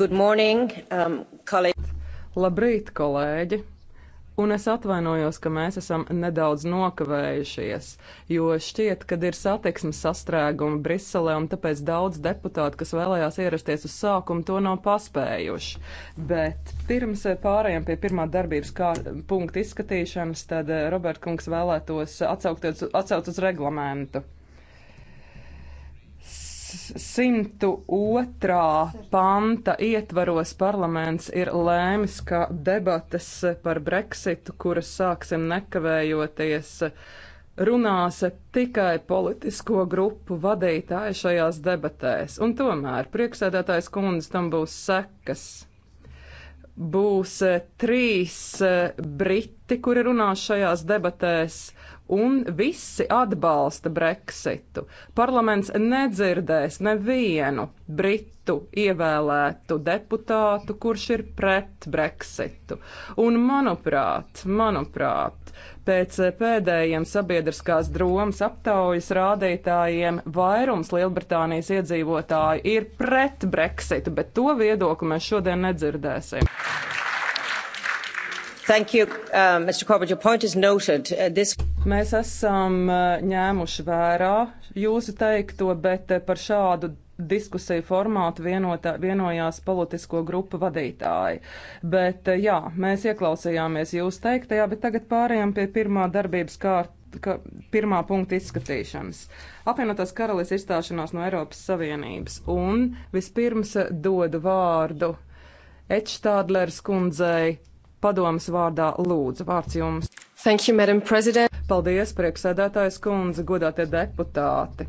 Good morning, um, colleagues. Labrīt, kolēģi! Un es atvainojos, ka mēs esam nedaudz nokavējušies, jo šķiet, ka ir satiksmes sastrēgumi Briselē, un tāpēc daudz deputātu, kas vēlējās ierasties uz sākumu, to nav paspējuši. Bet pirms eh, pārējām pie pirmā darbības kā, punkta izskatīšanas, tad eh, Robert Kungs vēlētos atsaukt uz reglamentu. 102. panta ietvaros parlaments ir lēmis, ka debates par Brexitu, kuras sāksim nekavējoties, runās tikai politisko grupu vadītāji šajās debatēs. Un tomēr priekšsēdētājs kundze tam būs sekas. Būs trīs eh, briti, kuri runās šajās debatēs un visi atbalsta Brexitu. Parlaments nedzirdēs nevienu britu ievēlētu deputātu, kurš ir pret Brexitu. Un manuprāt, manuprāt, pēc pēdējiem sabiedriskās dromas aptaujas rādītājiem vairums Lielbritānijas iedzīvotāju ir pret Brexitu, bet to viedokli mēs šodien nedzirdēsim. Thank you, uh, Mr. Corbett. Your point is noted. Uh, this... Mēs esam uh, ņēmuši vērā jūsu teikto, bet uh, par šādu diskusiju formātu vienotā, vienojās politisko grupu vadītāji. Bet uh, jā, mēs ieklausījāmies jūs teiktajā, bet tagad pārējām pie pirmā darbības kārt, ka, pirmā punkta izskatīšanas. Apvienotās karalīs izstāšanās no Eiropas Savienības un vispirms dodu vārdu Ečstādlers kundzei padomas vārdā lūdzu vārds jums. Thank you, Madam President. Paldies, prieksēdētājs kundze, godātie deputāti,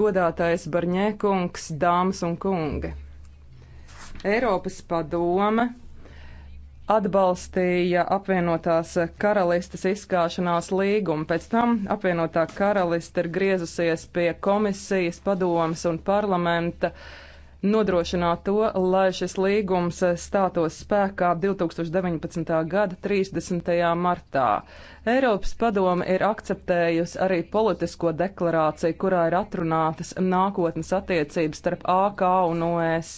godātais barņēkungs, dāmas un kungi. Eiropas padome atbalstīja apvienotās karalistes izskāšanās līgumu. Pēc tam apvienotā karaliste ir griezusies pie komisijas, padomas un parlamenta uh, nodrošināt to, lai šis līgums stātos spēkā 2019. gada 30. martā. Eiropas padome ir akceptējusi arī politisko deklarāciju, kurā ir atrunātas nākotnes attiecības starp AK un OS.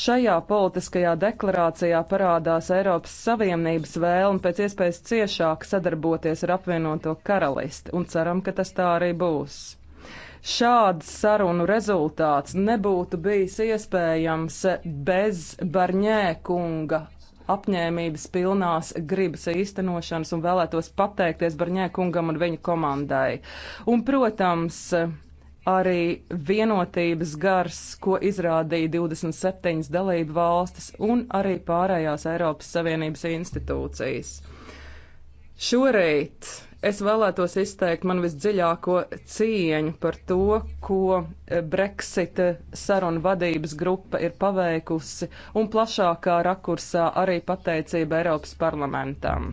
Šajā politiskajā deklarācijā parādās Eiropas Savienības vēlme pēc iespējas ciešāk sadarboties ar apvienoto karalisti, un ceram, ka tas tā arī būs. Šāds sarunu rezultāts nebūtu bijis iespējams bez Barņē kunga apņēmības pilnās gribas īstenošanas un vēlētos pateikties Barņē kungam un viņa komandai. Un, protams, arī vienotības gars, ko izrādīja 27 dalību valstis un arī pārējās Eiropas Savienības institūcijas. Šoreit Es vēlētos izteikt man visdziļāko cieņu par to, ko e, Brexit e, sarunu vadības grupa ir paveikusi, un plašākā rakursā arī pateicība Eiropas parlamentam.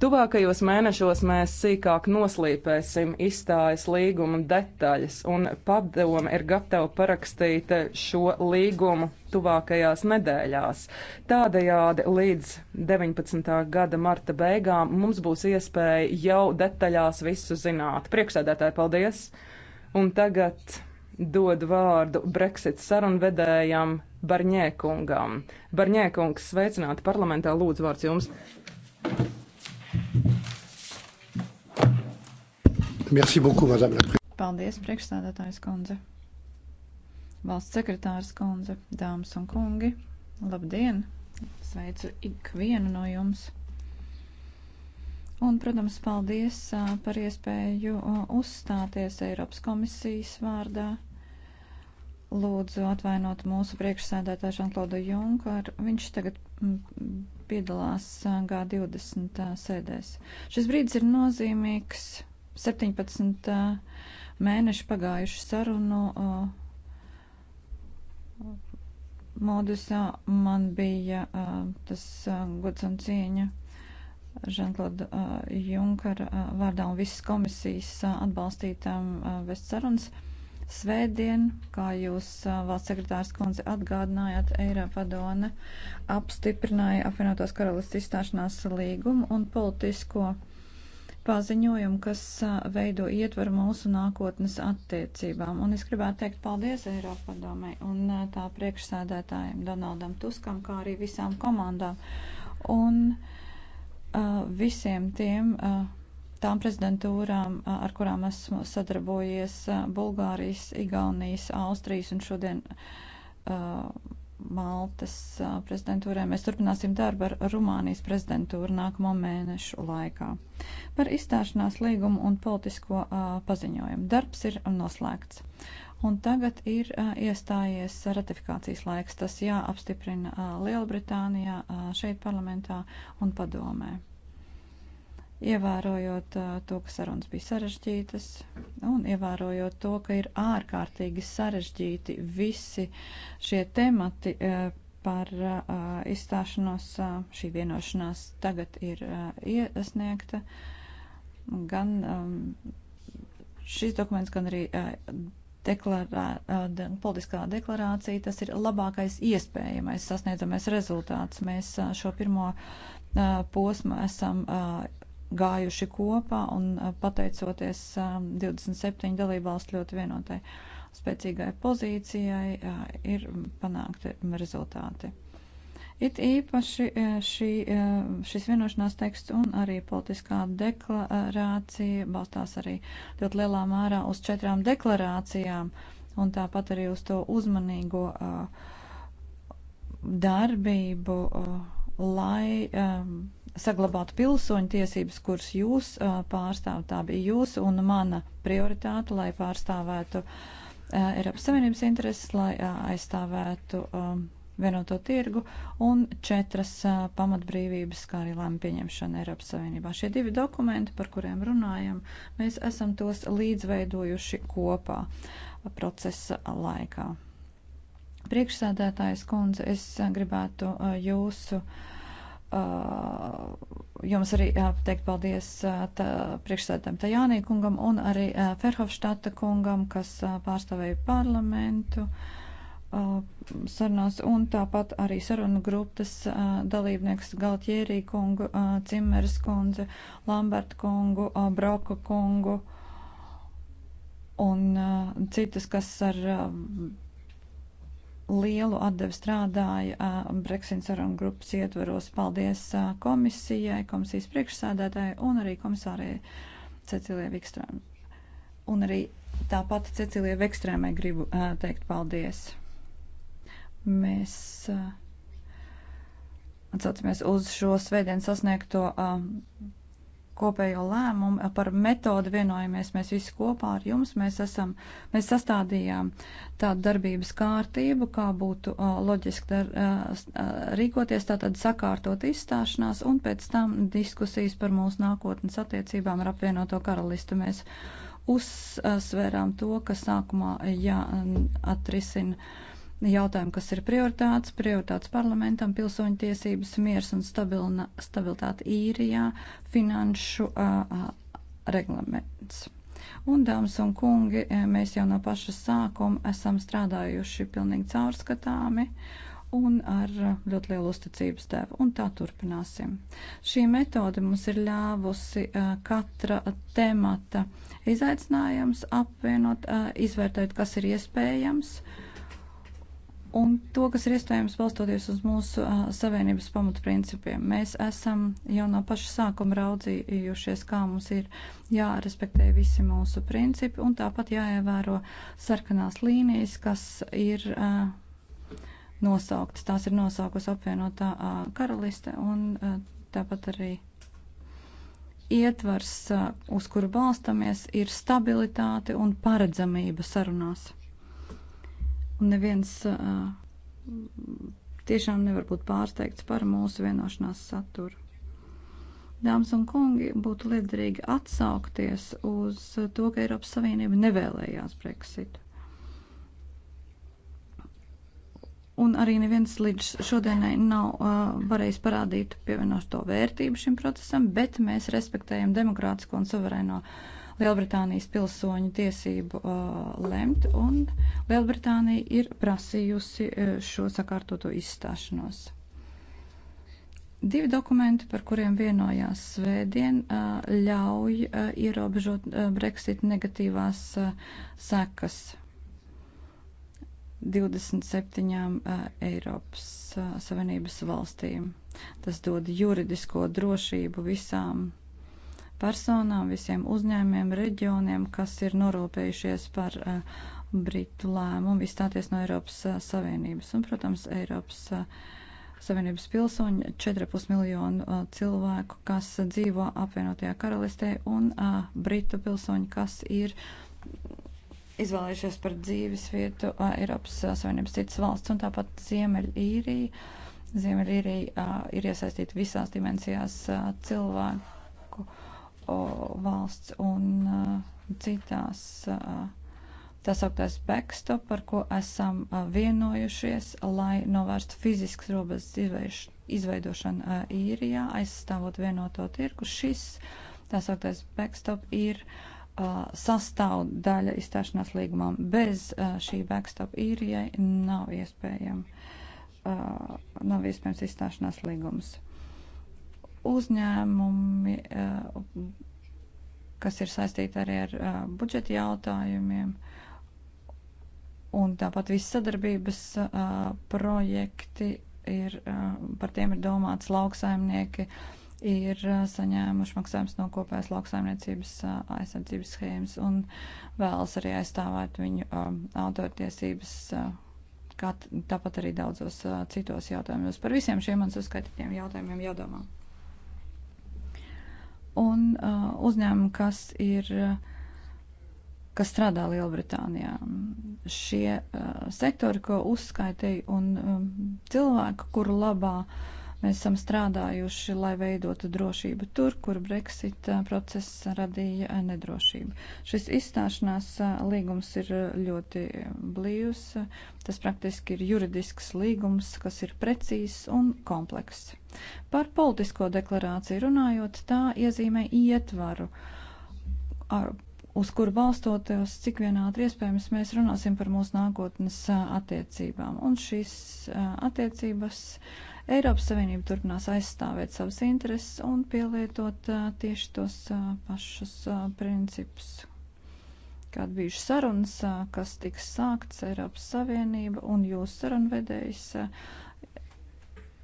Tuvākajos mēnešos mēs sīkāk noslīpēsim izstājas līguma detaļas, un padome ir gatava parakstīt šo līgumu tuvākajās nedēļās. Tādējādi līdz 19. gada marta beigām mums būs iespēja jau detaļās visu zināt. Priekšsēdētāji, paldies! Un tagad dod vārdu Brexit sarunvedējam Barņēkungam. Barņēkungs, sveicināti parlamentā, lūdzu vārds jums! Merci beaucoup, madame la présidente. Paldies, priekšstādātājs kundze. Valsts sekretārs kundze, dāmas un kungi, labdien! Sveicu ikvienu no jums! Un, protams, paldies par iespēju uzstāties Eiropas komisijas vārdā. Lūdzu atvainot mūsu priekšsēdētāju Žanklodu Junkaru. Viņš tagad piedalās G20 sēdēs. Šis brīdis ir nozīmīgs. 17 mēneši pagājuši sarunu modusā. Man bija tas gods un cieņa Žanklauda Junkara vārdā un visas komisijas atbalstītām vest sarunas. Svētdien, kā jūs valsts sekretārs kundze atgādinājāt, Eiropadone apstiprināja apvienotās karalists izstāšanās līgumu un politisko paziņojumu, kas veido ietveru mūsu nākotnes attiecībām. Un es gribētu teikt paldies Eiropadomei un tā priekšsēdētājiem Donaldam Tuskam, kā arī visām komandām un uh, visiem tiem. Uh, tām prezidentūrām, ar kurām esmu sadarbojies - Bulgārijas, Igaunijas, Austrijas un šodien uh, Maltas prezidentūrē. Mēs turpināsim darbu ar Rumānijas prezidentūru nākamo mēnešu laikā. Par izstāšanās līgumu un politisko uh, paziņojumu. Darbs ir noslēgts. Un tagad ir uh, iestājies ratifikācijas laiks. Tas jāapstiprina uh, Lielbritānijā, uh, šeit parlamentā un padomē ievērojot to, ka sarunas bija sarežģītas un ievērojot to, ka ir ārkārtīgi sarežģīti visi šie temati par izstāšanos. Šī vienošanās tagad ir iesniegta gan šis dokuments, gan arī deklarā, de, politiskā deklarācija, tas ir labākais iespējamais sasniedzamais rezultāts. Mēs šo pirmo posmu esam gājuši kopā un pateicoties 27 dalībvalstu ļoti vienotai spēcīgai pozīcijai ir panākti rezultāti. It īpaši šī, šis vienošanās teksts un arī politiskā deklarācija balstās arī ļoti lielā mērā uz četrām deklarācijām un tāpat arī uz to uzmanīgo darbību, lai saglabātu pilsoņu tiesības, kuras jūs pārstāvat. Tā bija jūsu un mana prioritāte, lai pārstāvētu Eiropas Savienības intereses, lai aizstāvētu vienoto tirgu un četras pamatbrīvības, kā arī lēma pieņemšana Eiropas Savienībā. Šie divi dokumenti, par kuriem runājam, mēs esam tos līdzveidojuši kopā procesa laikā. Priekšsēdētājs kundze, es gribētu jūsu uh, jums arī pateikt paldies priekšsēdētājiem Tajānī kungam un arī Ferhofštata kungam, kas pārstāvēja parlamentu sarunās un tāpat arī sarunu grupas dalībnieks Galtjērī kungu, Cimers kundze, Lambert kungu, Broka kungu un citas, kas ar lielu atdevi strādāja Brexit sarunu grupas ietveros. Paldies komisijai, komisijas priekšsādātāji un arī komisārai Cecilijai Vikstrēm. Un arī tāpat Cecilijai Vikstrēmai gribu teikt paldies. Mēs atsaucamies uz šo svētdien sasniegto kopējo lēmumu par metodu vienojamies mēs visi kopā ar jums. Mēs, esam, mēs sastādījām tādu darbības kārtību, kā būtu uh, loģiski dar, uh, uh rīkoties, tātad sakārtot izstāšanās un pēc tam diskusijas par mūsu nākotnes attiecībām ar apvienoto karalistu. Mēs uzsvērām to, ka sākumā jāatrisina. Ja, jautājumi, kas ir prioritāts, prioritāts parlamentam, pilsoņu tiesības, miers un stabilna, stabilitāte īrijā, finanšu uh, reglaments. Un, dāmas un kungi, e, mēs jau no paša sākuma esam strādājuši pilnīgi caurskatāmi un ar ļoti lielu uzticības devu. Un tā turpināsim. Šī metode mums ir ļāvusi e, katra temata izaicinājums apvienot, e, izvērtēt, kas ir iespējams un to, kas ir iespējams balstoties uz mūsu uh, savienības pamatprincipiem. Mēs esam jau no paša sākuma raudzījušies, kā mums ir jārespektē visi mūsu principi, un tāpat jāievēro sarkanās līnijas, kas ir uh, nosauktas. Tās ir nosaukusi apvienotā uh, karaliste, un uh, tāpat arī ietvars, uh, uz kuru balstamies, ir stabilitāte un paredzamība sarunās. Un neviens tiešām nevar būt pārsteigts par mūsu vienošanās saturu. Dāmas un kungi, būtu liederīgi atsaukties uz to, ka Eiropas Savienība nevēlējās Brexitu. Un arī neviens līdz šodienai nav uh, varējis parādīt pievienoto vērtību šim procesam, bet mēs respektējam demokrātisko un suverēno uh, Lielbritānijas pilsoņu tiesību uh, lemt, un Lielbritānija ir prasījusi uh, šo sakārtoto izstāšanos. Divi dokumenti, par kuriem vienojās svētdien, uh, ļauj uh, ierobežot uh, Brexit negatīvās uh, sekas 27 uh, Eiropas uh, Savienības valstīm. Tas dod juridisko drošību visām personām, visiem uzņēmiem, reģioniem, kas ir norūpējušies par uh, Britu lēmumu izstāties no Eiropas uh, Savienības. Un, protams, Eiropas uh, Savienības pilsoņi 4,5 miljonu uh, cilvēku, kas dzīvo apvienotajā karalistē, un uh, Britu pilsoņi, kas ir izvēlējušies par dzīves vietu uh, Eiropas uh, Savienības citas valsts, un tāpat Ziemeļīrija. Ziemeļīrija uh, ir iesaistīta visās dimensijās uh, cilvēku valsts un eh, citās eh, tā sauktais backstop, par ko esam eh, vienojušies, lai novērstu fiziskas robežas izveidošanu īrijā, aizstāvot vienoto tirku. Šis tā sauktais backstop ir sastāvdaļa izstāšanās līgumam. Bez šī backstop īrijai nav iespējama, nav iespējams izstāšanās līgums uzņēmumi, eh, kas ir saistīti arī ar eh, budžeta jautājumiem, un tāpat visi sadarbības eh, projekti ir, par tiem ir domāts lauksaimnieki, ir saņēmuši maksājumus no kopējās lauksaimniecības aizsardzības schēmas un vēlas arī aizstāvēt viņu autortiesības kā tāpat arī daudzos citos jautājumos. Par visiem šiem man uzskaitītiem jautājumiem jādomā un uh, uzņēmumi, kas ir, uh, kas strādā Lielbritānijā. Šie uh, sektori, ko uzskaitīju, un um, cilvēku, kuru labā uh, Mēs esam strādājuši, lai veidotu drošību tur, kur Brexit eh, process radīja eh, nedrošību. Šis izstāšanās eh, līgums ir ļoti blīvs. Tas praktiski ir juridisks līgums, kas ir precīzs un komplekss. Par politisko deklarāciju runājot, tā iezīmē ietvaru. Ar, uz kuru balstoties, cik vien ātri iespējams mēs runāsim par mūsu nākotnes attiecībām. Un šīs attiecības uh, Eiropas Savienība turpinās aizstāvēt savas intereses un pielietot tieši tos pašus principus, kāda bija sarunas, kas tiks sākts Eiropas Savienība un jūsu sarunvedējs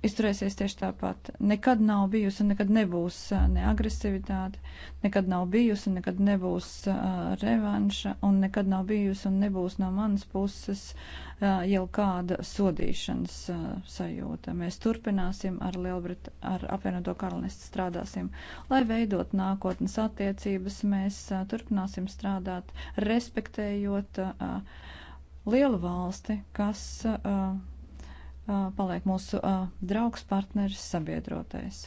izturēsies tieši tāpat. Nekad nav bijusi un nekad nebūs uh, ne agresivitāte, nekad nav bijusi un nekad nebūs uh, revanša, un nekad nav bijusi un nebūs no manas puses uh, jau kāda sodīšanas uh, sajūta. Mēs turpināsim ar Lielbrit, ar apvienoto karalisti strādāsim, lai veidot nākotnes attiecības. Mēs uh, turpināsim strādāt, respektējot uh, lielu valsti, kas. Uh, paliek mūsu draugs, partneris, sabiedrotais.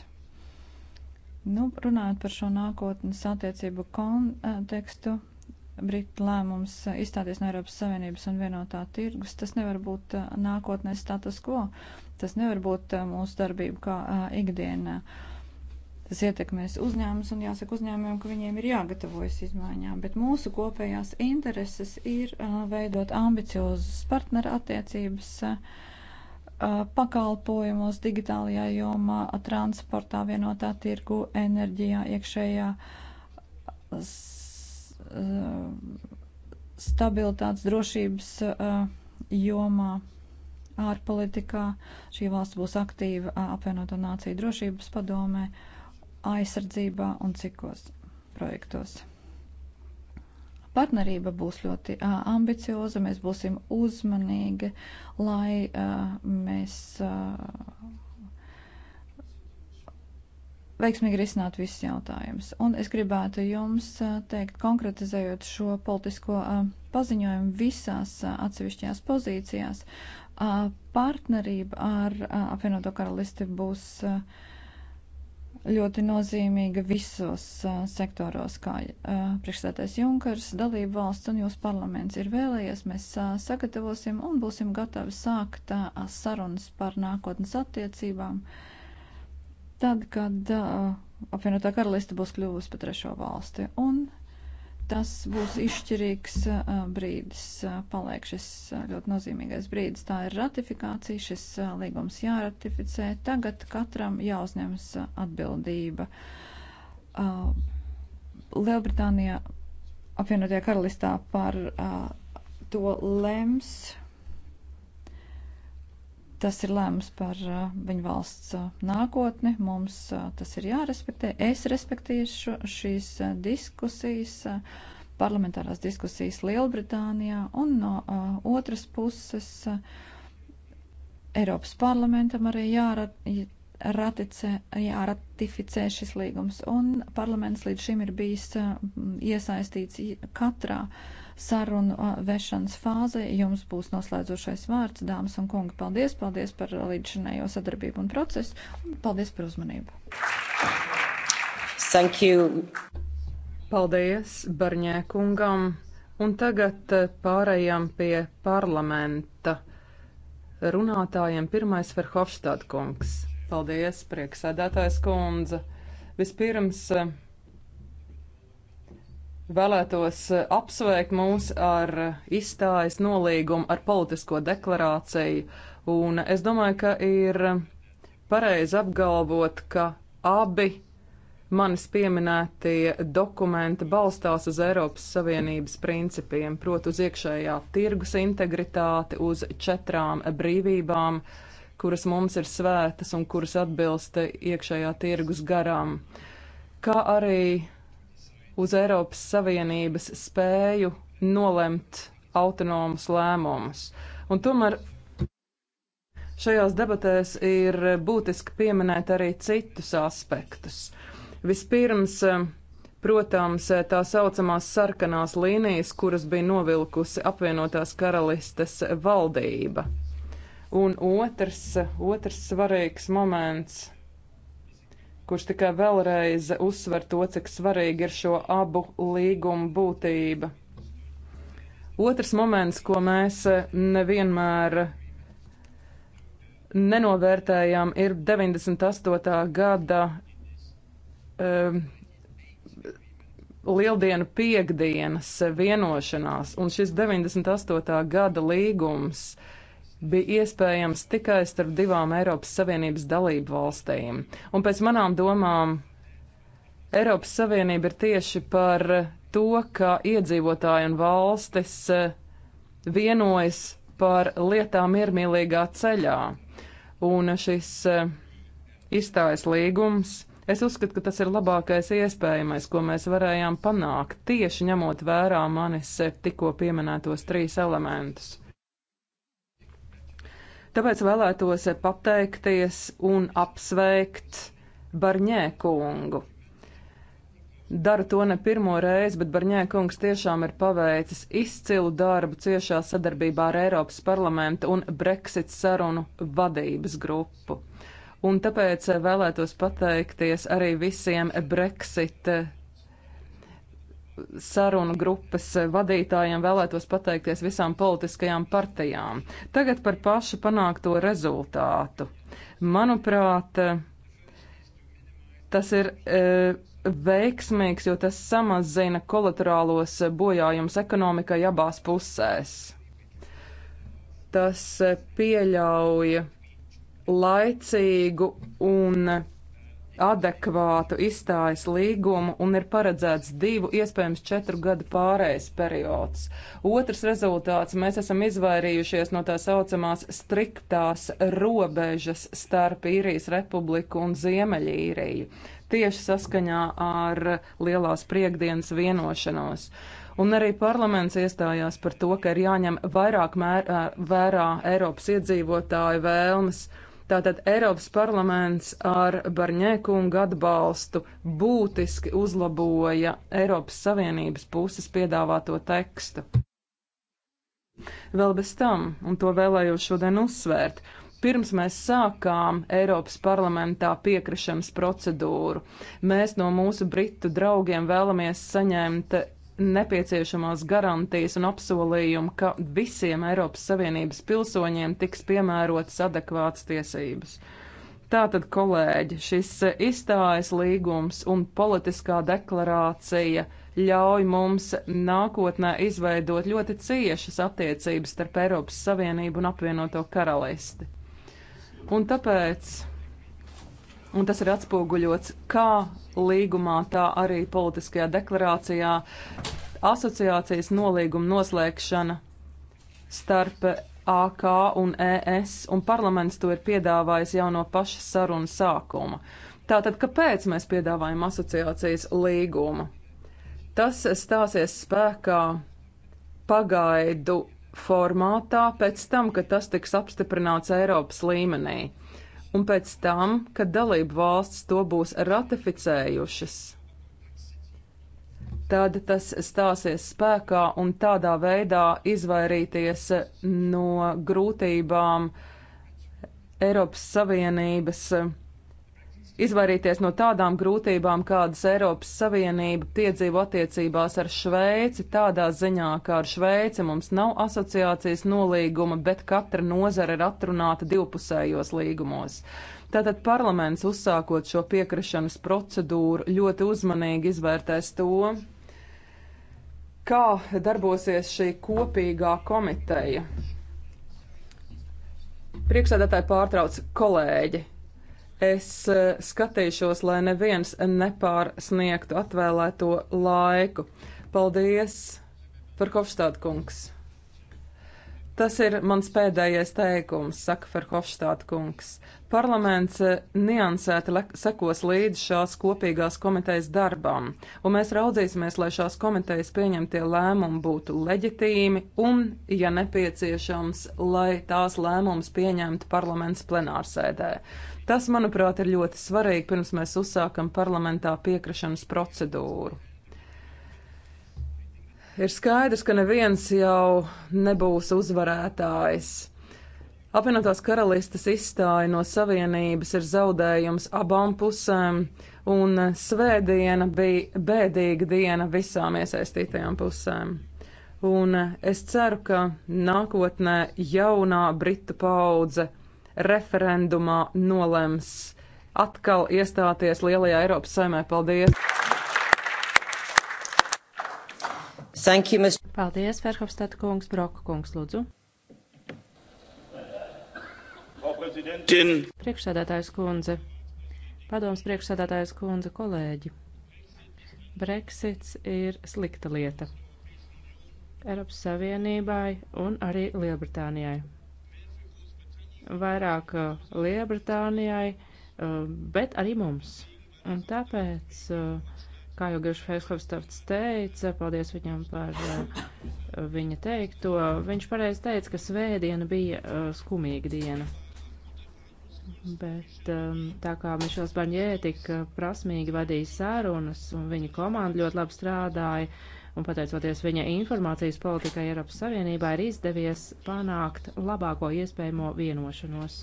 Nu, runājot par šo nākotnes attiecību kontekstu, Brita lēmums izstāties no Eiropas Savienības un vienotā tirgus, tas nevar būt nākotnē status quo, tas nevar būt mūsu darbība kā ikdienā. Tas ietekmēs uzņēmums un jāsaka uzņēmumiem, ka viņiem ir jāgatavojas izmaiņām, bet mūsu kopējās intereses ir veidot ambiciozas partneru attiecības. Uh, Uh, pakalpojumos, digitālajā jomā, transportā, vienotā tirgu, enerģijā, iekšējā uh, stabilitātes drošības uh, jomā, ārpolitikā. Šī valsts būs aktīva apvienoto nāciju drošības padomē, aizsardzībā un cikos projektos. Partnerība būs ļoti uh, ambicioza, mēs būsim uzmanīgi, lai uh, mēs uh, veiksmīgi risinātu visus jautājumus. Un es gribētu jums uh, teikt, konkretizējot šo politisko uh, paziņojumu visās uh, atsevišķajās pozīcijās, uh, partnerība ar uh, apvienoto karalisti būs. Uh, ļoti nozīmīga visos uh, sektoros, kā uh, eh, priekšstādājs Junkars, dalību valsts un jūs parlaments ir vēlējies. Mēs uh, sagatavosim un būsim gatavi sākt uh, sarunas par nākotnes attiecībām. Tad, kad uh, apvienotā karaliste būs kļuvusi par trešo valsti. Un Tas būs izšķirīgs brīdis, paliek šis ļoti nozīmīgais brīdis. Tā ir ratifikācija, šis līgums jāratificē. Tagad katram jāuzņemas atbildība. Lielbritānijā, apvienotajā karalistā par to lems Tas ir lēmums par uh, viņu valsts uh, nākotni. Mums uh, tas ir jārespektē. Es respektīšu šīs uh, diskusijas, uh, parlamentārās diskusijas Lielbritānijā un no uh, otras puses uh, Eiropas parlamentam arī jāra, ratice, jāratificē šis līgums. Un parlaments līdz šim ir bijis uh, iesaistīts katrā uh, sarunu vešanas fāze. Jums būs noslēdzošais vārds, dāmas un kungi. Paldies, paldies par līdzšinējo sadarbību un procesu. Un paldies par uzmanību. Thank you. Paldies Barņē kungam. Un tagad eh, pārējām pie parlamenta runātājiem. Pirmais Verhofstad kungs. Paldies, prieksēdētājs kundze. Vispirms eh, vēlētos eh, apsveikt mūs ar eh, izstājas nolīgumu, ar politisko deklarāciju. Un es domāju, ka ir eh, pareizi apgalvot, ka abi manis pieminētie dokumenti balstās uz Eiropas Savienības principiem, proti uz iekšējā tirgus integritāti, uz četrām brīvībām, kuras mums ir svētas un kuras atbilst iekšējā tirgus garām, kā arī uz Eiropas Savienības spēju nolemt autonomus lēmumus. Un tomēr šajās debatēs ir būtiski pieminēt arī citus aspektus. Vispirms, protams, tā saucamās sarkanās līnijas, kuras bija novilkusi apvienotās karalistes valdība. Un otrs, otrs svarīgs moments kurš tikai vēlreiz uzsver to, cik svarīgi ir šo abu līgumu būtība. Otrs moments, ko mēs nevienmēr nenovērtējām, ir 98. gada um, Lieldienu piekdienas vienošanās, un šis 98. gada līgums uh, bija iespējams tikai starp divām Eiropas Savienības dalību valstīm. Un pēc manām domām Eiropas Savienība ir tieši par to, ka iedzīvotāji un valstis eh, vienojas par lietām miermīlīgā ceļā. Un šis eh, izstājas līgums, es uzskatu, ka tas ir labākais iespējamais, ko mēs varējām panākt, tieši ņemot vērā manis eh, tikko pieminētos trīs elementus. Tāpēc vēlētos pateikties un apsveikt Barņē kungu. Daru to ne pirmo reizi, bet Barņē kungs tiešām ir paveicis izcilu darbu ciešā sadarbībā ar Eiropas parlamentu un Brexit sarunu vadības grupu. Un tāpēc vēlētos pateikties arī visiem Brexit sarunu grupas vadītājiem vēlētos pateikties visām politiskajām partijām. Tagad par pašu panākto rezultātu. Manuprāt, tas ir e, veiksmīgs, jo tas samazina kolaterālos bojājumus ekonomikai abās pusēs. Tas e, pieļauj laicīgu un adekvātu izstājas līgumu un ir paredzēts divu, iespējams, četru gadu pārējais periods. Otrs rezultāts - mēs esam izvairījušies no tā saucamās striktās robežas starp īrijas republiku un Ziemeļīriju, tieši saskaņā ar lielās priekdienas vienošanos. Un arī parlaments iestājās par to, ka ir jāņem vairāk mēr, vērā Eiropas iedzīvotāju vēlmes. Tātad Eiropas parlaments ar Barņēkungu atbalstu būtiski uzlaboja Eiropas Savienības puses piedāvāto tekstu. Vēl bez tam, un to vēlējos šodien uzsvērt, pirms mēs sākām Eiropas parlamentā piekrišanas procedūru. Mēs no mūsu britu draugiem vēlamies saņemt nepieciešamās garantijas un apsolījumu, ka visiem Eiropas Savienības pilsoņiem tiks piemērotas adekvātas tiesības. Tātad, kolēģi, šis izstājas līgums un politiskā deklarācija ļauj mums nākotnē izveidot ļoti ciešas attiecības starp Eiropas Savienību un apvienoto karalisti. Un tāpēc un tas ir atspoguļots kā līgumā, tā arī politiskajā deklarācijā asociācijas nolīguma noslēgšana starp AK un ES, un parlaments to ir piedāvājis jau no paša saruna sākuma. Tātad, kāpēc mēs piedāvājam asociācijas līgumu? Tas stāsies spēkā pagaidu formātā pēc tam, kad tas tiks apstiprināts Eiropas līmenī un pēc tam, kad dalību valsts to būs ratificējušas, tad tas stāsies spēkā un tādā veidā izvairīties no grūtībām Eiropas Savienības izvairīties no tādām grūtībām, kādas Eiropas Savienība piedzīvo attiecībās ar Šveici, tādā ziņā, ka ar Šveici mums nav asociācijas nolīguma, bet katra nozara ir atrunāta divpusējos līgumos. Tātad parlaments, uzsākot šo piekrišanas procedūru, ļoti uzmanīgi izvērtēs to, kā darbosies šī kopīgā komiteja. Priekšsēdētāji pārtrauc kolēģi. Es e, skatīšos, lai neviens nepārsniegtu atvēlēto laiku. Paldies par Hofstādkungs. Tas ir mans pēdējais teikums, saka Ferhofstādkungs. Parlaments e, niansēti sekos līdz šās kopīgās komitejas darbām, un mēs raudzīsimies, lai šās komitejas pieņemtie lēmumi būtu leģitīmi un, ja nepieciešams, lai tās lēmums pieņemtu parlaments plenārsēdē. Tas, manuprāt, ir ļoti svarīgi, pirms mēs uzsākam parlamentā piekrišanas procedūru. Ir skaidrs, ka neviens jau nebūs uzvarētājs. Apvienotās karalistes izstāja no savienības ir zaudējums abām pusēm, un svētdiena bija bēdīga diena visām iesaistītajām pusēm. Un es ceru, ka nākotnē jaunā britu paudze referendumā nolems atkal iestāties Lielajā Eiropas saimē. Paldies! Thank you, Mr. Paldies, Verhofstadt kungs, Broka kungs, lūdzu. Priekšsēdētājs kundze, padoms priekšsēdētājs kundze, kolēģi. Brexits ir slikta lieta Eiropas Savienībai un arī Lielbritānijai vairāk uh, Lielbritānijai, uh, bet arī mums. Un tāpēc, uh, kā jau Gerš Feislavs teica, paldies viņam par viņa teikto, viņš pareizi teica, ka svētdiena bija skumīga diena. Bet um, tā kā Mišels Barņē tik prasmīgi vadīja sarunas un viņa komanda ļoti labi strādāja, un pateicoties viņa informācijas politikai Eiropas Savienībā ir izdevies panākt labāko iespējamo vienošanos.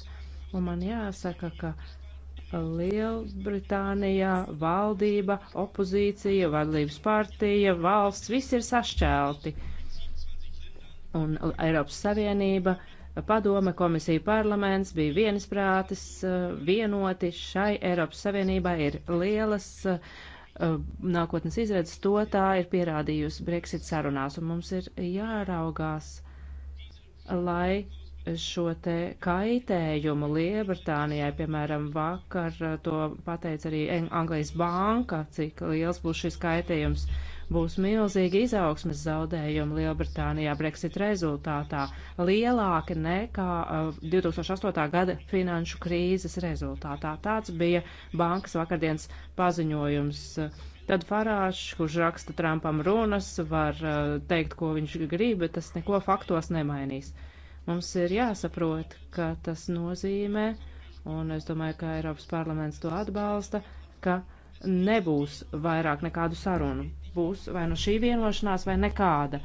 Un man jāsaka, ka Lielbritānijā valdība, opozīcija, vadlības partija, valsts, viss ir sašķelti. Un Eiropas Savienība uh, padome, komisija, parlaments bija viensprātis, eh, vienoti. Šai Eiropas Savienībai ir lielas eh, Uh, nākotnes izredzes, to tā ir pierādījusi Brexit sarunās, un mums ir jāraugās, lai šo te kaitējumu Liebritānijai, piemēram, vakar to pateica arī Anglijas banka, cik liels būs šis kaitējums. Uh, būs milzīgi izaugsmes zaudējumi Lielbritānijā Brexit rezultātā, lielāki nekā 2008. Uh, gada finanšu krīzes rezultātā. Tāds bija bankas vakardienas paziņojums. Tad Farāšs, kurš raksta Trumpam runas, var uh, teikt, ko viņš grib, bet tas neko faktos nemainīs. Mums ir jāsaprot, ka tas nozīmē, un es domāju, ka Eiropas parlaments to atbalsta, ka nebūs vairāk nekādu sarunu būs vai nu šī vienošanās, vai nekāda.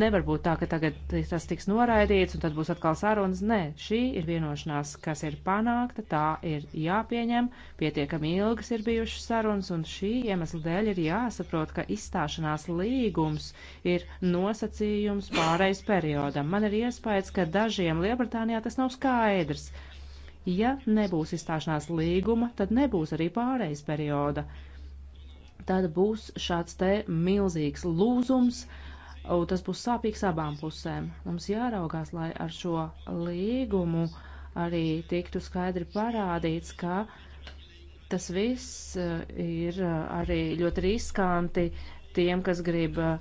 Nevar būt tā, ka tagad tas tiks noraidīts un tad būs atkal sarunas. Nē, šī ir vienošanās, kas ir panākta, tā ir jāpieņem, pietiekami ilgas ir bijušas sarunas un šī iemesla dēļ ir jāsaprot, ka izstāšanās līgums ir nosacījums pārejas periodam. Man ir iespējas, ka dažiem Lielbritānijā tas nav skaidrs. Ja nebūs izstāšanās līguma, tad nebūs arī pārejas perioda tad būs šāds te milzīgs lūzums. Tas būs sāpīgs abām pusēm. Mums jāraugās, lai ar šo līgumu arī tiktu skaidri parādīts, ka tas viss eh, ir eh, arī ļoti riskanti tiem, kas grib eh,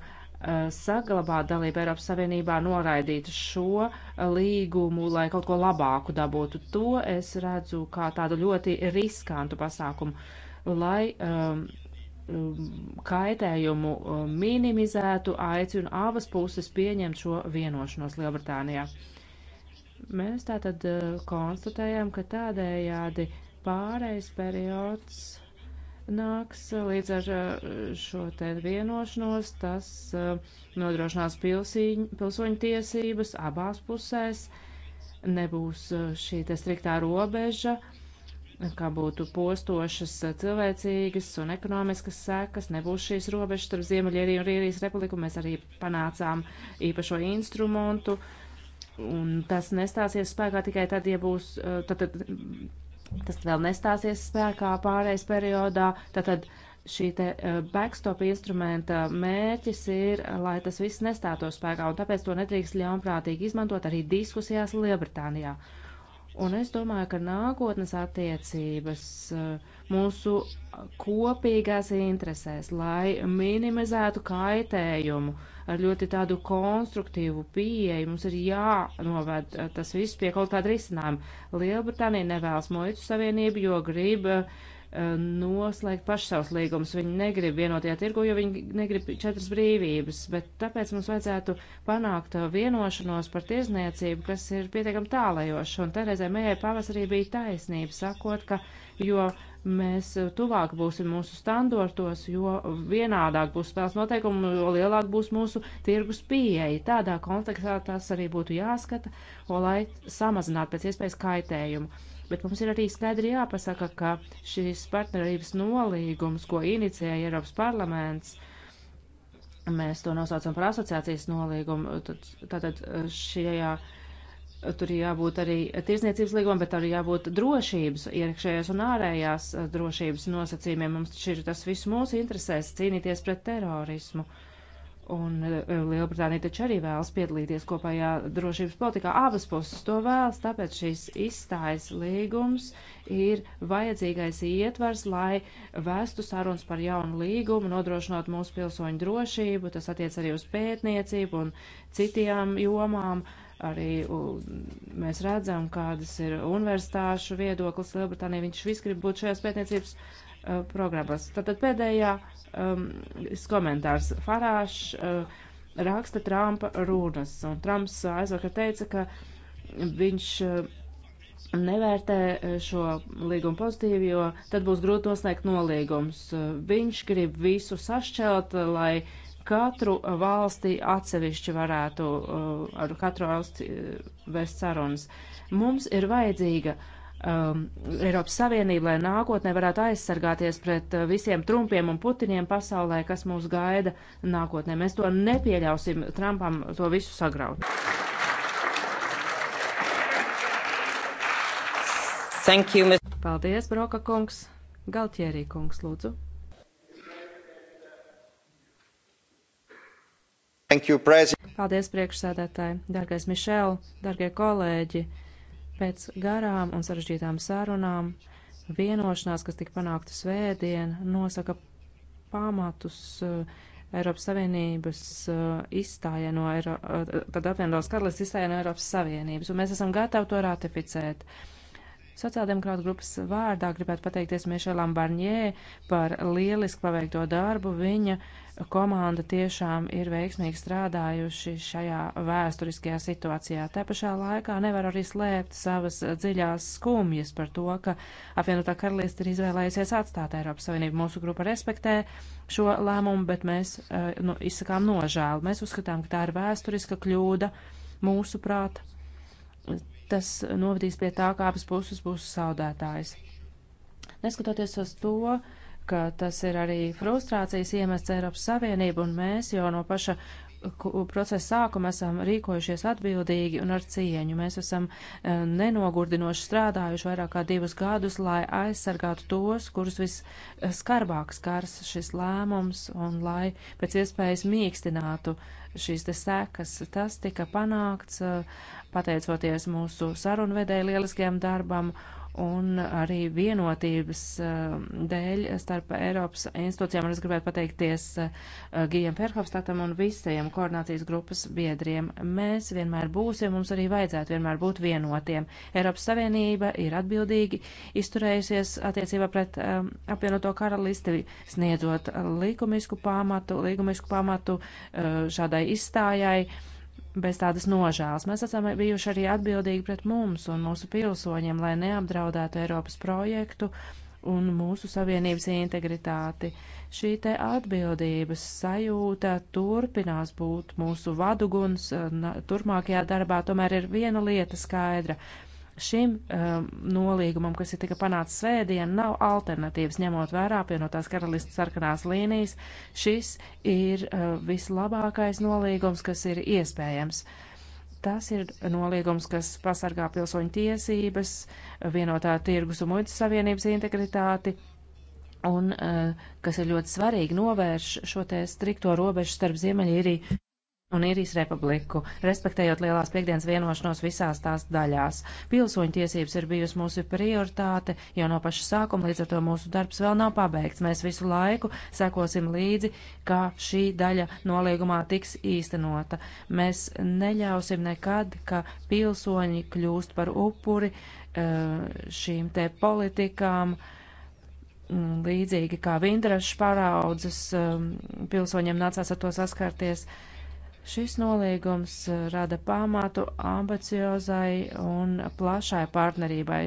saglabāt dalību Eiropas Savienībā, noraidīt šo līgumu, lai kaut ko labāku dabūtu. To es redzu kā tādu ļoti riskantu pasākumu, lai um, Um, kaitējumu um, minimizētu, aicinu abas puses pieņemt šo vienošanos Lielbritānijā. Mēs tātad uh, konstatējam, ka tādējādi pārējais periods nāks uh, līdz ar uh, šo te vienošanos, tas nodrošinās pilsīņ, pilsoņu tiesības abās pusēs, nebūs šī te striktā robeža kā būtu postošas eh, cilvēcīgas un ekonomiskas sekas, nebūs šīs robežas starp Ziemeļieriju un Rīrijas republiku. Mēs arī panācām īpašo instrumentu, un tas nestāsies spēkā tikai tad, ja būs, eh, tad, tad, tas vēl nestāsies spēkā pārējais periodā, tad, tad šī te eh, backstop instrumenta mērķis ir, lai tas viss nestātos spēkā, un tāpēc to nedrīkst ļaunprātīgi izmantot arī diskusijās Lielbritānijā. Uh, Un es domāju, ka nākotnes attiecības eh, mūsu kopīgās interesēs, lai minimizētu kaitējumu ar ļoti tādu konstruktīvu pieeju, mums ir jānovērt eh, tas viss pie kaut kāda risinājuma. Lielbritānija nevēlas muitu savienību, jo grib uh, E, noslēgt pašsavs līgumus. Viņi negrib vienotajā tirgu, jo viņi negrib četras brīvības, bet tāpēc mums vajadzētu panākt vienošanos par tirzniecību, kas ir pietiekam tālajoša. Un Terezē Mējai pavasarī bija taisnība sakot, ka jo mēs tuvāk būsim mūsu standartos, jo vienādāk būs spēles noteikumi, jo lielāk būs mūsu tirgus pieeja. Tādā kontekstā tas arī būtu jāskata, lai samazinātu pēc iespējas kaitējumu bet mums ir arī skaidri jāpasaka, ka šīs partnerības nolīgums, ko inicēja Eiropas parlaments, mēs to nosaucam par asociācijas nolīgumu, tad, tātad eh, šajā. Tur jābūt arī tirzniecības līgumam, bet arī jābūt drošības, iekšējās un ārējās eh, drošības nosacījumiem. Mums taču ir tas viss mūsu interesēs cīnīties pret terorismu. Uh, Un e, e, Lielbritānija taču arī vēlas piedalīties kopējā drošības politikā. Abas puses to vēlas, tāpēc šīs izstājas līgums ir vajadzīgais ietvers, lai vestu sarunas par jaunu līgumu, nodrošinot mūsu pilsoņu drošību. Tas attiec arī uz pētniecību un citām jomām. Arī u, mēs redzam, kādas ir universitāšu viedoklis Lielbritānija. Viņš viss grib būt šajās pētniecības uh, programmas. Tātad pēdējā um, komentārs Farāš uh, raksta Trumpa runas, un Trumps uh, aizvakar teica, ka viņš uh, nevērtē uh, šo līgumu pozitīvi, jo tad būs grūti noslēgt nolīgums. Uh, viņš grib visu sašķelt, lai katru valsti atsevišķi varētu ar katru valsti vēst sarunas. Mums ir vajadzīga uh, um, Eiropas Savienība, lai nākotnē varētu aizsargāties pret uh, visiem trumpiem un putiniem pasaulē, kas mūs gaida nākotnē. Mēs to nepieļausim Trumpam to visu sagraut. Thank you, Ms. Paldies, Broka kungs. Galtierī kungs, lūdzu. Thank you, President. Paldies, priekšsēdētāji, dargais Mišel, dargie kolēģi. Pēc garām un sarežģītām sarunām vienošanās, kas tika panākta svētdien, nosaka pamatus uh, Eiropas Savienības uh, izstājai no Eiro, uh, tad apvienotās karalists izstājai no Eiropas Savienības, un mēs esam gatavi to ratificēt. Uh, Sociāldemokrāta grupas vārdā gribētu pateikties Mišelam Barņē par lielisku paveikto darbu. Viņa komanda tiešām ir veiksmīgi strādājuši šajā vēsturiskajā situācijā. Te pašā laikā nevar arī slēpt savas dziļās skumjas par to, ka apvienotā karalista ir izvēlējusies atstāt Eiropas Savienību. Mūsu grupa respektē šo lēmumu, bet mēs eh, nu, izsakām nožēlu. Mēs uzskatām, ka tā ir vēsturiska kļūda mūsu prāta tas novadīs pie tā, ka abas puses būs saudētājs. Neskatoties uz to, ka tas ir arī frustrācijas iemests Eiropas Savienību, un mēs jau no paša procesa sākuma esam rīkojušies atbildīgi un ar cieņu. Mēs esam e, nenogurdinoši strādājuši vairāk kā divus gadus, lai aizsargātu tos, kurus visskarbāk e, skars šis lēmums un lai pēc iespējas mīkstinātu šīs te sekas. Tas tika panākts e, pateicoties mūsu sarunvedēju lieliskajam darbam un arī vienotības um, dēļ starp Eiropas institūcijām. Un es gribētu pateikties uh, Gijam Ferhofstatam un visiem koordinācijas grupas biedriem. Mēs vienmēr būsim, mums arī vajadzētu vienmēr būt vienotiem. Eiropas Savienība ir atbildīgi izturējusies attiecībā pret um, apvienoto karalisti, sniedzot likumisku pamatu, likumisku pamatu uh, šādai izstājai. Uh, bez tādas nožēlas. Mēs esam bijuši arī atbildīgi pret mums un mūsu pilsoņiem, lai neapdraudētu Eiropas projektu un mūsu savienības integritāti. Šī te atbildības sajūta turpinās būt mūsu vaduguns eh, turpmākajā darbā, tomēr ir viena lieta skaidra. Šim um, nolīgumam, kas ir tika panāts svētdien, nav alternatīvas ņemot vērā pienotās karalistas sarkanās līnijas. Šis ir uh, vislabākais nolīgums, kas ir iespējams. Tas ir nolīgums, kas pasargā pilsoņu tiesības, vienotā tirgus un muitas savienības integritāti, un, uh, kas ir ļoti svarīgi, novērš šo te strikto robežu starp Ziemeļīriju un Īrijas republiku, respektējot lielās piekdienas vienošanos visās tās daļās. Pilsoņu tiesības ir bijusi mūsu prioritāte jau no paša sākuma, līdz ar to mūsu darbs vēl nav pabeigts. Mēs visu laiku sekosim līdzi, kā šī daļa noliegumā tiks īstenota. Mēs neļausim nekad, ka pilsoņi kļūst par upuri eh, šīm te politikām mm, līdzīgi kā vindrašs paraudzes, eh, pilsoņiem nācās ar to saskarties. Šis nolīgums eh, rada pamatu ambiciozai un plašai partnerībai.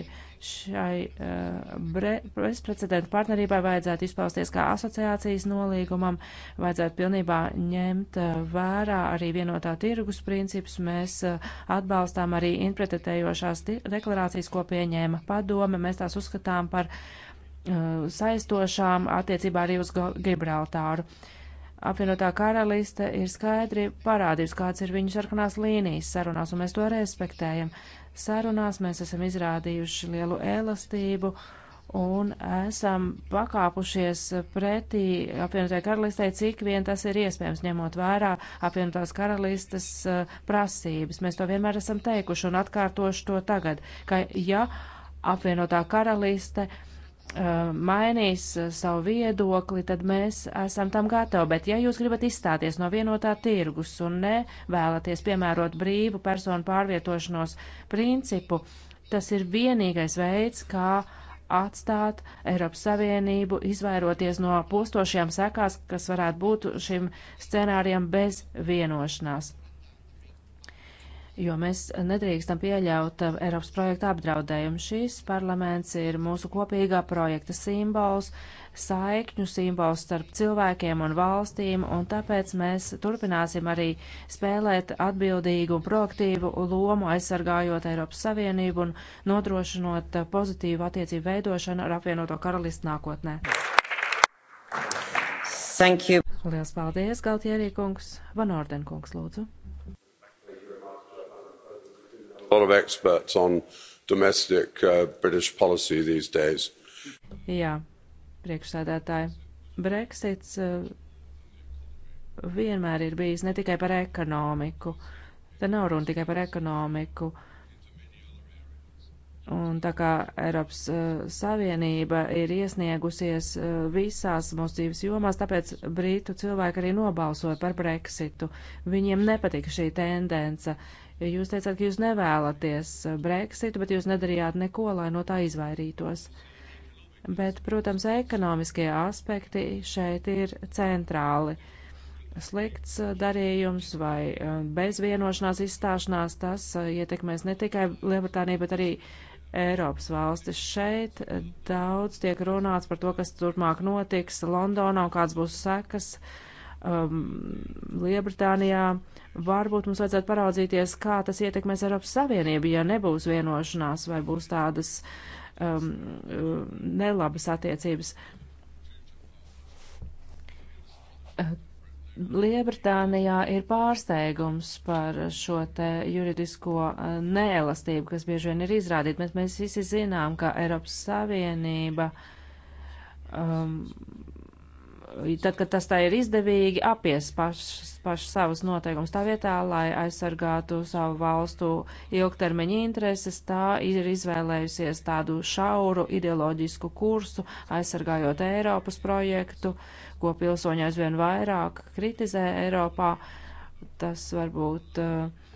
Šai uh, bezprecedenta partnerībai vajadzētu izpausties kā asociācijas nolīgumam, vajadzētu pilnībā ņemt uh, vērā arī vienotā tirgus principus. Mēs uh, atbalstām arī interpretējošās deklarācijas, ko pieņēma padome. Mēs tās uzskatām par saistošām attiecībā arī uz Gibraltāru. Uh, apvienotā karaliste ir skaidri parādījusi, kāds ir viņu sarkanās līnijas sarunās, un mēs to respektējam. Sarunās mēs esam izrādījuši lielu elastību un esam pakāpušies pretī apvienotajai karalistei, cik vien tas ir iespējams, ņemot vērā apvienotās karalistes eh, prasības. Mēs to vienmēr esam teikuši un atkārtošu to tagad, ka ja apvienotā karaliste uh, Uh, mainīs uh, savu viedokli, tad mēs esam tam gatavi. Bet ja jūs gribat izstāties no vienotā tirgus un nevēlaties piemērot brīvu personu pārvietošanos principu, tas ir vienīgais veids, kā atstāt Eiropas Savienību, izvairoties no postošajām sekās, kas varētu būt šim scenārijam bez vienošanās jo mēs nedrīkstam pieļaut eh, Eiropas projekta apdraudējumu. Šis parlaments ir mūsu kopīgā projekta simbols, saikņu simbols starp cilvēkiem un valstīm, un tāpēc mēs turpināsim arī spēlēt atbildīgu un proaktīvu lomu, aizsargājot Eiropas Savienību un nodrošinot eh, pozitīvu attiecību veidošanu ar apvienoto karalistu nākotnē. Thank you. Lielas paldies, Galtierī kungs. Van Orden kungs, lūdzu lot of experts on domestic uh, British policy these days. Jā, priekšsēdētāji, Brexits uh, vienmēr ir bijis ne tikai par ekonomiku. Te nav runa tikai par ekonomiku. Un tā kā Eiropas uh, Savienība ir iesniegusies uh, visās mūsu dzīves jomās, tāpēc brītu cilvēki arī nobalsoja par Brexitu. Viņiem nepatika šī tendence, Jūs teicāt, ka jūs nevēlaties uh, Brexitu, bet jūs nedarījāt neko, lai no tā izvairītos. Bet, protams, ekonomiskie aspekti šeit ir centrāli. Slikts uh, darījums vai uh, bezvienošanās izstāšanās, tas ietekmēs ne tikai Lielbritāniju, bet arī Eiropas valstis. Šeit daudz tiek runāts par to, kas turpmāk notiks Londonā un kāds būs sekas. Uh, um, Liebritānijā. Varbūt mums vajadzētu paraudzīties, kā tas ietekmēs Eiropas Savienību, ja nebūs vienošanās vai būs tādas um, nelabas attiecības. Uh, Liebritānijā ir pārsteigums par šo te juridisko uh, neelastību, kas bieži vien ir izrādīta, bet mēs visi zinām, ka Eiropas Savienība um, tad, kad tas tā ir izdevīgi, apies pašas paš savas noteikumus tā vietā, lai aizsargātu savu valstu ilgtermiņa intereses, tā ir izvēlējusies tādu šauru ideoloģisku kursu, aizsargājot Eiropas projektu, ko pilsoņi aizvien vairāk kritizē Eiropā. Tas varbūt uh,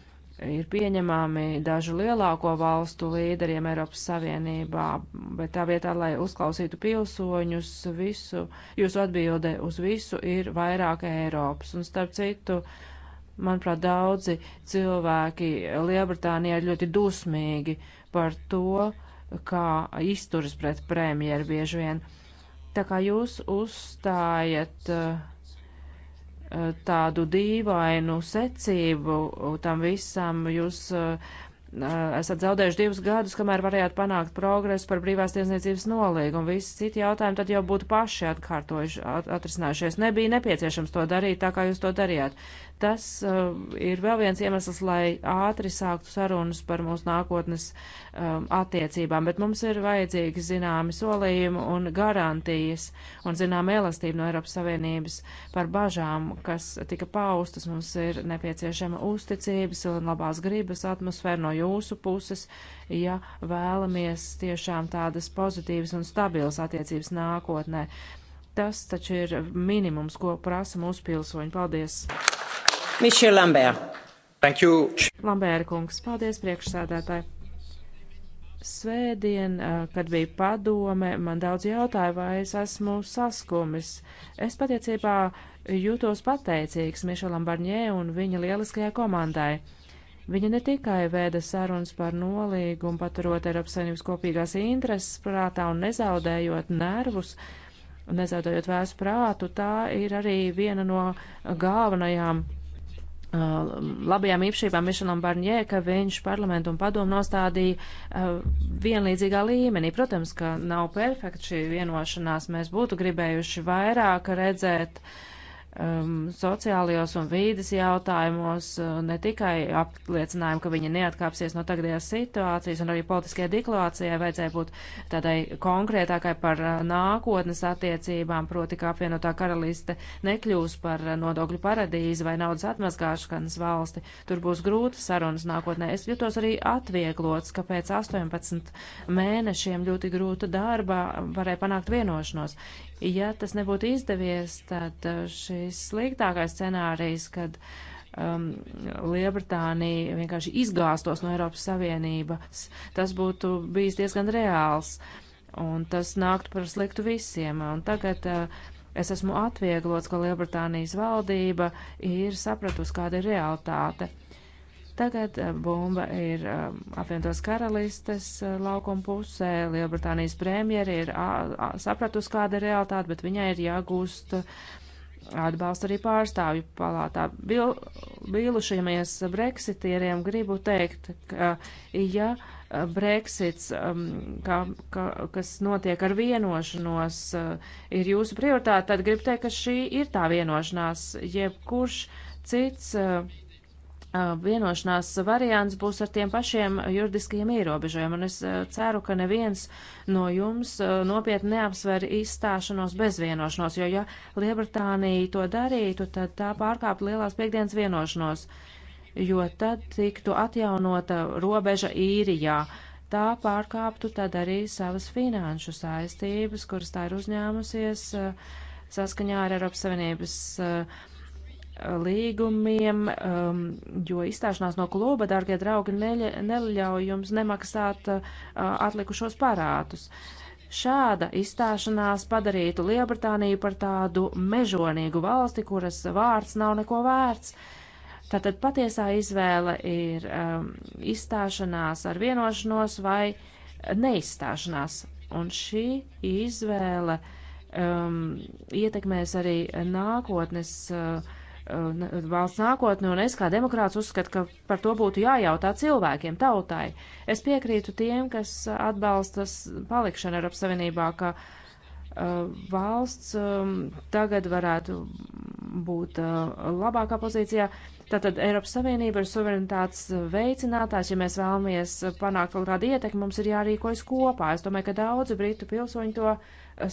ir pieņemami dažu lielāko valstu līderiem Eiropas Savienībā, bet tā vietā, lai uzklausītu pilsoņus, visu, jūsu atbilde uz visu ir vairāk Eiropas. Un starp citu, manuprāt, daudzi cilvēki Lielbritānijā ir ļoti dusmīgi par to, kā izturas pret premjeru bieži vien. Tā kā jūs uzstājat uh, tādu dīvainu secību tam visam. Jūs uh, esat zaudējuši divus gadus, kamēr varējāt panākt progresu par brīvās tiesniecības nolīgumu. Visi citi jautājumi tad jau būtu paši atkārtojuši, at, atrisinājušies. Nebija nepieciešams to darīt tā, kā jūs to darījāt. Tas uh, ir vēl viens iemesls, lai ātri sāktu sarunas par mūsu nākotnes um, attiecībām, bet mums ir vajadzīgi zināmi solījumi un garantijas un zinām elastību no Eiropas Savienības par bažām, kas tika paustas. Mums ir nepieciešama uzticības un labās gribas atmosfēra no jūsu puses, ja vēlamies tiešām tādas pozitīvas un stabilas attiecības nākotnē. Tas taču ir minimums, ko prasa mūsu pilsoņi. Paldies! Mišel Lambert. Thank you. Lambēra kungs, paldies priekšsēdētāji. Svētdien, kad bija padome, man daudz jautāja, vai es esmu saskumis. Es patiecībā jūtos pateicīgs Mišelam Barņē un viņa lieliskajai komandai. Viņa ne tikai vēda sarunas par nolīgumu, paturot Eiropas Savienības kopīgās intereses prātā un nezaudējot nervus, uh, nezaudējot vēstu prātu, tā ir arī viena no galvenajām uh, labajām īpašībām Mišelam Barņē, ka viņš parlamentu un padomu nostādīja uh, vienlīdzīgā līmenī. Protams, ka nav perfekta šī vienošanās. Mēs būtu gribējuši vairāk redzēt uh, um, sociālajos un vīdes jautājumos uh, ne tikai apliecinājumu, ka viņa neatkāpsies no tagadējās situācijas, un arī politiskajai deklarācijai vajadzēja būt tādai konkrētākai par uh, nākotnes attiecībām, proti, ka apvienotā karaliste nekļūs par uh, nodokļu paradīzi vai naudas atmazgāšanas valsti. Tur būs grūti sarunas nākotnē. Es jūtos arī atvieglots, ka pēc 18 mēnešiem ļoti grūta darba varēja panākt vienošanos. Ja tas nebūtu izdevies, tad uh, šis sliktākais scenārijs, kad um, Lielbritānija vienkārši izgāstos no Eiropas Savienības, tas būtu bijis diezgan reāls. Un tas nāktu par sliktu visiem. Un tagad uh, es esmu atvieglots, ka Lielbritānijas valdība ir sapratusi, kāda ir realitāte Tagad eh, bumba ir eh, apvienotās karalistes eh, laukuma pusē. Lielbritānijas premjera ir sapratusi, kāda ir realitāte, bet viņai ir jāgūst atbalsta arī pārstāvju palātā. Bil, bīlušamies breksitieriem gribu teikt, ka ja Brexits, mm, ka, ka, kas notiek ar vienošanos, ir jūsu prioritāte, tad gribu teikt, ka šī ir tā vienošanās. Jebkurš cits vienošanās variants būs ar tiem pašiem juridiskajiem ierobežojumiem, un es ceru, ka neviens no jums nopietni neapsver izstāšanos bez vienošanos, jo ja Liebritānija to darītu, tad tā pārkāptu lielās piekdienas vienošanos, jo tad tiktu atjaunota robeža īrijā. Tā pārkāptu tad arī savas finanšu saistības, kuras tā ir uzņēmusies saskaņā ar Eiropas Savienības uh, līgumiem, um, jo izstāšanās no kluba, dārgie draugi, neļa, neļauj jums nemaksāt uh, atlikušos parādus. Šāda izstāšanās padarītu Lielbritāniju par tādu mežonīgu valsti, kuras vārds nav neko vērts. Tātad patiesā izvēle ir um, izstāšanās ar vienošanos vai neizstāšanās. Un šī izvēle um, ietekmēs arī nākotnes uh, Uh, valsts nākotni, un es kā demokrāts uzskatu, ka par to būtu jājautā cilvēkiem, tautai. Es piekrītu tiem, kas atbalstas palikšanu Eiropas Savienībā, ka uh, valsts um, tagad varētu būt uh, labākā pozīcijā. Tātad Eiropas Savienība ir suverenitātes veicinātājs. Ja mēs vēlamies panākt kaut kādu ietekmi, mums ir jārīkojas kopā. Es domāju, ka daudzi britu pilsoņi to uh,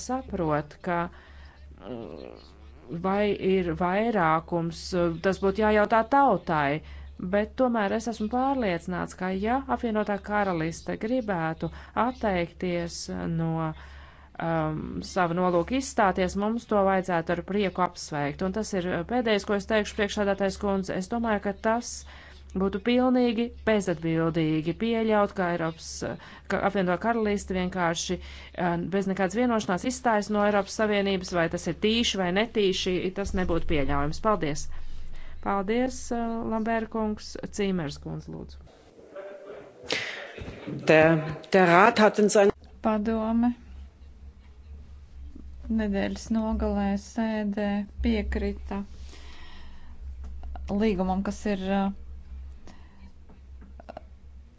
saprot, ka uh, vai ir vairākums, eh, tas būtu jājautā tautai, bet tomēr es esmu pārliecināts, ka ja apvienotā karaliste gribētu atteikties no um, savu nolūku izstāties, mums to vajadzētu ar prieku apsveikt. Un tas ir eh, pēdējais, ko es teikšu priekšādātais kundze. Es domāju, ka tas Būtu pilnīgi bezatbildīgi pieļaut, ka Eiropas, ka apvienotā karalīste vienkārši eh, bez nekādas vienošanās izstājas no Eiropas Savienības, vai tas ir tīši vai netīši, tas nebūtu pieļaujams. Paldies! Paldies, eh, Lambērkungs, Cīmerskungs, lūdzu. Der, der Rat hat in sein... Padome nedēļas nogalē sēdē piekrita līgumam, kas ir eh,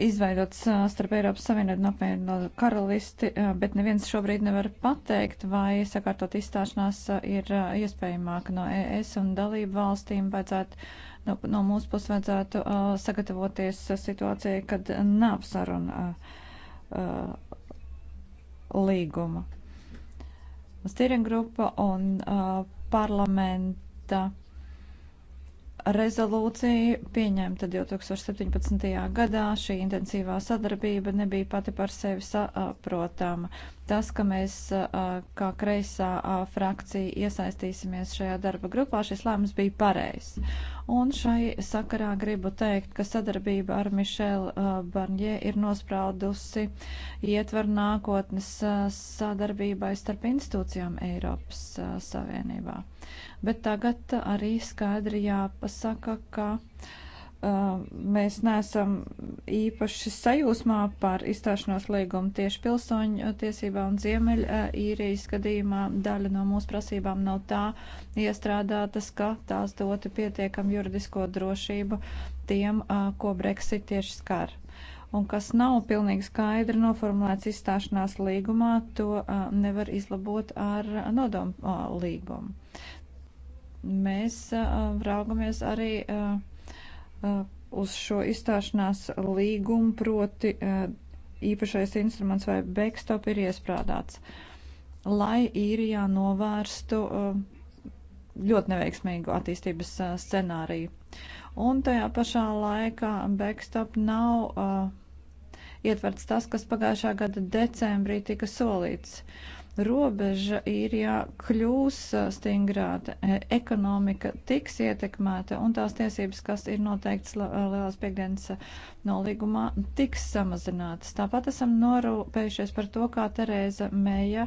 izveidot starp Eiropas Savienību un apvieno karalisti, eh, bet neviens šobrīd nevar pateikt, vai sakārtot izstāšanās eh, ir eh, iespējamāka no ES un dalību valstīm vajadzētu, no, no mūsu puses vajadzētu uh, sagatavoties situācijai, kad nav saruna uh, līguma. Stīringa grupa un uh, parlamenta rezolūcija pieņemta 2017. gadā. Šī intensīvā sadarbība nebija pati par sevi saprotama. Tas, ka mēs kā kreisā frakcija iesaistīsimies šajā darba grupā, šis lēmums bija pareizs. Un šai sakarā gribu teikt, ka sadarbība ar Mišelu Barņē ir nospraudusi ietver nākotnes sadarbībai starp institūcijām Eiropas Savienībā bet tagad arī skaidri jāpasaka, ka uh, mēs neesam īpaši sajūsmā par izstāšanos līgumu tieši pilsoņu tiesībā un ziemeļa uh, īrijas gadījumā. Daļa no mūsu prasībām nav tā iestrādātas, ka tās dotu pietiekam juridisko drošību tiem, uh, ko Brexit tieši skar un kas nav pilnīgi skaidri noformulēts izstāšanās līgumā, to a, uh, nevar izlabot ar nodomu uh, līgumu mēs raugamies arī uz šo izstāšanās līgumu, proti īpašais instruments vai backstop ir iesprādāts, lai īrijā novērstu ļoti neveiksmīgu attīstības scenāriju. Un tajā pašā laikā backstop nav uh, ietverts tas, kas pagājušā gada decembrī tika solīts. Uh, robeža ir jākļūs stingrāta, ekonomika tiks ietekmēta un tās tiesības, kas ir noteikts lielās piekdienas nolīgumā, tiks samazinātas. Tāpat esam norūpējušies par to, kā Tereza Meja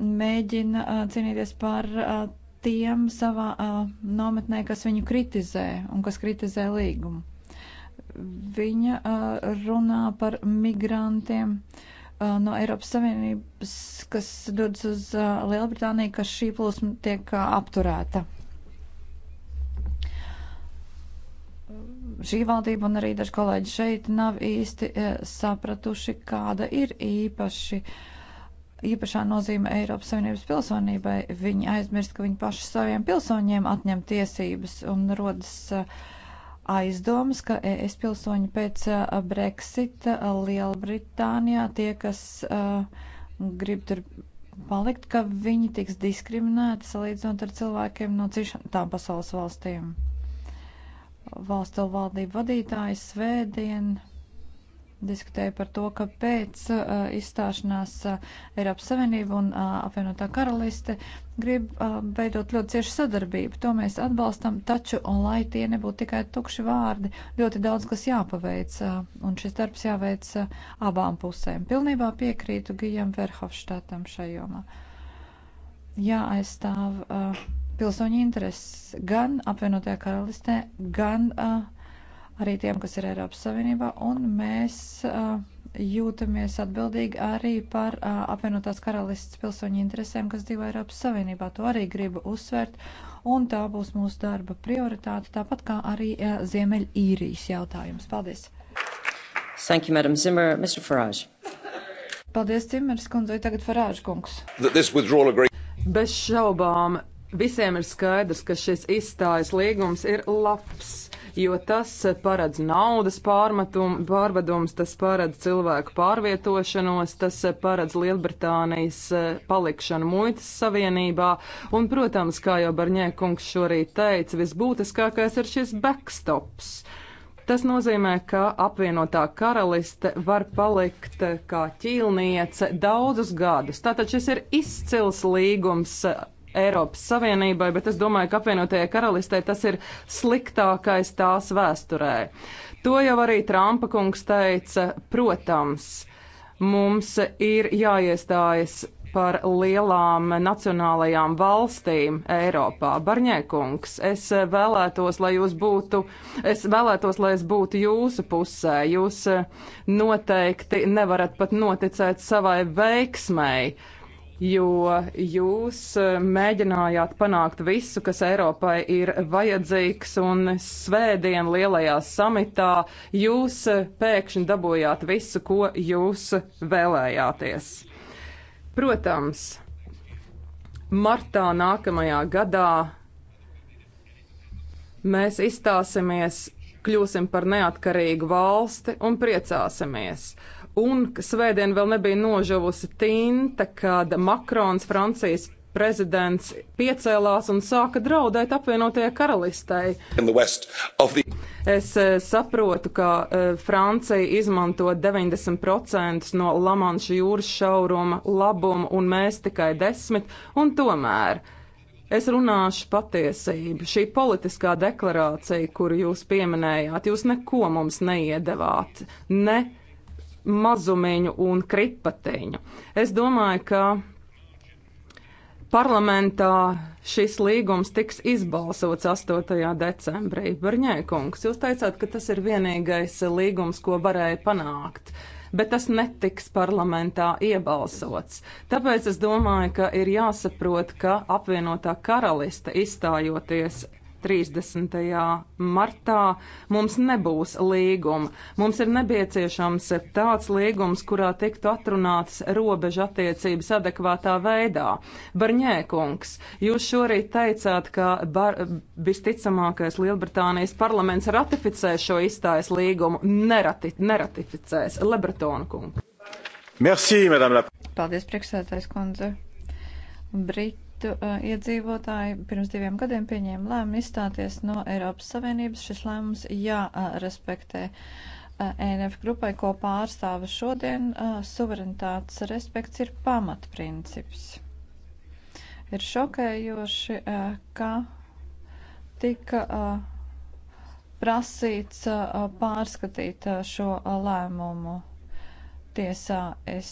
mēģina cīnīties par tiem savā nometnē, kas viņu kritizē un kas kritizē līgumu. Viņa runā par migrantiem. Uh, Uh, no Eiropas Savienības, kas dodas uz uh, Lielbritāniju, ka šī plūsma tiek uh, apturēta. Šī valdība un arī daži kolēģi šeit nav īsti sapratuši, kāda ir īpaši, īpašā nozīme Eiropas Savienības pilsonībai. Viņi aizmirst, ka viņi paši saviem pilsoņiem atņem tiesības un rodas uh, aizdomas, ka es pilsoņi pēc uh, Brexita uh, Lielbritānijā tie, kas uh, grib tur palikt, ka viņi tiks diskriminēti salīdzinot ar cilvēkiem no citām pasaules valstīm. Valstu valdību vadītājs svētdien diskutēja par to, ka pēc uh, izstāšanās uh, Eiropas Savienība un uh, apvienotā karaliste grib uh, veidot ļoti ciešu sadarbību. To mēs atbalstam, taču, un lai tie nebūtu tikai tukši vārdi, ļoti daudz kas jāpaveic, uh, un šis darbs jāveic uh, abām pusēm. Pilnībā piekrītu Gijam Verhofštātam šajomā. Jāaizstāv uh, pilsoņu intereses gan apvienotajā karalistē, gan. Uh, arī tiem, kas ir Eiropas Savienībā, un mēs uh, jūtamies atbildīgi arī par uh, apvienotās karalists pilsoņu interesēm, kas dzīvo Eiropas Savienībā. To arī gribu uzsvērt, un tā būs mūsu darba prioritāte, tāpat kā arī uh, Ziemeļīrijas jautājums. Paldies! Thank you, Madam Zimmer. Mr. Farage. Paldies, Cimers kundzei, tagad Farāžu kungs. Bez šaubām visiem ir skaidrs, ka šis izstājas līgums ir labs jo tas paredz naudas pārvedumus, tas paredz cilvēku pārvietošanos, tas paredz Lielbritānijas eh, palikšanu muitas savienībā. Un, protams, kā jau Barņēkungs šorīt teica, visbūtiskākais ir šis backstops. Tas nozīmē, ka apvienotā karaliste var palikt eh, kā ķīlniece daudzus gadus. Tātad šis ir izcils līgums Eiropas Savienībai, bet es domāju, ka apvienotajai karalistē tas ir sliktākais tās vēsturē. To jau arī Trumpa kungs teica, protams, mums ir jāiestājas par lielām nacionālajām valstīm Eiropā. Barņēkungs, es vēlētos, lai jūs būtu, es vēlētos, lai es būtu jūsu pusē. Jūs noteikti nevarat pat noticēt savai veiksmēji jo jūs eh, mēģinājāt panākt visu, kas Eiropai ir vajadzīgs, un svētdien lielajā samitā jūs eh, pēkšņi dabūjāt visu, ko jūs vēlējāties. Protams, martā nākamajā gadā mēs izstāsimies, kļūsim par neatkarīgu valsti un priecāsimies. Uh, Un svētdien vēl nebija nožuvusi tinta, kad Makrons, Francijas prezidents, piecēlās un sāka draudēt apvienotajai karalistei. The... Es eh, saprotu, ka eh, Francija izmanto 90% no Lamanša jūras šauruma labumu un mēs tikai 10%, un tomēr. Es runāšu patiesību. Šī politiskā deklarācija, kuru jūs pieminējāt, jūs neko mums neiedavāt. Ne mazumiņu un kripateņu. Es domāju, ka parlamentā šis līgums tiks izbalsots 8. decembrī. Barņēkungs, jūs teicāt, ka tas ir vienīgais līgums, ko varēja panākt. Bet tas netiks parlamentā iebalsots. Tāpēc es domāju, ka ir jāsaprot, ka apvienotā karaliste izstājoties 30. martā mums nebūs līguma. Mums ir nepieciešams tāds līgums, kurā tiktu atrunāts robeža attiecības adekvātā veidā. Barņēkungs, jūs šorīt teicāt, ka bar, visticamākais Lielbritānijas parlaments ratificēs šo izstājas līgumu, nerati, neratificēs. Lebretona kungs. Merci, madame la. Paldies, priekšsētājs kundze. Brit Britu uh, eh, iedzīvotāji pirms diviem gadiem pieņēma lēmumu izstāties no Eiropas Savienības. Šis lēmums jārespektē. Uh, eh, ENF grupai, ko pārstāva šodien, uh, suverenitātes respekts ir pamatprincips. Ir šokējoši, uh, ka tika uh, prasīts uh, pārskatīt uh, šo uh, lēmumu tiesā. Es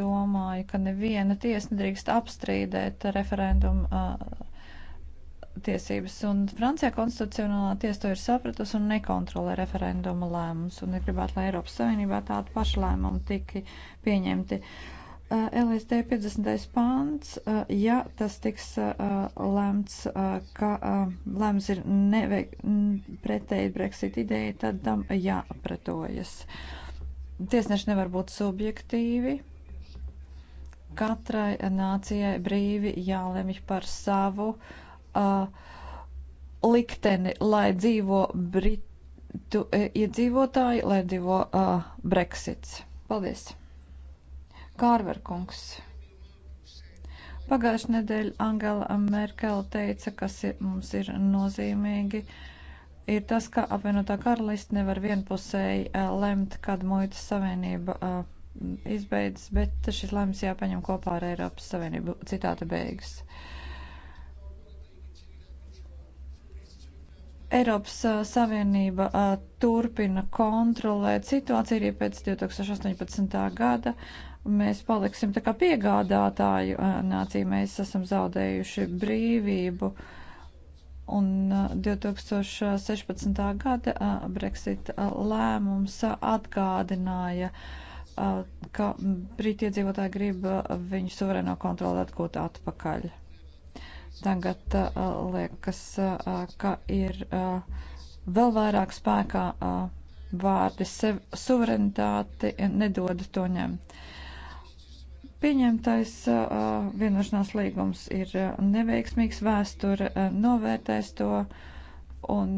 domāju, ka neviena tiesa nedrīkst apstrīdēt referendumu tiesības. Un Francijā konstitucionālā tiesa to ir sapratusi un nekontrolē referenduma lēmumus. Un es gribētu, lai Eiropas Savienībā tādu pašu lēmumu tika pieņemti. LSD 50. pāns, ja tas tiks lēmts, ka lēmums ir neveik, pretēji Brexit ideja, tad tam jāpratojas. Ja Tiesneši nevar būt subjektīvi. Katrai nācijai brīvi jālemj par savu uh, likteni, lai dzīvo Britu uh, iedzīvotāji, lai dzīvo uh, Brexits. Paldies! Kārverkungs. Pagājušajā nedēļā Angela Merkele teica, kas ir, mums ir nozīmīgi. Uh, ir tas, ka apvienotā karalista nevar vienpusēji lemt, kad muitas savienība izbeidzas, bet šis lēmums jāpaņem kopā ar Eiropas Savienību. Citāta beigas. Eiropas Savienība turpina kontrolēt situāciju arī pēc 2018. gada. Mēs paliksim tā kā piegādātāju nācija, mēs esam zaudējuši brīvību. Uh, Un 2016. gada Brexit lēmums atgādināja, ka brīti iedzīvotāji grib viņu suverēno kontroli atgūt atpakaļ. Tagad liekas, ka ir vēl vairāk spēkā vārdi sev suverenitāti nedod to ņemt. Pieņemtais uh, vienošanās līgums ir uh, neveiksmīgs, vēsture uh, novērtēs to, un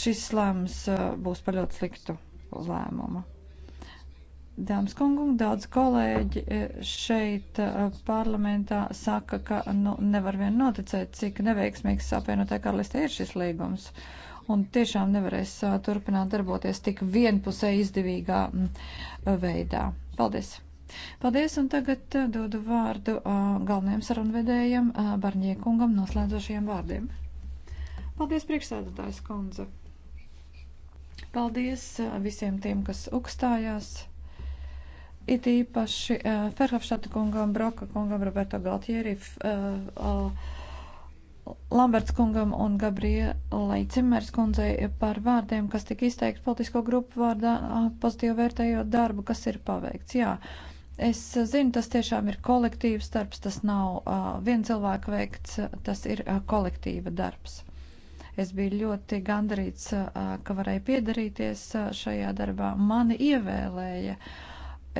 šis lēmums uh, būs par ļoti sliktu lēmumu. Dāmas kungu, daudz kolēģi e, šeit uh, parlamentā saka, ka nu, nevar vien noticēt, cik neveiksmīgs apvienotā karalistē ir šis līgums. Un tiešām nevarēs uh, turpināt darboties tik vienpusē izdevīgā m, veidā. Paldies! Paldies, un tagad eh, dodu vārdu eh, galvenajam sarunvedējam eh, Barņiekungam noslēdzošajiem vārdiem. Paldies, priekšsēdētājs kundze. Paldies visiem tiem, kas uzstājās. It īpaši uh, Ferhofštata kungam, Broka kungam, Roberto Galtieri, uh, uh, Lamberts kungam un Gabrielai Cimers kundzei par vārdiem, kas tika izteikti politisko grupu vārdā, uh, pozitīvi vērtējot darbu, kas ir paveikts. Jā. Uh, Es zinu, tas tiešām ir kolektīvs darbs, tas nav uh, viena cilvēka veikts, tas ir uh, kolektīva darbs. Es biju ļoti gandarīts, uh, ka varēju piedarīties uh, šajā darbā. Mani ievēlēja.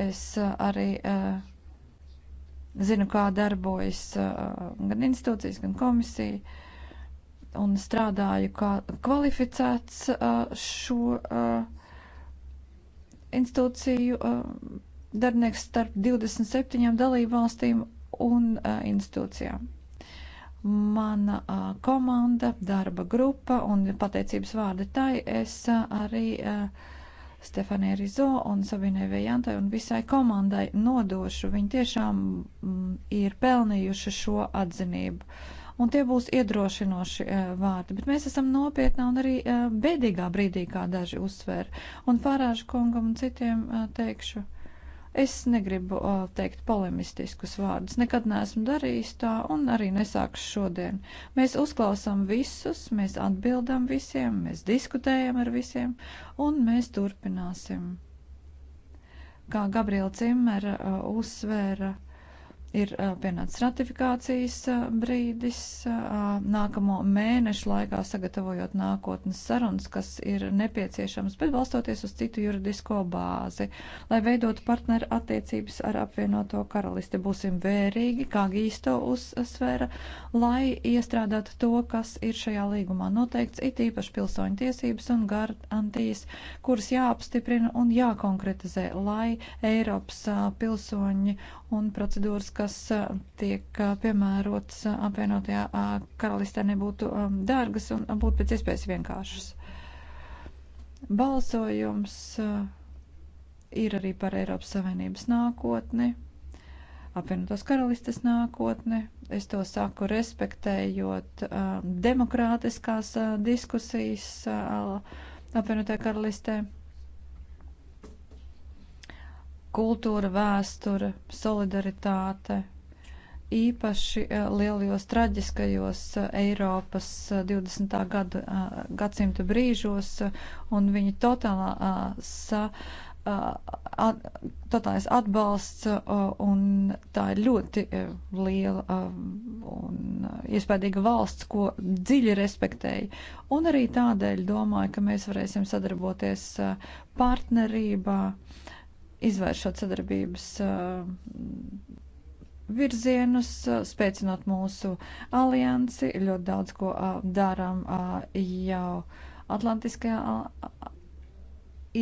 Es uh, arī uh, zinu, kā darbojas uh, gan institūcijas, gan komisija. Un strādāju kā kvalificēts uh, šo uh, institūciju. Uh, darbinieks starp 27 dalību valstīm un uh, institūcijām. Mana uh, komanda, darba grupa un pateicības vārdi tai es uh, arī uh, Stefanē Rizo un Sabinē Vejantai un visai komandai nodošu. Viņi tiešām mm, ir pelnījuši šo atzinību. Un tie būs iedrošinoši uh, vārdi. Bet mēs esam nopietnā un arī uh, bēdīgā brīdī, kā daži uzsver. Un pārāžu kungam un citiem uh, teikšu Es negribu uh, teikt polemistiskus vārdus, nekad neesmu darījis tā un arī nesākšu šodien. Mēs uzklausām visus, mēs atbildam visiem, mēs diskutējam ar visiem un mēs turpināsim. Kā Gabriela Cimera uh, uzsvēra, ir pienācis ratifikācijas brīdis. Nākamo mēnešu laikā sagatavojot nākotnes sarunas, kas ir nepieciešamas, bet balstoties uz citu juridisko bāzi, lai veidotu partneru attiecības ar apvienoto karalisti. Būsim vērīgi, kā Gīsto uzsvēra, lai iestrādātu to, kas ir šajā līgumā noteikts, it īpaši pilsoņu tiesības un garantijas, kuras jāapstiprina un jākonkretizē, lai Eiropas pilsoņi un procedūras, kas kas tiek piemērotas apvienotajā karalistē, nebūtu dārgas un būtu pēc iespējas vienkāršas. Balsojums ir arī par Eiropas Savienības nākotni, apvienotās karalistes nākotni. Es to saku respektējot demokrātiskās diskusijas apvienotajā karalistē kultūra, vēsture, solidaritāte, īpaši eh, lielajos traģiskajos eh, Eiropas 20. Eh, Gadu, gadsimta brīžos un viņa totālā, sa, at, totālais atbalsts un tā ir ļoti liela un iespējīga valsts, ko dziļi respektēju. Un arī tādēļ domāju, ka mēs varēsim sadarboties partnerībā izvēršot sadarbības virzienus, spēcinot mūsu aliansi. Ļoti daudz ko darām jau Atlantiskajā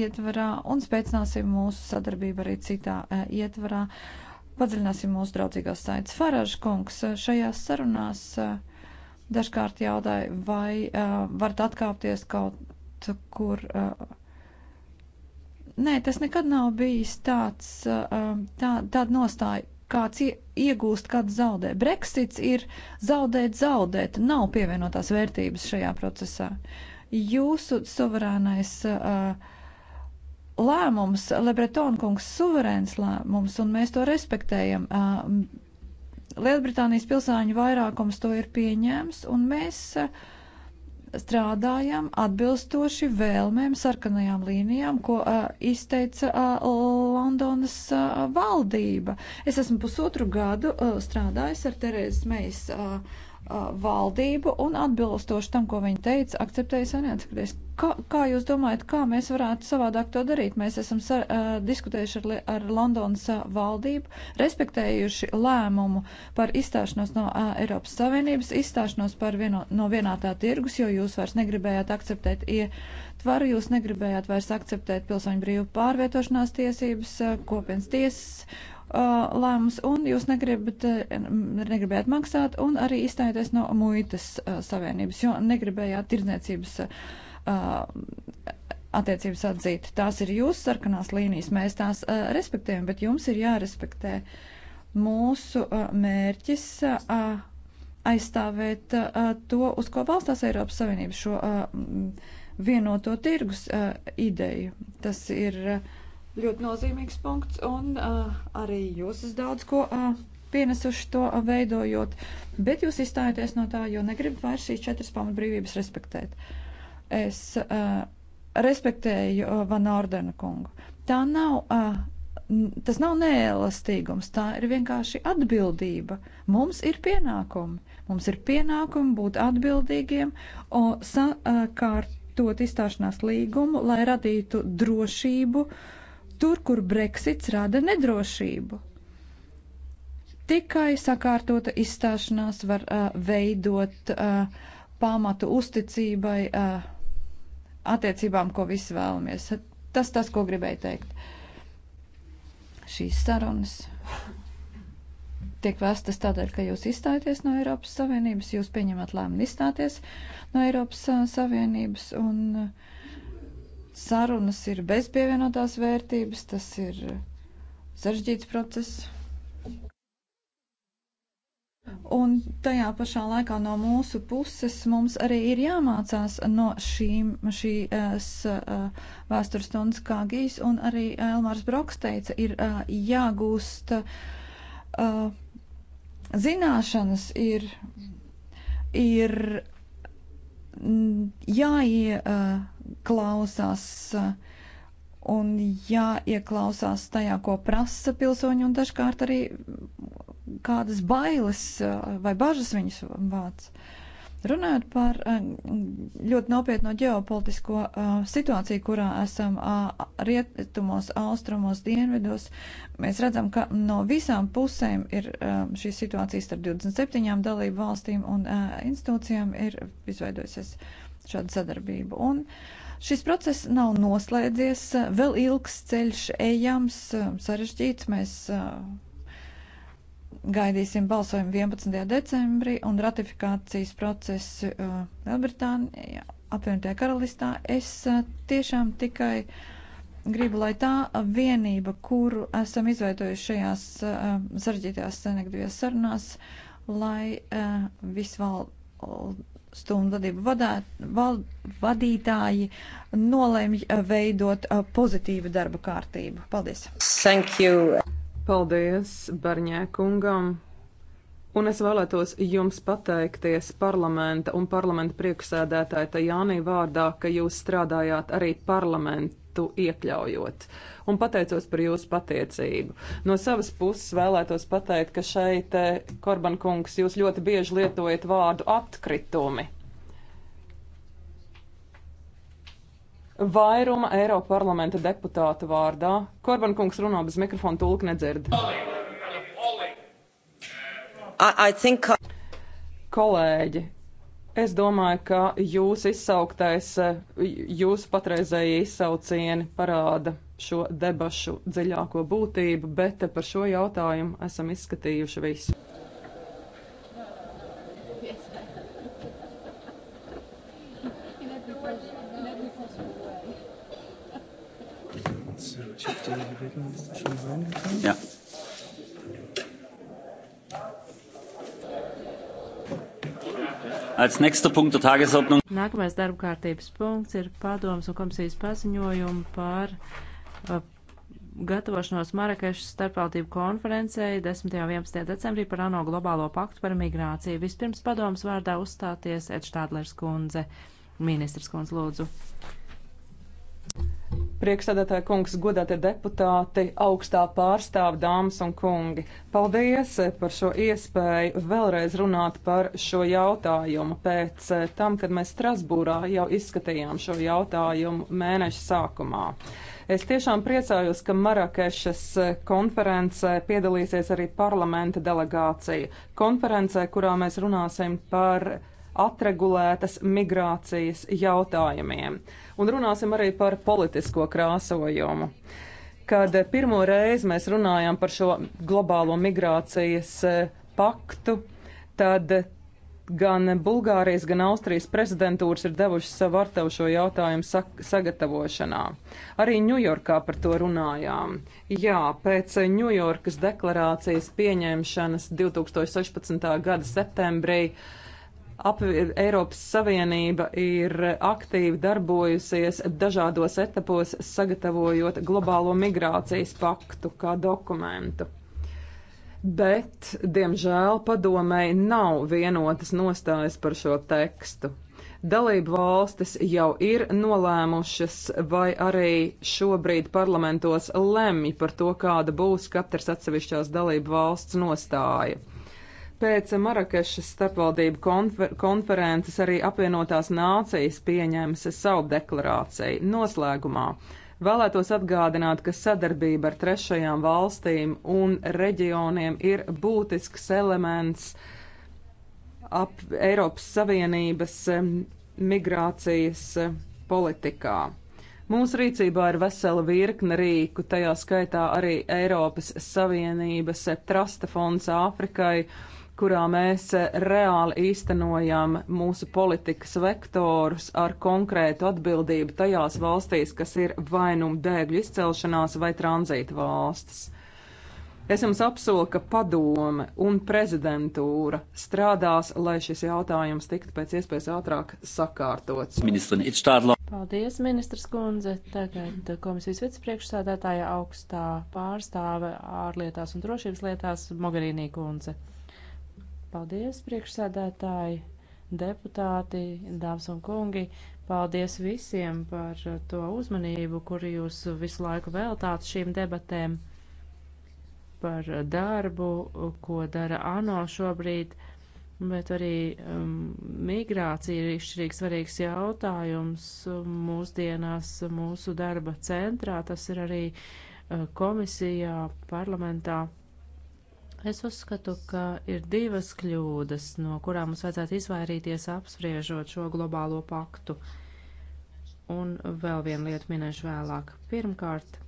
ietvarā un spēcināsim mūsu sadarbību arī citā ietvarā. Padziļināsim mūsu draudzīgās saites. Farāža kungs šajās sarunās dažkārt jautāja, vai varat atkāpties kaut kur. Uh, Nē, tas nekad nav bijis tāds, tā, tāda nostāja, kāds iegūst, kāds zaudē. Brexits ir zaudēt, zaudēt, nav pievienotās vērtības šajā procesā. Jūsu suverēnais uh, lēmums, Lebretonkungs suverēns lēmums, un mēs to respektējam. Uh, Lielbritānijas pilsāņu vairākums to ir pieņēmis, un mēs. Uh, strādājam atbilstoši vēlmēm, sarkanajām līnijām, ko uh, izteica uh, Londonas uh, valdība. Es esmu pusotru gadu uh, strādājis ar Terēzes Mejas uh, Uh, valdību un atbilstoši tam, ko viņi teica, akceptējas vai neatskaties. Kā, kā jūs domājat, kā mēs varētu savādāk to darīt? Mēs esam sar, uh, diskutējuši ar, ar Londonas uh, valdību, respektējuši lēmumu par izstāšanos no uh, Eiropas Savienības, izstāšanos par vieno, no vienātā tirgus, jo jūs vairs negribējāt akceptēt ietvaru, jūs negribējāt vairs akceptēt pilsoņu brīvu pārvietošanās tiesības, uh, kopienas tiesas Uh, lēmums, un jūs negribat, eh, negribējāt maksāt un arī izstājāties no muitas uh, savienības, jo negribējāt tirdzniecības uh, attiecības atzīt. Tās ir jūsu sarkanās līnijas, mēs tās respektējam, bet jums ir jārespektē mūsu mērķis aizstāvēt to, uz ko balstās Eiropas Savienības šo vienoto tirgus ideju. Tas ir uh, ļoti nozīmīgs punkts, un uh, arī jūs esat daudz ko uh, pienesuši to uh, veidojot, bet jūs izstājāties no tā, jo negribat vairs šīs četras pamatbrīvības respektēt. Es uh, respektēju uh, Van Ordena kungu. Tā nav, uh, tas nav neelastīgums, tā ir vienkārši atbildība. Mums ir pienākumi. Mums ir pienākumi būt atbildīgiem, sakārtot izstāšanās līgumu, lai radītu drošību uh, tur, kur Brexits rada nedrošību. Tikai sakārtota izstāšanās var uh, veidot uh, pamatu uzticībai uh, attiecībām, ko visi vēlamies. Tas tas, ko gribēju teikt. Šīs sarunas tiek vēstas tādēļ, ka jūs izstājaties no Eiropas Savienības, jūs pieņemat lēmumu izstāties no Eiropas Savienības un uh, Sarunas ir bezpievienotās vērtības, tas ir sarežģīts process. Un tajā pašā laikā no mūsu puses mums arī ir jāmācās no šīm, šīs eh, vēstures stundas, kā Gīs un arī Elmārs Broks teica, ir eh, jāgūst eh, zināšanas, ir, ir jāie jāklausās un jāieklausās tajā, ko prasa pilsoņi, un dažkārt arī kādas bailes vai bažas viņus vāc. Runājot par eh, ļoti nopietno ģeopolitisko eh, situāciju, kurā esam eh, rietumos, austrumos, dienvidos, mēs redzam, ka no visām pusēm ir šī situācija starp 27 dalību valstīm un institūcijām ir izveidojusies šāda sadarbība. Un, uh, Šis process nav noslēdzies, vēl ilgs ceļš ejams, sarežģīts. Mēs gaidīsim balsojumu 11. decembrī un ratifikācijas procesu Lielbritānijā, apvienotajā karalistā. Es tiešām tikai gribu, lai tā vienība, kuru esam izveidojuši šajās sarežģītajās senekdvies sarunās, lai visvalda stundu vadību vadā, val, vadītāji nolemj eh, veidot eh, pozitīvu darba kārtību. Paldies! Thank you! Paldies Barņēkungam! Un es vēlētos jums pateikties parlamenta un parlamenta priekšsēdētāja Tajānī vārdā, ka jūs strādājāt arī parlamenta citu iekļaujot. Un pateicos par jūsu pateicību. No savas puses vēlētos pateikt, ka šeit, eh, Korban kungs, jūs ļoti bieži lietojat vārdu atkritumi. Vairuma Eiropa parlamenta deputāta vārdā. Korban kungs runā bez mikrofona, tulk nedzird. I, I think... Uh, Kolēģi, Es domāju, ka jūs izsauktais, jūsu patreizējie izsaucieni parāda šo debašu dziļāko būtību, bet par šo jautājumu esam izskatījuši visu. Ja. Nākamais darba kārtības punkts ir padomas un komisijas paziņojumu par uh, gatavošanos Marakešas starpvaldību konferencei 10. un 11. decembrī par ANO globālo paktu par migrāciju. Vispirms padomas vārdā uzstāties Edštādlers kundze. Ministrs kundze, lūdzu. Priekšsēdētāja kungs, godātie deputāti, augstā pārstāva dāmas un kungi, paldies par šo iespēju vēlreiz runāt par šo jautājumu. Pēc eh, tam, kad mēs Strasbūrā jau izskatījām šo jautājumu mēneša sākumā. Es tiešām priecājos, ka Marakešas eh, konferencē piedalīsies arī parlamenta delegācija. Konferencē, kurā mēs runāsim par atregulētas migrācijas jautājumiem. Un runāsim arī par politisko krāsojumu. Kad pirmo reizi mēs runājām par šo globālo migrācijas e, paktu, tad gan Bulgārijas, gan Austrijas prezidentūras ir devušas savu artavu šo jautājumu sagatavošanā. Arī Ņujorkā par to runājām. Jā, pēc Ņujorkas deklarācijas pieņemšanas 2016. gada septembrī uh, ap, Eiropas Savienība ir aktīvi darbojusies dažādos etapos, sagatavojot globālo migrācijas paktu kā dokumentu. Bet, diemžēl, padomēji nav vienotas nostājas par šo tekstu. Dalību valstis jau ir nolēmušas, vai arī šobrīd parlamentos lemj par to, kāda būs katras atsevišķās dalību valsts nostāja. Pēc Marakešas starpvaldību konfer konferences arī apvienotās nācijas pieņēmis savu deklarāciju. Noslēgumā vēlētos atgādināt, ka sadarbība ar trešajām valstīm un reģioniem ir būtisks elements ap Eiropas Savienības migrācijas politikā. Mūsu rīcībā ir vesela virkne rīku, tajā skaitā arī Eiropas Savienības trasta fonds Āfrikai kurā mēs reāli īstenojam mūsu politikas vektorus ar konkrētu atbildību tajās valstīs, kas ir vai nu bēgļu izcelšanās vai tranzīta valstis. Es jums apsolu, ka padome un prezidentūra strādās, lai šis jautājums tiktu pēc iespējas ātrāk sakārtots. Paldies, ministrs kundze. Tagad komisijas vicepriekšsādātāja augstā pārstāve ārlietās un drošības lietās Mogarīnī kundze. Paldies, priekšsēdētāji, deputāti, dāmas un kungi. Paldies visiem par to uzmanību, kuru jūs visu laiku veltāt šīm debatēm par darbu, ko dara ANO šobrīd bet arī um, migrācija ir izšķirīgi svarīgs jautājums um, mūsdienās mūsu darba centrā. Tas ir arī uh, komisijā, parlamentā. Es uzskatu, ka ir divas kļūdas, no kurām mums vajadzētu izvairīties apspriežot šo globālo paktu. Un vēl vienu lietu minēšu vēlāk. Pirmkārt,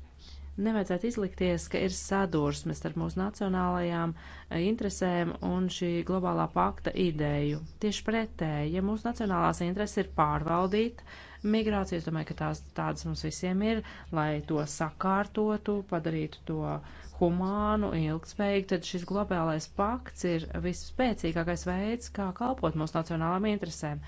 nevajadzētu izlikties, ka ir sadursmes starp mūsu nacionālajām eh, interesēm un šī globālā pakta ideju. Tieši pretēji, ja mūsu nacionālās intereses ir pārvaldīt uh, migrāciju. Es domāju, ka tās tādas mums visiem ir, lai to sakārtotu, padarītu to humānu, ilgspējīgu. Tad šis globālais pakts ir visspēcīgākais veids, kā kalpot mūsu nacionālām interesēm.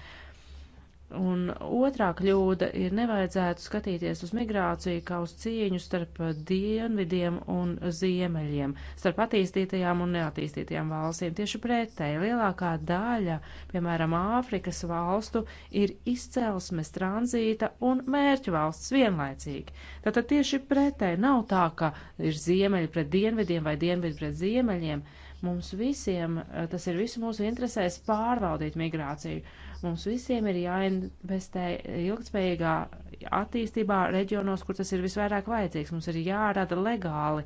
Un otrā kļūda ir nevajadzētu skatīties uz migrāciju kā uz cieņu starp dienvidiem un ziemeļiem, starp attīstītajām un neattīstītajām valstīm. Tieši pretēji lielākā daļa, piemēram, Āfrikas valstu ir izcelsmes tranzīta un mērķu valsts vienlaicīgi. Tātad tieši pretēji nav tā, ka ir ziemeļi pret dienvidiem vai dienvidi pret ziemeļiem. Mums visiem tas ir visu mūsu interesēs pārvaldīt migrāciju Mums visiem ir jāinvestē ilgtspējīgā attīstībā reģionos, kur tas ir visvairāk vajadzīgs. Mums ir jārada legāli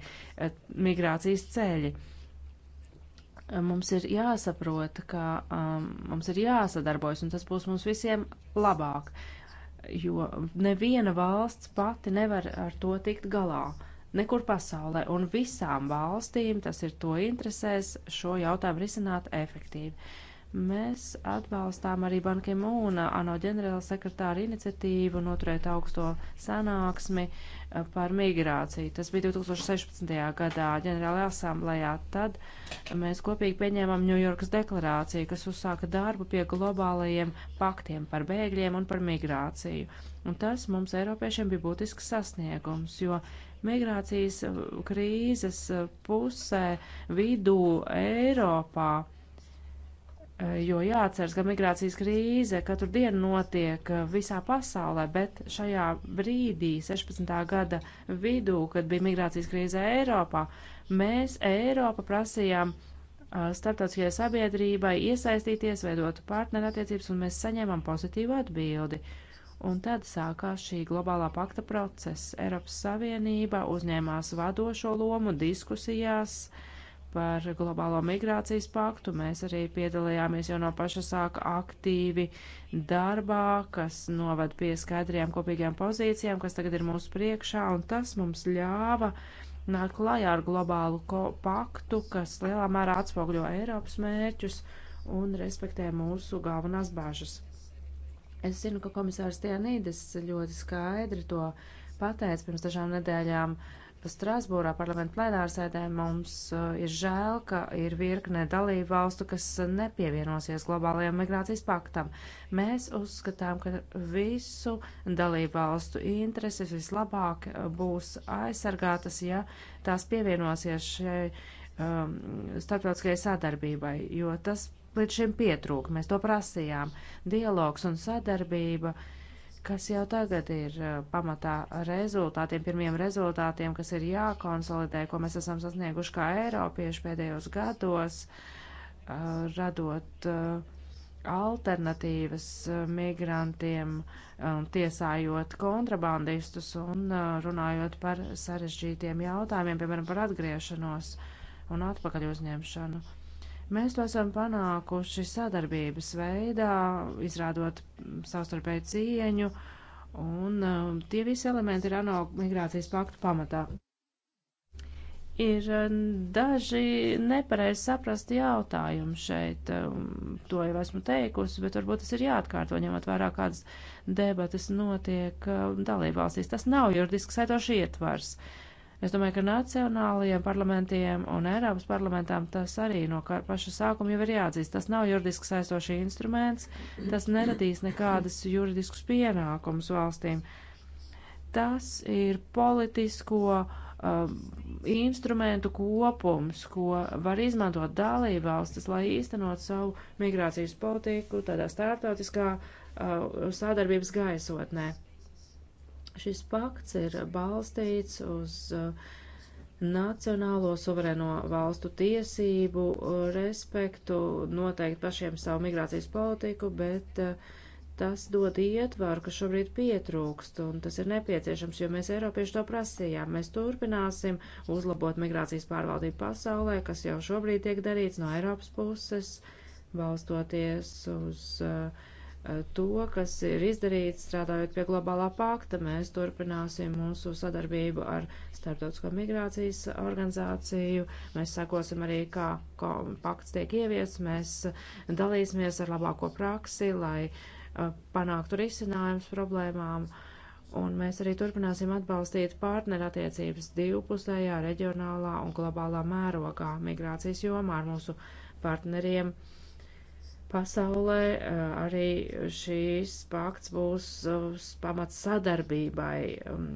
eh, migrācijas ceļi eh, mums ir jāsaprot, ka um, mums ir jāsadarbojas, un tas būs mums visiem labāk, jo neviena valsts pati nevar ar to tikt galā. Nekur pasaulē, un visām valstīm tas ir to interesēs šo jautājumu risināt efektīvi. Uh, Mēs atbalstām arī Banki Mūna, ANO ģenerāla sekretāra iniciatīvu noturēt augsto sanāksmi eh, par migrāciju. Tas bija 2016. gadā ģenerālajā asamblējā. Tad mēs kopīgi pieņēmām Ņujorkas deklarāciju, kas uzsāka darbu pie globālajiem paktiem par bēgļiem un par migrāciju. Un tas mums Eiropiešiem bija būtisks sasniegums, jo migrācijas eh, krīzes eh, pusē vidū Eiropā Eh, jo jāatceras, ka migrācijas krīze katru dienu notiek eh, visā pasaulē, bet šajā brīdī, 16. gada vidū, kad bija migrācijas krīze Eiropā, mēs Eiropa prasījām eh, starptautiskajai sabiedrībai iesaistīties, veidot partnerattiecības, un mēs saņēmām pozitīvu atbildi. Un tad sākās šī globālā pakta process. Eiropas Savienība uzņēmās vadošo lomu diskusijās uh, par globālo migrācijas paktu. Mēs arī piedalījāmies jau no paša sāka aktīvi darbā, kas novad pie skaidriem kopīgiem pozīcijām, kas tagad ir mūsu priekšā, un tas mums ļāva nāk klajā ar globālu paktu, kas lielā mērā atspoguļo Eiropas mērķus un respektē mūsu galvenās bāžas. Es zinu, ka komisārs Tienīdes ļoti skaidri to pateica pirms dažām nedēļām uh, Strasbūrā parlamentu plenārsēdē mums eh, ir žēl, ka ir virkne dalību valstu, kas nepievienosies globālajam migrācijas paktam. Mēs uzskatām, ka visu dalību valstu intereses vislabāk eh, būs aizsargātas, ja tās pievienosies šai um, starptautiskajai sadarbībai, jo tas līdz šim pietrūka. Mēs to prasījām. Dialogs un sadarbība. Uh, kas jau tagad ir eh, pamatā rezultātiem, pirmiem rezultātiem, kas ir jākonsolidē, ko mēs esam sasnieguši kā Eiropieši pēdējos gados, eh, radot eh, alternatīvas migrantiem, um, tiesājot kontrabandistus un runājot par sarežģītiem jautājumiem, piemēram, par atgriešanos un atpakaļ uzņemšanu. Mēs to esam panākuši sadarbības veidā, izrādot savstarpēju cieņu, un um, tie visi elementi ir ANO migrācijas paktu pamatā. Ir um, daži nepareizi saprasti jautājumi šeit, um, to jau esmu teikusi, bet varbūt tas ir jāatkārto, ņemot vērā kādas debatas notiek dalībvalstīs. Tas nav juridiski saidoši ietvars. Uh, Es domāju, ka nacionālajiem parlamentiem un Eiropas parlamentām tas arī no paša sākuma jau ir jāatzīst. Tas nav juridiski saistošs instruments, tas neradīs nekādas juridiskus pienākumus valstīm. Tas ir politisko uh, instrumentu kopums, ko var izmantot dalībvalstis, lai īstenot savu migrācijas politiku tādā starptautiskā uh, sadarbības gaisotnē. Šis pakts ir balstīts uz uh, nacionālo suverēno valstu tiesību, uh, respektu, noteikti pašiem savu migrācijas politiku, bet uh, tas dod ietvaru, kas šobrīd pietrūkst, un tas ir nepieciešams, jo mēs Eiropieši to prasījām. Mēs turpināsim uzlabot migrācijas pārvaldību pasaulē, kas jau šobrīd tiek darīts no Eiropas puses, balstoties uz uh, Eh, to, kas ir izdarīts strādājot pie globālā pakta. Mēs turpināsim mūsu sadarbību ar Startautisko migrācijas organizāciju. Mēs sakosim arī, kā, kā pakts tiek ieviests. Mēs dalīsimies ar labāko praksi, lai eh, panāktu risinājums problēmām. Un mēs arī turpināsim atbalstīt partnerattiecības divpusējā, reģionālā un globālā mērogā migrācijas jomā ar mūsu partneriem. Uh, pasaulē, eh, arī šīs pakts būs eh, pamats sadarbībai, um,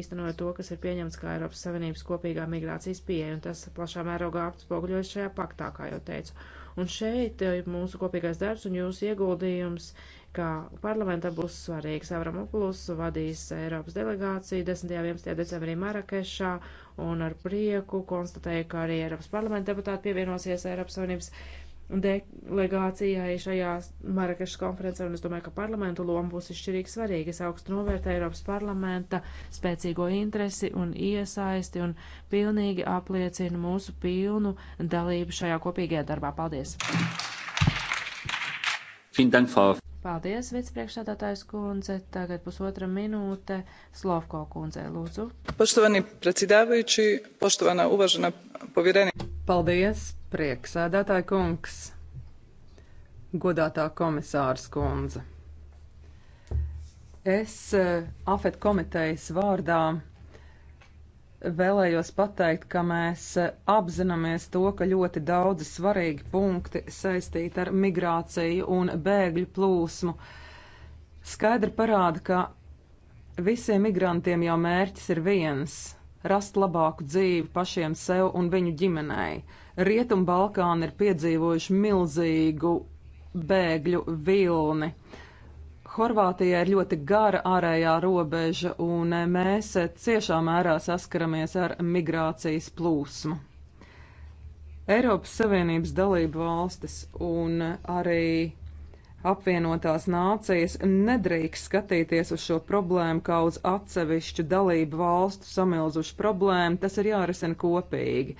īstenojot to, kas ir pieņemts kā Eiropas Savienības kopīgā migrācijas pieeja, un tas plašā mērogā atspoguļojas šajā paktā, kā jau teicu. Un šeit eh, mūsu kopīgais darbs un jūsu ieguldījums, kā parlamentam būs svarīgs. Avramopulus vadīs Eiropas delegāciju 10. un 11. decembrī Marakešā, un ar prieku konstatēju, ka arī Eiropas parlamenta deputāti pievienosies Eiropas Savienības delegācijai šajā Marakešas konferencē, un es domāju, ka parlamentu loma būs izšķirīgi svarīga. Es augstu novērtēju Eiropas parlamenta spēcīgo interesi un iesaisti un pilnīgi apliecinu mūsu pilnu dalību šajā kopīgajā darbā. Paldies! Paldies, vicepriekšsādātājs kundze. Tagad pusotra minūte Slovko kundzei, lūdzu. Poštovani predsjedavajući, poštovana uvažena povjerenica. Paldies, prieksēdētāji kungs, godātā komisārs kundze. Es eh, AFET komitejas vārdā vēlējos pateikt, ka mēs eh, apzināmies to, ka ļoti daudzi svarīgi punkti saistīti ar migrāciju un bēgļu plūsmu skaidri parāda, ka visiem migrantiem jau mērķis ir viens rast labāku dzīvi pašiem sev un viņu ģimenei. Rietumbalkāni ir piedzīvojuši milzīgu bēgļu vilni. Horvātijai ir ļoti gara ārējā robeža, un mēs ciešā mērā saskaramies ar migrācijas plūsmu. Eiropas Savienības dalību valstis un arī apvienotās nācijas nedrīkst skatīties uz šo problēmu kā uz atsevišķu dalību valstu samilzušu problēmu, tas ir jārisina kopīgi.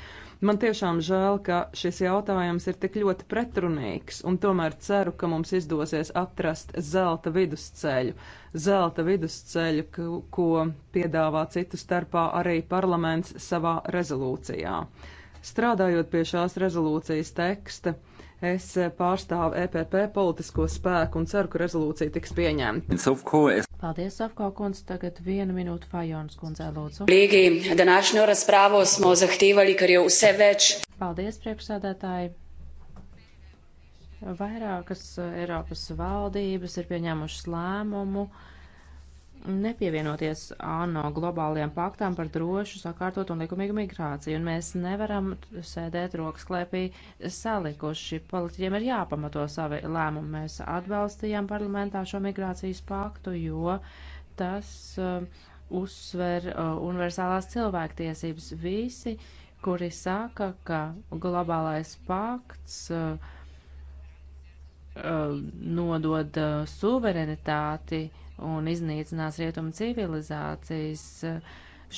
Man tiešām žēl, ka šis jautājums ir tik ļoti pretrunīgs, un tomēr ceru, ka mums izdosies atrast zelta vidusceļu, zelta vidusceļu, ko piedāvā citu starpā arī parlaments savā rezolūcijā. Strādājot pie šās rezolūcijas teksta, Es pārstāvu EPP politisko spēku un ceru, ka rezolūcija tiks pieņemta. Paldies, Savko kundze. Tagad viena minūte Fajons kundze, lūdzu. Līgi, današņo razpravo smo zahtīvali, ka jau vse več. Paldies, priekšsēdētāji. Vairākas Eiropas valdības ir pieņēmušas lēmumu nepievienoties ANO globālajiem paktām par drošu, sakārtot un likumīgu migrāciju, un mēs nevaram sēdēt rokas klēpī salikuši. Politiķiem ir jāpamato savi lēmumi. Mēs atbalstījām parlamentā šo migrācijas paktu, jo tas uh, uzsver uh, universālās cilvēktiesības visi, kuri saka, ka globālais pakts uh, uh nodod uh, suverenitāti un iznīcinās rietumu civilizācijas.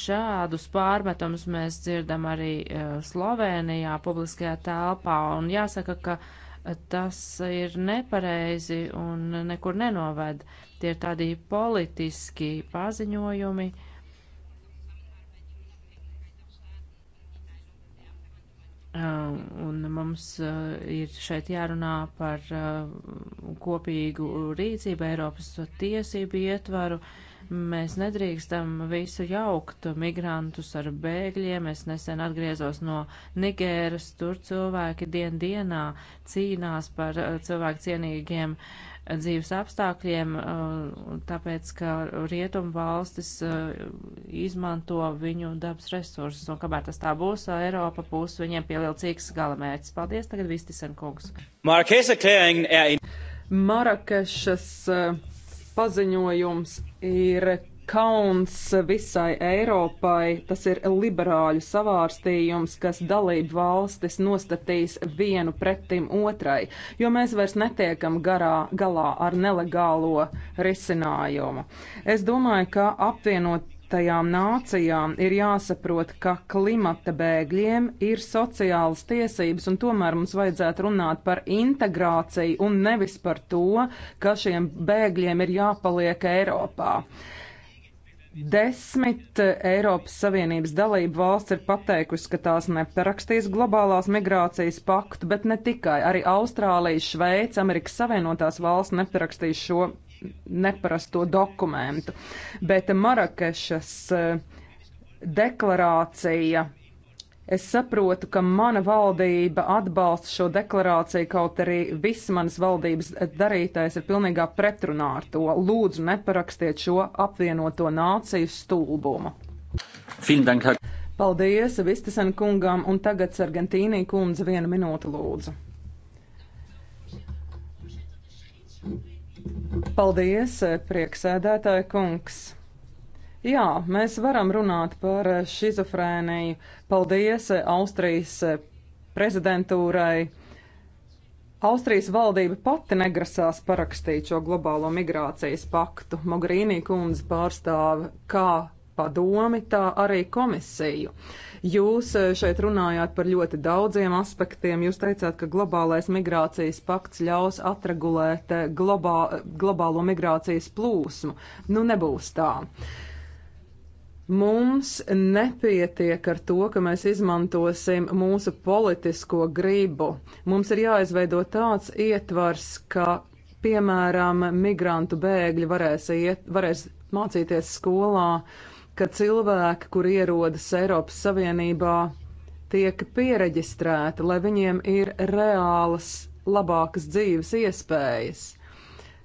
Šādus pārmetumus mēs dzirdam arī e, Slovenijā, publiskajā telpā, un jāsaka, ka e, tas ir nepareizi un nekur nenoved. Tie ir tādi politiski paziņojumi Um, un mums uh, ir šeit jārunā par uh, kopīgu rīcību Eiropas tiesību ietvaru. Mēs nedrīkstam visu jaukt migrantus ar bēgļiem. Es nesen atgriezos no Nigēras, tur cilvēki dien dienā cīnās par uh, cilvēku cienīgiem uh, dzīves apstākļiem, uh, tāpēc, ka rietumu valstis uh, izmanto viņu dabas resursus, un kamēr tas tā būs, Eiropa būs viņiem pielilcīgs galamērķis. Paldies, tagad Vistisen kungs. Marakešas uh, paziņojums ir kauns visai Eiropai. Tas ir liberāļu savārstījums, kas dalību valstis nostatīs vienu pretim otrai, jo mēs vairs netiekam garā, galā ar nelegālo risinājumu. Es domāju, ka apvienot Tajām nācijām ir jāsaprot, ka klimata bēgļiem ir sociālas tiesības, un tomēr mums vajadzētu runāt par integrāciju un nevis par to, ka šiem bēgļiem ir jāpaliek Eiropā. Uh, Desmit eh, Eiropas Savienības dalību valsts ir pateikusi, ka tās neparakstīs globālās migrācijas paktu, bet ne tikai. Arī Austrālija, Šveica, Amerikas Savienotās valsts neparakstīs šo neparasto dokumentu. Bet Marakešas eh, deklarācija Es saprotu, ka mana valdība atbalsta šo deklarāciju, kaut arī viss manas valdības darītais ir pilnīgā pretrunā ar to. Lūdzu, neparakstiet šo apvienoto nāciju stulbumu. Paldies Vistisen kungam, un tagad Sargentīnī kundze vienu minūtu lūdzu. Paldies, prieksēdētāja kungs. Jā, mēs varam runāt par šizofrēniju. Paldies Austrijas prezidentūrai. Austrijas valdība pati negrasās parakstīt šo globālo migrācijas paktu. Mogrīnī kundze pārstāv kā padomi, tā arī komisiju. Jūs šeit runājāt par ļoti daudziem aspektiem. Jūs teicāt, ka globālais migrācijas pakts ļaus atregulēt globā, globālo migrācijas plūsmu. Nu, nebūs tā. Uh, Mums nepietiek ar to, ka mēs izmantosim mūsu politisko gribu. Mums ir jāizveido tāds ietvars, ka, piemēram, migrantu bēgļi varēs, iet, varēs mācīties skolā, ka cilvēki, kur ierodas Eiropas Savienībā, tiek pieregistrēti, lai viņiem ir reālas, labākas dzīves iespējas.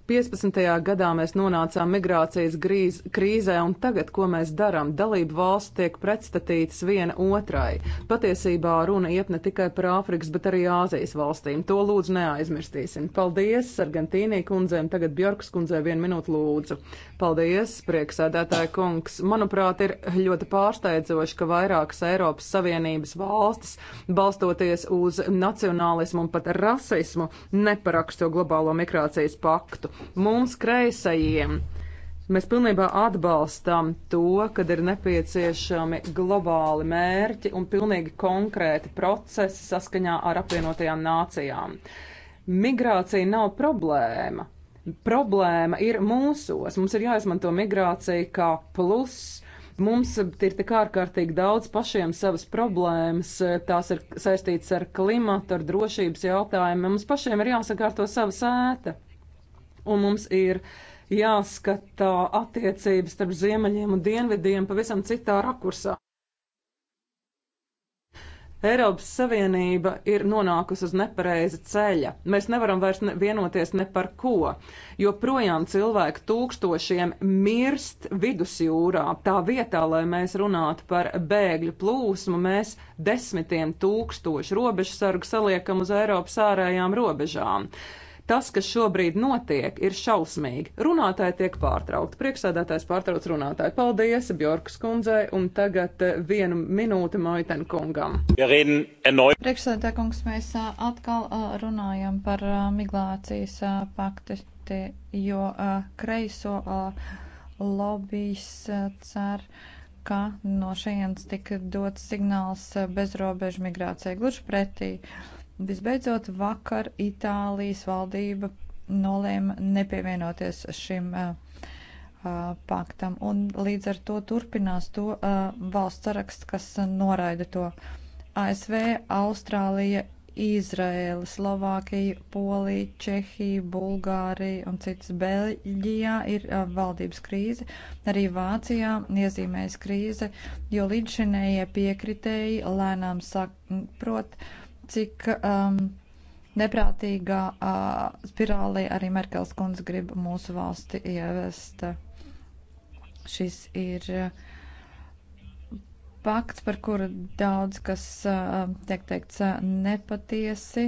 15. gadā mēs nonācām migrācijas grīz, krīzē, un tagad, ko mēs darām, dalību valsts tiek pretstatītas viena otrai. Patiesībā runa iet ne tikai par Āfrikas, bet arī Āzijas valstīm. To lūdzu neaizmirstīsim. Paldies, Argentīnī kundzēm, tagad Bjorkas kundzē vienu minūtu lūdzu. Paldies, prieksēdētāja kungs. Manuprāt, ir ļoti pārsteidzoši, ka vairākas Eiropas Savienības valstis, balstoties uz nacionālismu un pat rasismu, neparaksto globālo migrācijas paktu. Mums kreisajiem mēs pilnībā atbalstam to, kad ir nepieciešami globāli mērķi un pilnīgi konkrēti procesi saskaņā ar apvienotajām nācijām. Migrācija nav problēma. Problēma ir mūsos. Mums ir jāizmanto migrācija kā pluss Mums ir tik ārkārtīgi daudz pašiem savas problēmas, tās ir saistītas ar klimatu, ar drošības jautājumiem. Mums pašiem ir jāsakārto sava sēta un mums ir jāskatā attiecības starp ziemeļiem un dienvidiem pavisam citā rakursā. Eiropas Savienība ir nonākusi uz nepareiza ceļa. Mēs nevaram vairs vienoties ne par ko, jo projām cilvēku tūkstošiem mirst vidusjūrā. Tā vietā, lai mēs runātu par bēgļu plūsmu, mēs desmitiem tūkstošu robežu sargu saliekam uz Eiropas ārējām robežām. Uh, Tas, kas šobrīd notiek, ir šausmīgi. Runātāji tiek pārtraukti. Priekšsēdētājs pārtrauc runātāju. Paldies Bjorkas kundzei un tagad eh, vienu minūti Maiten kungam. Priekšsēdētāj kungs, mēs eh, atkal eh, runājam par migrācijas pakti, jo kreiso lobbyis cer ka no šejienes tika dots signāls bezrobežu migrācijai. Gluži pretī. Uh, Visbeidzot, vakar Itālijas valdība nolēma nepievienoties šim uh, uh, paktam, un līdz ar to turpinās to uh, valsts saraksts, kas noraida to. ASV, Austrālija, Izraēla, Slovākija, Polija, Čehija, Bulgārija un citas Beļģijā ir uh, valdības krīze. Arī Vācijā iezīmējas krīze, jo līdzšinējie piekritēji lēnām saprot, uh, cik um, neprātīgā uh, spirālī arī Merkels kundze grib mūsu valsti ievest. Šis ir uh, pakts, par kuru daudz kas uh, tiek teikts uh, nepatiesi.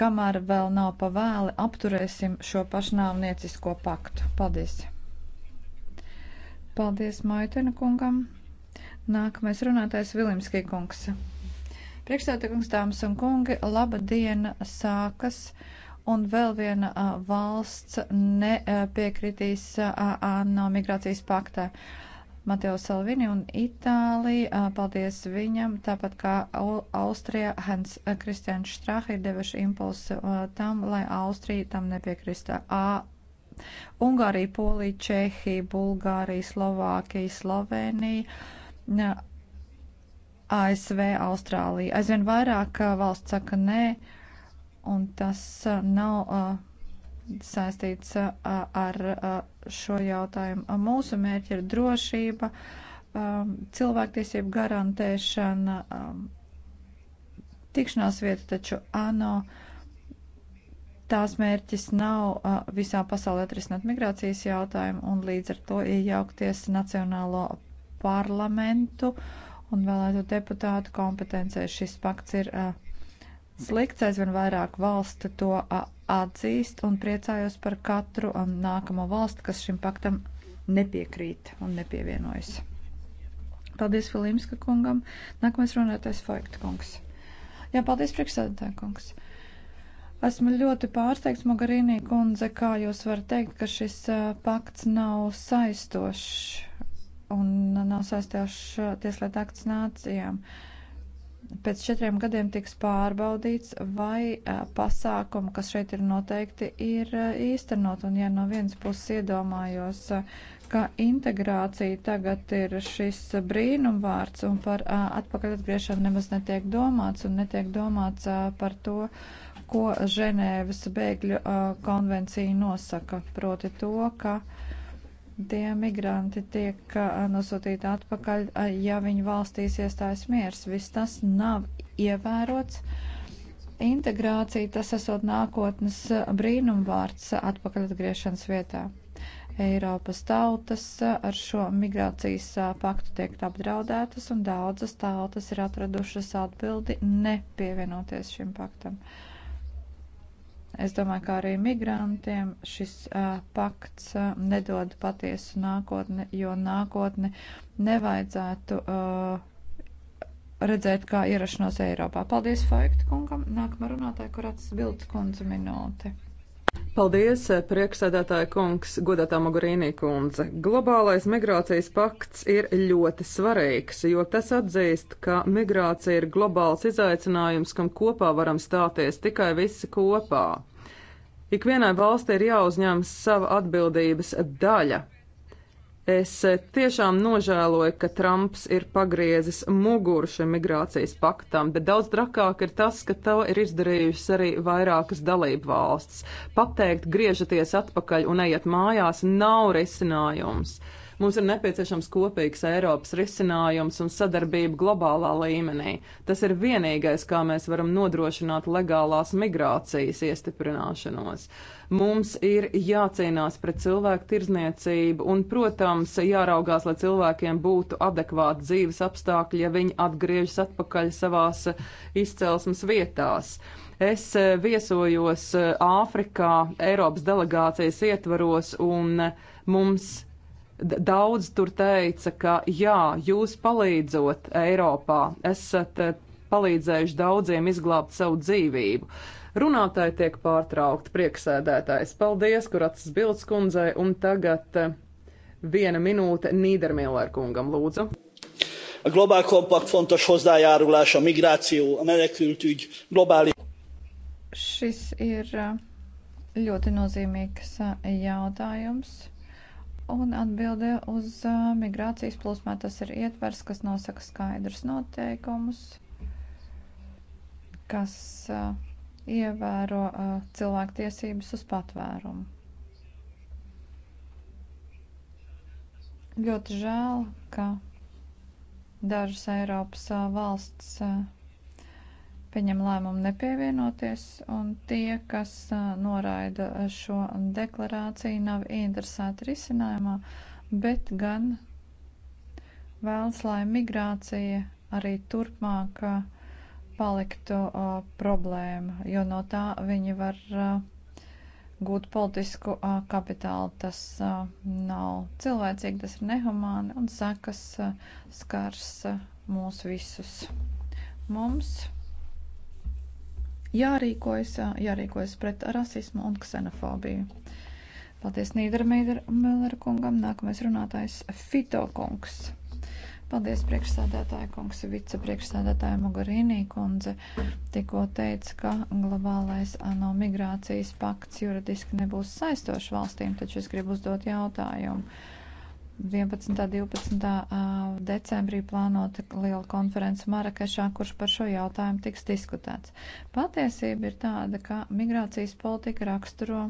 Kamēr vēl nav pavēli, apturēsim šo pašnāvniecisko paktu. Paldies! Paldies Maitina kungam! Nākamais runātājs Vilimskī kungs. Priekšstādākums, dāmas un kungi, laba diena sākas un vēl viena valsts nepiekritīs no migrācijas paktā. Mateo Salvini un Itālija, paldies viņam, tāpat kā Austrija, Hans Kristians Štrāha ir devuši impulsu tam, lai Austrija tam nepiekrista. Ungārija, Polija, Čehija, Bulgārija, Slovākija, Slovenija ASV, Austrālija. Aizvien vairāk valsts saka nē, un tas nav saistīts ar šo jautājumu. Mūsu mērķi ir drošība, cilvēktiesību garantēšana, tikšanās vieta, taču ANO tās mērķis nav visā pasaulē atrisināt migrācijas jautājumu un līdz ar to iejaukties nacionālo parlamentu. Uh, un vēlētu deputātu kompetencē. Šis pakts ir slikts, aizvien vairāk valstu to atzīst un priecājos par katru nākamo valstu, kas šim paktam nepiekrīt un nepievienojas. Paldies Filimska kungam. Nākamais runātais Foikta kungs. Jā, paldies priekšsēdētāj kungs. Esmu ļoti pārsteigts, Mogarīnī kundze, kā jūs varat teikt, ka šis uh, pakts nav saistošs un nav saistīts tieslietu akts nācijām. Pēc četriem gadiem tiks pārbaudīts, vai pasākumi, kas šeit ir noteikti, ir īstenot. Un ja no vienas puses iedomājos, ka integrācija tagad ir šis brīnumvārds un par atpakaļ atgriešanu nemaz netiek domāts un netiek domāts par to, ko Ženēvas bēgļu konvencija nosaka. Proti to, ka. Uh, Tie migranti tiek nosūtīti atpakaļ, ja viņu valstīs iestājas miers. Viss tas nav ievērots. Integrācija tas esot nākotnes brīnumvārds atpakaļ atgriešanas vietā. Eiropas tautas ar šo migrācijas paktu tiek apdraudētas, un daudzas tautas ir atradušas atbildi nepievienoties šim paktam. Uh, Es domāju, ka arī migrantiem šis uh, pakts uh, nedod patiesu nākotni, jo nākotni nevajadzētu uh, redzēt kā ierašanos Eiropā. Paldies Faikta kungam. Nākamā runātāja, kur atsbildes kundze minūte. Paldies, eh, prieksēdētāja kungs, godātā Mogurīnī kundze. Globālais migrācijas pakts ir ļoti svarīgs, jo tas atzīst, ka migrācija ir globāls izaicinājums, kam kopā varam stāties tikai visi kopā. Ikvienai valstī ir jāuzņem sava atbildības daļa Es tiešām nožēloju, ka Trumps ir pagriezis muguru šim migrācijas paktam, bet daudz trakāk ir tas, ka to ir izdarījušas arī vairākas dalību valstis. Pateikt, griežaties atpakaļ un ejiet mājās nav risinājums. Mums ir nepieciešams kopīgs Eiropas risinājums un sadarbība globālā līmenī. Tas ir vienīgais, kā mēs varam nodrošināt legālās migrācijas iestiprināšanos. Mums ir jācīnās pret cilvēku tirzniecību un, protams, jāraugās, lai cilvēkiem būtu adekvāti dzīves apstākļi, ja viņi atgriežas atpakaļ savās izcelsmes vietās. Es eh, viesojos eh, Āfrikā Eiropas delegācijas ietvaros un eh, mums daudz tur teica, ka jā, jūs palīdzot Eiropā, esat palīdzējuši daudziem izglābt savu dzīvību. Runātāji tiek pārtraukti prieksēdētājs. Paldies, kur atsas bildes kundzei, un tagad eh, viena minūte Nīdermīlēr kungam lūdzu. A globál kompakt fontos hozzájárulás a migráció, a menekültügy, globális. Šis ir eh, ļoti nozīmīgs eh, jautājums. Un atbildē uz migrācijas plūsmā tas ir ietvers, kas nosaka skaidrus noteikumus, kas uh, ievēro uh, cilvēku tiesības uz patvērumu. Ļoti žēl, ka dažas Eiropas uh, valsts uh, pieņem lēmumu nepievienoties, un tie, kas noraida šo deklarāciju, nav interesēti risinājumā, bet gan vēlas, lai migrācija arī turpmāk paliktu uh, problēma, jo no tā viņi var uh, gūt politisku uh, kapitālu. Tas uh, nav cilvēcīgi, tas ir nehumāni un sakas uh, skars uh, mūs visus. Mums jārīkojas, uh, jārīkojas pret rasismu un ksenofobiju. Paldies Nīdermeidera Mellera kungam. Nākamais runātājs Fito kungs. Paldies, priekšsādātāja kungs, vicepriekšsādātāja Mogarīnī kundze. Tikko teica, ka globālais ANO migrācijas pakts juridiski nebūs saistošs valstīm, taču es gribu uzdot jautājumu. 11. un 12. decembrī plānota liela konference Marakešā, kurš par šo jautājumu tiks diskutēts. Patiesība ir tāda, ka migrācijas politika raksturo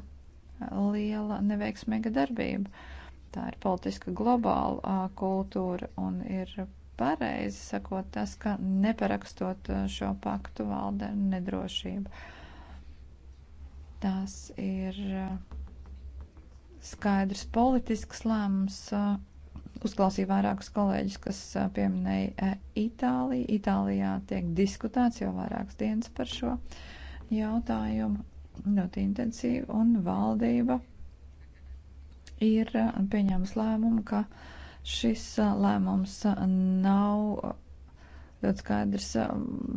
liela neveiksmīga darbība Tā ir politiska globāla kultūra un ir pareizi sakot tas, ka neparakstot šo paktu valda nedrošība. Tās ir skaidrs politisks lēmums. Uzklausīju vairākus kolēģus, kas pieminēja Itāliju. Itālijā tiek diskutēts jau vairākas dienas par šo jautājumu ļoti intensīvi, un valdība ir uh, pieņēmusi lēmumu, ka šis uh, lēmums uh, nav ļoti skaidrs.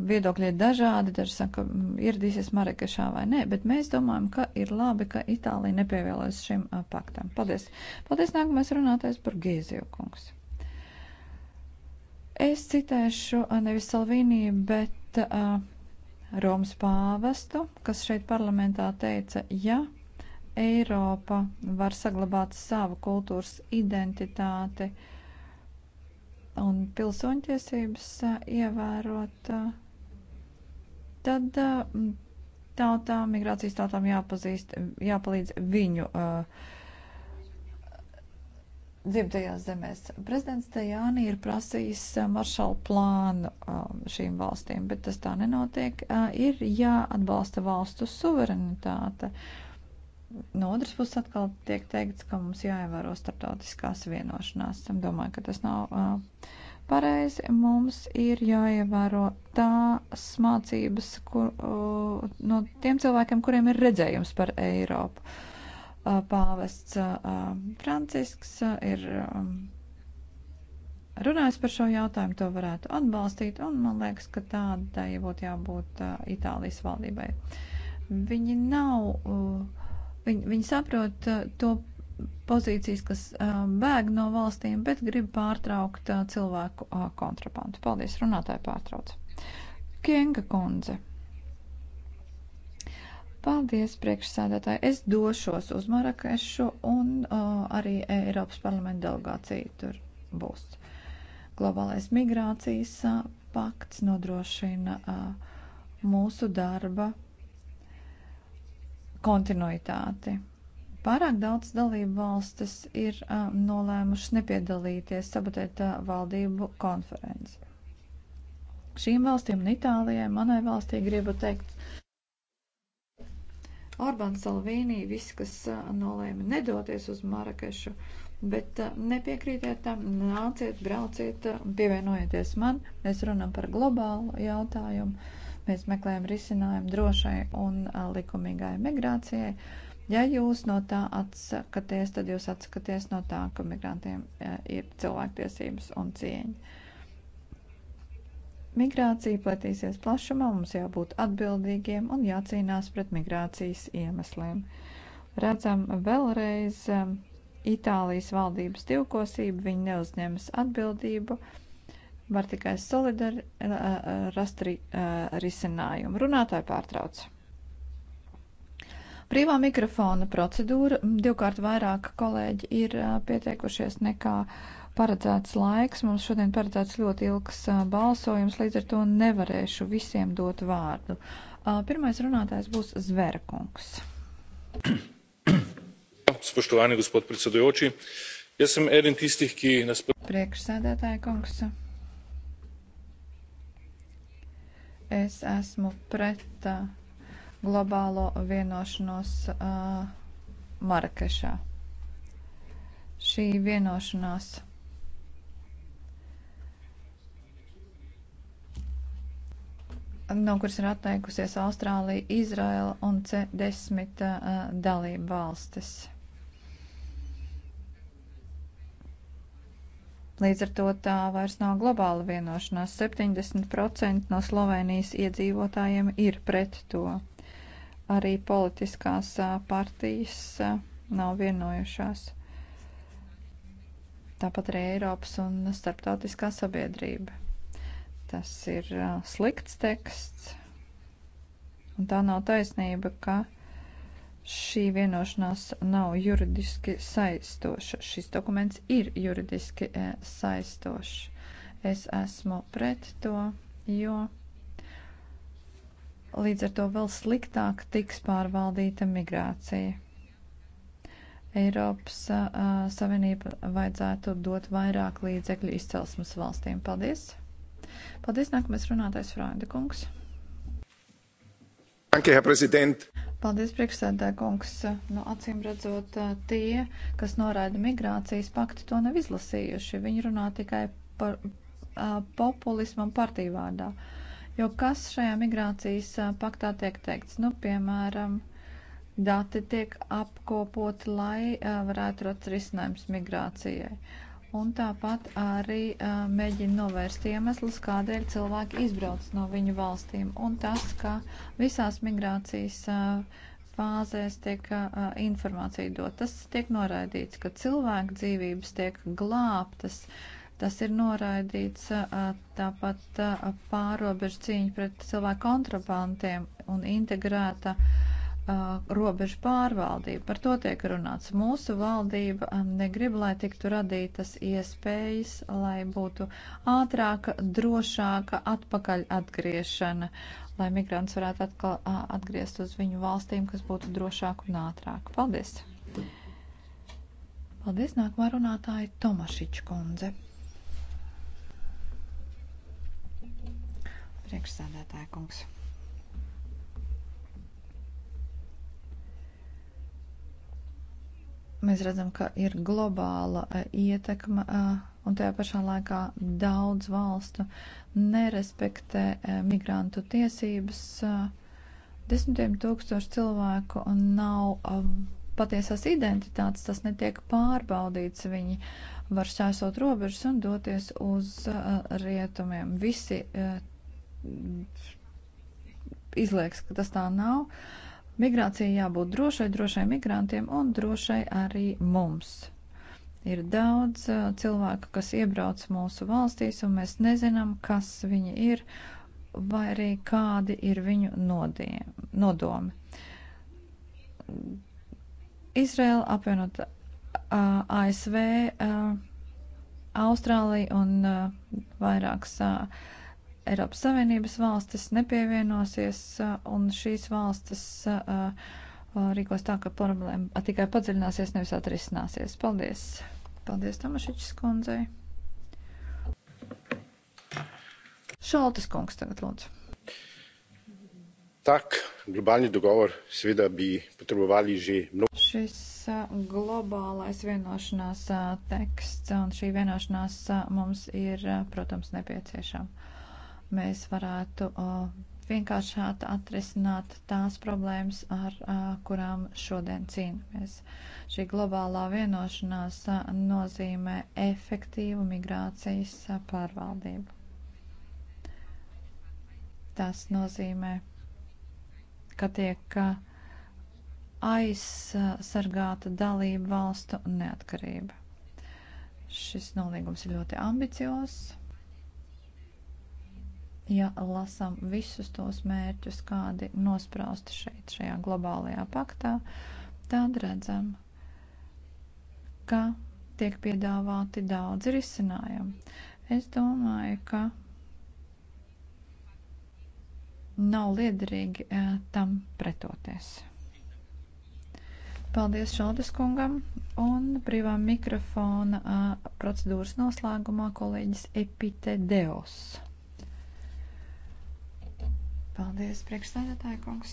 Viedokļi ir dažādi, daži saka, mm, ieradīsies Marekešā vai nē, bet mēs domājam, ka ir labi, ka Itālija nepievēlēs šim paktam. Paldies. Paldies, nākamais runātais par Gēziju kungs. Es citēšu nevis Salvīnī, bet uh, Romas pāvestu, kas šeit parlamentā teica, ja Eiropa var saglabāt savu kultūras identitāti un pilsoņtiesības ievērot, tad tautām, migrācijas tautām jāpazīst, jāpalīdz viņu uh, dzimtajās zemēs. Prezidents Tajāni ir prasījis maršalu plānu šīm valstīm, bet tas tā nenotiek. Ir jāatbalsta valstu suverenitāte. Ja no otras puses atkal tiek teikts, ka mums jāievēro starptautiskās vienošanās. Domāju, ka tas nav uh, pareizi. Mums ir jāievēro tās mācības kur, uh, no tiem cilvēkiem, kuriem ir redzējums par Eiropu. Uh, pāvests uh, Francisks uh, ir. Um, Runājot par šo jautājumu, to varētu atbalstīt, un man liekas, ka tādai būtu jābūt uh, Itālijas valdībai. Viņi nav uh, Viņi, viņi saprot uh, to pozīcijas, kas uh, bēg no valstīm, bet grib pārtraukt uh, cilvēku kontrabandu. Paldies, runātāji pārtrauc. Kienga kundze. Paldies, priekšsēdētāji. Es došos uz Marakešu un uh, arī Eiropas parlamenta delegācija tur būs. Globālais migrācijas uh, pakts nodrošina uh, mūsu darba kontinuitāti. Pārāk daudz dalību valstis ir uh, nolēmušas nepiedalīties sabotēt uh, valdību konferenci. Šīm valstīm un Itālijai, manai valstī, gribu teikt, Orbán Salvīnī viss, kas uh, nolēma nedoties uz Marakešu, bet uh, nepiekrītiet tam, nāciet, brauciet, uh, pievienojieties man, mēs runam par globālu jautājumu Mēs meklējam risinājumu drošai un likumīgai migrācijai. Ja jūs no tā atsakaties, tad jūs atsakaties no tā, ka migrantiem ir cilvēktiesības un cieņa. Migrācija platīsies plašumā, mums jābūt atbildīgiem un jācīnās pret migrācijas iemesliem. Redzam vēlreiz Itālijas valdības divkosību, viņi neuzņemas atbildību var tikai solidari eh, eh, rast ri, eh, risinājumu. Runātāji pārtrauc. Brīvā mikrofona procedūra. Mm, divkārt vairāk kolēģi ir pieteikušies nekā paredzēts laiks. Mums šodien paredzēts ļoti ilgs balsojums, līdz ar to nevarēšu visiem dot vārdu. Pirmais runātājs būs Zverkungs. Spoštovani gospod predsedujoči, jaz sem eden tistih, ki nas. Priekšsēdētāja kungs. Es esmu pret uh, globālo vienošanos uh, Marakešā. Šī vienošanās no kuras ir atteikusies Austrālija, Izraela un C10 uh, dalība valstis. Līdz ar to tā vairs nav globāla vienošanās. 70% no Slovenijas iedzīvotājiem ir pret to. Arī politiskās partijas nav vienojušās. Tāpat arī Eiropas un starptautiskā sabiedrība. Tas ir slikts teksts, un tā nav taisnība, ka šī vienošanās nav juridiski saistoša. Šis dokuments ir juridiski e, saistošs. Es esmu pret to, jo līdz ar to vēl sliktāk tiks pārvaldīta migrācija. Eiropas uh, Savienība vajadzētu dot vairāk līdzekļu izcelsmes valstīm. Paldies! Paldies, nākamais runātais Frānda kungs. Danke, Herr Präsident! Paldies, priekšsēdē, kungs. Nu, acīm redzot, eh, tie, kas noraida migrācijas paktu, to nav izlasījuši. Viņi runā tikai par uh, populismu un partiju vārdā. Jo kas šajā migrācijas eh, paktā tiek teikts? Nu, piemēram, dati tiek apkopoti, lai uh, varētu rast risinājums migrācijai. Uh, un tāpat arī uh, mēģina novērst iemeslus, kādēļ cilvēki izbrauc no viņu valstīm. Un tas, ka visās migrācijas uh, fāzēs tiek uh, informācija dot, tas tiek noraidīts, ka cilvēku dzīvības tiek glābtas. Tas ir noraidīts uh, tāpat uh, pārobežu cīņa pret cilvēku kontrabantiem un integrēta uh, Uh, robežu pārvaldību. Par to tiek runāts. Mūsu valdība um, negrib, lai tiktu radītas iespējas, lai būtu ātrāka, drošāka atpakaļ atgriešana, lai migrants varētu atkal uh, atgriezt uz viņu valstīm, kas būtu drošāk un ātrāk. Paldies! Paldies! Nākamā runātāja Tomašiča kundze. Priekšsēdētāja kungs. Mēs redzam, ka ir globāla e, ietekme e, un tajā pašā laikā daudz valstu nerespektē e, migrantu tiesības. Desmitiem tūkstoši cilvēku nav patiesās identitātes, tas netiek pārbaudīts. Viņi var šķērsot robežas un doties uz rietumiem. Visi izlieks, ka tas tā nav Migrācija jābūt drošai, drošai migrantiem un drošai arī mums. Ir daudz uh, cilvēku, kas iebrauc mūsu valstīs, un mēs nezinām, kas viņi ir vai arī kādi ir viņu nodie, nodomi. Izraela, apvienot uh, ASV, uh, Austrālija un uh, vairākas uh, Eiropas Savienības valstis nepievienosies, uh, un šīs valstis uh, uh, rīkos tā, ka problēma tikai padziļināsies, nevis atrisināsies. Paldies! Paldies Tamašiķis kundzei! Šaltis kungs tagad lūdzu. Tak, globalni dogovor seveda bi potrebovali že mnogo. Šis globālais vienošanās teksts un šī vienošanās mums ir, protams, nepieciešama mēs varētu vienkāršāk atrisināt tās problēmas, ar kurām šodien cīnāmies. Šī globālā vienošanās nozīmē efektīvu migrācijas pārvaldību. Tas nozīmē, ka tiek aizsargāta dalību valstu neatkarība. Šis nolīgums ir ļoti ambiciozs ja lasām visus tos mērķus, kādi nosprausti šeit, šajā globālajā paktā, tad redzam, ka tiek piedāvāti daudzi risinājumi. Es domāju, ka nav liederīgi e, tam pretoties. Paldies Šaldes kungam un brīvā mikrofona e, procedūras noslēgumā kolēģis Epitedeos. Paldies, priekšsēdētāja kungs.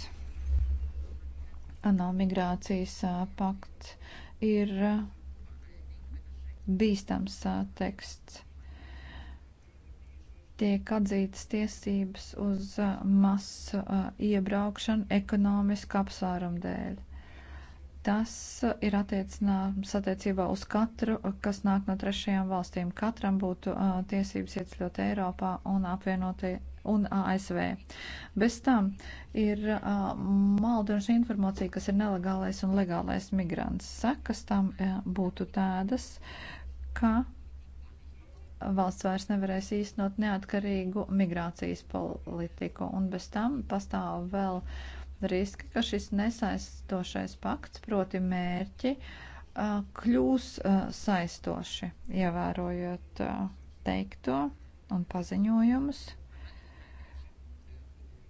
ANO migrācijas pakts ir bīstams teksts. Tiek atzītas tiesības uz masu iebraukšanu ekonomiski apsvērumu dēļ. Tas ir attiecināms attiecībā uz katru, kas nāk no trešajām valstīm. Katram būtu uh, tiesības ieceļot Eiropā un apvienotie un ASV. Bez tam ir uh, maldinoša informācija, kas ir nelegālais un legālais migrants. Sekas tam uh, būtu tādas, ka valsts vairs nevarēs īstenot neatkarīgu migrācijas politiku, un bez tam pastāv vēl riski, ka šis nesaistošais pakts, proti mērķi, kļūs saistoši, ievērojot teikto un paziņojumus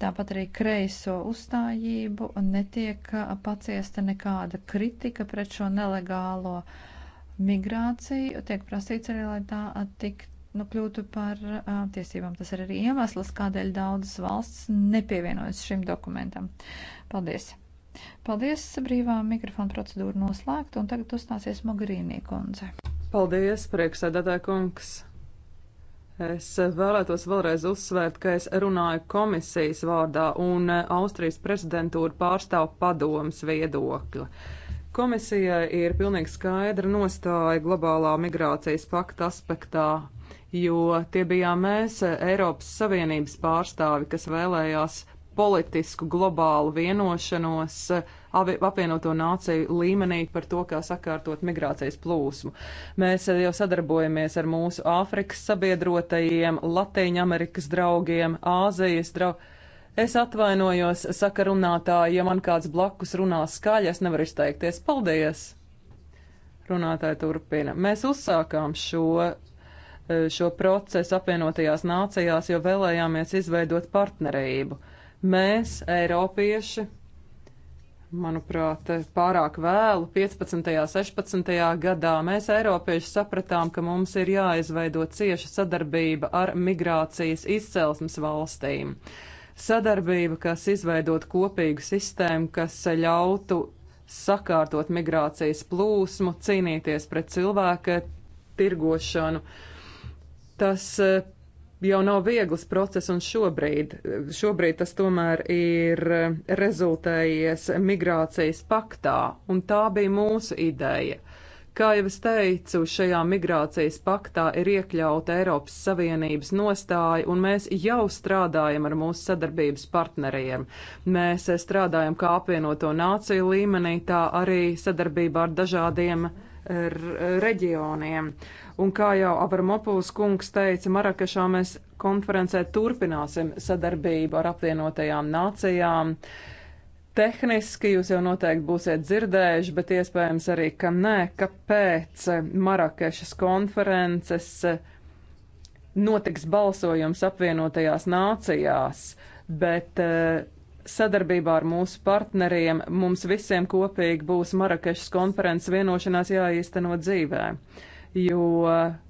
Tāpat arī kreiso uzstājību netiek paciesta nekāda kritika pret šo nelegālo migrāciju. Tiek prasīts arī, lai tā tiktu nu, kļūtu par uh, tiesībām. Tas ir arī iemesls, kādēļ daudzas valsts nepievienojas šim dokumentam. Paldies! Paldies! Brīvā mikrofona procedūra noslēgta, un tagad uzstāsies Mogherīnī kundze. Paldies, prieksēdētāja kungs! Es vēlētos vēlreiz uzsvērt, ka es runāju komisijas vārdā un eh, Austrijas prezidentūra pārstāv padomas viedokli. Komisijai ir pilnīgi skaidra nostāja globālā migrācijas pakta aspektā, jo tie bijām mēs, eh, Eiropas Savienības pārstāvi, kas vēlējās politisku globālu vienošanos apvienoto nāciju līmenī par to, kā sakārtot migrācijas plūsmu. Mēs jau sadarbojamies ar mūsu Āfrikas sabiedrotajiem, Latīņa Amerikas draugiem, Āzijas draugiem. Es atvainojos, saka runātāja, ja man kāds blakus runā skaļi, es nevaru izteikties. Paldies! Runātāja turpina. Mēs uzsākām šo šo procesu apvienotajās nācijās, jo vēlējāmies izveidot partnerību. Mēs, Eiropieši, manuprāt, pārāk vēlu, 15. un 16. gadā, mēs Eiropieši sapratām, ka mums ir jāizveido cieša sadarbība ar migrācijas izcelsmes valstīm. Sadarbība, kas izveidot kopīgu sistēmu, kas ļautu sakārtot migrācijas plūsmu, cīnīties pret cilvēku tirgošanu. Tas eh, jau nav viegls process, un šobrīd, šobrīd tas tomēr ir eh, rezultējies migrācijas paktā, un tā bija mūsu ideja. Kā jau es teicu, šajā migrācijas paktā ir iekļauta Eiropas Savienības nostāja, un mēs jau strādājam ar mūsu sadarbības partneriem. Mēs eh, strādājam kā apvienoto nāciju līmenī, tā arī sadarbībā ar dažādiem eh, reģioniem. Uh, Un kā jau Avramopuls kungs teica, Marakešā mēs konferencē turpināsim sadarbību ar apvienotajām nācijām. Tehniski jūs jau noteikti būsiet dzirdējuši, bet iespējams arī, ka nē, ka pēc Marakešas konferences notiks balsojums apvienotajās nācijās, bet eh, sadarbībā ar mūsu partneriem mums visiem kopīgi būs Marakešas konferences vienošanās jāīsteno dzīvē jo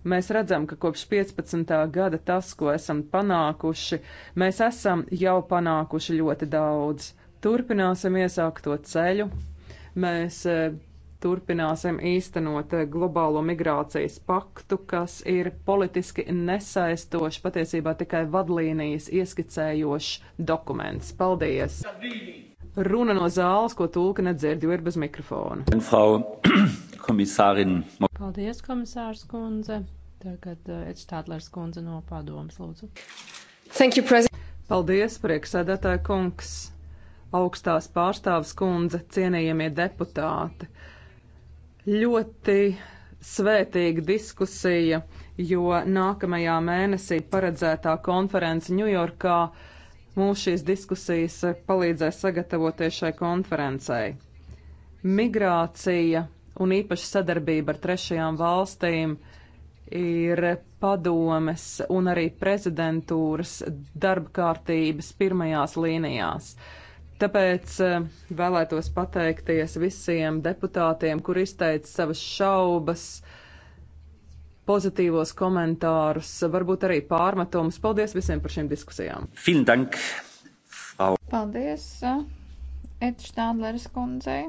mēs redzam, ka kopš 15. gada tas, ko esam panākuši, mēs esam jau panākuši ļoti daudz. Turpināsim iesākt to ceļu. Mēs e, turpināsim īstenot globālo migrācijas paktu, kas ir politiski nesaistošs, patiesībā tikai vadlīnijas ieskicējošs dokuments. Paldies! Runa no zāles, ko tulka nedzird, jo ir bez mikrofona komisārin. Paldies, komisārs kundze. Tagad uh, Edštādlers kundze no padomas, lūdzu. Thank you, president. Paldies, prieksēdētāja kungs, augstās pārstāvs kundze, cienījamie deputāti. Ļoti svētīga diskusija, jo nākamajā mēnesī paredzētā konference Ņujorkā mūs šīs diskusijas palīdzēs sagatavoties šai konferencei. Migrācija un īpaši sadarbība ar trešajām valstīm ir padomes un arī prezidentūras darba kārtības pirmajās līnijās. Tāpēc e, vēlētos pateikties visiem deputātiem, kur izteica savas šaubas, pozitīvos komentārus, varbūt arī pārmetumus. Paldies visiem par šīm diskusijām. Dank, Paldies, e, Edštādleres kundzei.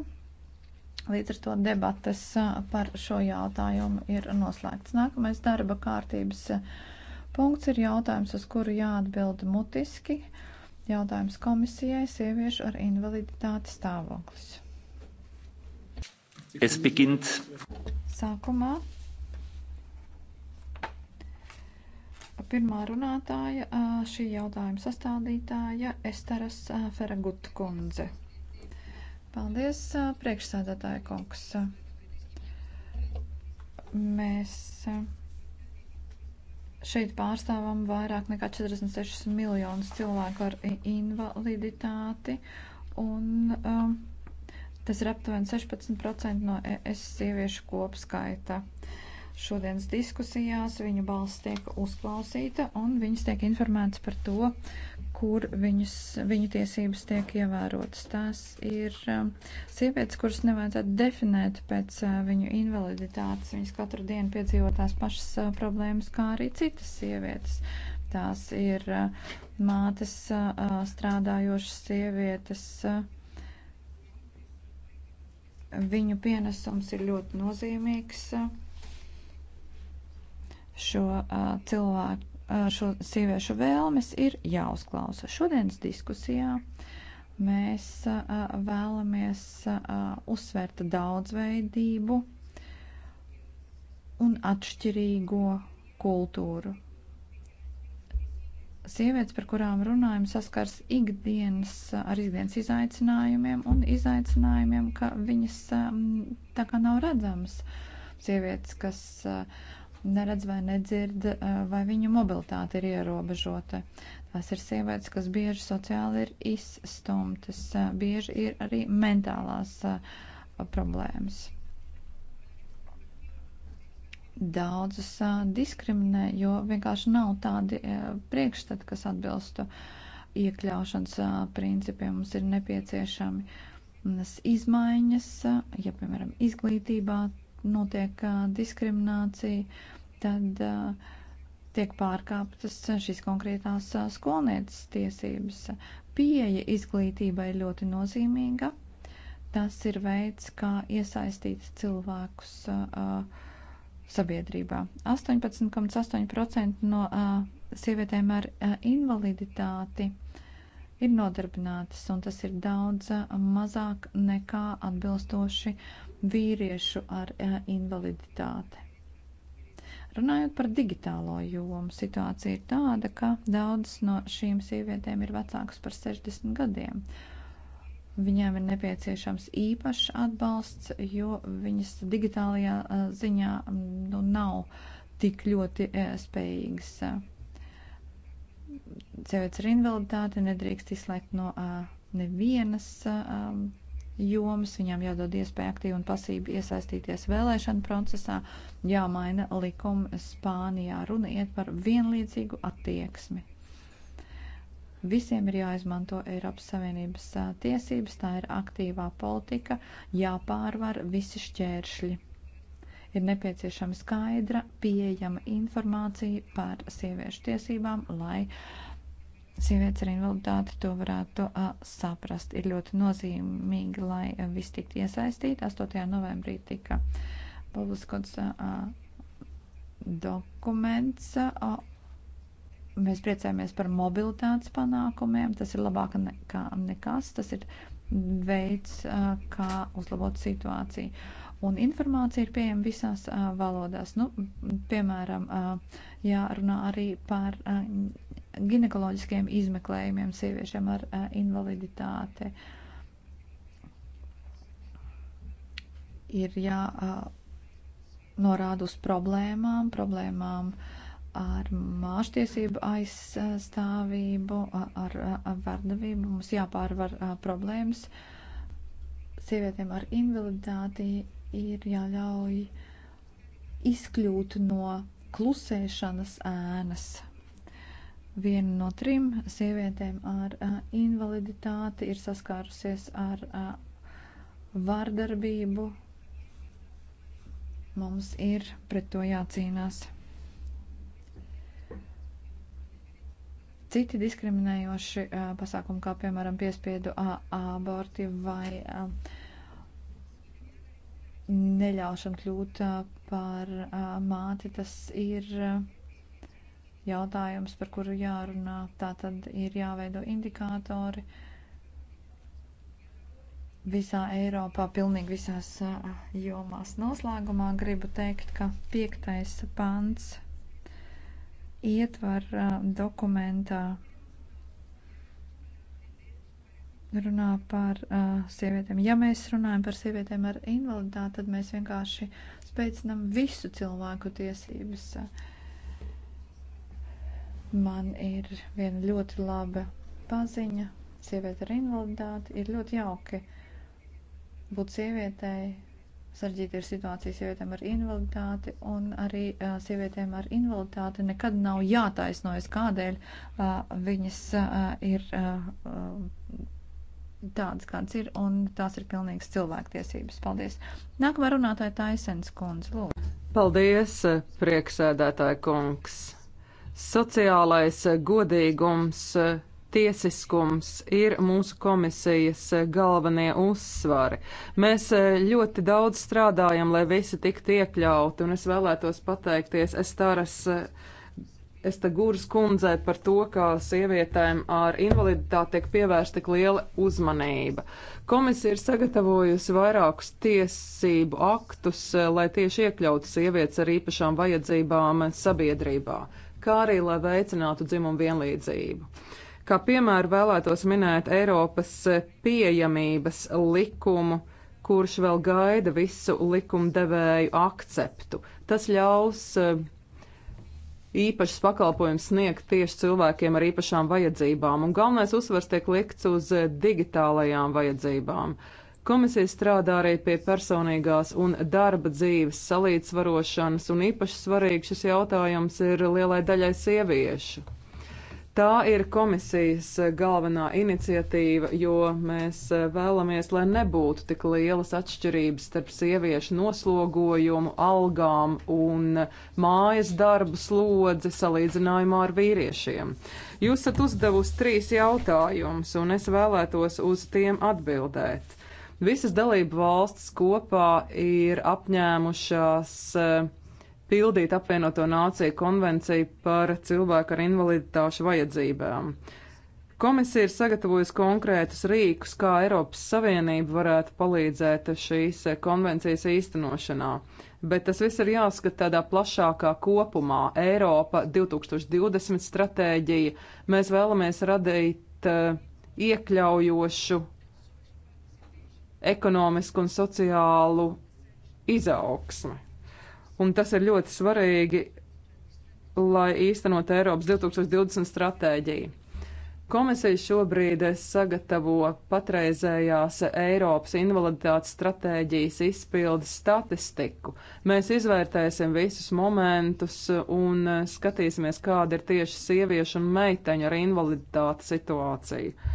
Līdz ar to debatas par šo jautājumu ir noslēgts. Nākamais darba kārtības punkts ir jautājums, uz kuru jāatbild mutiski. Jautājums komisijai - sieviešu ar invaliditāti stāvoklis. Es beginnt. Sākumā pirmā runātāja, šī jautājuma sastādītāja Esteras Feragut kundze. Paldies, priekšsādātāja kungs. Mēs šeit pārstāvam vairāk nekā 46 miljonus cilvēku ar invaliditāti, un um, tas ir aptuveni 16% no es sieviešu kopskaita. Šodienas diskusijās viņu balss tiek uzklausīta, un viņas tiek informētas par to, uh, kur viņus, viņu tiesības tiek ievērotas. Tās ir um, sievietes, kuras nevajadzētu definēt pēc uh, viņu invaliditātes. Viņas katru dienu piedzīvo tās pašas uh, problēmas, kā arī citas sievietes. Tās ir uh, mātes, strādājošas sievietes. Viņu pienesums ir ļoti nozīmīgs šo cilvēku šo sieviešu vēlmes ir jāuzklausa. Šodienas diskusijā mēs vēlamies uzsvērt daudzveidību un atšķirīgo kultūru. Sievietes, par kurām runājam, saskars ikdienas, ar ikdienas izaicinājumiem un izaicinājumiem, ka viņas tā kā nav redzamas. Sievietes, kas uh, neredz vai nedzird, eh, vai viņu mobilitāte ir ierobežota. Tās ir sievietes, kas bieži sociāli ir izstumtas, eh, bieži ir arī mentālās eh, problēmas. Daudzus diskriminē, jo vienkārši nav tādi priekšstati, kas atbilstu iekļaušanas principiem. Mums ir nepieciešami mm, izmaiņas, ja, piemēram, izglītībā, notiek diskriminācija, tad tiek pārkāptas šīs konkrētās skolnieces tiesības. Pieeja izglītībai ir ļoti nozīmīga. Tas ir veids, kā iesaistīt cilvēkus sabiedrībā. 18,8% no sievietēm ar invaliditāti uh, ir nodarbinātas, un tas ir daudz eh, mazāk nekā atbilstoši vīriešu ar eh, invaliditāti. Runājot par digitālo jomu, situācija ir tāda, ka daudzas no šīm sievietēm ir vecākas par 60 gadiem. Viņām ir nepieciešams īpašs atbalsts, jo viņas digitālajā eh, ziņā mm, nu, nav tik ļoti spējīgas sievietes ar invaliditāti nedrīkst izslēgt no uh, nevienas um, jomas, viņām jādod iespēja aktīvi un pasīvi iesaistīties vēlēšanu procesā, jāmaina likumi Spānijā. Runa iet par vienlīdzīgu attieksmi. Visiem ir jāizmanto Eiropas Savienības tiesības, tā ir aktīvā politika, jāpārvar visi šķēršļi. Ir nepieciešama skaidra, pieejama informācija par sieviešu tiesībām, lai sievietes ar invaliditāti to varētu a, saprast. Ir ļoti nozīmīgi, lai a, visi tiktu iesaistīti. 8. novembrī tika publiskots dokuments. A, mēs priecājamies par mobilitātes panākumiem. Tas ir labāk nekā nekas. Tas ir veids, kā uzlabot situāciju un informācija ir pieejama visās uh, valodās. Nu, piemēram, uh, jārunā arī par uh, ginekoloģiskiem izmeklējumiem sieviešiem ar uh, invaliditāti. Ir jā. Uh, norāda uz problēmām, problēmām ar māštiesību aizstāvību, ar, ar vardavību. Mums jāpārvar problēmas. Sievietēm ar invaliditāti ir jāļauj izkļūt no klusēšanas ēnas. Viena no trim sievietēm ar a, invaliditāti ir saskārusies ar a, vardarbību. Mums ir pret to jācīnās. Citi diskriminējoši a, pasākumi, kā piemēram piespiedu a, aborti vai a, neļaušana kļūt par māti, tas ir jautājums, par kuru jārunā. Tā tad ir jāveido indikātori visā Eiropā, pilnīgi visās jomās. Noslēgumā gribu teikt, ka piektais pants ietver dokumentā runā par uh, sievietēm. Ja mēs runājam par sievietēm ar invaliditāti, tad mēs vienkārši spēcinam visu cilvēku tiesības. Man ir viena ļoti laba paziņa. Sieviete ar invaliditāti ir ļoti jauki būt sievietei. Sarģīta ir situācija sievietēm ar invaliditāti, un arī uh, sievietēm ar invaliditāti nekad nav jātaisnojas, kādēļ uh, viņas uh, ir. Uh, tādas, kādas ir, un tās ir pilnīgas cilvēktiesības. Paldies! Nākamā runātāja Taisens kundze, lūdzu. Paldies, prieksēdētāja kungs! Sociālais godīgums, tiesiskums ir mūsu komisijas galvenie uzsvari. Mēs ļoti daudz strādājam, lai visi tiktu iekļauti, un es vēlētos pateikties Estaras. Es Estagūras kundzē par to, ka sievietēm ar invaliditāti tiek pievērsta tik liela uzmanība. Komisija ir sagatavojusi vairākus tiesību aktus, eh, lai tieši iekļautu sievietes ar īpašām vajadzībām eh, sabiedrībā, kā arī lai veicinātu dzimumu vienlīdzību. Kā piemēru vēlētos minēt Eiropas eh, pieejamības likumu, kurš vēl gaida visu likumdevēju akceptu. Tas ļaus uh, īpašas pakalpojums sniegt tieši cilvēkiem ar īpašām vajadzībām, un galvenais uzsvars tiek likts uz eh, digitālajām vajadzībām. Komisija strādā arī pie personīgās un darba dzīves salīdzvarošanas, un īpaši svarīgs šis jautājums ir lielai daļai sieviešu. Tā ir komisijas galvenā iniciatīva, jo mēs vēlamies, lai nebūtu tik lielas atšķirības starp sieviešu noslogojumu, algām un mājas darbu slodzi salīdzinājumā ar vīriešiem. Jūs esat uzdevusi trīs jautājumus, un es vēlētos uz tiem atbildēt. Visas dalību valstis kopā ir apņēmušās uh, pildīt apvienoto nāciju konvenciju par cilvēku ar invaliditāšu vajadzībām. Komisija ir sagatavojusi konkrētus rīkus, kā Eiropas Savienība varētu palīdzēt šīs konvencijas īstenošanā, bet tas viss ir jāskat tādā plašākā kopumā. Eiropa 2020 stratēģija mēs vēlamies radīt eh, iekļaujošu ekonomisku un sociālu izaugsmi un tas ir ļoti svarīgi, lai īstenot Eiropas 2020 stratēģiju. Komisija šobrīd sagatavo patreizējās Eiropas invaliditātes stratēģijas izpildes statistiku. Mēs izvērtēsim visus momentus un skatīsimies, kāda ir tieši sieviešu un meiteņu ar invaliditāti situācija.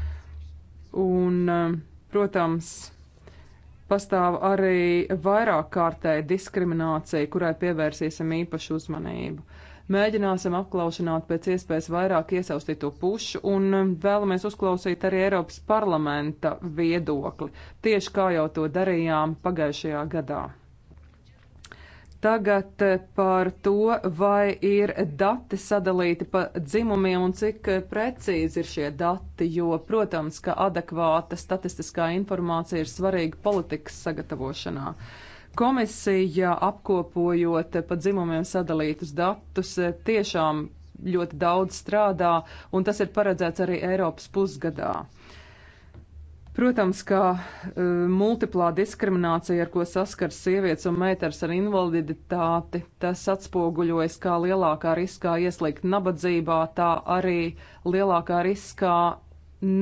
Un, protams, pastāv arī vairāk kārtēja diskriminācija, kurai pievērsīsim īpašu uzmanību. Mēģināsim apklausināt pēc iespējas vairāk iesaistīto pušu un vēlamies uzklausīt arī Eiropas parlamenta viedokli, tieši kā jau to darījām pagājušajā gadā. Tagad eh, par to, vai ir dati sadalīti pa dzimumiem un cik eh, precīzi ir šie dati, jo, protams, ka adekvāta statistiskā informācija ir svarīga politikas sagatavošanā. Komisija apkopojot eh, pa dzimumiem sadalītus datus tiešām ļoti daudz strādā, un tas ir paredzēts arī Eiropas pusgadā. Uh, Protams, ka uh, multiplā diskriminācija, ar ko saskars sievietes un meitars ar invaliditāti, tas atspoguļojas kā lielākā riskā ieslīgt nabadzībā, tā arī lielākā riskā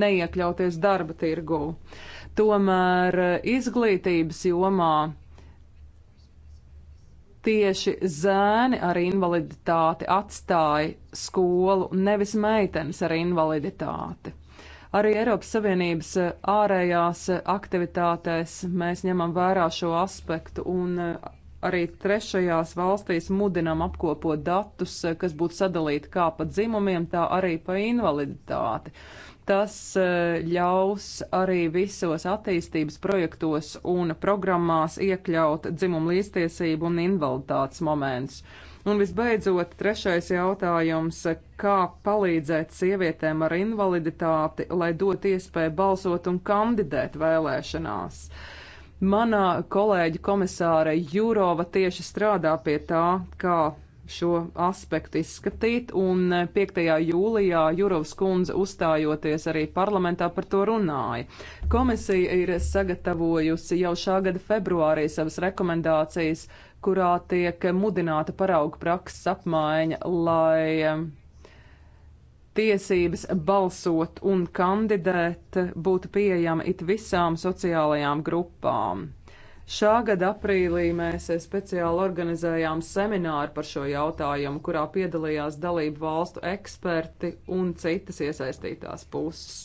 neiekļauties darba tirgū. Tomēr izglītības jomā tieši zēni ar invaliditāti atstāja skolu, nevis meitenes ar invaliditāti. Arī Eiropas Savienības eh, ārējās eh, aktivitātēs mēs ņemam vērā šo aspektu un eh, arī trešajās valstīs mudinam apkopot datus, kas būtu sadalīti kā pa dzimumiem, tā arī pa invaliditāti. Tas ļaus arī visos attīstības projektos un programmās iekļaut dzimumu līdztiesību un invaliditātes momentus. Un visbeidzot, trešais jautājums - kā palīdzēt sievietēm ar invaliditāti, lai dot iespēju balsot un kandidēt vēlēšanās? Manā kolēģa komisāra Jurova tieši strādā pie tā, kā šo aspektu izskatīt, un 5. jūlijā Jurovs kundze uzstājoties arī parlamentā par to runāja. Komisija ir sagatavojusi jau šā gada februārī savas rekomendācijas kurā tiek mudināta parauga prakses apmaiņa, lai um, tiesības balsot un kandidēt būtu pieejama it visām sociālajām grupām. Šā gada aprīlī mēs speciāli organizējām semināru par šo jautājumu, kurā piedalījās dalību valstu eksperti un citas iesaistītās puses.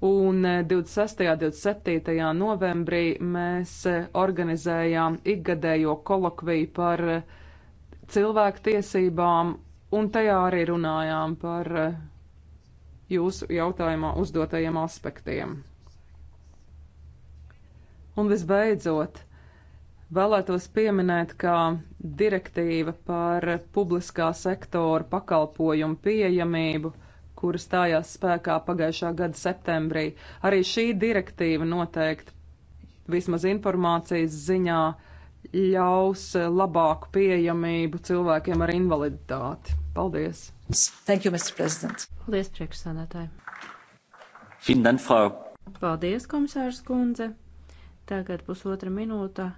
Un 26. un 27. novembrī mēs eh, organizējām ikgadējo kolokviju par eh, cilvēktiesībām, un tajā arī runājām par eh, jūsu jautājumā uzdotajiem aspektiem. Un visbeidzot, vēlētos pieminēt, ka direktīva par publiskā sektora pakalpojumu pieejamību – kura stājās spēkā pagājušā gada septembrī. Arī šī direktīva noteikti vismaz informācijas ziņā ļaus labāku pieejamību cilvēkiem ar invaliditāti. Paldies! Thank you, Mr. President! Paldies, priekšsādātāji! Finland, Frau! Paldies, komisārs kundze! Tagad pusotra minūte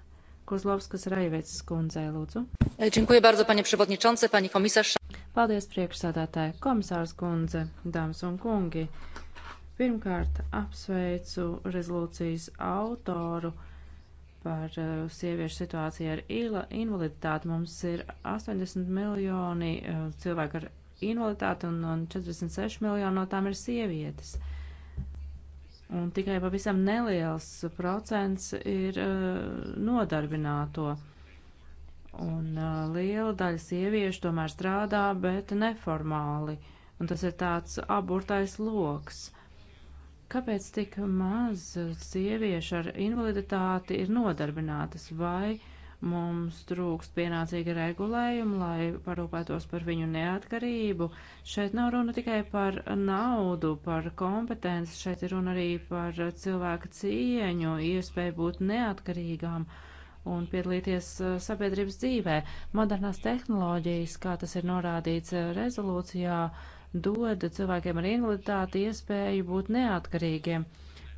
Kozlovskas Raivecas kundzei, lūdzu. Dziękuję bardzo, panie przewodniczący, pani komisarz. Paldies, priekšsādātāji, komisārs kundze, dāmas un kungi. Pirmkārt, apsveicu rezolūcijas autoru par uh, sieviešu situāciju ar invaliditāti. Mums ir 80 miljoni uh, cilvēku ar invaliditāti un, un 46 miljoni no tām ir sievietes. Un tikai pavisam neliels procents ir uh, nodarbināto. Un uh, liela daļa sieviešu tomēr strādā, bet neformāli. Un tas ir tāds aburtais loks. Kāpēc tik maz sieviešu ar invaliditāti ir nodarbinātas? Vai mums trūkst pienācīga regulējuma, lai parūpētos par viņu neatkarību? Šeit nav runa tikai par naudu, par kompetenci, šeit ir runa arī par cilvēka cieņu, iespēju būt neatkarīgām. Uh, un piedalīties eh, sabiedrības dzīvē. Modernās tehnoloģijas, kā tas ir norādīts eh, rezolūcijā, dod cilvēkiem ar invaliditāti iespēju būt neatkarīgiem.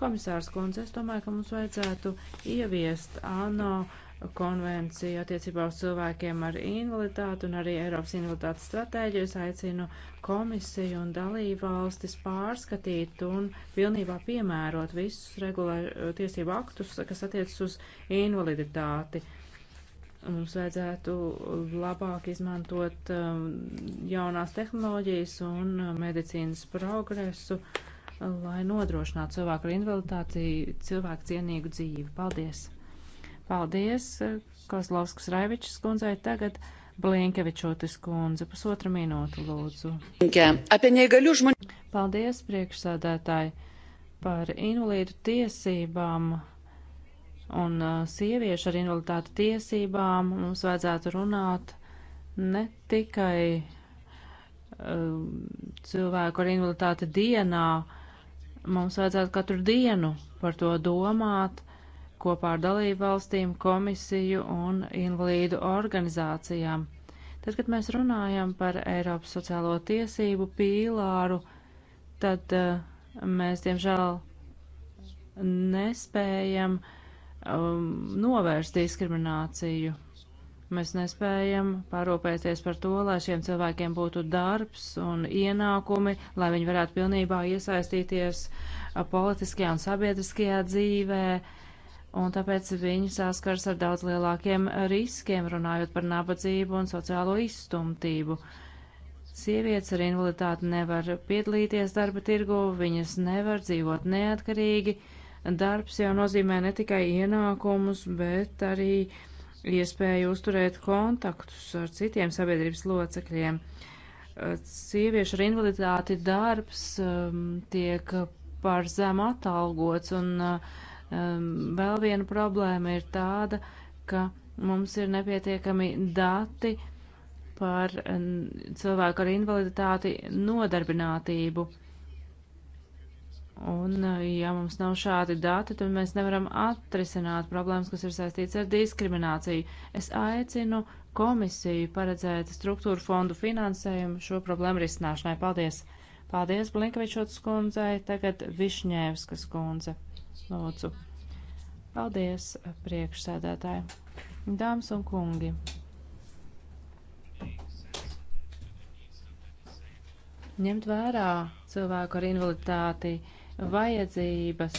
Komisārs Kundze, es domāju, ka mums vajadzētu ieviest ANO uh, konvenciju attiecībā uz cilvēkiem ar invaliditāti un arī Eiropas invaliditātes stratēģiju. Es aicinu komisiju un dalību valstis pārskatīt un pilnībā piemērot visus regulē tiesību aktus, kas attiecas uz invaliditāti. Mums vajadzētu labāk izmantot um, jaunās tehnoloģijas un um, medicīnas progresu, lai nodrošinātu cilvēku ar invaliditāti cilvēku cienīgu dzīvi. Paldies! Paldies, eh, Kozlovskas Raivičs kundzei. Tagad Blinkevičotis kundze, pusotra minūte, lūdzu. Paldies, priekšsādētāji, par invalīdu tiesībām un eh, sieviešu ar invaliditāti tiesībām. Mums vajadzētu runāt ne tikai eh, cilvēku ar invaliditāti dienā, mums vajadzētu katru dienu par to domāt kopā ar dalību valstīm, komisiju un invalīdu organizācijām. Tad, kad mēs runājam par Eiropas sociālo tiesību pīlāru, tad uh, mēs, diemžēl, nespējam um, novērst diskrimināciju. Mēs nespējam parūpēties par to, lai šiem cilvēkiem būtu darbs un ienākumi, lai viņi varētu pilnībā iesaistīties uh, politiskajā un sabiedriskajā dzīvē, uh, un tāpēc viņi saskars ar daudz lielākiem riskiem, runājot par nabadzību un sociālo izstumtību. Sievietes ar invaliditāti nevar piedalīties darba tirgu, viņas nevar dzīvot neatkarīgi. Darbs jau nozīmē ne tikai ienākumus, bet arī iespēju uzturēt kontaktus ar citiem sabiedrības locekļiem. Sieviešu ar invaliditāti darbs um, tiek par zem atalgots un uh, Vēl viena problēma ir tāda, ka mums ir nepietiekami dati par cilvēku ar invaliditāti nodarbinātību. Un, eh, ja mums nav šādi dati, tad mēs nevaram atrisināt problēmas, kas ir saistīts ar diskrimināciju. Es aicinu komisiju paredzēt struktūru fondu finansējumu šo problēmu risināšanai. Paldies! Paldies Blinkevičotas kundzei, tagad Višņēvskas kundze. Lūdzu. Paldies, priekšsēdētāji. Dāmas un kungi. Ņemt vērā cilvēku ar invaliditāti vajadzības,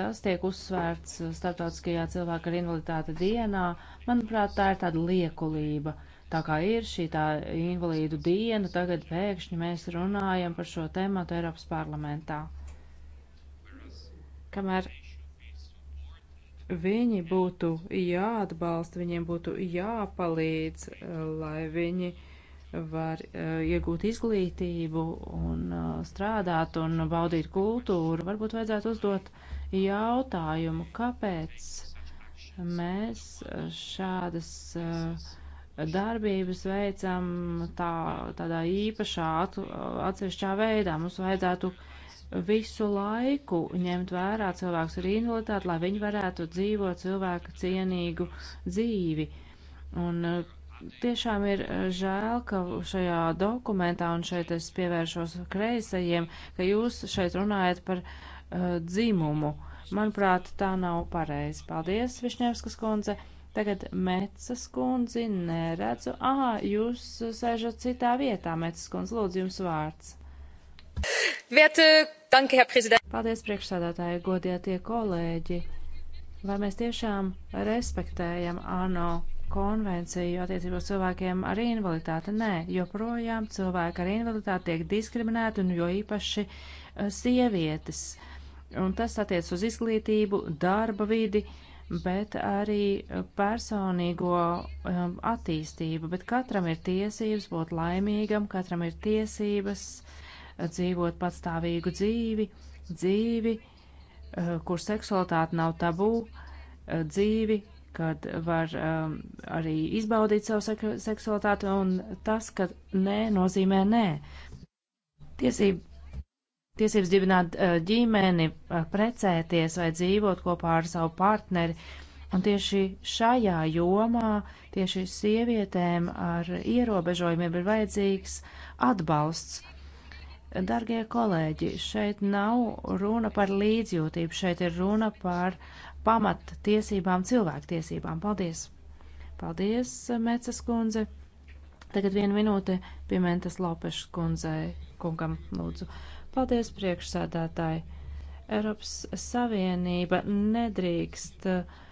tas tiek uzsvērts starptautiskajā cilvēku ar invaliditāti dienā. Manuprāt, tā ir tāda liekulība tā kā ir šī tā invalīdu diena, tagad pēkšņi mēs runājam par šo tēmu Eiropas parlamentā kamēr viņi būtu jāatbalsta, viņiem būtu jāpalīdz, eh, lai viņi var eh, iegūt izglītību un eh, strādāt un baudīt kultūru. Varbūt vajadzētu uzdot jautājumu, kāpēc mēs šādas darbības veicam tā, tādā īpašā atsevišķā veidā. Mums vajadzētu uh, visu laiku ņemt vērā cilvēks ar invaliditāti, lai viņi varētu dzīvot cilvēku cienīgu dzīvi. Un eh, tiešām ir eh, žēl, ka šajā dokumentā, un šeit es pievēršos kreisajiem, ka jūs šeit runājat par uh, dzimumu. Manuprāt, tā nav pareizi. Paldies, Višņevskas kundze. Tagad Mecas kundzi neredzu. Ā, jūs sēžat citā vietā, Mecas kundze, lūdzu jums vārds. Vietu, danke, Herr Prezident. Paldies, priekšsādātāji, godietie kolēģi. Vai mēs tiešām respektējam ANO konvenciju attiecībā uz cilvēkiem ar invaliditāti? Nē, joprojām cilvēki ar invaliditāti tiek diskriminēti un jo īpaši eh, sievietes. Un tas attiec uz izglītību, darba vidi, bet arī eh, personīgo eh, attīstību. Bet katram ir tiesības būt laimīgam, katram ir tiesības uh, dzīvot patstāvīgu dzīvi, dzīvi, eh, kur seksualitāte nav tabū, eh, dzīvi, kad var um, arī izbaudīt savu sek seksualitāti, un tas, ka nē, nozīmē nē. Tiesība, tiesības dibināt uh, ģimeni, uh, precēties vai dzīvot kopā ar savu partneri, un tieši šajā jomā, tieši sievietēm ar ierobežojumiem ir vajadzīgs atbalsts. Dargie kolēģi, šeit nav runa par līdzjūtību, šeit ir runa par pamattiesībām, cilvēktiesībām. Paldies! Paldies, Mecas kundze! Tagad viena minūte Pimentas Lopešas kundzei, kungam lūdzu. Paldies, priekšsēdētāji! Eiropas Savienība nedrīkst uh,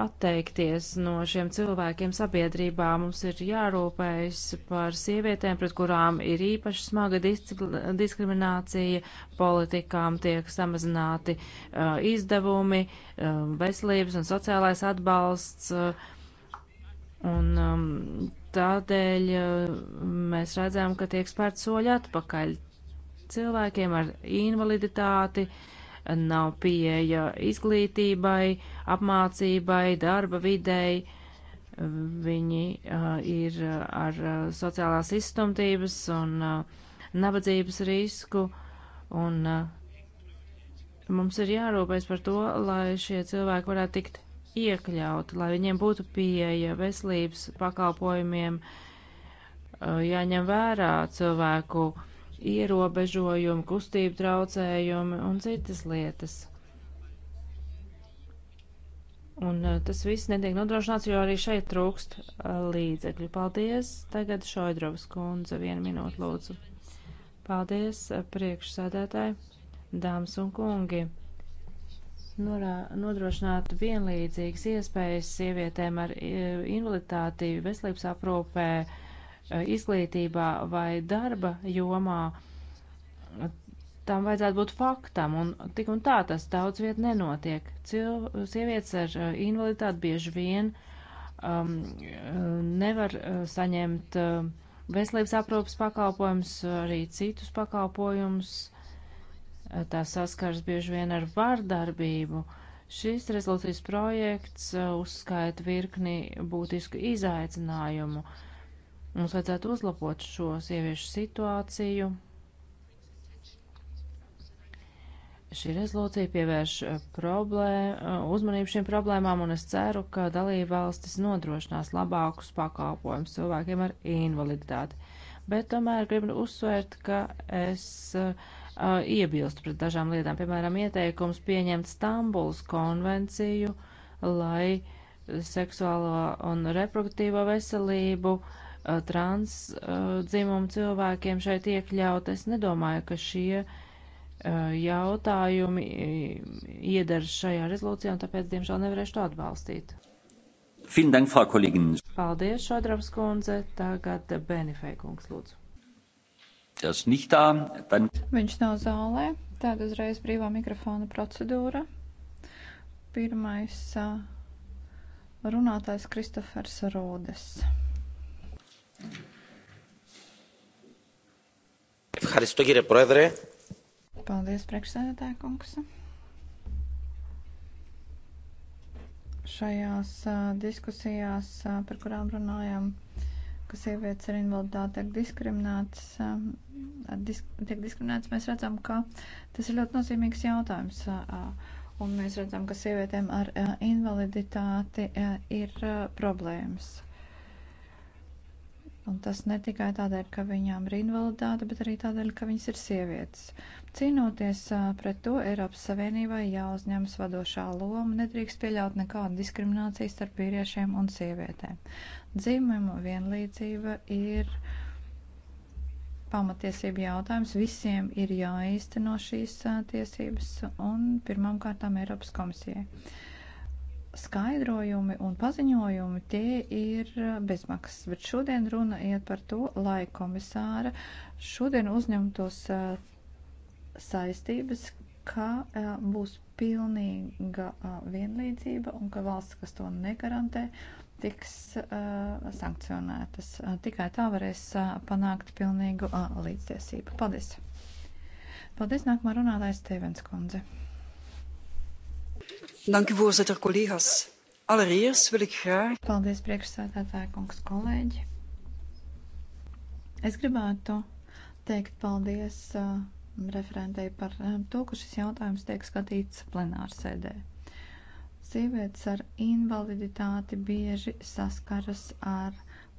atteikties no šiem cilvēkiem sabiedrībā. Mums ir jārūpējas par sievietēm, pret kurām ir īpaši smaga diskriminācija, politikām tiek samazināti uh, izdevumi, uh, veselības un sociālais atbalsts. Uh, Un um, tādēļ uh, mēs redzam, ka tiek spērt soļi atpakaļ cilvēkiem ar invaliditāti, uh, nav pieeja izglītībai, apmācībai, darba videi. Viņi uh, ir ar sociālās izstumtības un uh, nabadzības risku, un uh, mums ir jārūpēs par to, lai šie cilvēki varētu tikt iekļauti, lai viņiem būtu pieeja veselības pakalpojumiem, uh, jāņem vērā cilvēku uh, ierobežojumi, kustību traucējumi un citas lietas. Un eh, tas viss netiek nodrošināts, jo arī šeit trūkst eh, līdzekļu. Paldies. Tagad Šoidrovas kundze vienu minūtu lūdzu. Paldies eh, priekšsēdētāji, dāmas un kungi. Norā, nodrošināt vienlīdzīgas iespējas sievietēm ar invaliditāti veselības aprūpē Eh, izglītībā vai darba jomā, tam vajadzētu būt faktam, un tik un tā tas daudz viet nenotiek. Cil sievietes ar eh, invaliditāti bieži vien um, nevar eh, saņemt veselības aprūpas pakalpojumus, arī citus pakalpojumus. Tā saskars bieži vien ar vardarbību. Šis rezolūcijas projekts uzskaita virkni būtisku izaicinājumu. Uh, Mums vajadzētu uzlabot šo sieviešu situāciju. Šī rezolūcija pievērš eh, problēma, eh, uzmanību šīm problēmām, un es ceru, ka dalība valstis nodrošinās labākus pakalpojumus cilvēkiem ar invaliditāti. Bet tomēr gribu uzsvērt, ka es uh, iebilstu pret dažām lietām, piemēram, ieteikums pieņemt Stambuls konvenciju, lai seksuālo un reproduktīvo veselību uh, Uh, trans uh, dzimumu cilvēkiem šeit iekļaut. Es nedomāju, ka šie uh, jautājumi iedara šajā rezolūcijā, un tāpēc, diemžēl, nevarēšu to atbalstīt. Dank, Frau Kollegin. Paldies, Šodrabs kundze. Tagad Benifei kungs, lūdzu. Er Tas nihtā, tad... Viņš nav zālē, tad uzreiz brīvā mikrofona procedūra. Pirmais runātājs Kristofers Rodes. Ευχαριστώ κύριε Πρόεδρε. Paldies, priekšsēdētāja kungs. Šajās uh, diskusijās, uh, par kurām runājam, ka sievietes ar invaliditāti tiek diskriminētas, uh, disk tiek diskriminētas, mēs redzam, ka tas ir ļoti nozīmīgs jautājums. Uh, un mēs redzam, ka sievietēm ar uh, invaliditāti uh, ir uh, problēmas. Un tas ne tikai tādēļ, ka viņām ir invaliditāte, bet arī tādēļ, ka viņas ir sievietes. Cīnoties pret to, Eiropas Savienībai jāuzņemas vadošā loma, nedrīkst pieļaut nekādu diskrimināciju starp vīriešiem un sievietēm. Dzimuma vienlīdzība ir pamatiesība jautājums. Visiem ir jāīsteno šīs tiesības un pirmām kārtām Eiropas komisijai skaidrojumi un paziņojumi tie ir eh, bezmaksas, bet šodien runa iet par to, lai komisāra šodien uzņemtos eh, saistības, ka eh, būs pilnīga vienlīdzība un ka valsts, kas to negarantē, tiks sankcionētas. Tikai tā varēs panākt pilnīgu līdztiesību. Paldies! Paldies, nākamā runātājs Stevens Kundze. Dank u, voorzitter, collega's. Allereerst wil ik graag. Paldies, priekšsēdētāja kungs, kolēģi. Es gribētu teikt paldies uh, referentei par um, to, ka šis jautājums tiek skatīts plenārsēdē. Sievietes ar invaliditāti bieži saskaras ar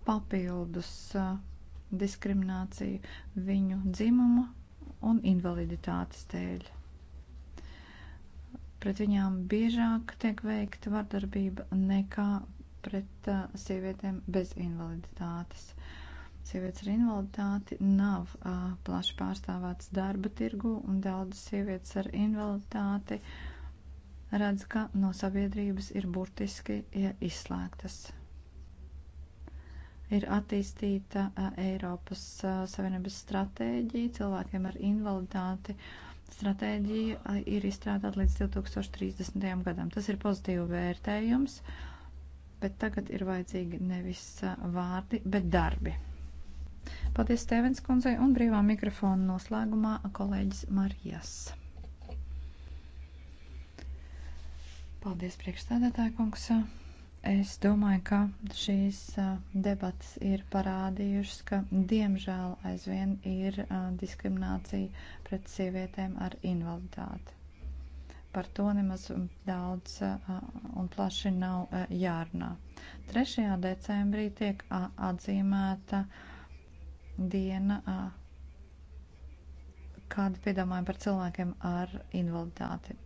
papildus uh, diskrimināciju viņu dzimuma un invaliditātes dēļ. Pret viņām biežāk tiek veikta vardarbība nekā pret uh, sievietēm bez invaliditātes. Sievietes ar invaliditāti nav uh, plaši pārstāvētas darba tirgu, un daudzas sievietes ar invaliditāti redz, ka no sabiedrības ir burtiski ja izslēgtas. Ir attīstīta uh, Eiropas uh, Savienības stratēģija cilvēkiem ar invaliditāti. Uh, stratēģija ir izstrādāta līdz 2030. gadam. Tas ir pozitīvu vērtējums, bet tagad ir vajadzīgi nevis vārdi, bet darbi. Paldies Stevens kundzei un brīvā mikrofona noslēgumā kolēģis Marijas. Paldies priekšstādātāja kungs. Es domāju, ka šīs debatas ir parādījušas, ka diemžēl aizvien ir diskriminācija pret sievietēm ar invaliditāti. Par to nemaz daudz un plaši nav jārunā. 3. decembrī tiek atzīmēta diena, kāda piedāvājuma par cilvēkiem ar invaliditāti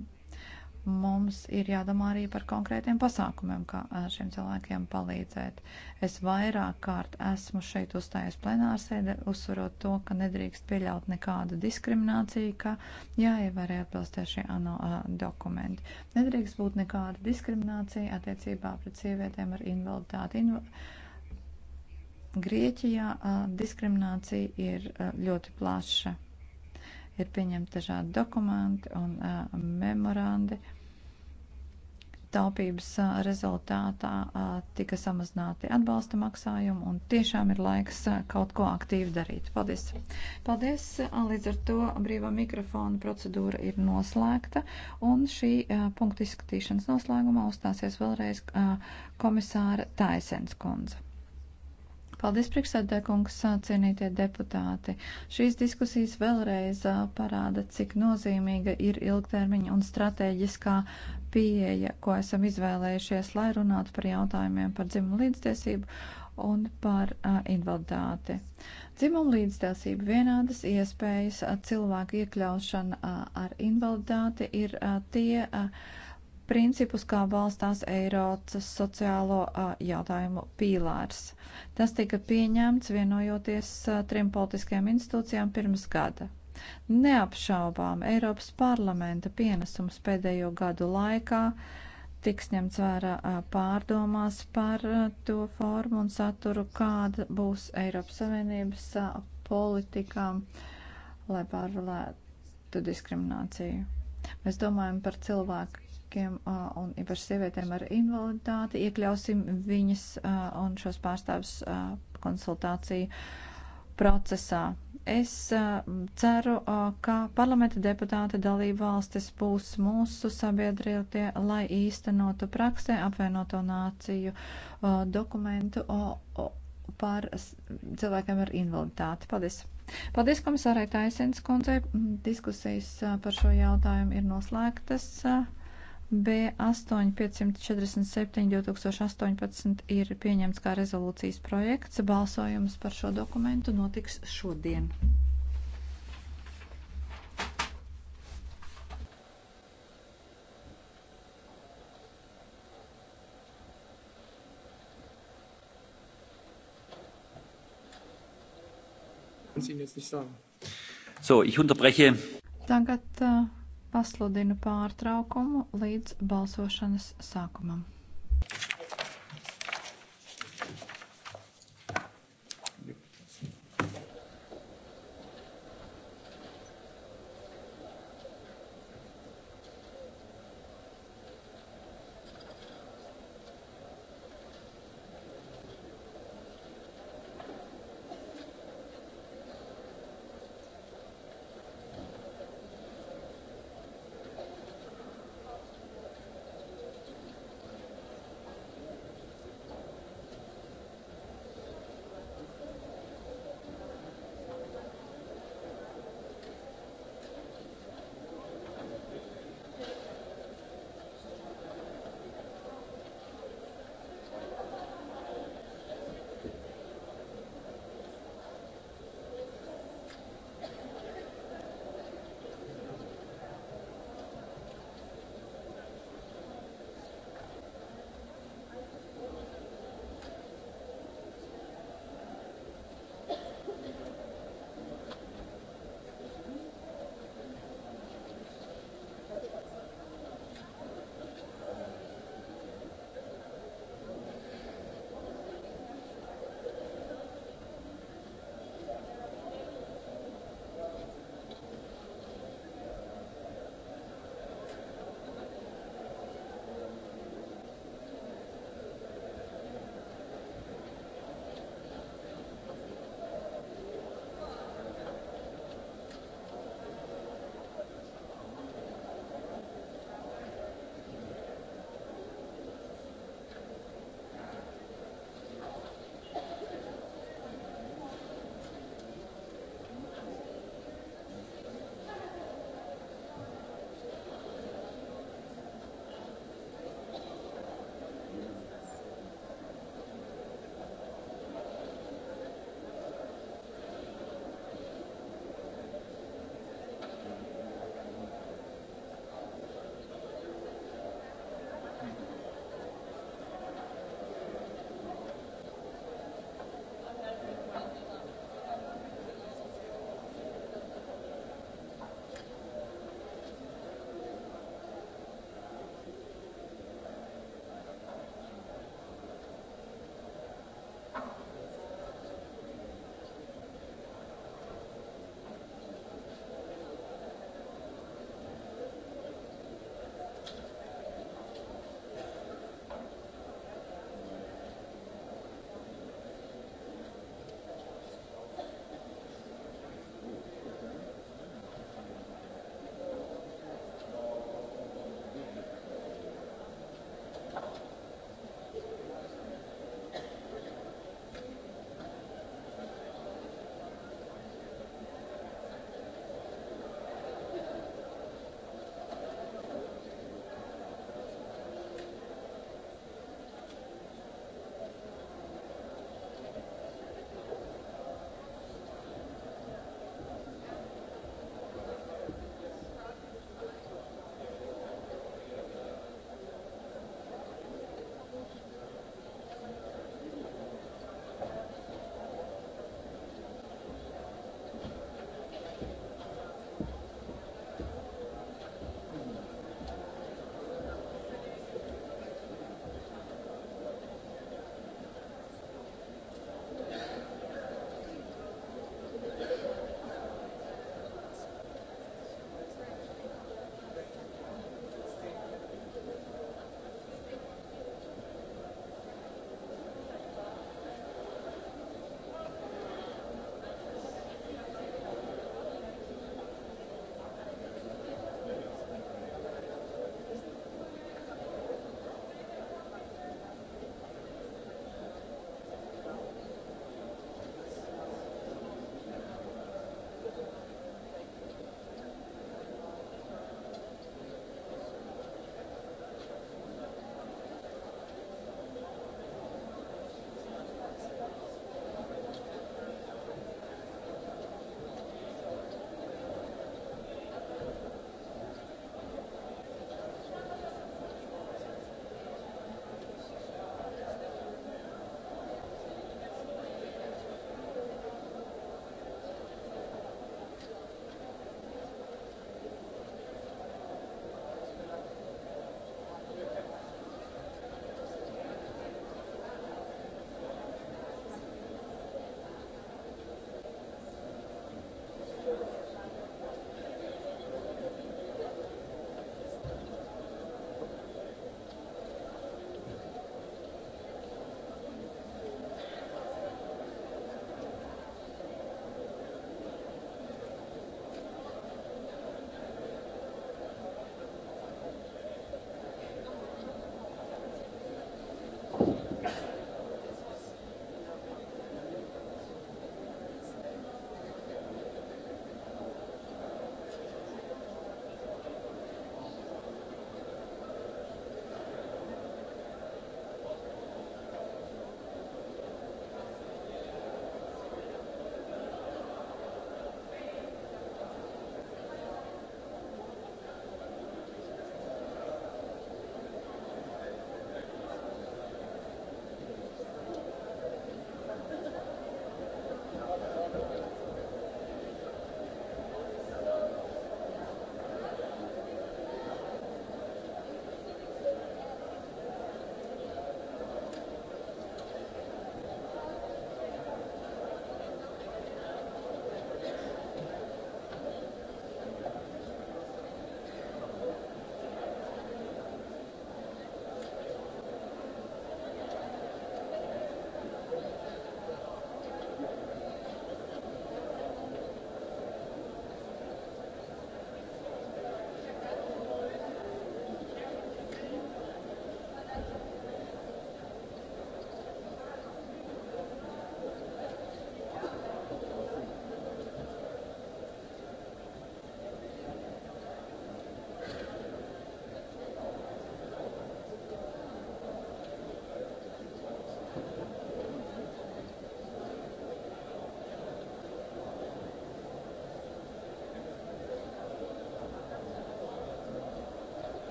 mums ir jādomā arī par konkrētiem pasākumiem, kā šiem cilvēkiem palīdzēt. Es vairāk kārt esmu šeit uzstājies plenārsēde, uzsverot to, ka nedrīkst pieļaut nekādu diskrimināciju, ka jāievērē atbilstošie ANO dokumenti. Nedrīkst būt nekāda diskriminācija attiecībā pret sievietēm ar invaliditāti. Inval Grieķijā a, diskriminācija ir a, ļoti plaša. Ir pieņemti dažādi dokumenti un a, memorandi. A, taupības rezultātā tika samazināti atbalsta maksājumi un tiešām ir laiks kaut ko aktīvi darīt. Paldies! Paldies! Līdz ar to brīvā mikrofona procedūra ir noslēgta un šī punkta izskatīšanas noslēgumā uzstāsies vēlreiz komisāra Taisens kundze. Paldies, priekšsēdē kungs, cienītie deputāti. Šīs diskusijas vēlreiz parāda, cik nozīmīga ir ilgtermiņa un strateģiskā pieeja, ko esam izvēlējušies, lai runātu par jautājumiem par dzimumu līdztiesību un par uh, invaliditāti. Dzimumu līdztiesība vienādas iespējas, cilvēku iekļaušana uh, ar invaliditāti ir uh, tie. Uh, principus kā valstās Eiropas sociālo jautājumu pīlārs. Tas tika pieņemts vienojoties trim politiskajām institūcijām pirms gada. Neapšaubām Eiropas parlamenta pienesums pēdējo gadu laikā tiks ņemts vērā pārdomās par to formu un saturu, kāda būs Eiropas Savienības politikām, lai pārvarētu diskrimināciju. Mēs domājam par cilvēku cilvēkiem un īpaši sievietēm ar invaliditāti, iekļausim viņas un šos pārstāvus konsultāciju procesā. Es ceru, ka parlamenta deputāti dalību valstis būs mūsu sabiedrietie, lai īstenotu praksē apvienoto nāciju dokumentu par cilvēkiem ar invaliditāti. Paldies! Paldies komisārai Taisens kundzei. Diskusijas par šo jautājumu ir noslēgtas. B8547 2018 ir pieņemts kā rezolūcijas projekts. Balsojums par šo dokumentu notiks šodien. So, ich unterbreche. Tagad uh, pasludinu pārtraukumu līdz balsošanas sākumam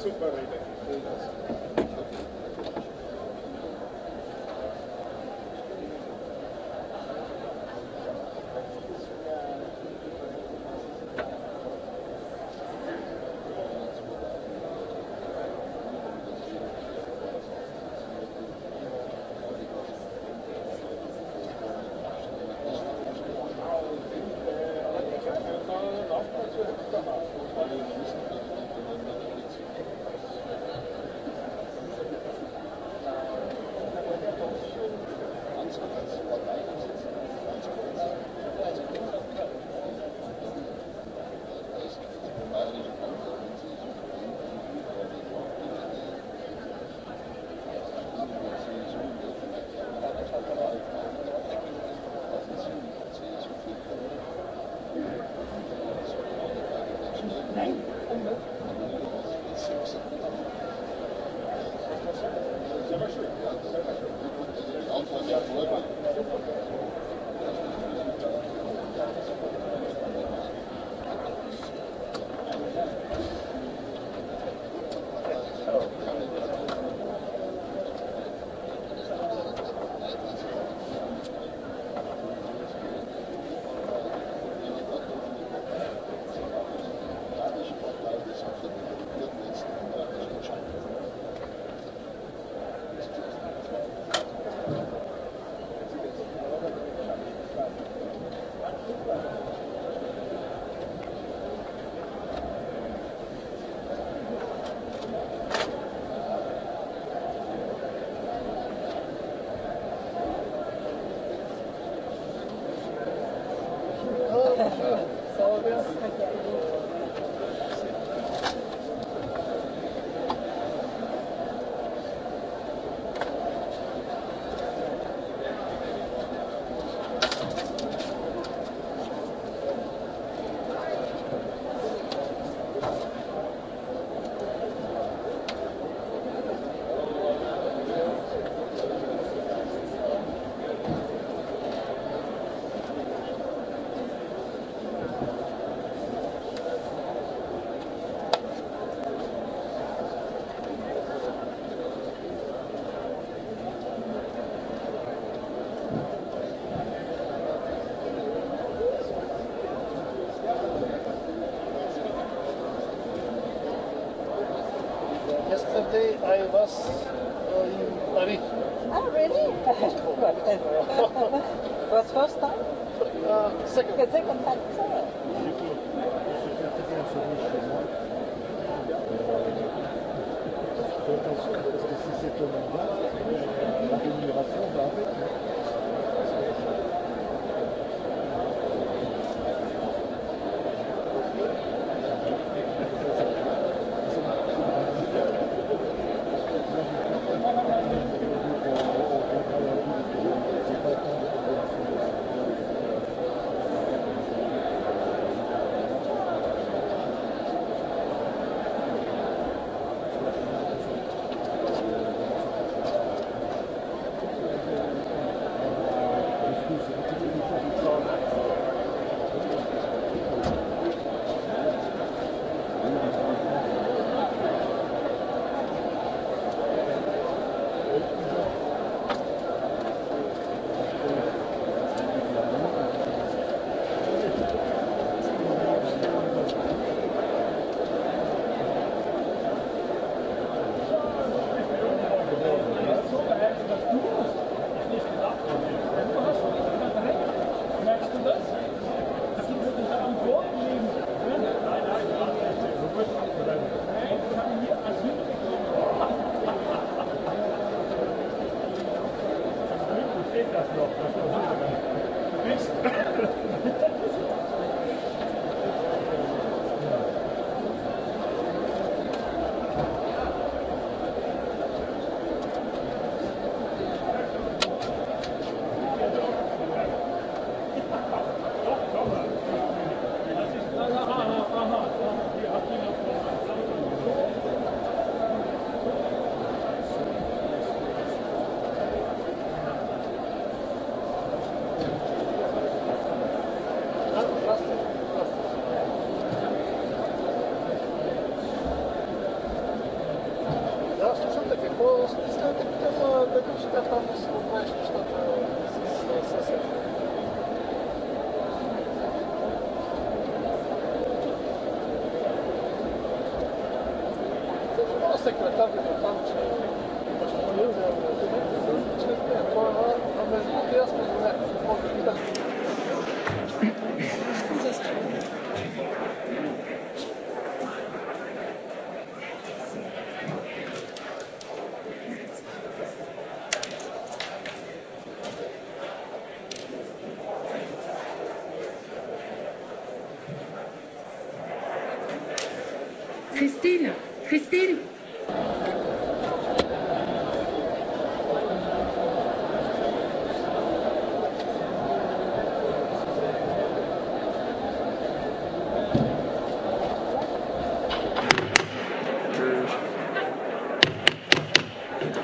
Super wieder. Vielen Dank. Thank you. Mas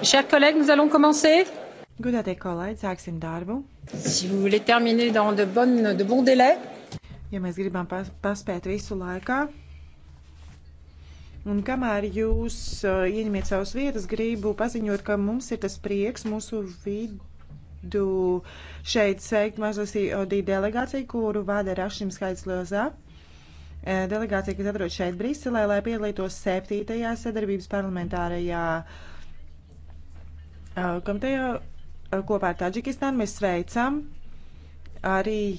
Chers collègues, nous allons commencer. Godātie kolēģi, sāksim darbu. Si vous voulez terminer dans de, bon, de bons délais. Ja mēs gribam pas, paspēt visu laikā, un kamēr jūs uh, ieņemiet savas vietas, gribu paziņot, ka mums ir tas prieks mūsu vidu šeit sveikt mazos IOD delegāciju, kuru vada Rašims Haidslozā uh, delegācija, kas atrodas šeit Briselē, lai piedalītos 7. sadarbības parlamentārajā uh, Uh, komitejā uh, kopā ar Taģikistānu mēs sveicam arī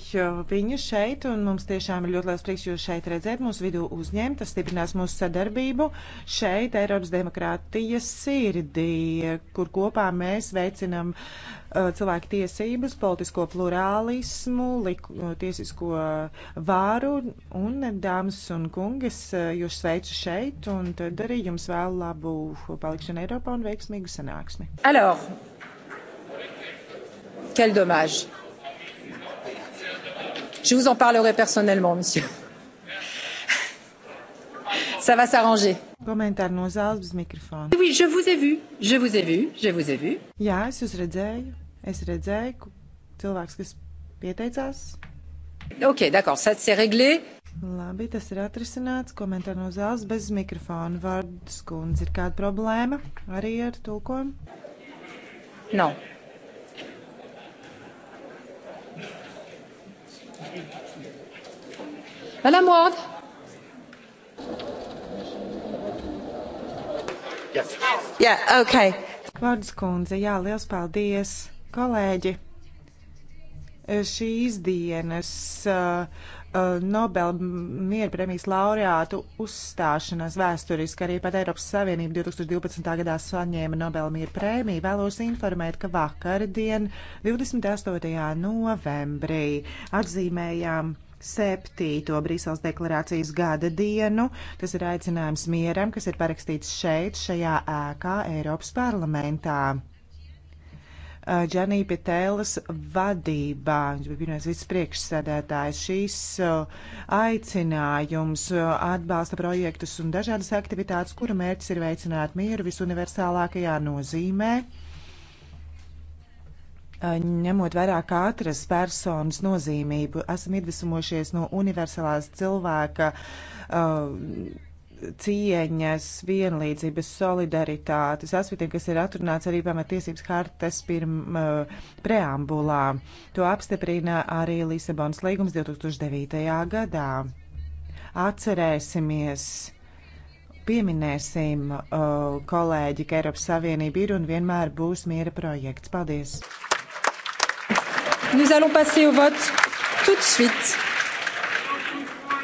viņu šeit, un mums tiešām ir ļoti liels prieks jūs šeit redzēt, mūsu vidū uzņemt, tas stiprinās mūsu sadarbību šeit, Eiropas demokrātijas sirdī, kur kopā mēs veicinam uh, cilvēku tiesības, politisko plurālismu, liku, uh, tiesisko vāru, un uh, dāmas un kungas, uh, jūs sveicu šeit, un tad arī jums vēl labu palikšanu Eiropā un veiksmīgu sanāksmi. Alors, quel dommage! je vous en parlerai personnellement monsieur ça va s'arranger Komentāri no zāles bez mikrofona. Oui, je vous ai vu, je vous ai vu, je vous ai vu. Jā, es jūs redzēju, es redzēju, ka cilvēks, kas pieteicās. Ok, d'accord, ça c'est réglé. Labi, tas ir atrisināts. Komentāri no zāles bez mikrofona. Vārds kundze, ir kāda problēma arī ar tulkojumu? Nav. No. Madame Ward. Yes. Yeah, okay. Vārds kundze, jā, liels paldies, kolēģi! Šīs dienas uh, Uh, Nobel miera prēmijas laureātu uzstāšanās vēsturiski arī pat Eiropas Savienība 2012. gadā saņēma Nobel miera prēmiju. Vēlos informēt, ka vakardien, 28. novembrī, atzīmējām septīto Brīseles deklarācijas gada dienu. Tas ir aicinājums mieram, kas ir parakstīts šeit, šajā ēkā Eiropas parlamentā. Eh, Džanī Pitēlas vadībā. Viņš bija pirmais vicepriekšsēdētājs. Šīs eh, aicinājums eh, atbalsta projektus un dažādas aktivitātes, kura mērķis ir veicināt mieru visuniversālākajā nozīmē ņemot vērā katras personas nozīmību, esam iedvesmojušies no universālās cilvēka uh, cieņas, vienlīdzības, solidaritātes aspektiem, kas ir atrunāts arī pamatiesības hartas pirm, eh, preambulā. To apstiprina arī Lisabonas līgums 2009. gadā. Atcerēsimies! Pieminēsim, eh, kolēģi, ka Eiropas Savienība ir un vienmēr būs miera projekts. Paldies! Nous allons passer au vote tout de suite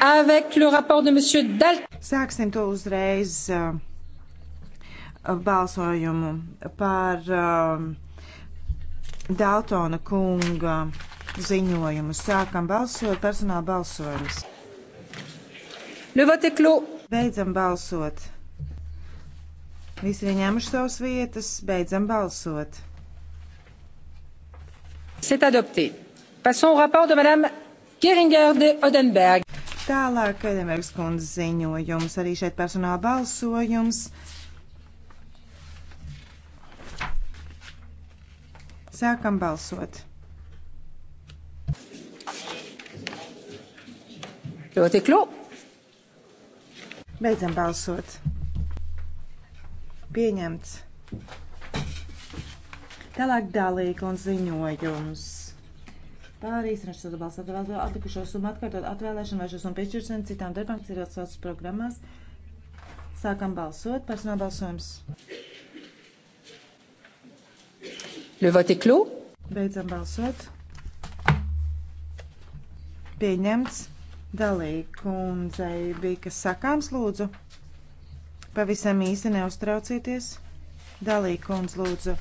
avec le rapport de monsieur Dal. Sāksim to uzreiz uh, balsojumu par uh, Daltona kunga ziņojumu. Sākam balsot personāla balsojums. Le vote est clos. Beidzam balsot. Visi ir ņēmuši savas vietas, beidzam balsot. C'est adopté. Passons au rapport de Madame Geringer de Odenberg. Tālāk, Edemērs kundze ziņojums, arī šeit personāla balsojums. Sākam balsot. Ļoti klu. Beidzam balsot. Pieņemts. Tālāk dalīgi un ziņojums par īstenošanu sodu balstu atvēlēto atlikušo summu atkārtot atvēlēšanu vai šo summu piešķiršanu citām darbām, kas ir atsaucas programmās. Sākam balsot. Personāla balsojums. Le vote est clos. Beidzam balsot. Pieņemts. Dalīja kundzei bija kas sakāms, lūdzu. Pavisam īsi neuztraucieties. Dalīja kundz, lūdzu.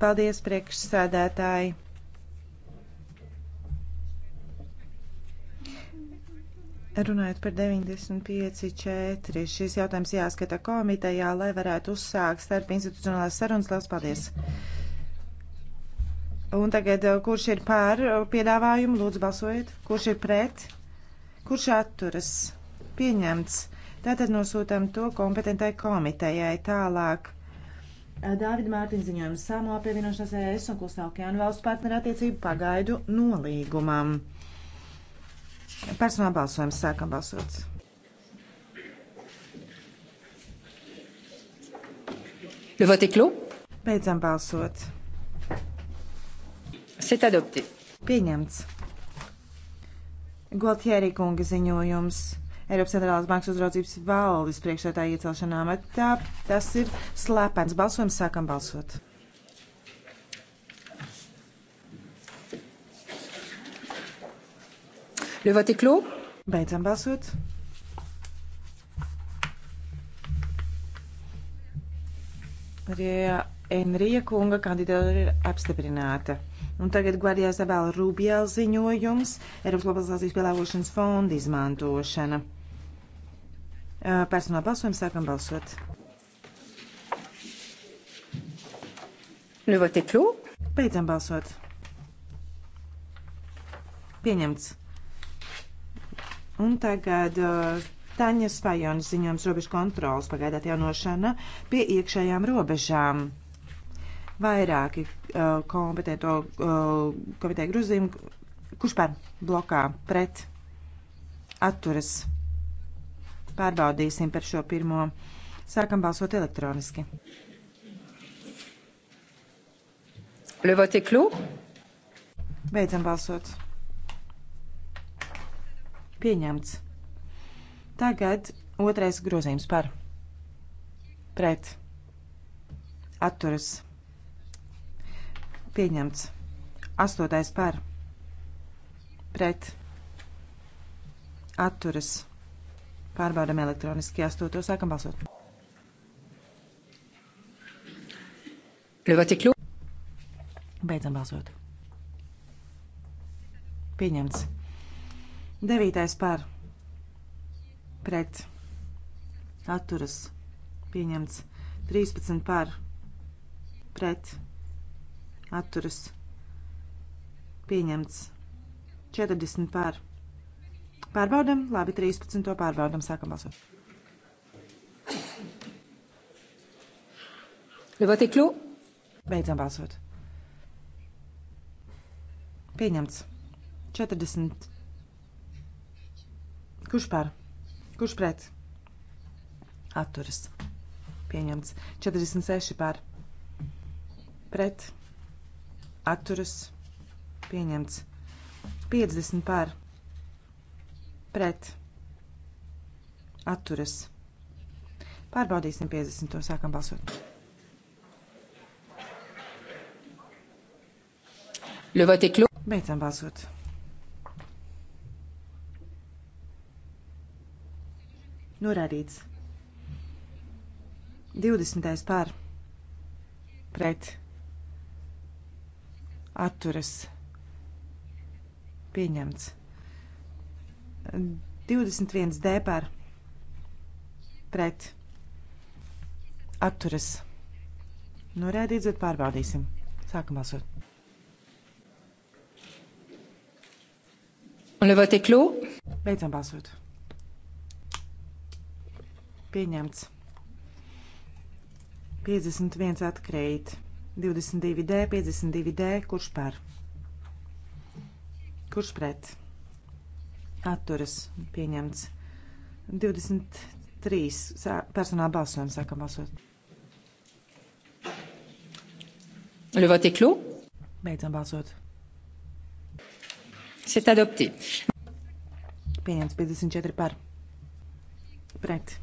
Paldies, priekšsēdētāji. Runājot par 95.4. Šis jautājums jāskata komitejā, lai varētu uzsākt starp institucionālās sarunas. Lielas paldies! Un tagad, uh, kurš ir pār piedāvājumu, lūdzu balsojiet. Kurš ir pret? Kurš atturas? Pieņemts. Tātad nosūtām to kompetentai komitejai tālāk. Uh, Dāvida Mārtiņa ziņojums samo pievienošanās ES un Klusā okeāna valsts partnerattiecību pagaidu nolīgumam. Personāla balsojums sākam balsot. Le vote est clos. Beidzam balsot. C'est adopté. Pieņemts. Gualtieri kunga ziņojums. Eiropas Centrālās Bankas uzraudzības valdes priekšētāja iecelšanā amatā. Tas ir slēpens balsojums. Sākam balsot. Le vote est clos. Beidzam balsot. Arī Enrija kunga kandidatūra ir apstiprināta. Un tagad Gvardijā Zabela Rūbjēla ziņojums - Eiropas globalizācijas pielāgošanas fonda izmantošana. Personāla balsojums sākam balsot. Le vote est clos. Beidzam balsot. Pieņemts. Un tagad uh, Taņas Fajonas ziņojums robežu kontrolas pagaidā atjaunošana pie iekšējām robežām. Vairāki uh, kompetento uh, komiteju grozījumi, kurš par blokā pret atturas. Pārbaudīsim par šo pirmo. Sākam balsot elektroniski. Le vote est clos. Beidzam balsot. Pieņemts. Tagad otrais grozījums par. Pret. Atturas. Pieņemts. Astotais par. Pret. Atturas. Pārbaudam elektroniski astoto. Sākam balsot. Beidzam balsot. Pieņemts. Devītais par pret atturas pieņemts. 13 par pret atturas pieņemts. 40 par pārbaudam. Labi, 13 to pārbaudam. Sākam balsot. Le vote est clos. Beidzam balsot. Pieņemts. 40 Kurš par? Kurš pret? Atturas. Pieņemts. 46 par. Pret. Atturas. Pieņemts. 50 par. Pret. Atturas. Pārbaudīsim 50. Sākam balsot. Beidzam balsot. Norādīts. 20. pār pret atturas pieņemts. 21 D pār pret atturas. Norādīts, bet pārbaudīsim. Sākam balsot. Un le vote est clos. Beidzam balsot. Pieņemts. 51 atkrīt. 22D, 52D, kurš par? Kurš pret? Atturas pieņemts. 23 personāla balsojums sākam balsot. Le vote est clos. Beidzam balsot. C'est adopté. Pieņemts 54 par. Pret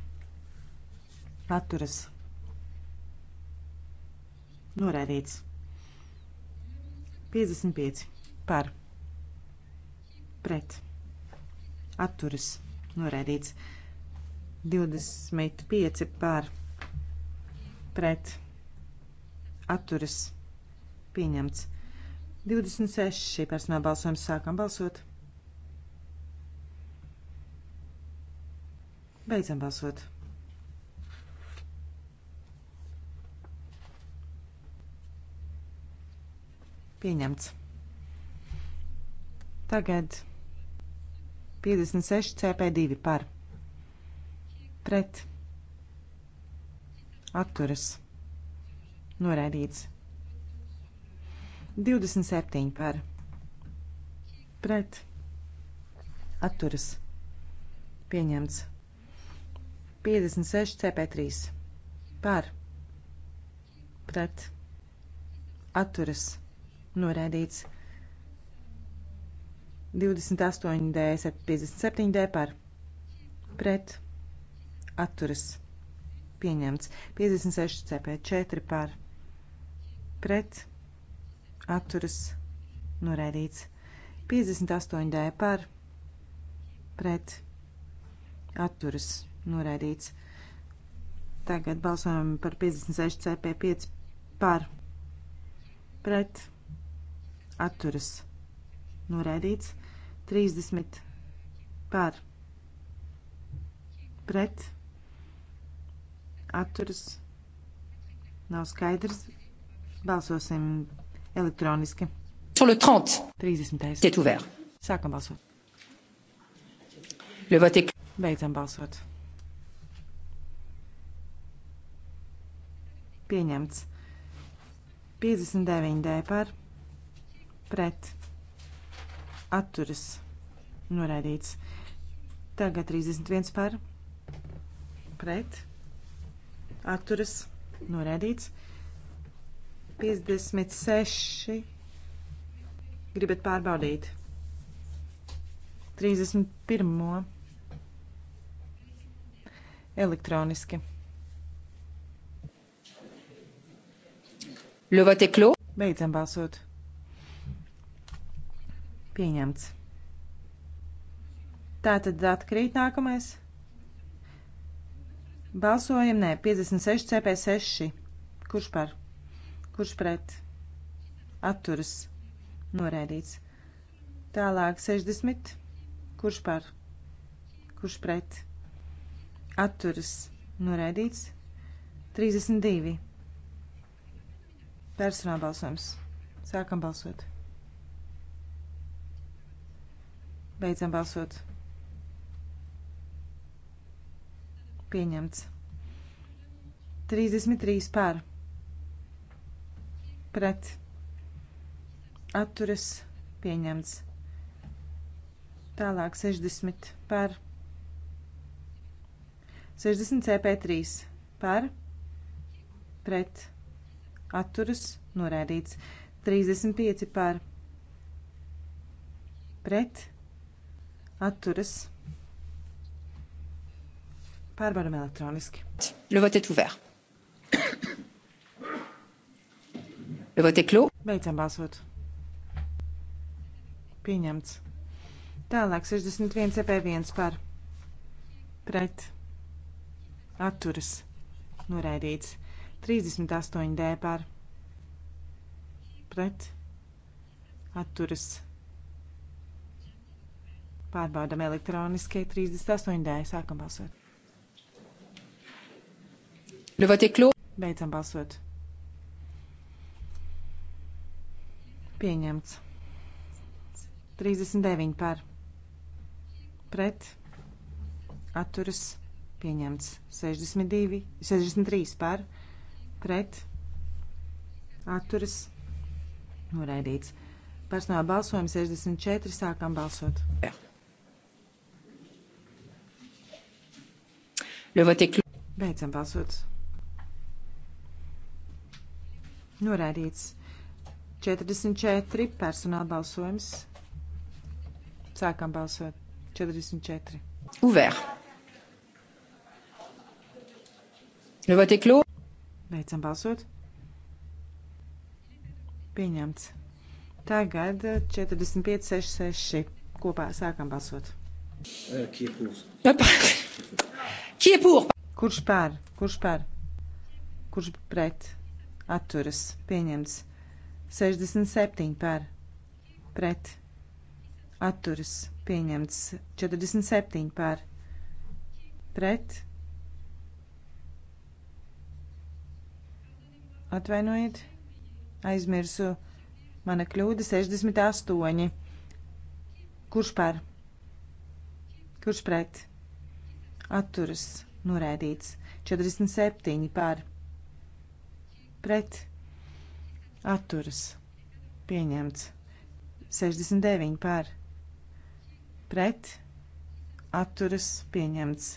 atturas noraidīts. 55 par pret atturas noraidīts. 25 par pret atturas pieņemts. 26 personāla balsojums sākam balsot. Beidzam balsot. Pieņemts. Tagad 56 CP2 par. Pret. Atturas. Noraidīts. 27 par. Pret. Atturas. Pieņemts. 56 CP3 par. Pret. Atturas Norēdīts 28 D, 57 D par pret atturas pieņemts 56 CP 4 par pret atturas norēdīts 58 D par pret atturas norēdīts. Tagad balsojam par 56 CP5 par pret atturas noraidīts 30 par pret atturas nav skaidrs balsosim elektroniski sur le 30 30 c'est ouvert sākam balsot le vote est beidzam balsot pieņemts 59 d par pret atturas noraidīts. Tagad 31 par pret atturas noraidīts. 56 gribat pārbaudīt. 31. elektroniski. Ļoti klū. Beidzam balsot. Pieņemts. Tātad atkrīt nākamais. Balsojam, nē, 56 CP6. Kurš par? Kurš pret? Atturas. Noraidīts. Tālāk 60. Kurš par? Kurš pret? Atturas. Noraidīts. 32. Personāla balsojums. Sākam balsot. Beidzam balsot. Pieņemts. 33 pār. Pret. Atturas. Pieņemts. Tālāk 60 pār. 60 CP3 pār. Pret. Atturas. Norēdīts. 35 pār. Pret atturas. Pārbaudam elektroniski. Le vote est ouvert. Le vote est clos. Beidzam balsot. Pieņemts. Tālāk 61 CP1 par pret atturas noraidīts. 38 D par pret atturas Pārbaudam elektroniski 38D. Sākam balsot. Beidzam balsot. Pieņemts. 39 par. Pret. Atturas. Pieņemts. 62. 63 par. Pret. Atturas. Noraidīts. Personāla balsojums 64. Sākam balsot. Jā. Le vote est clos. Beidzam balsot. Norādīts. 44 personāla balsojums. Sākam balsot. 44. Ouvert. Le vote est clos. Beidzam balsot. Pieņemts. Tagad 45, 6, 6. Kopā sākam balsot. Qui est pour? Kurš pār? Kurš pār? Kurš pret? Atturas. Pieņemts. 67 pār. Pret. Atturas. Pieņemts. 47 pār. Pret. Atvainojiet. Aizmirsu. Mana kļūda 68. Kurš par? Kurš pret? atturas noraidīts. 47 par pret atturas pieņemts. 69 par pret atturas pieņemts.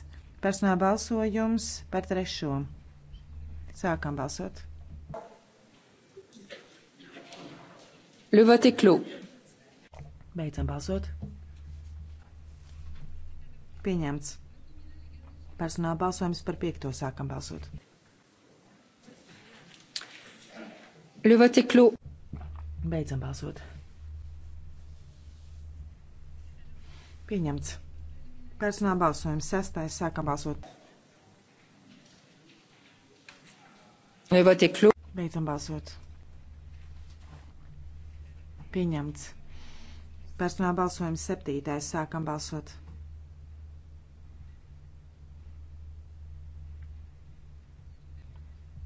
Personāla balsojums par trešo. Sākam balsot. Le vote est clos. Beidzam balsot. Pieņemts. Personāla balsojums par piekto sākam balsot. Ļuvatiklu. Beidzam balsot. Pieņemts. Personāla balsojums sestais sākam balsot. Ļuvatiklu. Beidzam balsot. Pieņemts. Personāla balsojums septītais sākam balsot.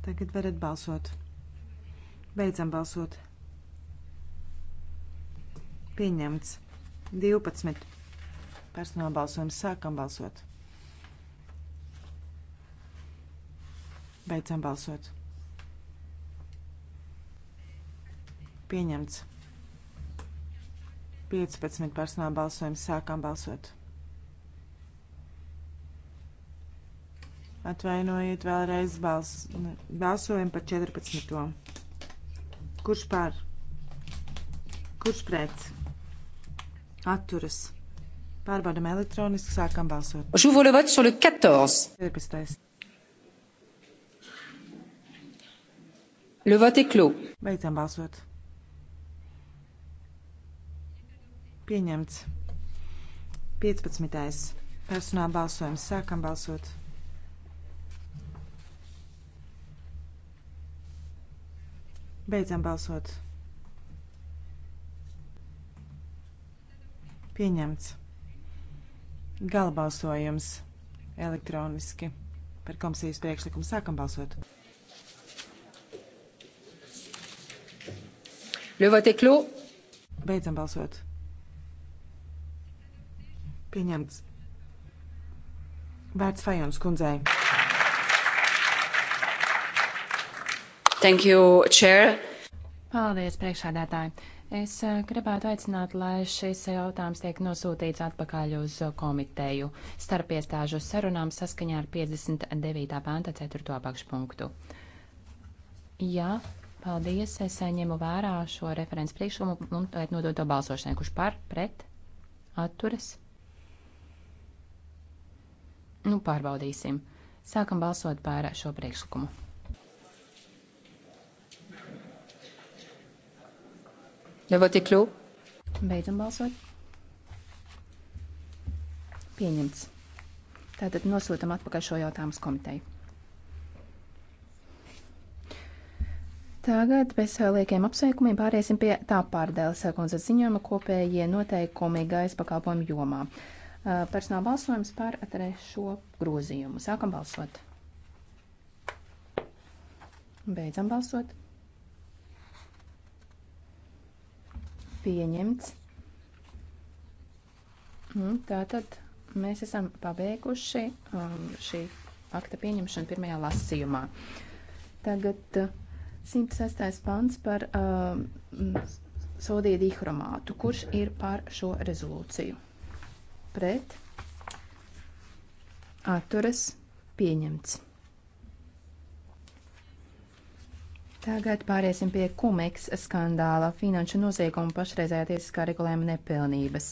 Tagad varat balsot. Beidzam balsot. Pieņemts. 12. Personāla balsojums. Sākam balsot. Beidzam balsot. Pieņemts. 15. Personāla balsojums. Sākam balsot. Atvainojiet, vēlreiz bals, balsojam par 14. Kurš pār? Kurš pret? Atturas. Pārbaudam elektroniski, sākam balsot. J'ouvre le vote sur le 14. 14. Le vote est clos. Beidzam balsot. Pieņemts. 15. Personāla balsojums. Sākam balsot. Beidzam balsot. Pieņemts. Gala balsojums elektroniski par komisijas priekšlikumu. Sākam balsot. Beidzam balsot. Pieņemts. Vērts Fajons kundzei. Thank you, Chair. Paldies, priekšādātāji. Es eh, gribētu aicināt, lai šis jautājums tiek nosūtīts atpakaļ uz komiteju starp iestāžu sarunām saskaņā ar 59. panta 4. apakšpunktu. Jā, paldies. Es eh, ņemu vērā šo referents priekšlikumu un nodot to balsošanai, kurš par, pret, atturas. Nu, pārbaudīsim. Sākam balsot par šo priekšlikumu. Le vote est clos. Beidzam balsot. Pieņemts. Tātad nosūtam atpakaļ šo jautājumu komiteju. Tagad bez liekiem apsveikumiem pāriesim pie tā pārdēles kundzes ziņojuma kopējie noteikumi gaisa pakalpojumu jomā. Personāla balsojums par trešo grozījumu. Sākam balsot. Beidzam balsot. pieņemts. Nu, Tātad mēs esam pabeiguši um, šī akta pieņemšanu pirmajā lasījumā. Tagad 106. Uh, pants par um, sodīja dihromātu. Kurš ir par šo rezolūciju? Pret. Atturas pieņemts. Tagad pāriesim pie Kumeks skandāla - finanšu noziegumu pašreizējā tiesiskā regulējuma nepilnības.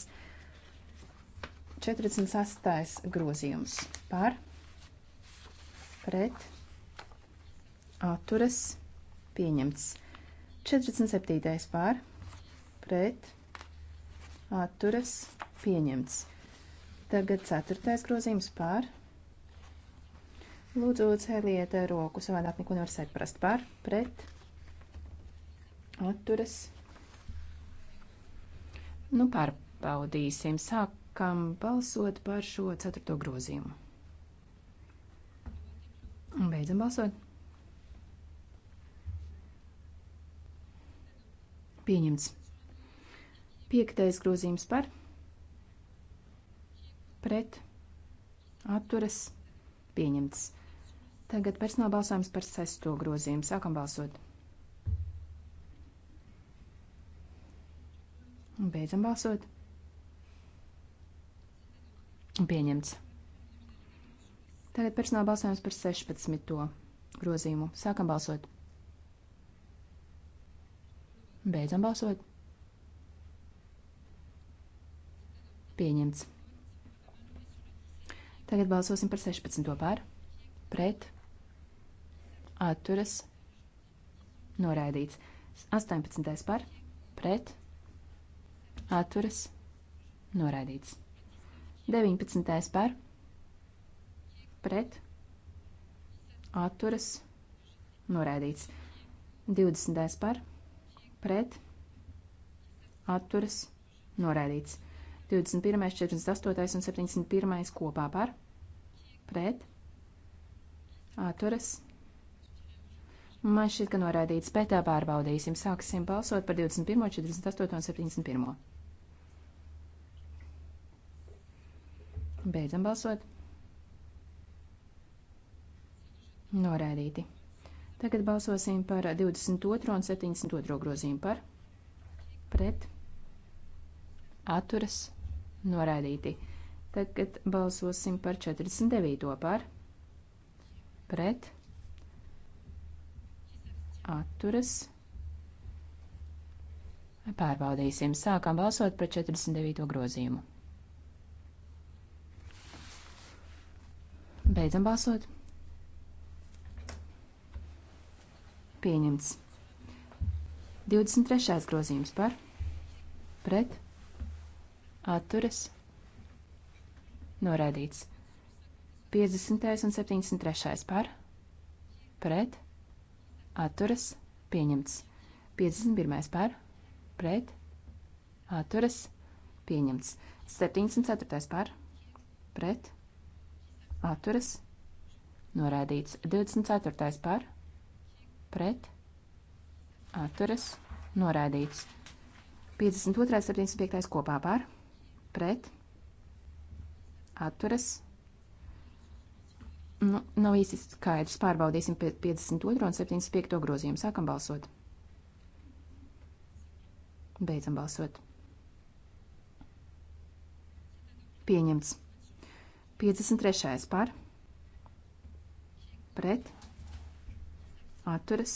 48. grozījums par, pret, atturas, pieņemts. 47. par, pret, atturas, pieņemts. Tagad 4. grozījums par, pret Lūdzu, celiet roku, savādāk neko nevar saprast par, pret, atturas. Nu, pārbaudīsim. Sākam balsot par šo ceturto grozījumu. Un beidzam balsot. Pieņemts. Piektais grozījums par, pret, atturas, pieņemts. Tagad personāla balsojums par sesto grozījumu. Sākam balsot. Un beidzam balsot. Pieņemts. Tagad personāla balsojums par 16. grozījumu. Sākam balsot. Beidzam balsot. Pieņemts. Tagad balsosim par 16. pār, pret, atturas, noraidīts. 18. par, pret, atturas, noraidīts. 19. par, pret, atturas, noraidīts. 20. par, pret, atturas, noraidīts. 21., 48. un 71. kopā par, pret, atturas, noraidīts Man šķiet, ka noraidīts, bet pārbaudīsim. Sāksim balsot par 21, 48 un 71. Beidzam balsot. Noraidīti. Tagad balsosim par 22 un 72 grozījumu par, pret, atturas, noraidīti. Tagad balsosim par 49 par, pret, atturas atturas. Pārbaudīsim. Sākam balsot par 49. grozījumu. Beidzam balsot. Pieņemts. 23. grozījums par pret atturas noraidīts. 50. un 73. par pret atturas pieņemts. 51. par pret atturas pieņemts. 74. par pret atturas noraidīts. 24. par pret atturas noraidīts. 52. 75. kopā par pret atturas noraidīts Nu, nav īsti skaidrs. Pārbaudīsim 52 un 75 grozījumu. Sākam balsot. Beidzam balsot. Pieņemts. 53. par. Pret. Atturas.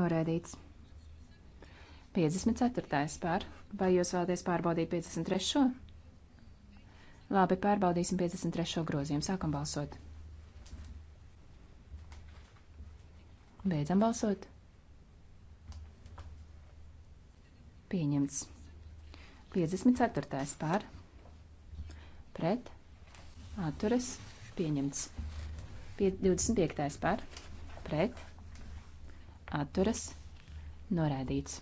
Norēdīts. 54. par. Vai jūs vēlaties pārbaudīt 53? Labi, pārbaudīsim 53. grozījumu. Sākam balsot. Beidzam balsot. Pieņemts. 54. pār. Pret. Atturas. Pieņemts. 25. pār. Pret. Atturas. Noraidīts.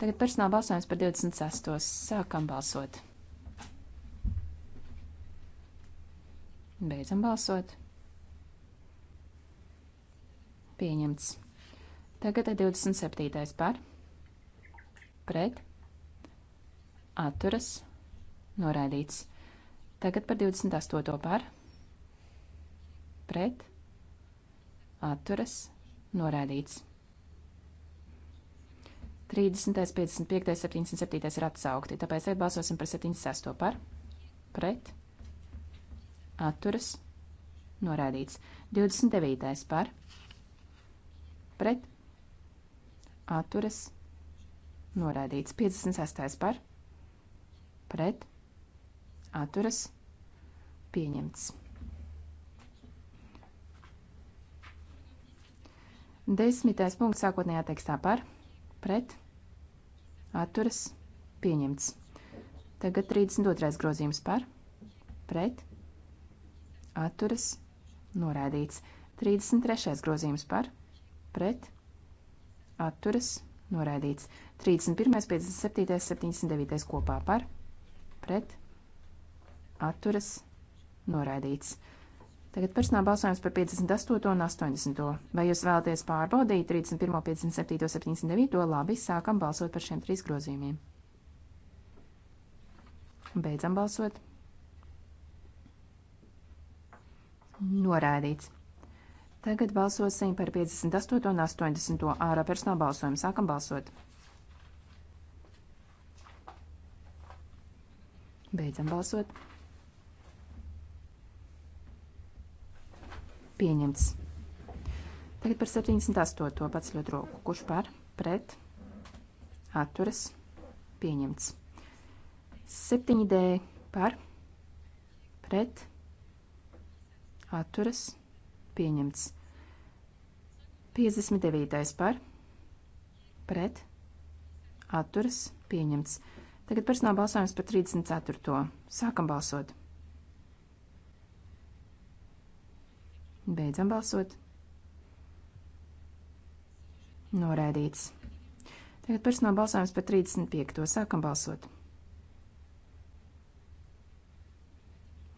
Tagad personāla balsojums par 26. Sākam balsot. Beidzam balsot. Pieņemts. Tagad 27. par. Pret. Atturas. Noraidīts. Tagad par 28. par. Pret. Atturas. Noraidīts. 30, 55, 77 ir atsaukti, tāpēc atbalsosim par 76 par. Pret atturas, noraidīts. 29. par, pret, atturas, noraidīts. 56. par, pret, atturas, pieņemts. 10. punkts sākotnējā tekstā par, pret, atturas, pieņemts. Tagad 32. grozījums par, pret, atturas, norādīts. 33. grozījums par, pret, atturas, norādīts. 31., 57., 79. kopā par, pret, atturas, norādīts. Tagad personāla balsojums par 58 un 80. Vai jūs vēlaties pārbaudīt 31, 57, 79? Labi, sākam balsot par šiem trīs grozījumiem. Beidzam balsot. Norādīts. Tagad balsosim par 58 un 80 ārā personāla balsojumu. Sākam balsot. Beidzam balsot. Pieņemts. Tagad par 78. to pats ļoti roku. Kurš par? Pret? Atturas? Pieņemts. 7D par? Pret? atturas, pieņemts. 59. par, pret, atturas, pieņemts. Tagad personāla balsojums par 34. Sākam balsot. Beidzam balsot. Noraidīts. Tagad personāla balsojums par 35. Sākam balsot.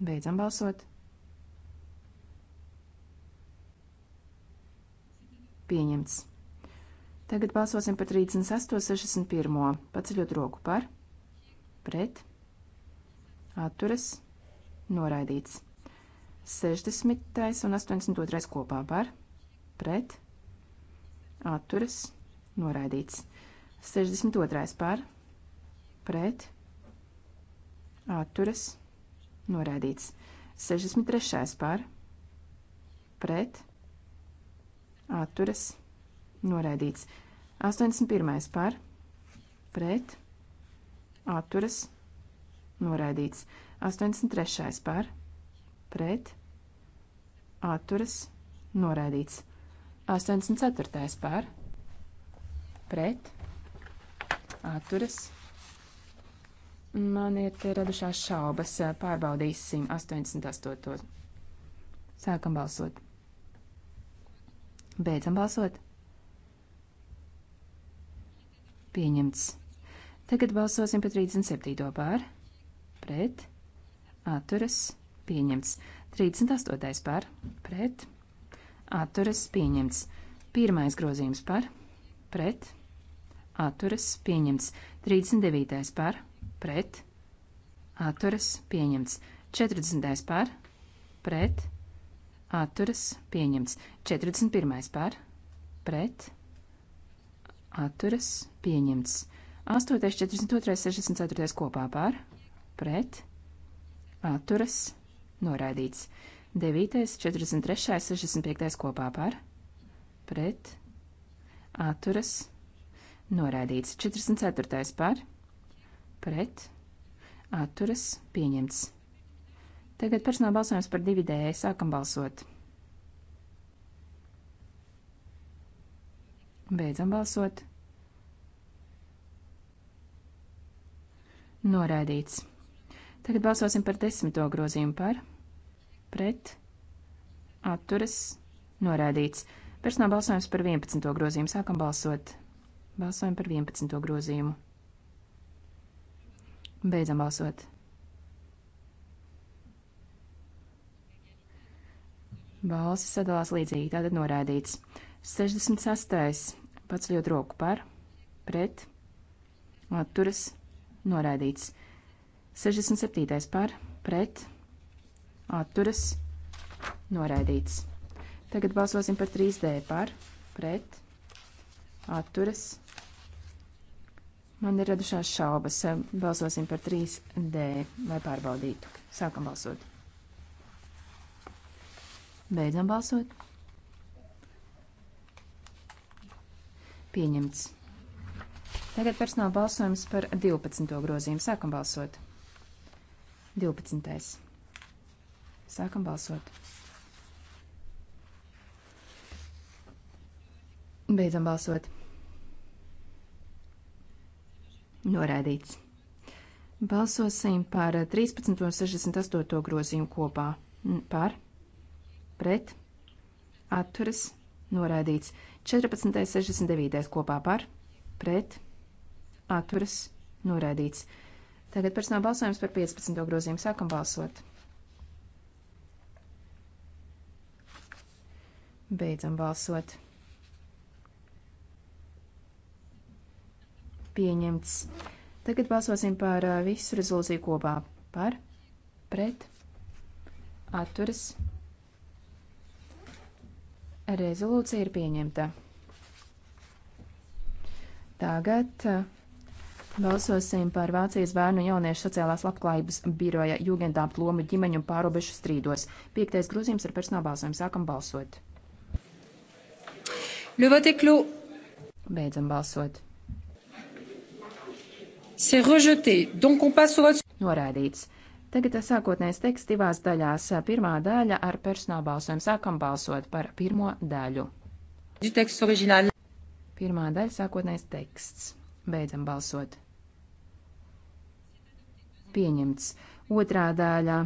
Beidzam balsot. Pieņemts. Tagad balsosim par 38, 61. Paceļot roku par, pret, atturas, noraidīts. 60. un 82. kopā par, pret, atturas, noraidīts. 62. par, pret, atturas, noraidīts. 63. par, pret, atturas noraidīts. 81. par pret atturas noraidīts. 83. par pret atturas noraidīts. 84. par pret atturas noraidīts. Man ir radušās šaubas. Pārbaudīsim 88. Sākam balsot. Beidzam balsot. Pieņemts. Tagad balsosim par 37. pār. Pret. Atturas. Pieņemts. 38. pār. Pret. Atturas. Pieņemts. Pirmais grozījums par. Pret. Atturas. Pieņemts. 39. pār. Pret. Atturas. Pieņemts. 40. pār. Pret atturas pieņemts. 41. par, pret, atturas pieņemts. 8. 42. 64. kopā par, pret, atturas noraidīts. 9. 43. 65. kopā par, pret, atturas noraidīts. 44. par, pret, atturas pieņemts. Tagad personāla balsojums par 2D. Sākam balsot. Beidzam balsot. Noraidīts. Tagad balsosim par desmito grozījumu par, pret, atturas, noraidīts. Personāla balsojums par 11. grozījumu. Sākam balsot. Balsojam par 11. grozījumu. Beidzam balsot. Balsis sadalās līdzīgi, tātad noraidīts. 66. Pats ļoti roku par, pret, atturas, noraidīts. 67. par, pret, atturas, noraidīts. Tagad balsosim par 3D par, pret, atturas. Man ir radušās šaubas. Balsosim par 3D, lai pārbaudītu. Sākam balsot. Beidzam balsot. Pieņemts. Tagad personāla balsojums par 12. grozījumu. Sākam balsot. 12. Sākam balsot. Beidzam balsot. Noraidīts. Balsosim par 13. un 68. grozījumu kopā. Par pret, atturas, noraidīts. 14. 69. kopā par, pret, atturas, noraidīts. Tagad personāla balsojums par 15. grozījumu sākam balsot. Beidzam balsot. Pieņemts. Tagad balsosim par uh, visu rezolūciju kopā. Par, pret, atturas, noraidīts Rezolūcija ir pieņemta. Tagad uh, balsosim par Vācijas bērnu jauniešu sociālās labklājības biroja jūgendāmt lomu ģimeņu pārobežu strīdos. Piektais grozījums ar personālu balsojumu. Sākam balsot. Le vote est clos. Beidzam balsot. C'est rejeté. Donc on passe au vote. Noraidīts. Tagad sākotnējais teksts divās daļās. Pirmā daļa ar personāla balsojumu sākam balsot par pirmo daļu. Pirmā daļa sākotnējais teksts. Beidzam balsot. Pieņemts. Otrā daļā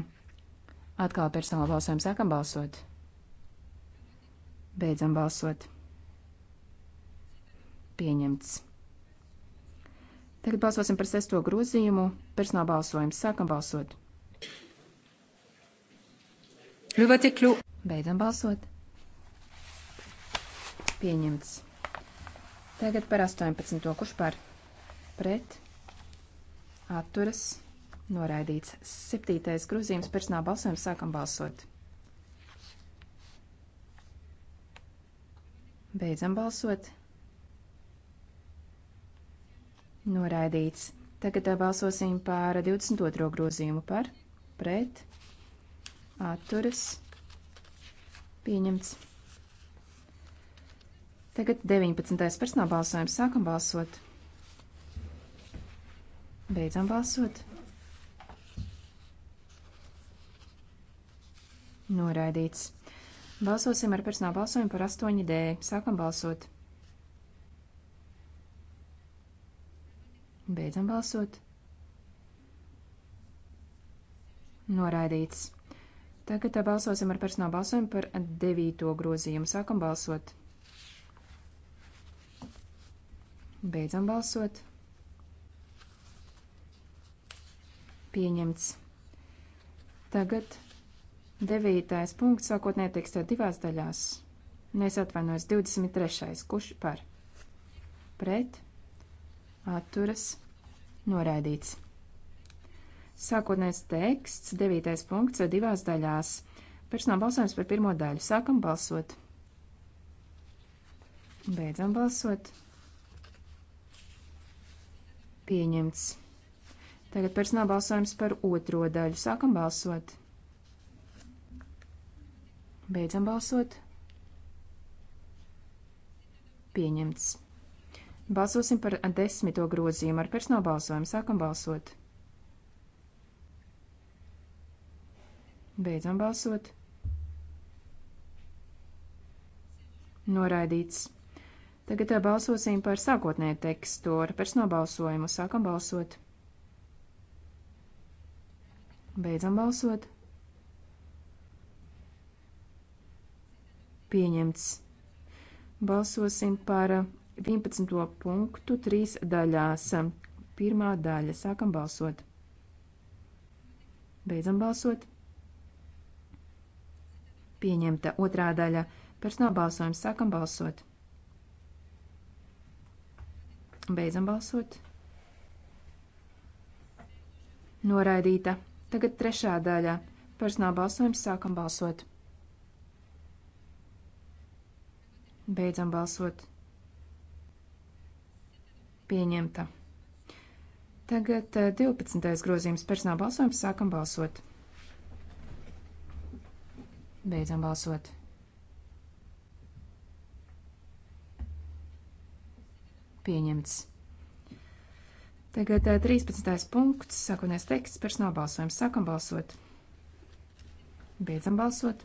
atkal personāla balsojumu sākam balsot. Beidzam balsot. Pieņemts. Tagad balsosim par sesto grozījumu. Personāla balsojums. Sākam balsot. Beidzam balsot. Pieņemts. Tagad par 18. kurš par pret atturas noraidīts. Septītais grozījums personāla balsojums sākam balsot. Beidzam balsot. Noraidīts. Tagad uh, balsosim par 22. grozījumu par, pret, atturas pieņemts. Tagad 19. personāla balsojums. Sākam balsot. Beidzam balsot. Noraidīts. Balsosim ar personāla balsojumu par 8D. Sākam balsot. Beidzam balsot. Noraidīts. Tagad uh, balsosim ar personālu balsojumu par devīto grozījumu. Sākam balsot. Beidzam balsot. Pieņemts. Tagad devītais punkts sākotnēji tekstā divās daļās. Nes nu, atvainojos 23. Kurš par? Pret. Atturas. Noraidīts. Sākotnēs teksts, devītais punkts, divās daļās. Personāla balsojums par pirmo daļu. Sākam balsot. Beidzam balsot. Pieņemts. Tagad personāla balsojums par otro daļu. Sākam balsot. Beidzam balsot. Pieņemts. Balsosim par desmito grozījumu ar personāla balsojumu. Sākam balsot. Beidzam balsot. Noraidīts. Tagad uh, balsosim par sākotnēju tekstu ar personālbalsojumu. Sākam balsot. Beidzam balsot. Pieņemts. Balsosim par 11. Uh, punktu trīs daļās. Pirmā daļa. Sākam balsot. Beidzam balsot pieņemta otrā daļa. Personāla balsojums sākam balsot. Beidzam balsot. Noraidīta. Tagad trešā daļa. Personāla balsojums sākam balsot. Beidzam balsot. Pieņemta. Tagad 12. Eh, grozījums personāla balsojums sākam balsot. Beidzam balsot. Pieņemts. Tagad 13. punkts, sākotnēs teksts, personāla balsojums. Sākam balsot. Beidzam balsot.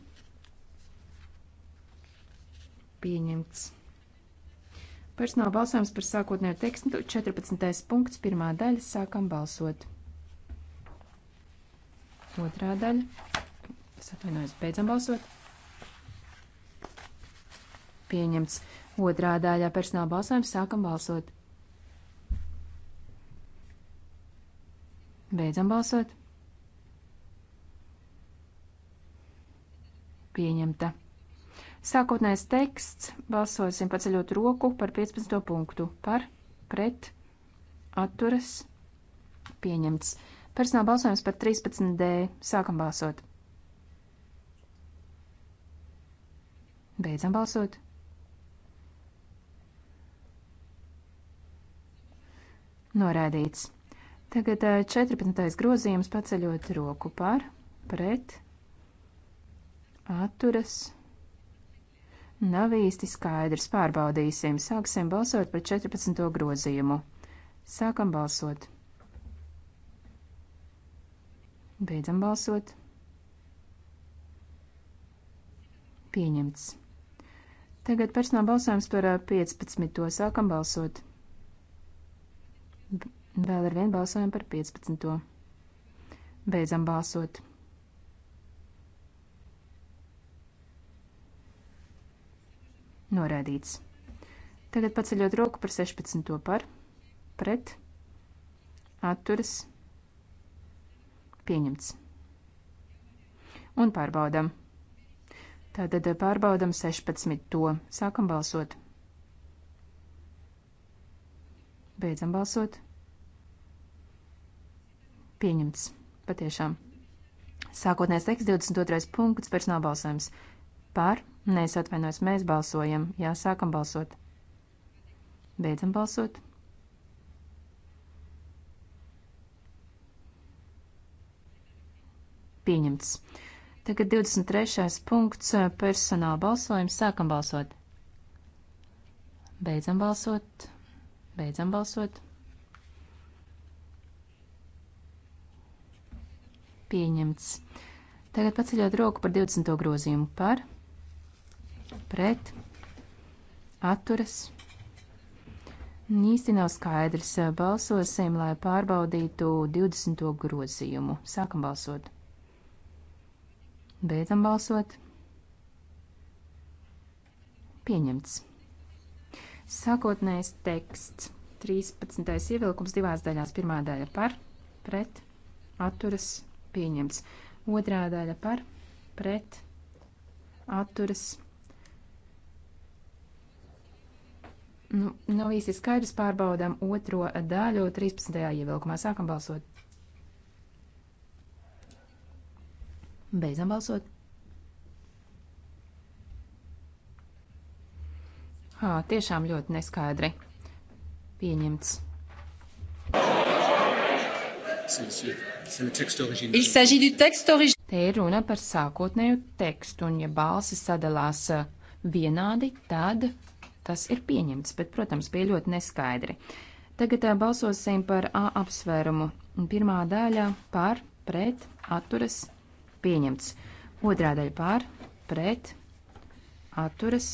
Pieņemts. Personāla balsojums par sākotnējo tekstu 14. punkts, pirmā daļa, sākam balsot. Otrā daļa. Es atvainojos, beidzam balsot. Pieņemts. Otrā daļā personāla balsojums sākam balsot. Beidzam balsot. Pieņemta. Sākotnējais teksts balsosim paceļot roku par 15. punktu. Par, pret, atturas, pieņemts. Personāla balsojums par 13D. Sākam balsot. Beidzam balsot. Norādīts. Tagad 14. Eh, grozījums paceļot roku par, pret, atturas. Nav īsti skaidrs. Pārbaudīsim. Sāksim balsot par 14. grozījumu. Sākam balsot. Beidzam balsot. Pieņemts. Tagad personāla balsojums par 15. Sākam balsot. Vēl ar vienu balsojumu par 15. Beidzam balsot. Norādīts. Tagad paceļot roku par 16. par, pret, atturas, pieņemts. Un pārbaudam. Tātad eh, pārbaudam 16. To. Sākam balsot. Beidzam balsot. Pieņemts. Patiešām. Sākotnēs teksts 22. punkts pēc nobalsojums. Pār, nē, es atvainojos, mēs balsojam. Jā, sākam balsot. Beidzam balsot. Pieņemts. Tagad 23. punkts eh, personāla balsojums. Sākam balsot. Beidzam balsot. Beidzam balsot. Pieņemts. Tagad paceļot roku par 20. grozījumu par, pret, atturas. Īsti nav skaidrs. Balsosim, lai pārbaudītu 20. grozījumu. Sākam balsot. Beidzam balsot. Pieņemts. Sākotnējs teksts. 13. ievilkums divās daļās. Pirmā daļa par, pret, atturas, pieņemts. Otrā daļa par, pret, atturas. Nu, nav īsti skaidrs pārbaudām otro daļu 13. ievilkumā. Sākam balsot. Beidzam balsot. Hā, tiešām ļoti neskaidri. Pieņemts. Te ir runa par sākotnēju tekstu, un ja balsis sadalās vienādi, tad tas ir pieņemts, bet, protams, bija ļoti neskaidri. Tagad balsosim par A apsvērumu. Pirmā daļa par, pret, atturas, pieņemts. Otrā daļa pār, pret, atturas.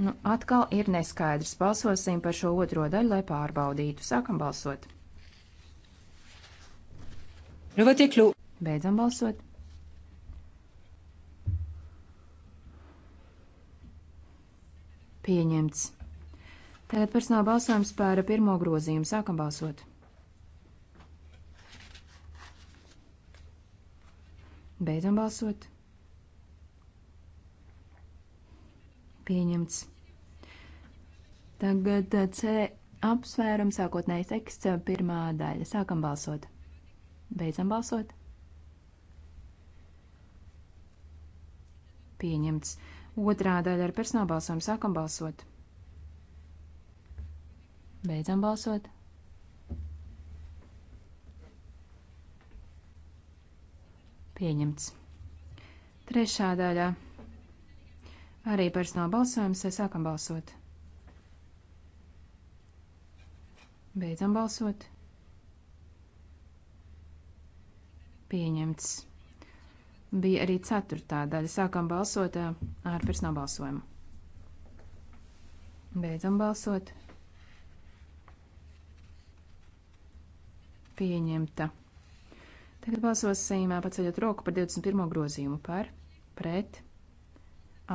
Nu, atkal ir neskaidrs. Balsosim par šo otro daļu, lai pārbaudītu. Sākam balsot. Nu, vai tiek lūk? Beidzam balsot. Pieņemts. Tagad personāla balsojums par pirmo grozījumu. Sākam balsot. Beidzam balsot. Pieņemts. Tagad eh, C apsvērum sākotnējais teksts eh, pirmā daļa. Sākam balsot. Beidzam balsot. Pieņemts. Otrā daļa ar personāla balsojumu sākam balsot. Beidzam balsot. Pieņemts. Trešā daļā. Arī personāla balsojums. Sākam balsot. Beidzam balsot. Pieņemts. Bija arī ceturtā daļa. Sākam balsot eh, ar personāla balsojumu. Beidzam balsot. Pieņemta. Tagad balsosim paceļot roku par 21. grozījumu par, pret,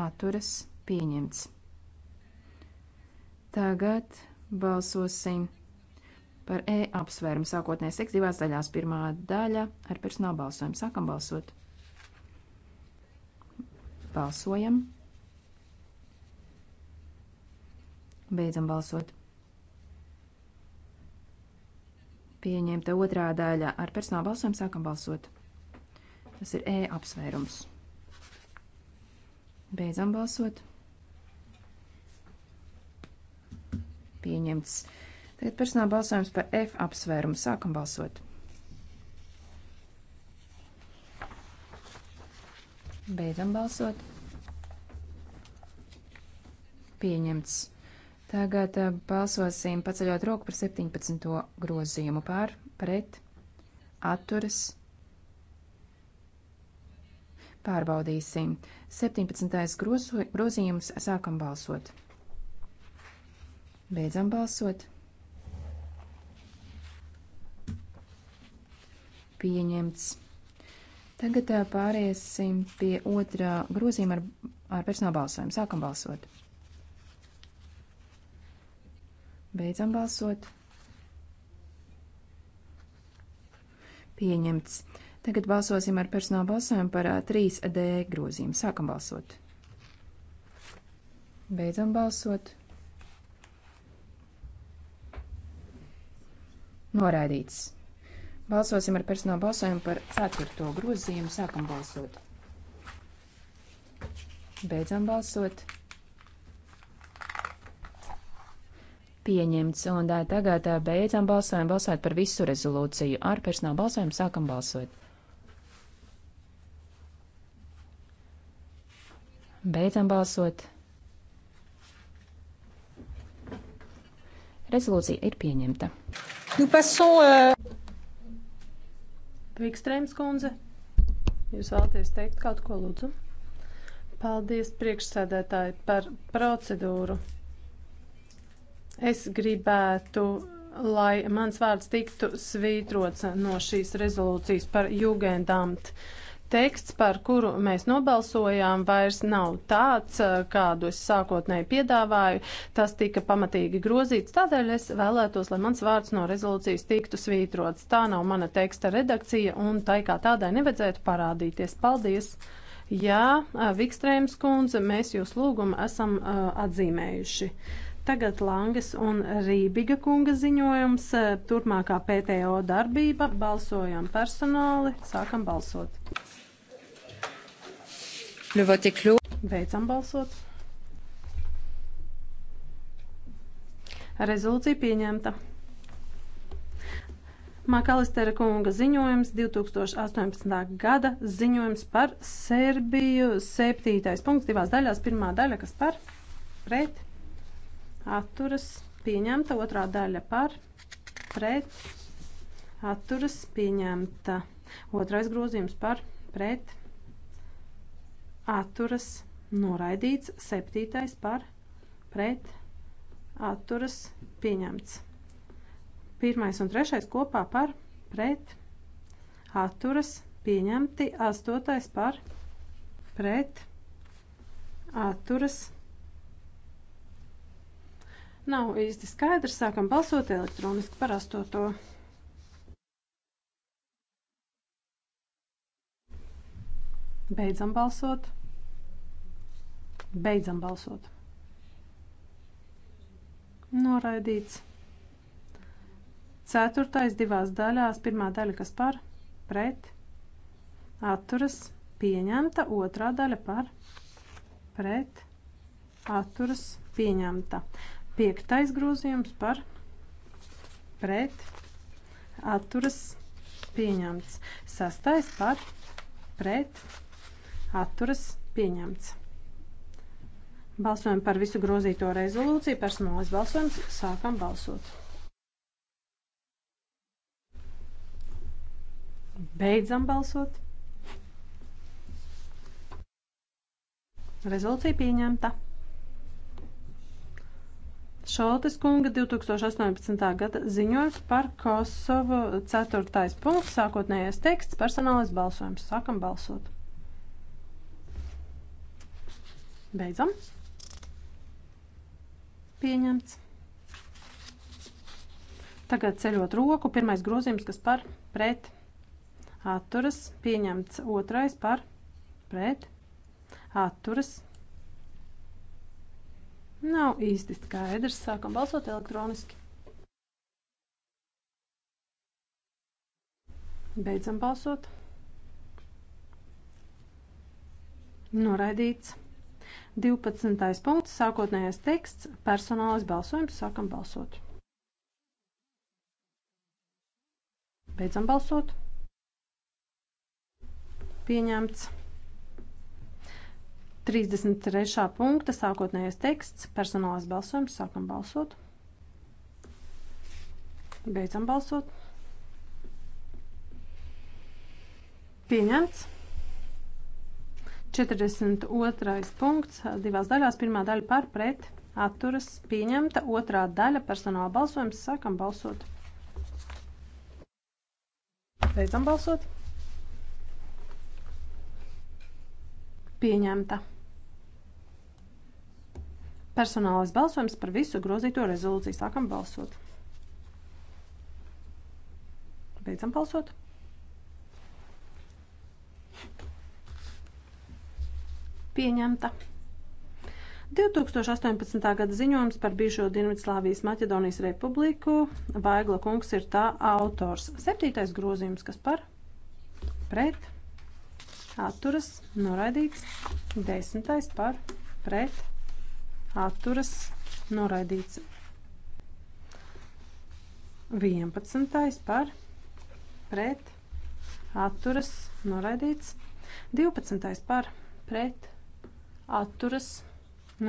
atturas, pieņemts. Tagad balsosim par E apsvērumu sākotnēs teksts divās daļās. Pirmā daļa ar personālu balsojumu. Sākam balsot. Balsojam. Beidzam balsot. pieņemta otrā daļa ar personāla balsojumu sākam balsot. Tas ir E apsvērums. Beidzam balsot. Pieņemts. Tagad personāla balsojums par F apsvērumu. Sākam balsot. Beidzam balsot. Pieņemts. Tagad eh, balsosim paceļot roku par 17. grozījumu pār, pret, atturas. Pārbaudīsim. 17. Grozu, grozījums sākam balsot. Beidzam balsot. Pieņemts. Tagad eh, pāriesim pie otrā grozījuma ar, ar personāla balsojumu. Sākam balsot. Beidzam balsot. Pieņemts. Tagad balsosim ar personālu balsojumu par 3D grozījumu. Sākam balsot. Beidzam balsot. Noraidīts. Balsosim ar personālu balsojumu par 4. grozījumu. Sākam balsot. Beidzam balsot. pieņemts. Un tā, tagad beidzam balsojumu, balsot par visu rezolūciju. Ar personālu balsojumu sākam balsot. Beidzam balsot. Rezolūcija ir pieņemta. Nu, paso, uh... Vikstrēms kundze, jūs vēlaties teikt kaut ko lūdzu? Paldies priekšsēdētāji par procedūru. Es gribētu, lai mans vārds tiktu svītrots no šīs rezolūcijas par Jugendamt teksts, par kuru mēs nobalsojām, vairs nav tāds, eh, kādu es sākotnēji piedāvāju. Tas tika pamatīgi grozīts, tādēļ es vēlētos, lai mans vārds no rezolūcijas tiktu svītrots. Tā nav mana teksta redakcija, un tai kā tādai nevajadzētu parādīties. Paldies! Jā, eh, Vikstrēms kundze, mēs jūs lūgumu esam uh, atzīmējuši. Tagad Langas un Rībiga kunga ziņojums, eh, turpmākā PTO darbība, balsojam personāli, sākam balsot. Beidzam balsot. Rezolūcija pieņemta. Makalistera kunga ziņojums 2018. gada ziņojums par Serbiju. Septītais punkts divās daļās. Pirmā daļa, kas par pret atturas pieņemta. Otrā daļa par pret atturas pieņemta. Otrais grozījums par pret atturas noraidīts. Septītais par pret atturas pieņemts. Pirmais un trešais kopā par pret atturas pieņemti. Astotais par pret atturas pieņemts atturas Nav īsti skaidrs, sākam balsot elektroniski parasto to. Beidzam balsot. Beidzam balsot. Noraidīts. Ceturtais divās daļās. Pirmā daļa, kas par, pret, atturas, pieņemta. Otrā daļa par, pret, atturas, pieņemta. Piektais grozījums par pret atturas pieņemts. Sastais par pret atturas pieņemts. Balsojam par visu grozīto rezolūciju. Personālais balsojums. Sākam balsot. Beidzam balsot. Rezolūcija pieņemta. Šoltes kunga 2018. gada ziņojums par Kosovu 4. punkts, sākotnējais teksts, personālais balsojums. Sākam balsot. Beidzam. Pieņemts. Tagad ceļot roku, pirmais grozījums, kas par pret atturas, pieņemts otrais par pret atturas, Nav īsti skaidrs. Sākam balsot elektroniski. Beidzam balsot. Noraidīts. 12. punkts, sākotnējais teksts, personālais balsojums, sākam balsot. Beidzam balsot. Pieņemts. 33. punkta sākotnējais teksts, personālais balsojums, sākam balsot. Beidzam balsot. Pieņemts. 42. punkts divās daļās. Pirmā daļa par pret atturas pieņemta. Otrā daļa personāla balsojums. Sākam balsot. Beidzam balsot. Pieņemta. Personālais balsojums par visu grozīto rezolūciju. Sākam balsot. Beidzam balsot. Pieņemta. 2018. gada ziņojums par bijušo Dienvidslāvijas Maķedonijas republiku. Vaigla kungs ir tā autors. Septītais grozījums, kas par pret atturas noraidīts. Desmitais par pret atturas noraidīts 11. par pret atturas noraidīts 12. par pret atturas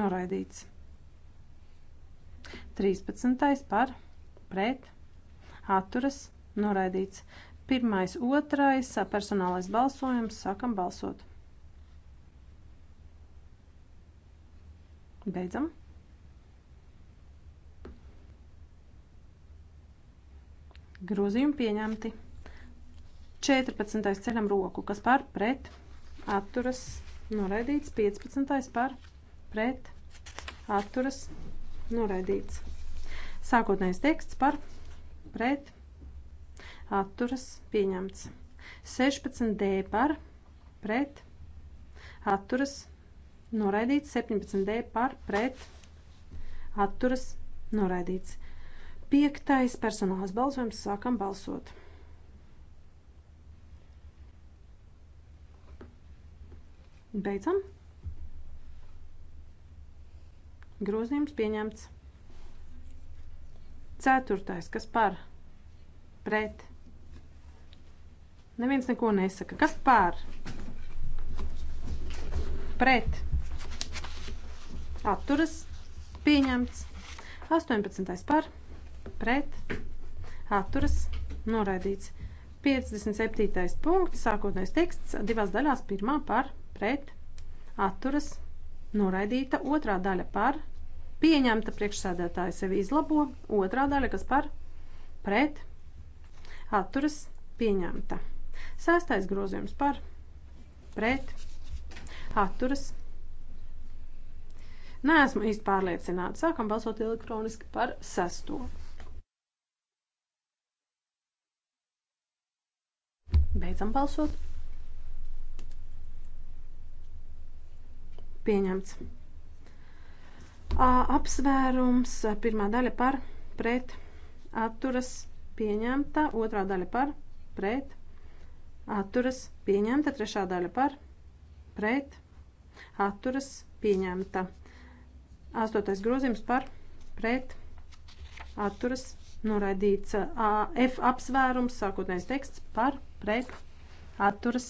noraidīts 13. par pret atturas noraidīts 1. 2. personālais balsojums sākam balsot Beidzam. Grozījumi pieņemti. 14. ceļam roku, kas par pret atturas noraidīts. 15. par pret atturas noraidīts. Sākotnējais teksts par pret atturas pieņemts. 16. d par pret atturas noraidīts noraidīts, 17D par pret atturas noraidīts. Piektais personāls balsojums sākam balsot. Beidzam. Grozījums pieņemts. Ceturtais, kas par pret. Neviens neko nesaka. Kas par? Pret atturas pieņemts. 18. par pret atturas noraidīts. 57. punkts, sākotnējais teksts, divās daļās, pirmā par pret atturas noraidīta, otrā daļa par pieņemta priekšsēdētāja sevi izlabo, otrā daļa, kas par pret atturas pieņemta. Sestais grozījums par pret atturas pieņemta Neesmu īsti pārliecināta. Sākam balsot elektroniski par sesto. Beidzam balsot. Pieņemts. Apsvērums pirmā daļa par pret atturas pieņemta, otrā daļa par pret atturas pieņemta, trešā daļa par pret atturas pieņemta. Astotais grozījums par pret atturas noraidīts. F apsvērums, sākotnējais teksts par pret atturas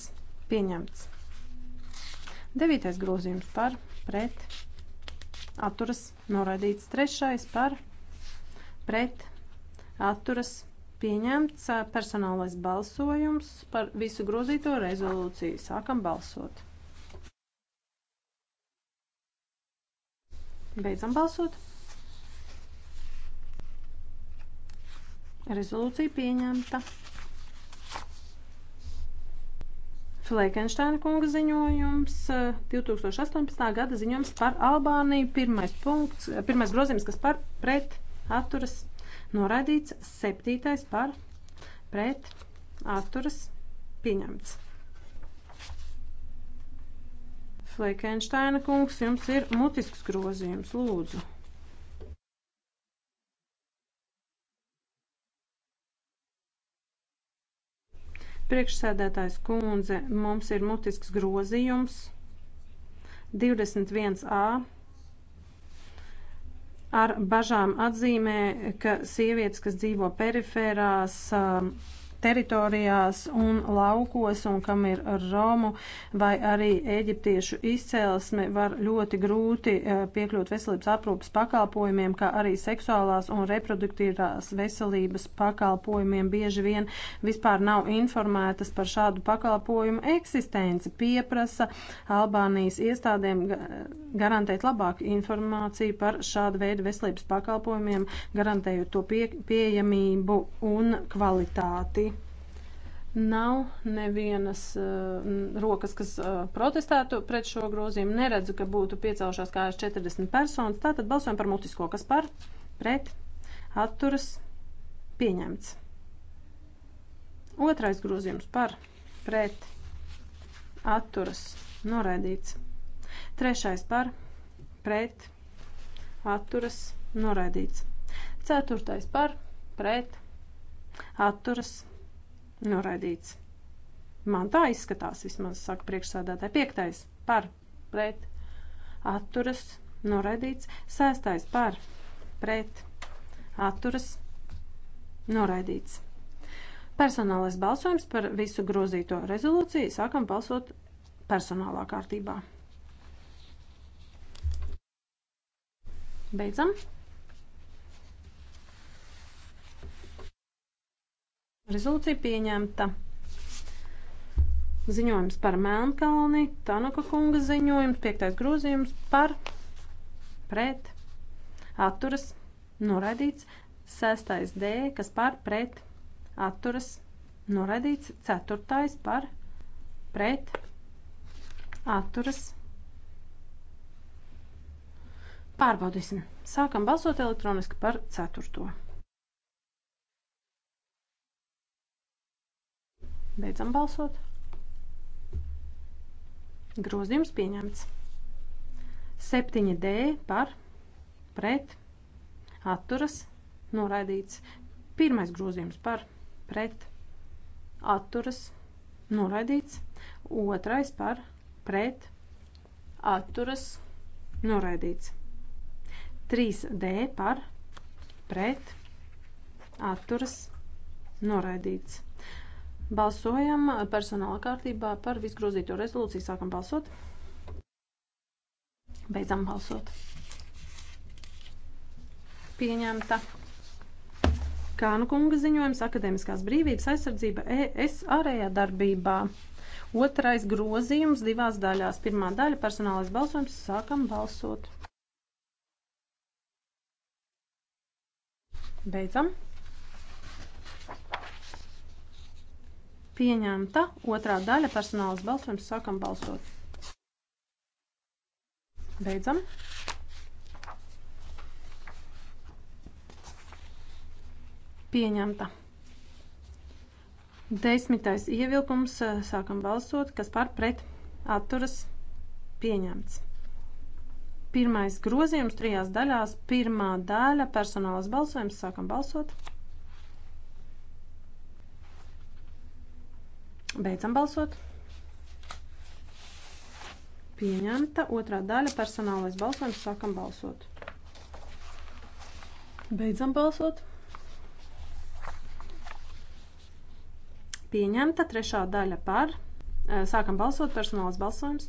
pieņemts. Devītais grozījums par pret atturas noraidīts. Trešais par pret atturas pieņemts personālais balsojums par visu grozīto rezolūciju. Sākam balsot. Beidzam balsot. Rezolūcija pieņemta. Fleikensteina kunga ziņojums, 2018. Eh, gada ziņojums par Albāniju, pirmais punkts, eh, pirmais grozījums, kas par pret atturas noraidīts, septītais par pret atturas pieņemts. Fleikensteina kungs, jums ir mutisks grozījums, lūdzu. Priekšsēdētājs kundze, mums ir mutisks grozījums 21a ar bažām atzīmē, ka sievietes, kas dzīvo perifērās, teritorijās un laukos, un kam ir Romu vai arī eģiptiešu izcēlesme, var ļoti grūti e, piekļūt veselības aprūpas pakalpojumiem, kā arī seksuālās un reproduktīvās veselības pakalpojumiem. Bieži vien vispār nav informētas par šādu pakalpojumu eksistenci. Pieprasa Albānijas iestādēm garantēt labāku informāciju par šādu veidu veselības pakalpojumiem, garantējot to pie, pieejamību un kvalitāti. Nav nevienas uh, rokas, kas uh, protestētu pret šo grozījumu. Neredzu, ka būtu piecēlušās kājas 40 personas. Tātad balsojam par mutisko, kas par, pret, atturas, pieņemts. Otrais grozījums par, pret, atturas, noraidīts. Trešais par, pret, atturas, noraidīts. Ceturtais par, pret, atturas, noraidīts. Noraidīts. Man tā izskatās, vismaz saka priekšsēdētāji. Piektais par pret atturas noraidīts. Sēstais par pret atturas noraidīts. Personālais balsojums par visu grozīto rezolūciju sākam balsot personālā kārtībā. Beidzam. Rezolūcija pieņemta. Ziņojums par Melnkalni, Tanaka kunga ziņojums, piektais grozījums par pret atturas noraidīts, sestais D, kas par pret atturas noraidīts, ceturtais par pret atturas pārbaudīsim. Sākam balsot elektroniski par ceturto. Beidzam balsot. Grozījums pieņemts. 7D par pret atturas noraidīts. Pirmais grozījums par pret atturas noraidīts. Otrais par pret atturas noraidīts. 3D par pret atturas noraidīts. Balsojam personāla kārtībā par visgrozīto rezolūciju. Sākam balsot. Beidzam balsot. Pieņemta. Kānu kunga ziņojums akadēmiskās brīvības aizsardzība ES ārējā darbībā. Otrais grozījums divās daļās. Pirmā daļa personālais balsojums. Sākam balsot. Beidzam. pieņemta. Otrā daļa personāls balsojums. Sākam balsot. Beidzam. Pieņemta. Desmitais ievilkums. Sākam balsot. Kas par pret atturas pieņemts. Pirmais grozījums trijās daļās. Pirmā daļa personāls balsojums. Sākam balsot. Balsot. Beidzam balsot. Pieņemta otrā daļa personālais balsojums. Sākam balsot. Beidzam balsot. Pieņemta trešā daļa par. Eh, sākam balsot personālais balsojums.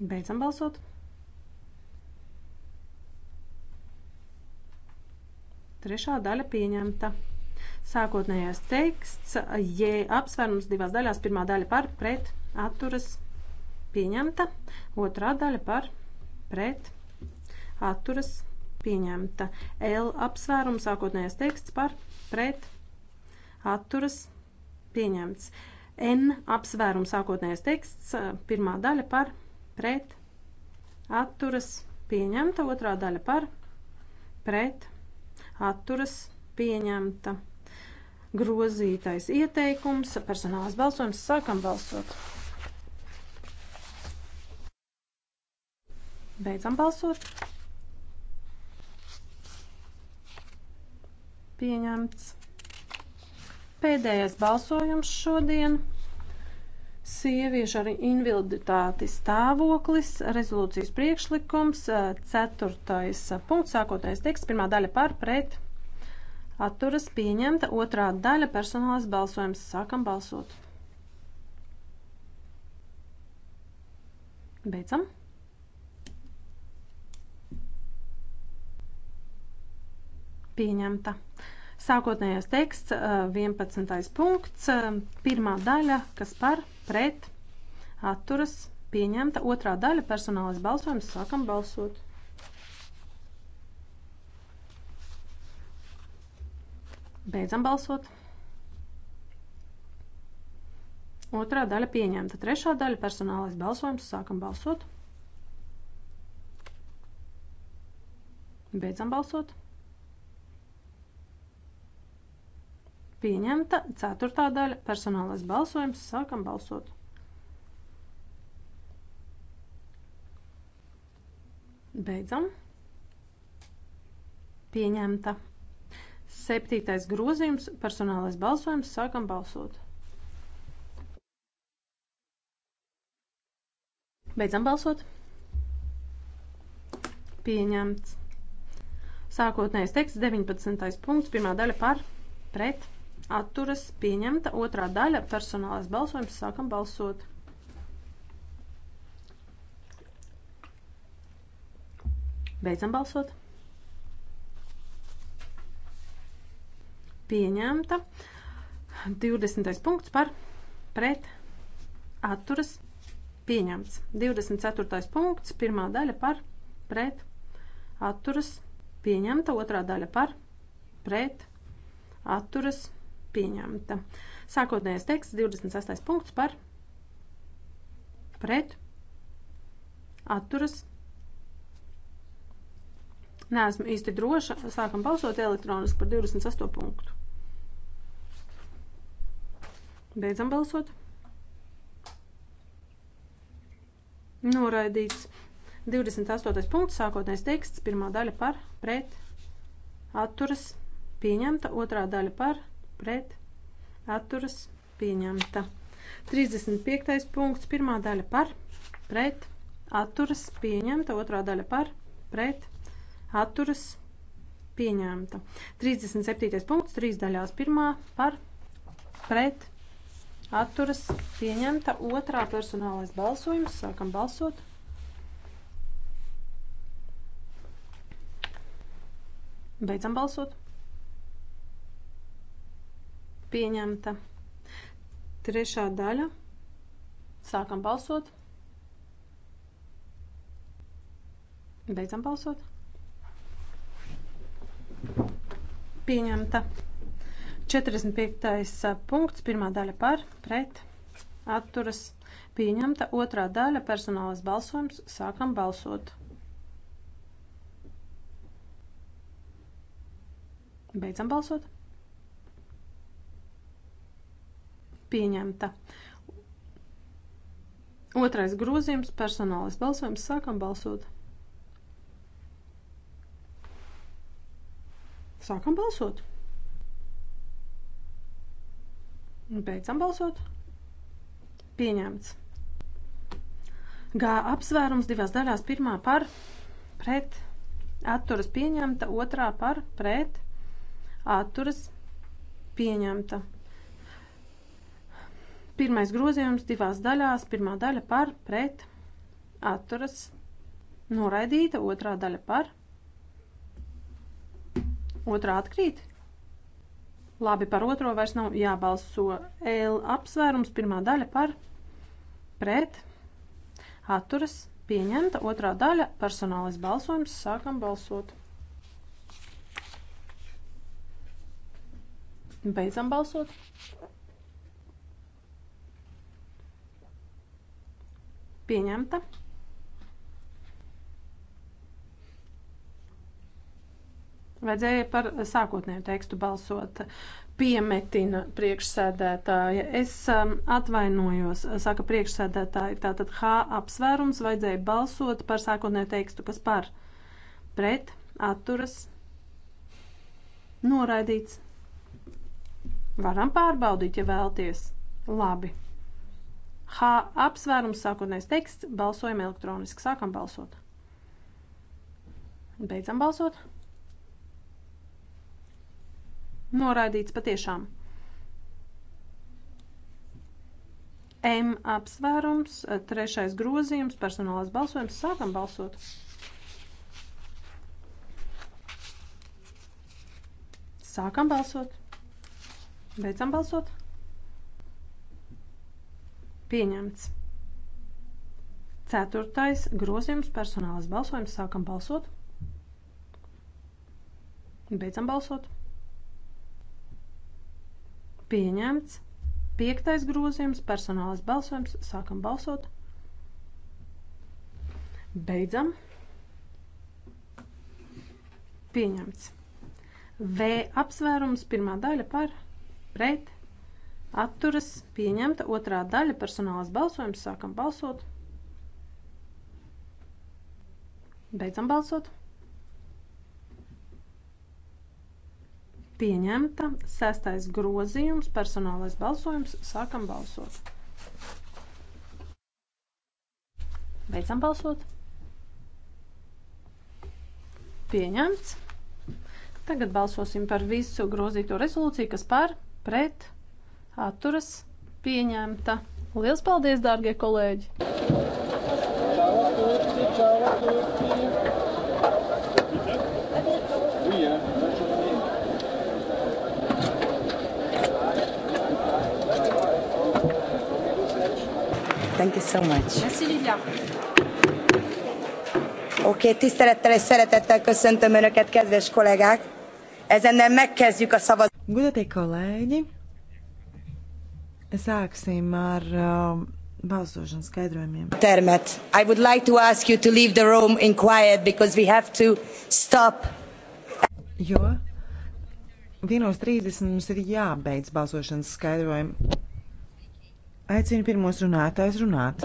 Beidzam balsot. Trešā daļa pieņemta. Sākotnējais teksts, ja apsvērums divās daļās, pirmā daļa par pret atturas pieņemta, otrā daļa par pret atturas pieņemta. L apsvērums, sākotnējais teksts par pret atturas pieņemts. N apsvērums, sākotnējais teksts, pirmā daļa par pret atturas pieņemta, otrā daļa par pret atturas pieņemta grozītais ieteikums, personāls balsojums, sākam balsot. Beidzam balsot. Pieņemts. Pēdējais balsojums šodien. Sieviešu ar invaliditāti stāvoklis, rezolūcijas priekšlikums, ceturtais punkts, sākotais teksts, pirmā daļa par pret atturas pieņemta otrā daļa personāls balsojums. Sākam balsot. Beidzam. Pieņemta. Sākotnējais teksts, 11. Eh, punkts, eh, pirmā daļa, kas par, pret, atturas, pieņemta, otrā daļa personālais balsojums, sākam balsot. Beidzam balsot. Otrā daļa pieņemta. Trešā daļa personālais balsojums. Sākam balsot. Beidzam balsot. Pieņemta. Ceturtā daļa personālais balsojums. Sākam balsot. Beidzam. Pieņemta. Septītais grozījums - personālais balsojums. Sākam balsot. Beidzam balsot. Pieņemts. Sākotnējais teksts 19. punkts, pirmā daļa par, pret, atturas, pieņemta, otrā daļa personālais balsojums, sākam balsot. Beidzam balsot. pieņemta. 20. punkts par pret atturas pieņemts. 24. punkts, pirmā daļa par pret atturas pieņemta, otrā daļa par pret atturas pieņemta. Sākotnējais teksts, 26. punkts par pret atturas pieņemta. Neesmu īsti droša. Sākam balsot elektroniski par 28 punktu. Beidzam balsot. Noraidīts. 28. punkts, sākotnējais teksts, pirmā daļa par, pret, atturas, pieņemta, otrā daļa par, pret, atturas, pieņemta. 35. punkts, pirmā daļa par, pret, atturas, pieņemta, otrā daļa par, pret, atturas, pieņemta. 37. punkts, trīs daļās, pirmā par, pret, atturas atturas pieņemta otrā personālais balsojums. Sākam balsot. Beidzam balsot. Pieņemta trešā daļa. Sākam balsot. Beidzam balsot. Pieņemta. 45. punkts, pirmā daļa par, pret, atturas, pieņemta, otrā daļa personālais balsojums, sākam balsot. Beidzam balsot. Pieņemta. Otrais grozījums, personālais balsojums, sākam balsot. Sākam balsot. Beidzam balsot. Pieņemts. G apsvērums divās daļās. Pirmā par pret atturas pieņemta, otrā par pret atturas pieņemta. Pirmais grozījums divās daļās. Pirmā daļa par pret atturas noraidīta, otrā daļa par. Otrā atkrīt. Labi, par otro vairs nav jābalso. L apsvērums pirmā daļa par pret atturas pieņemta. Otrā daļa personālais balsojums. Sākam balsot. Beidzam balsot. Pieņemta. Vajadzēja par sākotnēju tekstu balsot piemetina priekšsēdētāja. Es um, atvainojos, saka priekšsēdētāja, tātad H apsvērums vajadzēja balsot par sākotnēju tekstu, kas par pret, atturas, noraidīts. Varam pārbaudīt, ja vēlties. Labi. H apsvērums sākotnējs teksts, balsojam elektroniski, sākam balsot. Beidzam balsot. Noraidīts patiešām. M apsvērums, eh, trešais grozījums, personālais balsojums. Sākam balsot. Sākam balsot. Beidzam balsot. Pieņemts. Ceturtais grozījums personālas balsojums. Sākam balsot. Beidzam balsot pieņemts. Piektais grozījums, personālais balsojums, sākam balsot. Beidzam. Pieņemts. V apsvērums, pirmā daļa par, pret, atturas, pieņemta, otrā daļa, personālais balsojums, sākam balsot. Beidzam balsot. pieņemta. Sestais grozījums, personālais balsojums, sākam balsot. Beidzam balsot. Pieņemts. Tagad balsosim par visu grozīto rezolūciju, kas par, pret, atturas, pieņemta. Lielas paldies, dārgie kolēģi! Čau, čau, čau, čau. Thank you so much. Merci Lilia. Oké, okay, tisztelettel és szeretettel köszöntöm Önöket, kedves kollégák! Ezennel megkezdjük a szavazást. Gudatie kolēģi, sāksim ar um, balsošanas skaidrojumiem. Termet, I would like to ask you to leave the room in quiet because we have to stop. Jo 1.30 mums ir jābeidz balsošanas skaidrojumi. Aicinu pirmos runātājs runāt.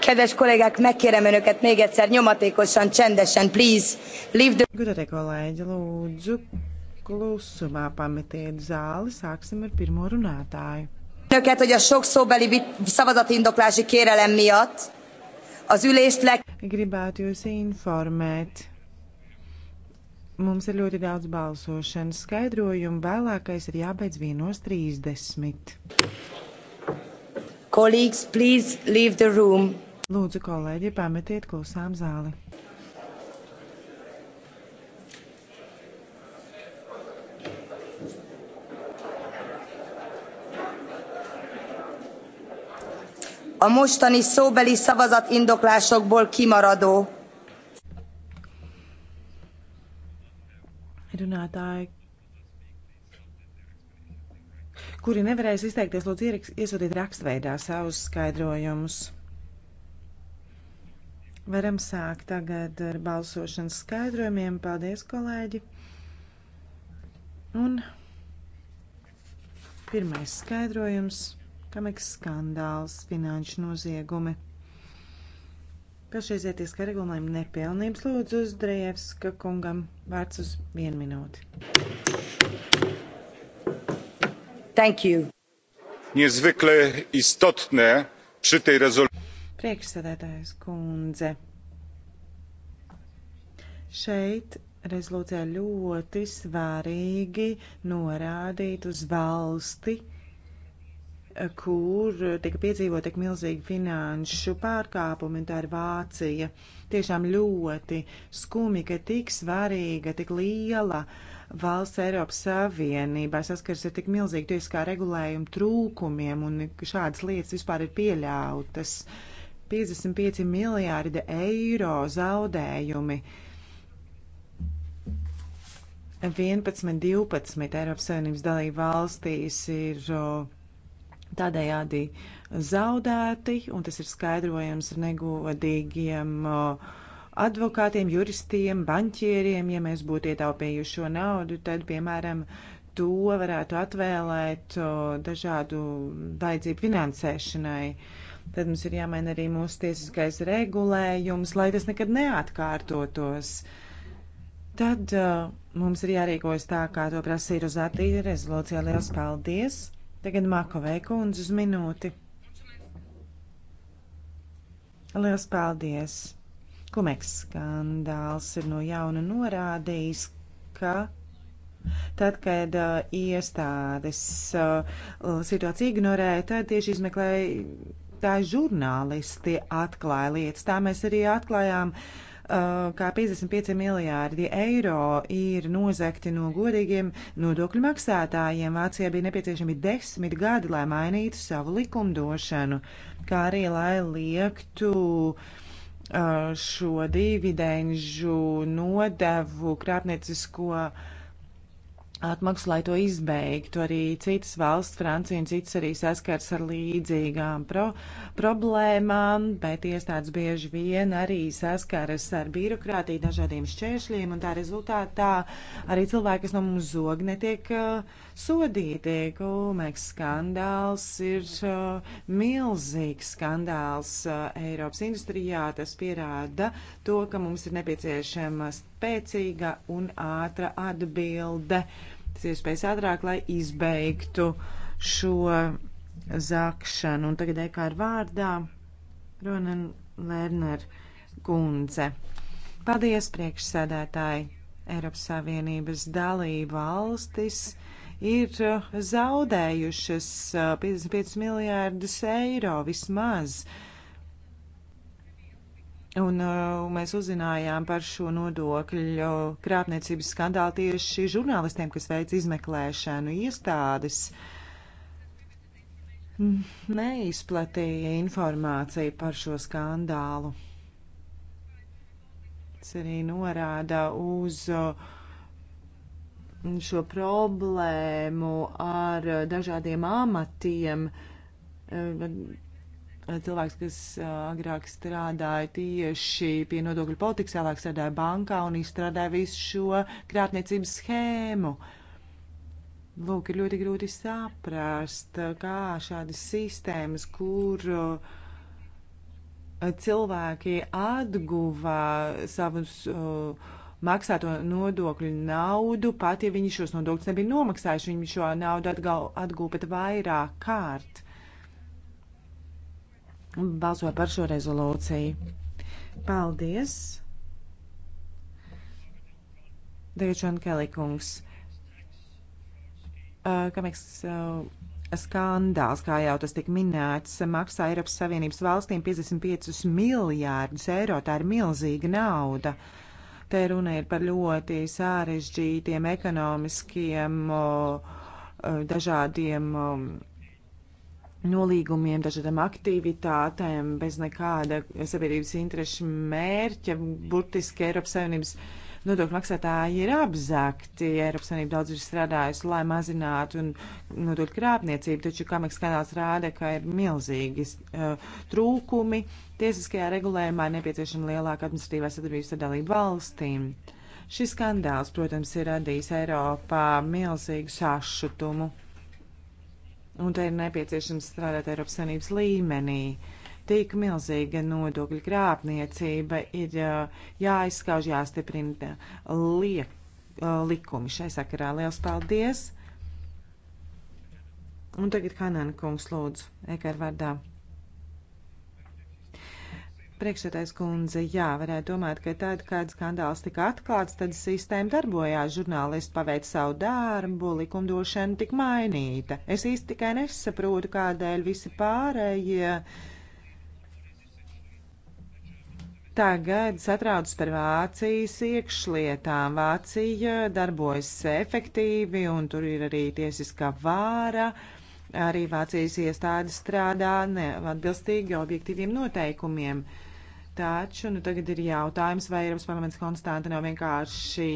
Kedves kollégák, megkérem önöket még egyszer nyomatékosan, csendesen, please, leave the... Gudatek kolēģi, lūdzu, klusumā pametiet zāli, sāksim ar pirmo runātāju. Töket, hogy a sok szóbeli szavazatindoklási kérelem miatt az ülést le... Gribētu jūs informēt. Mums ir ļoti daudz balsošanas skaidrojumu, vēlākais ir jābeidz 1.30. Kolēģis, please leave the room. Lūdzu, kolēģi, pametiet klusām zāli. a mostani szóbeli szavazatindoklásokból kimaradó. Runātāji, kuri nevarēs izteikties, lūdzu, iesūtiet rakstveidā savus skaidrojumus. Varam sākt tagad ar balsošanas skaidrojumiem. Paldies, kolēģi! Un pirmais skaidrojums ekonomikas skandāls, finanšu noziegumi. Pašreizie tieskai regulējumi nepilnības lūdzu uz Drejevska kungam vārds uz vienu minūti. Thank you. Niezwykle istotne przy tej rezolucji. Priekšsēdētājs kundze. Šeit rezolūcijā ļoti svarīgi norādīt uz valsti, kur tika piedzīvot tik milzīgi finanšu pārkāpumi, un tā ir Vācija. Tiešām ļoti skumi, ka tik svarīga, tik liela valsts Eiropas Savienībā saskars ar tik milzīgu tiesiskā regulējuma trūkumiem, un šādas lietas vispār ir pieļautas. 55 miljārdi eiro zaudējumi. 11, 12 Eiropas Savienības dalība valstīs ir uh, tādējādi zaudēti, un tas ir skaidrojams ar negodīgiem advokātiem, juristiem, banķieriem. Ja mēs būtu ietaupījuši šo naudu, tad, piemēram, to varētu atvēlēt dažādu vajadzību finansēšanai. Tad mums ir jāmaina arī mūsu tiesiskais regulējums, lai tas nekad neatkārtotos. Tad uh, mums ir jārīkojas tā, kā to prasīja Rozātīja rezolūcijā. Liels paldies! Tagad Makovei kundze uz minūti. Liels paldies! Kumeks skandāls ir no jauna norādījis, ka Tad, kad uh, iestādes uh, situāciju ignorēja, tad tieši izmeklēja tā žurnālisti atklāja lietas. Tā mēs arī atklājām uh, Uh, kā 55 miljārdi eiro ir nozakti no godīgiem nodokļu maksātājiem. Vācijā bija nepieciešami desmit gadi, lai mainītu savu likumdošanu, kā arī lai liektu uh, šo dividenžu nodevu krāpniecisko atmaksu, lai to izbeigtu. Arī citas valsts, Francija un citas arī saskars ar līdzīgām pro problēmām, bet iestādes bieži vien arī saskaras ar birokrātiju, dažādiem šķēršļiem, un tā rezultātā arī cilvēki, kas no mums zog, netiek. Uh, sodītie. Kulmeks skandāls ir uh, milzīgs skandāls uh, Eiropas industrijā. Tas pierāda to, ka mums ir nepieciešama spēcīga un ātra atbilde. Tas iespējas ātrāk, lai izbeigtu šo zakšanu. Un tagad ekā ar vārdā Ronan Lerner kundze. Paldies, priekšsēdētāji! Eiropas Savienības dalība valstis ir eh, zaudējušas 55 eh, miljārdus eiro vismaz. Un uh, mēs uzzinājām par šo nodokļu krāpniecības skandālu tieši žurnālistiem, kas veic izmeklēšanu iestādes. Neizplatīja informāciju par šo skandālu. Tas arī norāda uz uh, šo problēmu ar dažādiem amatiem. Eh, cilvēks, kas eh, agrāk strādāja tieši pie nodokļu politikas, vēlāk strādāja bankā un izstrādāja visu šo krātniecības schēmu. Lūk, ir ļoti grūti saprast, eh, kā šādas sistēmas, kur uh, cilvēki atguva savus uh, maksāto nodokļu naudu, pat ja viņi šos nodokļus nebija nomaksājuši, viņi šo naudu atguva pat vairāk kārt. Balsoju par šo rezolūciju. Paldies! Dēļšana Kelikungs. Uh, Kamēks uh, skandāls, kā jau tas tika minēts, maksā Eiropas Savienības valstīm 55 miljārdus eiro. Tā ir milzīga nauda. Uh, Te runa ir par ļoti sārežģītiem ekonomiskiem dažādiem nolīgumiem, dažādām aktivitātēm, bez nekāda sabiedrības interešu mērķa, burtiski Eiropas Savienības uh, nodokļu maksātāji ir apzakti. Eiropas Savienība daudz ir strādājusi, lai mazinātu nodokļu krāpniecību, taču Kameks kanāls rāda, ka ir milzīgi uh, trūkumi. Tiesiskajā regulējumā ir nepieciešama lielāka administratīvā sadarbības ar dalību valstīm. Šis skandāls, protams, ir radījis Eiropā milzīgu sašutumu. Un te ir nepieciešams strādāt Eiropas Savienības līmenī. Uh, tik milzīga nodokļa krāpniecība, ir jāizskauž, jāstiprina liek, likumi šai sakarā. Liels paldies! Un tagad Hanan kungs lūdzu, ekar vārdā. Priekšsēdājas kundze, jā, varētu domāt, ka tad, kad skandāls tika atklāts, tad sistēma darbojās, žurnālisti paveic savu darbu, likumdošana tika mainīta. Es īsti tikai nesaprotu, kādēļ visi pārējie. Ja Tagad satrauc par Vācijas iekšlietām. Vācija darbojas efektīvi un tur ir arī tiesiskā vāra. Arī Vācijas iestādes strādā neatbilstīgi objektīviem noteikumiem. Uh, Taču nu, tagad ir jautājums, vai Eiropas parlaments konstanti nav vienkārši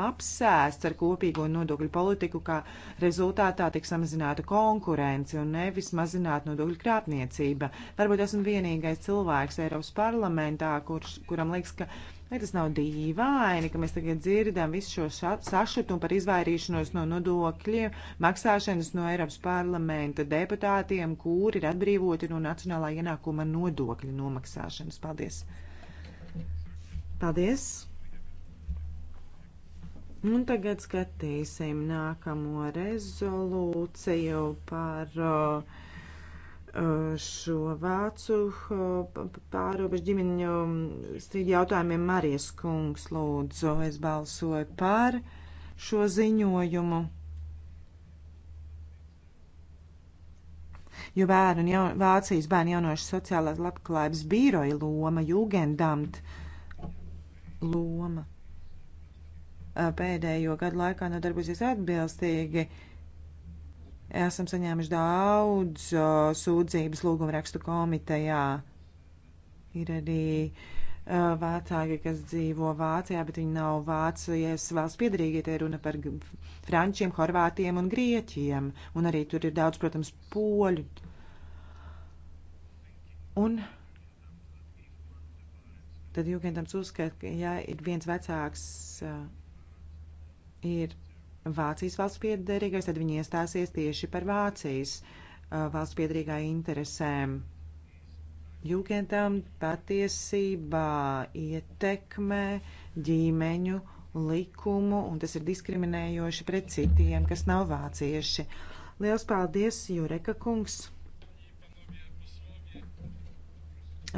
apsēsts ar kopīgo nodokļu politiku, kā rezultātā tiek samazināta konkurence un nevis mazināta nodokļu krāpniecība. Varbūt esmu vienīgais cilvēks Eiropas parlamentā, kurš, kuram liekas, ka Vai tas nav dīvaini, ka mēs tagad dzirdam visu šo sašutumu par izvairīšanos no nodokļiem, maksāšanas no Eiropas parlamenta deputātiem, kuri ir atbrīvoti no nacionālā ienākuma nodokļa nomaksāšanas? Paldies! Paldies! Un tagad skatīsim nākamo rezolūciju par uh, šo vācu pārobežu ģimeņu strīdu jautājumiem Marijas kungs lūdzu. Es balsoju par šo ziņojumu. Jo bērnu un jaun, Vācijas bērnu jaunošu sociālās labklājības bīroja loma, jūgendamt loma pēdējo gadu laikā nodarbosies atbilstīgi. Uh, Esam saņēmuši daudz sūdzības lūguma rakstu komitejā. Ir arī vecāki, kas dzīvo Vācijā, bet viņi nav Vācijas valsts piedarīgi. Te ir runa par frančiem, horvātiem un grieķiem. Un arī tur ir daudz, protams, poļu. Un tad jūgendams uzskata, ka, ja ir viens vecāks, ir Vācijas valsts piederīgais, tad viņi iestāsies tieši par Vācijas uh, valsts piederīgā interesēm. Jūgendam patiesībā ietekmē ģimeņu likumu, un tas ir diskriminējoši pret citiem, kas nav vācieši. Liels paldies, Jureka kungs!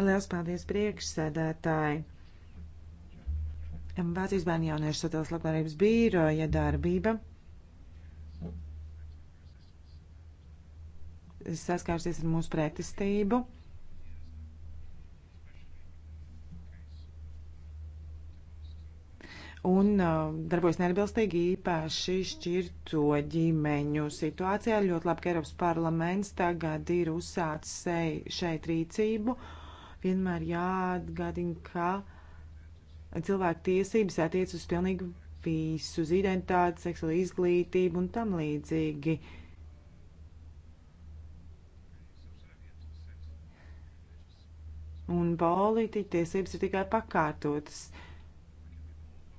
Liels paldies, priekšsēdētāji! Vācijas bērnu jauniešu sociālās labdarības bīroja darbība saskārsies ar mūsu pretestību. Un uh, darbojas neatbilstīgi īpaši šķirto ģimeņu situācijā. Ļoti labi, ka Eiropas parlaments tagad ir uzsācis šeit rīcību. Vienmēr jāatgādina, ka uh, cilvēku tiesības attiec uz pilnīgi visu, uz identitāti, seksuālu izglītību un tam līdzīgi. Un politiķa tiesības ir tikai pakārtotas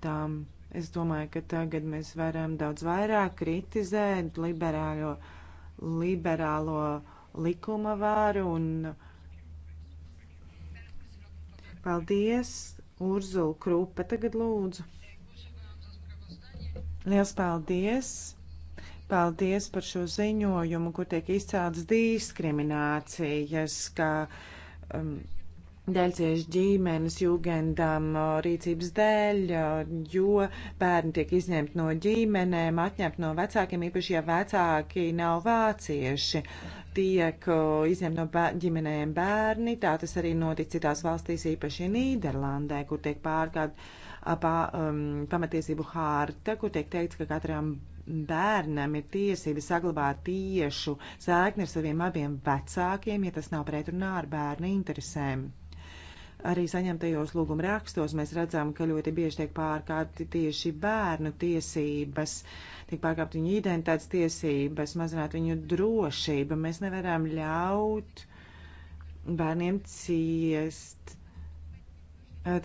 tām. Es domāju, ka tagad mēs varam daudz vairāk kritizēt liberālo, liberālo likuma varu un paldies Urzula Krupa tagad lūdzu. Liels paldies! Paldies par šo ziņojumu, kur tiek izcēlts diskriminācijas, ka um, dēļ cieši ģimenes jūgendam uh, rīcības dēļ, uh, jo bērni tiek izņemti no ģimenēm, atņemti no vecākiem, īpaši, ja vecāki nav vācieši tiek izņemt no bēr, ģimenēm bērni. Tā tas arī notic citās valstīs, īpaši Nīderlandē, kur tiek pārkāpt pa, um, pamatiesību hārta, kur tiek teikts, ka katram bērnam ir tiesības saglabāt tiešu sēkni ar saviem abiem vecākiem, ja tas nav pretrunā ar bērnu interesēm. Arī saņemtajos lūguma rakstos mēs redzam, ka ļoti bieži tiek pārkārti tieši bērnu tiesības, tiek pārkāpt viņu identitātes tiesības, mazināt viņu drošība. Mēs nevaram ļaut bērniem ciest.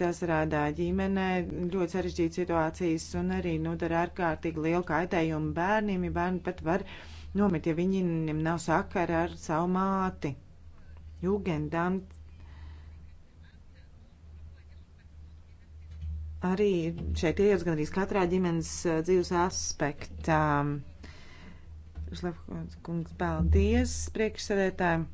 Tas rādā ģimenē ļoti sarežģītas situācijas un arī nodara nu, ārkārtīgi lielu kaitējumu bērniem, ja bērni pat var nomirt, ja viņiem nav sakara ar savu māti. Jugendamt arī šeit iejauc gan arī katrā ģimenes dzīves aspektā. Šlefkungs, kungs, paldies priekšsēdētājiem.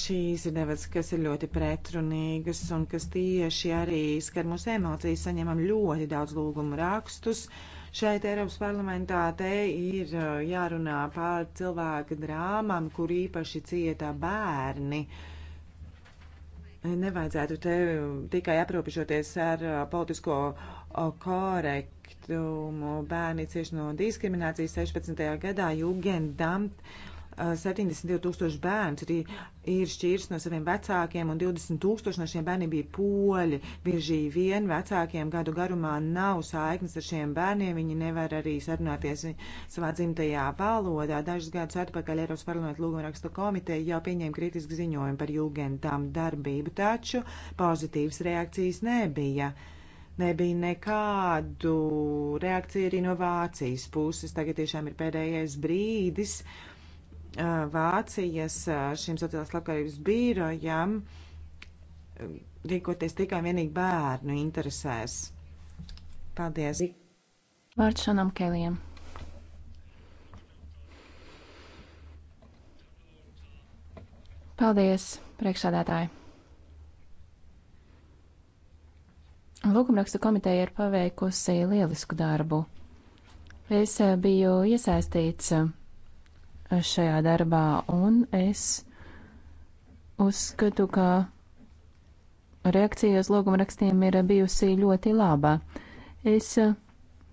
Šīs ir devas, kas ir ļoti pretrunīgas un kas tieši arī skar mūsu emocijas. Saņemam ļoti daudz lūgumu rakstus. Šeit Eiropas parlamentā te ir jārunā par cilvēku drāmām, kur īpaši cietā bērni. Uh, Nevajadzētu te tikai aprobežoties ar uh, politisko uh, korektumu. Bērni cieši no diskriminācijas 16. gadā Jugendamt 72 eh, tūkstoši bērns arī ir šķīrs no saviem vecākiem, un 20 tūkstoši no šiem bērniem bija poļi. Bieži vien vecākiem gadu garumā nav saiknes ar šiem bērniem, viņi nevar arī sarunāties savā dzimtajā valodā. Dažus gadus atpakaļ Eiropas parlamenta lūgumraksta komiteja jau pieņēma kritisku ziņojumu par jūgendām darbību, taču pozitīvas reakcijas nebija nebija nekādu reakciju arī no Vācijas puses. Tagad tiešām ir pēdējais brīdis Vācijas šim sociālās labklājības bīrojam rīkoties tikai vienīgi bērnu interesēs. Paldies! Vārds Šanam Kelijam. Paldies, priekšsādātāji! Lūgumrakstu komiteja ir paveikusi lielisku darbu. Es biju iesaistīts šajā darbā, un es uzskatu, ka reakcija uz lūguma rakstiem ir bijusi ļoti laba. Es,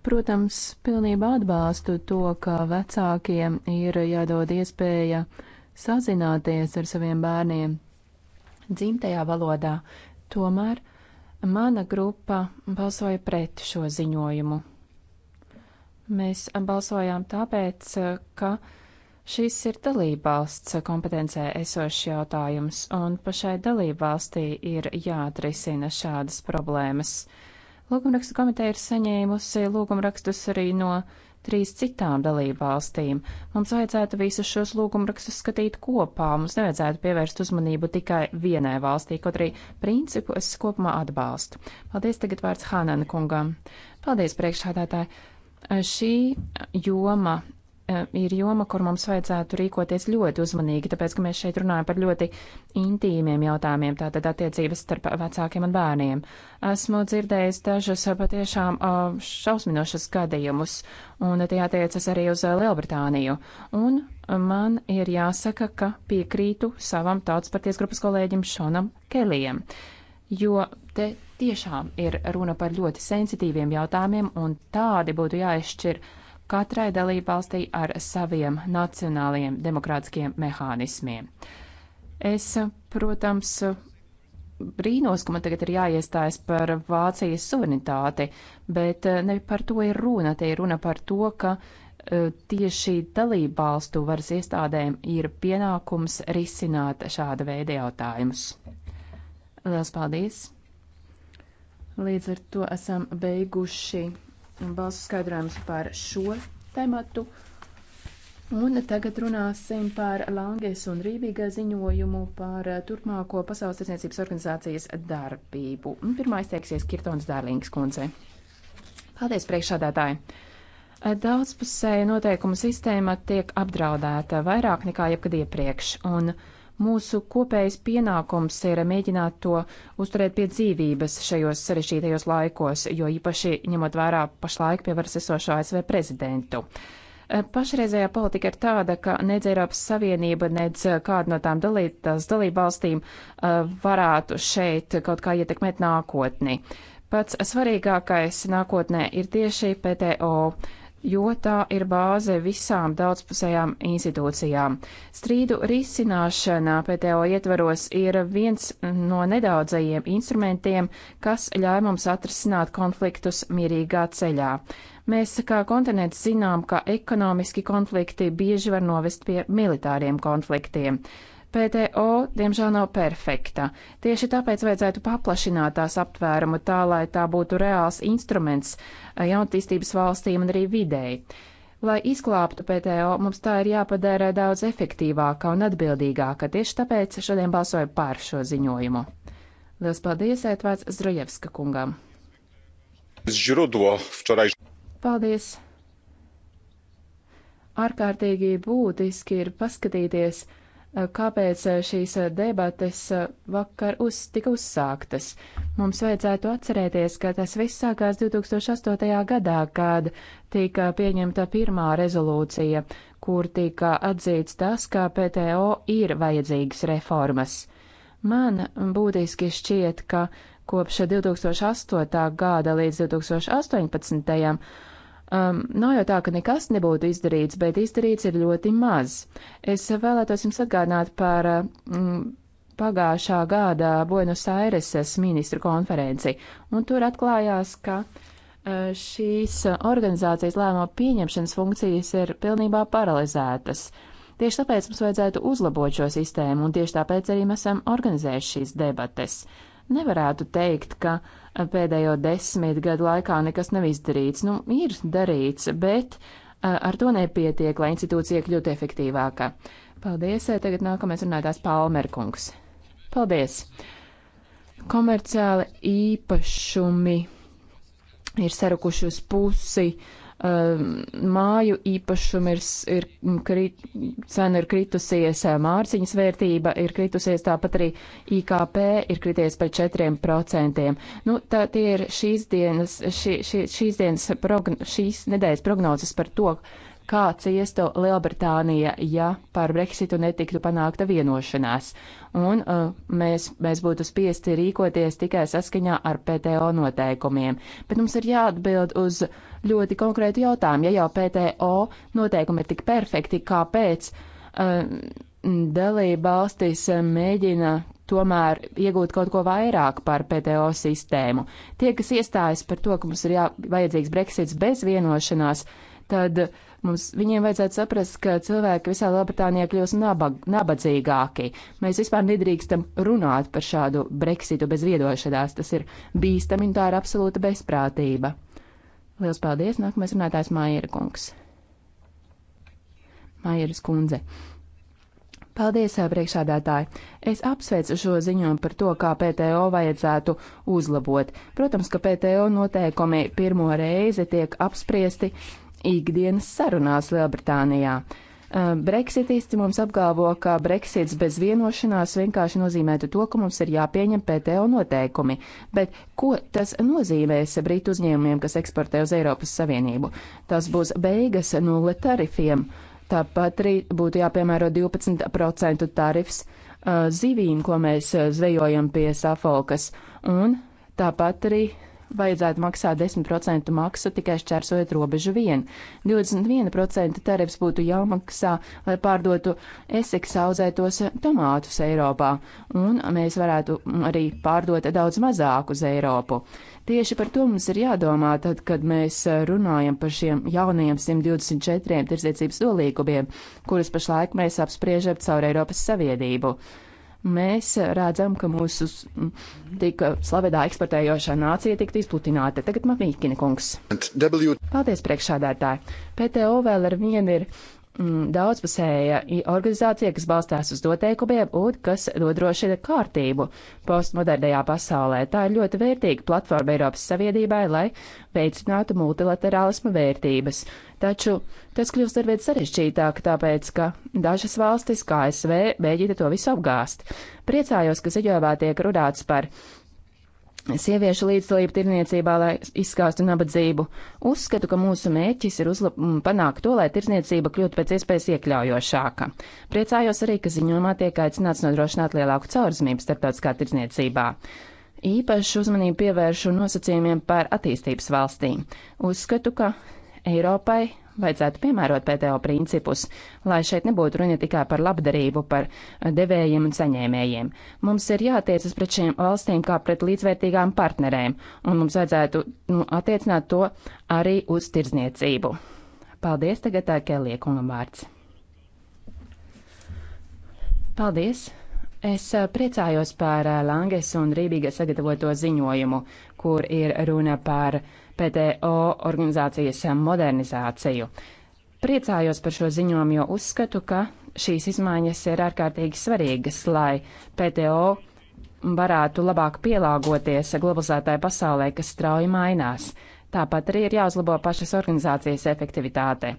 protams, pilnībā atbalstu to, ka vecākiem ir jādod iespēja sazināties ar saviem bērniem dzimtajā valodā. Tomēr mana grupa balsoja pret šo ziņojumu. Mēs balsojām tāpēc, ka uh, Šis ir dalībvalsts kompetencē esošs jautājums, un pašai dalībvalstī ir jāatrisina šādas problēmas. Lūgumrakstu komiteja ir saņēmusi lūgumrakstus arī no trīs citām dalībvalstīm. Mums vajadzētu visus šos lūgumrakstus skatīt kopā, mums nevajadzētu pievērst uzmanību tikai vienai valstī, kaut arī principu es kopumā atbalstu. Paldies tagad vārds Hānana kungam. Paldies priekšādātāji. Šī joma E, ir joma, kur mums vajadzētu rīkoties ļoti uzmanīgi, tāpēc, ka mēs šeit runājam par ļoti intīmiem jautājumiem, tātad attiecības starp vecākiem un bērniem. Esmu dzirdējis dažus patiešām e, šausminošas gadījumus, un tie attiecas arī uz e, Lielbritāniju. Un man ir jāsaka, ka piekrītu savam tautas parties grupas kolēģim Šonam Kelijam, jo te tiešām ir runa par ļoti sensitīviem jautājumiem, un tādi būtu jāizšķir katrai dalībvalstī ar saviem nacionālajiem demokrātiskiem mehānismiem. Es, protams, brīnos, ka man tagad ir jāiestājas par Vācijas suverenitāti, bet eh, ne par to ir runa. Te ir runa par to, ka eh, tieši dalībvalstu varas iestādēm ir pienākums risināt šāda veida jautājumus. Lielas paldies! Līdz ar to esam beiguši balsu skaidrojums par šo tematu. Un tagad runāsim par Langes un Rībīgā ziņojumu par eh, turpmāko Pasaules tirsniecības organizācijas darbību. Pirmā izteiksies Kirtons Dārlīngas kundze. Paldies, priekšādātāji! Eh, daudzpusēja noteikuma sistēma tiek apdraudēta vairāk nekā jebkad iepriekš, un uh, Mūsu kopējais pienākums ir mēģināt to uzturēt pie dzīvības šajos sarešķītajos laikos, jo īpaši ņemot vērā pašlaik pie varas esošo ASV prezidentu. Eh, pašreizējā politika ir tāda, ka nedz Eiropas Savienība, nedz eh, kāda no tām dalītās dalībvalstīm eh, varētu šeit kaut kā ietekmēt nākotni. Pats svarīgākais nākotnē ir tieši PTO jo tā ir bāze visām daudzpusējām institūcijām. Strīdu risināšana PTO ietvaros ir viens no nedaudzajiem instrumentiem, kas ļauj mums atrisināt konfliktus mierīgā ceļā. Mēs kā kontinents zinām, ka ekonomiski konflikti bieži var novest pie militāriem konfliktiem. PTO, diemžēl, nav perfekta. Tieši tāpēc vajadzētu paplašināt tās aptvērumu tā, lai tā būtu reāls instruments eh, jaunatīstības valstīm un arī vidēji. Lai izklāptu PTO, mums tā ir jāpadara daudz efektīvāka un atbildīgāka, tieši tāpēc šodien balsoju pār šo ziņojumu. Lielas paldies, Ētvārds Zdrojevska kungam. Paldies! Ārkārtīgi būtiski ir paskatīties, kāpēc eh, šīs eh, debates eh, vakar uz, tika uzsāktas. Mums vajadzētu atcerēties, ka tas viss sākās 2008. gadā, kad tika pieņemta pirmā rezolūcija, kur tika atzīts tas, ka PTO ir vajadzīgas reformas. Man būtiski šķiet, ka kopš 2008. gada līdz 2018 Um, nav jau tā, ka nekas nebūtu izdarīts, bet izdarīts ir ļoti maz. Es vēlētos jums atgādināt par mm, pagājušā gada Buenos Aireses ministru konferenci, un tur atklājās, ka uh, šīs organizācijas lēmumu pieņemšanas funkcijas ir pilnībā paralizētas. Tieši tāpēc mums vajadzētu uzlabot šo sistēmu, un tieši tāpēc arī mēs esam organizējuši šīs debates. Nevarētu teikt, ka uh, pēdējo desmit gadu laikā nekas nav izdarīts. Nu, ir darīts, bet ar to nepietiek, lai institūcija kļūtu efektīvāka. Paldies, tagad nākamais runātājs Palmerkungs. Paldies! Komerciāli īpašumi ir sarukuši uz pusi. Uh, Ehm, māju īpašumi ir, ir krit, cena ir kritusies, ehm, mārciņas vērtība ir kritusies, tāpat arī IKP ir krities par 4%. Nu, tā tie ir šīs dienas, šī, šī, šīs dienas, progno, šīs nedēļas prognozes par to, kā ciestu Lielbritānija, ja par Brexitu netiktu panākta vienošanās, un uh, mēs, mēs būtu spiesti rīkoties tikai saskaņā ar PTO noteikumiem. Bet mums ir jāatbild uz ļoti konkrētu jautājumu. Ja jau PTO noteikumi ir tik perfekti, kāpēc uh, dalība valstis mēģina tomēr iegūt kaut ko vairāk par PTO sistēmu. Tie, kas iestājas par to, ka mums ir jā, vajadzīgs Brexits bez vienošanās, tad uh, Mums, viņiem vajadzētu saprast, ka cilvēki visā Lielbritānijā kļūs nabag, nabadzīgāki. Mēs vispār nedrīkstam runāt par šādu Brexitu bez viedošanās. Tas ir bīstami un tā ir absolūta bezprātība. Lielas paldies! Nākamais runātājs Mājera kungs. Mājeras kundze. Paldies, priekšādātāji! Es apsveicu šo ziņojumu par to, kā PTO vajadzētu uzlabot. Protams, ka PTO noteikumi pirmo reizi tiek apspriesti ikdienas sarunās Lielbritānijā. Uh, Brexitisti mums apgalvo, ka Brexits bez vienošanās vienkārši nozīmētu to, ka mums ir jāpieņem PTO noteikumi. Bet ko tas nozīmēs Britu uzņēmumiem, kas eksportē uz Eiropas Savienību? Tas būs beigas nulle tarifiem. Tāpat arī būtu jāpiemēro 12% tarifs uh, zivīm, ko mēs uh, zvejojam pie Safolkas. Un tāpat arī vajadzētu maksāt 10% maksu tikai šķērsojot robežu vien. 21% tarifs būtu jāmaksā, lai pārdotu Essex auzētos tomātus Eiropā, un mēs varētu arī pārdot daudz mazāk uz Eiropu. Tieši par to mums ir jādomā, tad, kad mēs runājam par šiem jaunajiem 124 tirdzniecības dolīgumiem, kurus pašlaik mēs apspriežam caur Eiropas Savienību mēs redzam, ka mūsu tik slavedā eksportējošā nācija tikt izplutināta. Tagad man Mīkina kungs. W. Paldies, priekšādātāji. PTO vēl ar vienu ir Mm, daudzpusēja organizācija, kas balstās uz noteikumiem un kas nodrošina kārtību postmodernajā pasaulē. Tā ir ļoti vērtīga platforma Eiropas Savienībai, lai veicinātu multilaterālismu vērtības. Taču tas kļūst arvien sarežģītāk, tāpēc, ka dažas valstis, kā ASV, mēģina to visu apgāst. Priecājos, ka ziņojumā tiek runāts par sieviešu līdzdalību tirniecībā, lai izskaustu nabadzību. Uzskatu, ka mūsu mērķis ir uzlab, panākt to, lai tirniecība kļūtu pēc iespējas iekļaujošāka. Priecājos arī, ka ziņojumā tiek aicināts nodrošināt lielāku caurzmību starptautiskā tirniecībā. Īpašu uzmanību pievēršu nosacījumiem par attīstības valstīm. Uzskatu, ka Eiropai vajadzētu piemērot PTO principus, lai šeit nebūtu runa tikai par labdarību, par devējiem un saņēmējiem. Mums ir jātiecas pret šīm valstīm kā pret līdzvērtīgām partnerēm, un mums vajadzētu nu, attiecināt to arī uz tirdzniecību. Paldies tagad Kellie kungam vārds. Paldies! Es eh, priecājos par eh, Langes un Rībīga sagatavoto ziņojumu, kur ir runa par uh, PTO organizācijas modernizāciju. Priecājos par šo ziņojumu, jo uzskatu, ka šīs izmaiņas ir ārkārtīgi svarīgas, lai PTO varētu labāk pielāgoties globalizētāju pasaulē, kas strauji mainās. Tāpat arī ir jāuzlabo pašas organizācijas efektivitāte.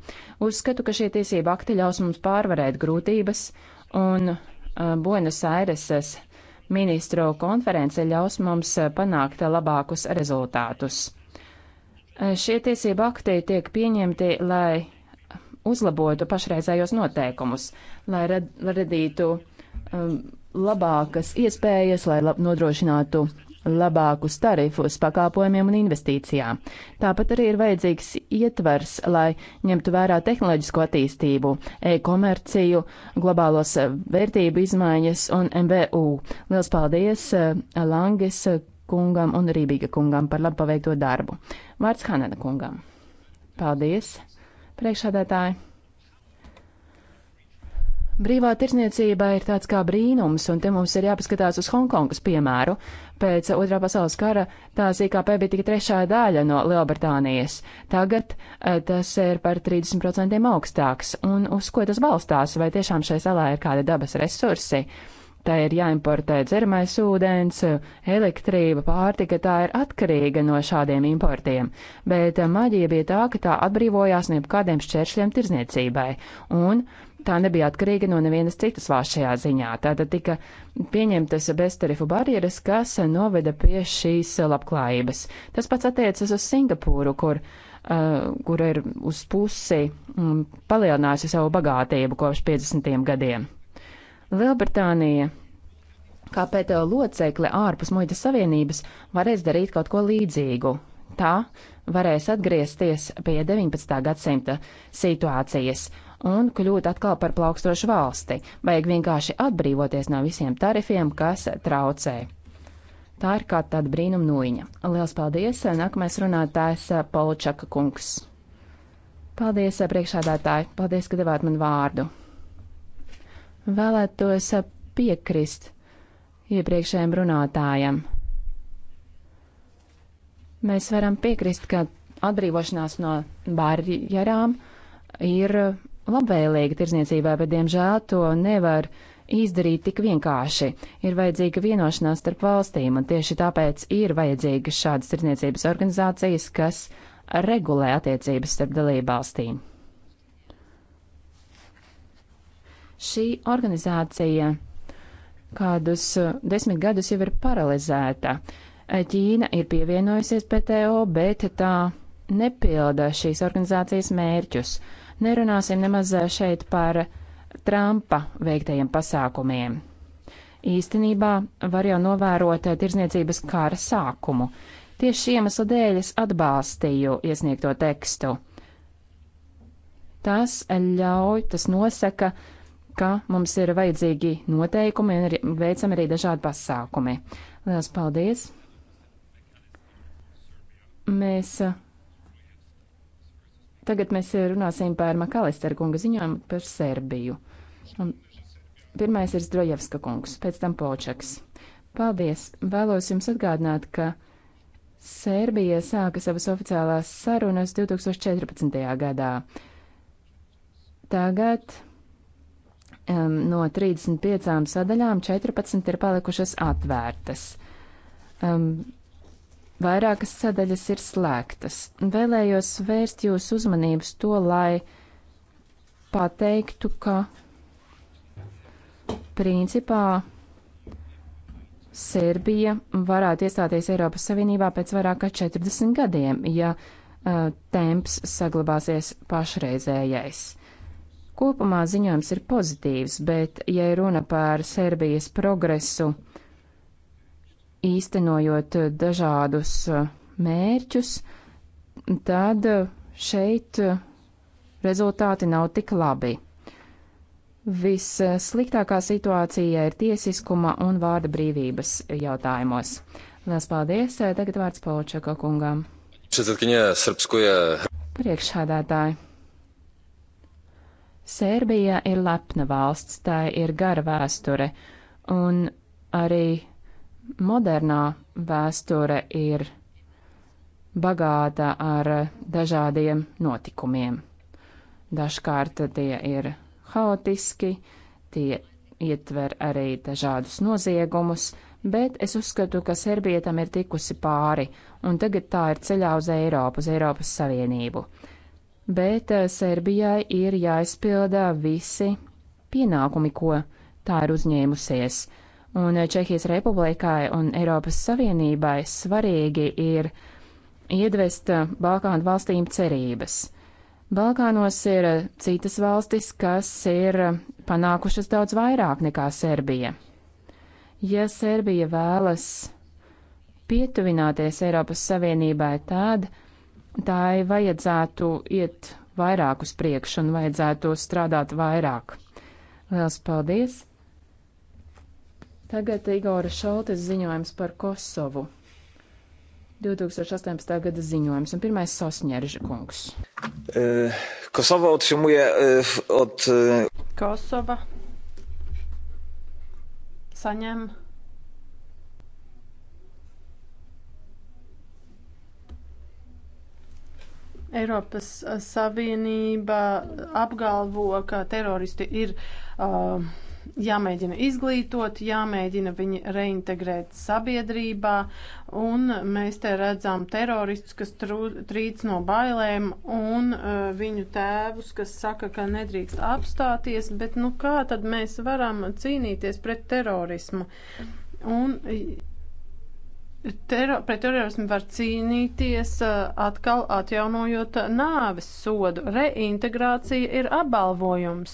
Uzskatu, ka šie tiesība akti ļaus mums pārvarēt grūtības, un uh, Buenos Aireses ministru konference ļaus mums uh, panākt labākus rezultātus. Eh, šie tiesība akti tiek pieņemti, lai uzlabotu pašreizējos noteikumus, lai radītu um, labākas iespējas, lai lab nodrošinātu labākus tarifus pakāpojumiem un investīcijām. Tāpat arī ir vajadzīgs ietvers, lai ņemtu vērā tehnoloģisko attīstību, e-komerciju, globālos eh, vērtību izmaiņas un MVU. Liels paldies Langis kungam un Rībīga kungam par labu paveikto darbu. Vārds Hanena kungam. Paldies, priekšādētāji! Brīvā tirsniecība ir tāds kā brīnums, un te mums ir jāpaskatās uz Hongkongas piemēru. Pēc otrā pasaules kara tās IKP bija tikai trešā daļa no Lielbritānijas. Tagad eh, tas ir par 30% augstāks, un uz ko tas balstās? Vai tiešām šai salā ir kādi dabas resursi? Uh, Tā ir jāimportē dzeramais ūdens, elektrība, pārtika, tā ir atkarīga no šādiem importiem. Bet maģija bija tā, ka tā atbrīvojās no kādiem šķēršļiem tirzniecībai, un tā nebija atkarīga no nevienas citas valsts šajā ziņā. Tātad tika pieņemtas beztarifu barjeras, kas noveda pie šīs labklājības. Tas pats attiecas uz Singapūru, kur uh, kur ir uz pusi um, palielinājusi savu bagātību kopš 50. gadiem. Lielbritānija, kā PTO locekle ārpus muitas savienības, varēs darīt kaut ko līdzīgu. Tā varēs atgriezties pie 19. gadsimta situācijas un kļūt atkal par plaukstošu valsti. Vajag vienkārši atbrīvoties no visiem tarifiem, kas traucē. Tā ir kā tāda brīnuma nūjiņa. Lielas paldies! Nākamais runātājs eh, Polčaka kungs. Paldies, eh, priekšādātāji! Paldies, ka devāt man vārdu! Vēlētos piekrist iepriekšējiem runātājam. Mēs varam piekrist, ka atbrīvošanās no barjerām ir labvēlīga tirdzniecībā, bet, diemžēl, to nevar izdarīt tik vienkārši. Ir vajadzīga vienošanās starp valstīm, un tieši tāpēc ir vajadzīgas šādas tirdzniecības organizācijas, kas regulē attiecības starp dalībvalstīm. Šī organizācija kādus uh, desmit gadus jau ir paralizēta. Eh, Ķīna ir pievienojusies PTO, bet tā nepilda šīs organizācijas mērķus. Nerunāsim nemaz eh, šeit par Trumpa veiktajiem pasākumiem. Īstenībā var jau novērot eh, tirzniecības kara sākumu. Tieši šī iemesla dēļ es atbalstīju iesniegto tekstu. Tas ļauj, tas nosaka ka mums ir vajadzīgi noteikumi un arī, veicam arī dažādi pasākumi. Lielas paldies! Mēs tagad mēs runāsim par Makalisteru kunga ziņojumu par Serbiju. Un pirmais ir Zdrojevska kungs, pēc tam Polčaks. Paldies! Vēlos jums atgādināt, ka Serbija sāka savas oficiālās sarunas 2014. gadā. Tagad um, no 35 sadaļām 14 ir palikušas atvērtas. Um, Vairākas sadaļas ir slēgtas. Vēlējos vērst jūsu uzmanības to, lai pateiktu, ka principā Serbija varētu iestāties Eiropas Savienībā pēc vairāk kā 40 gadiem, ja uh, temps saglabāsies pašreizējais. Uh, Kopumā ziņojums ir pozitīvs, bet, ja runa par Serbijas progresu, īstenojot dažādus uh, mērķus, tad uh, šeit uh, rezultāti nav tik labi. Vissliktākā situācija ir tiesiskuma un vārda brīvības jautājumos. Lielas paldies! Tagad vārds Paučaka kungam. Priekšsēdētāji! Sērbija ir lepna valsts, tā ir gara vēsture, un arī modernā vēsture ir bagāta ar dažādiem notikumiem. Dažkārt tie ir haotiski, tie ietver arī dažādus noziegumus, bet es uzskatu, ka Serbija tam ir tikusi pāri, un tagad tā ir ceļā uz Eiropu, uz Eiropas Savienību bet eh, Serbijai ir jāizpildā visi pienākumi, ko tā ir uzņēmusies. Un eh, Čehijas Republikai un Eiropas Savienībai svarīgi ir iedvest eh, Balkānu valstīm cerības. Balkānos ir citas valstis, kas ir panākušas daudz vairāk nekā Serbija. Ja Serbija vēlas pietuvināties Eiropas Savienībai, tad tai vajadzētu iet vairāk uz priekšu un vajadzētu strādāt vairāk. Lielas paldies! Tagad Igora Šoltes ziņojums par Kosovu. 2018. gada ziņojums un pirmais Sosņērži kungs. E, Kosova otrzymuje e, od... E, Kosova saņem Eiropas Savienība apgalvo, ka teroristi ir uh, jāmēģina izglītot, jāmēģina viņi reintegrēt sabiedrībā, un mēs te redzam teroristus, kas trū, trīc no bailēm, un uh, viņu tēvus, kas saka, ka nedrīkst apstāties, bet nu kā tad mēs varam cīnīties pret terorismu? Un, Tero, pret terorismu var cīnīties eh, atkal atjaunojot nāves sodu. Reintegrācija ir apbalvojums.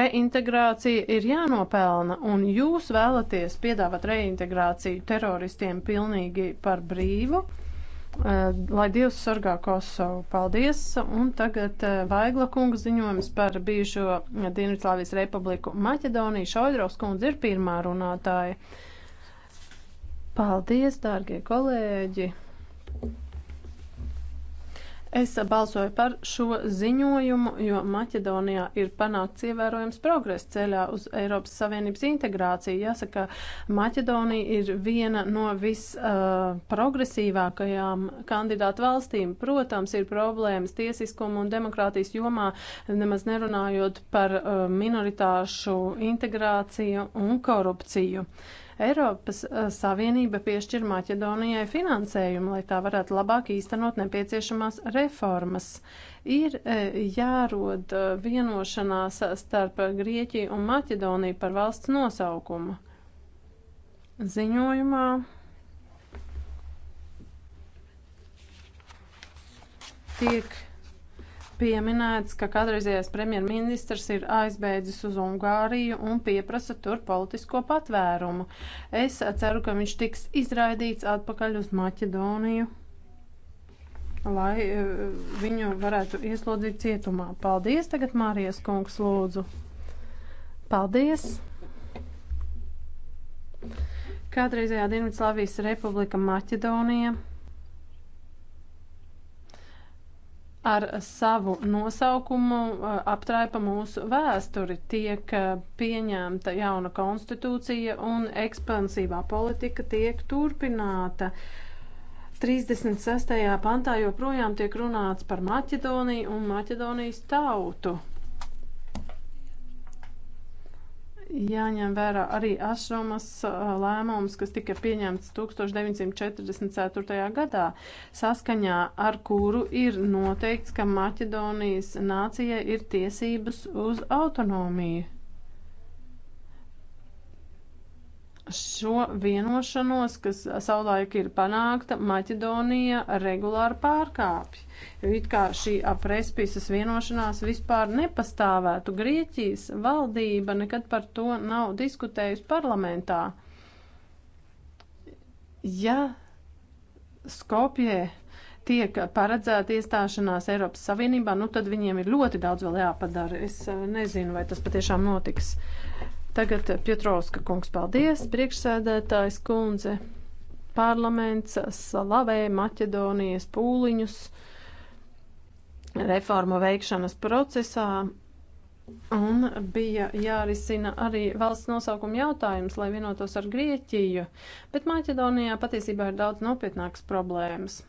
Reintegrācija ir jānopelna, un jūs vēlaties piedāvāt reintegrāciju teroristiem pilnīgi par brīvu, eh, lai Dievs sargā Kosovu. Paldies! Un tagad eh, Vaigla kunga ziņojums par bijušo Dienvidslāvijas republiku Maķedoniju. Šaudros kundze ir pirmā runātāja. Paldies, dārgie kolēģi! Es balsoju par šo ziņojumu, jo Maķedonijā ir panākts ievērojams progress ceļā uz Eiropas Savienības integrāciju. Jāsaka, Maķedonija ir viena no visprogresīvākajām uh, kandidātu valstīm. Protams, ir problēmas tiesiskuma un demokrātijas jomā, nemaz nerunājot par uh, minoritāšu integrāciju un korupciju. Uh, Eiropas eh, Savienība piešķir Maķedonijai finansējumu, lai tā varētu labāk īstenot nepieciešamās reformas. Ir eh, jārod eh, vienošanās starp Grieķiju un Maķedoniju par valsts nosaukumu. Ziņojumā tiek pieminēts, ka kādreizējais premjerministrs ir aizbēdzis uz Ungāriju un pieprasa tur politisko patvērumu. Es ceru, ka viņš tiks izraidīts atpakaļ uz Maķedoniju, lai e, viņu varētu ieslodzīt cietumā. Paldies, tagad Mārijas kungs lūdzu. Paldies! Kādreizējā Dienvidslāvijas republika Maķedonija ar savu nosaukumu aptraipa mūsu vēsturi. Tiek pieņemta jauna konstitūcija un ekspansīvā politika tiek turpināta. 36. pantā joprojām tiek runāts par Maķedoniju un Maķedonijas tautu. jāņem vērā arī Ašromas uh, lēmums, kas tika pieņemts 1944. gadā, saskaņā ar kuru ir noteikts, ka Maķedonijas nācijai ir tiesības uz autonomiju. Šo vienošanos, kas savulaik ir panākta, Maķedonija regulāri pārkāpj. It kā šī aprespīsas vienošanās vispār nepastāvētu. Grieķijas valdība nekad par to nav diskutējusi parlamentā. Ja Skopjē tiek paredzēta iestāšanās Eiropas Savienībā, nu tad viņiem ir ļoti daudz vēl jāpadara. Es eh, nezinu, vai tas patiešām notiks. Tagad Pietrovska kungs, paldies, priekšsēdētājs kundze. Parlaments slavē Maķedonijas pūliņus reformu veikšanas procesā Un bija jārisina arī valsts nosaukuma jautājums, lai vienotos ar Grieķiju, bet Maķedonijā patiesībā ir daudz nopietnākas problēmas.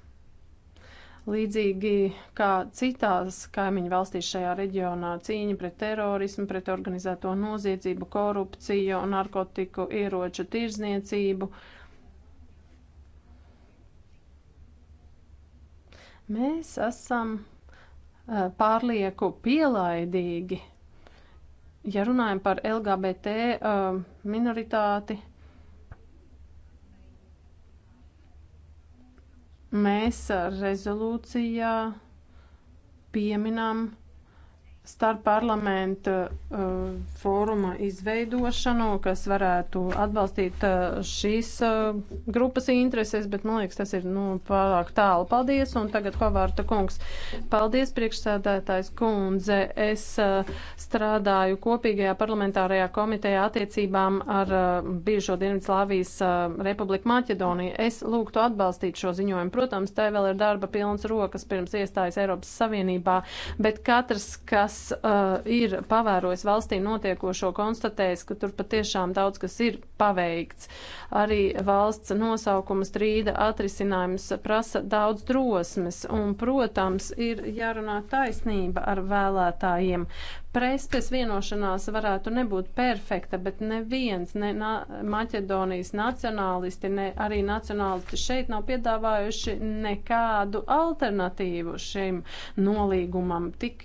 Līdzīgi kā citās kaimiņu valstīs šajā reģionā cīņa pret terorismu, pret organizēto noziedzību, korupciju, narkotiku, ieroču tirzniecību. Mēs esam eh, pārlieku pielaidīgi, ja runājam par LGBT eh, minoritāti Mēs rezolūcijā pieminam starp parlamenta uh, fóruma izveidošanu, kas varētu atbalstīt uh, šīs uh, grupas intereses, bet man liekas, tas ir nu, pārāk tālu. Paldies, un tagad Kovārta kungs. Paldies, priekšsēdētājs kundze. Es uh, strādāju kopīgajā parlamentārajā komitejā attiecībām ar uh, bijušo Dienvidslāvijas uh, Republiku Maķedoniju. Es lūgtu atbalstīt šo ziņojumu. Protams, tai vēl ir darba pilns rokas pirms iestājas Eiropas Savienībā, bet katrs, kas kas uh, ir pavērojis valstī notiekošo, konstatējis, ka tur patiešām daudz kas ir paveikts. Arī valsts nosaukuma strīda atrisinājums prasa daudz drosmes, un, protams, ir jārunā taisnība ar vēlētājiem. Prestes vienošanās varētu nebūt perfekta, bet neviens, ne na Maķedonijas nacionālisti, ne arī nacionālisti šeit nav piedāvājuši nekādu alternatīvu šim nolīgumam. Tik,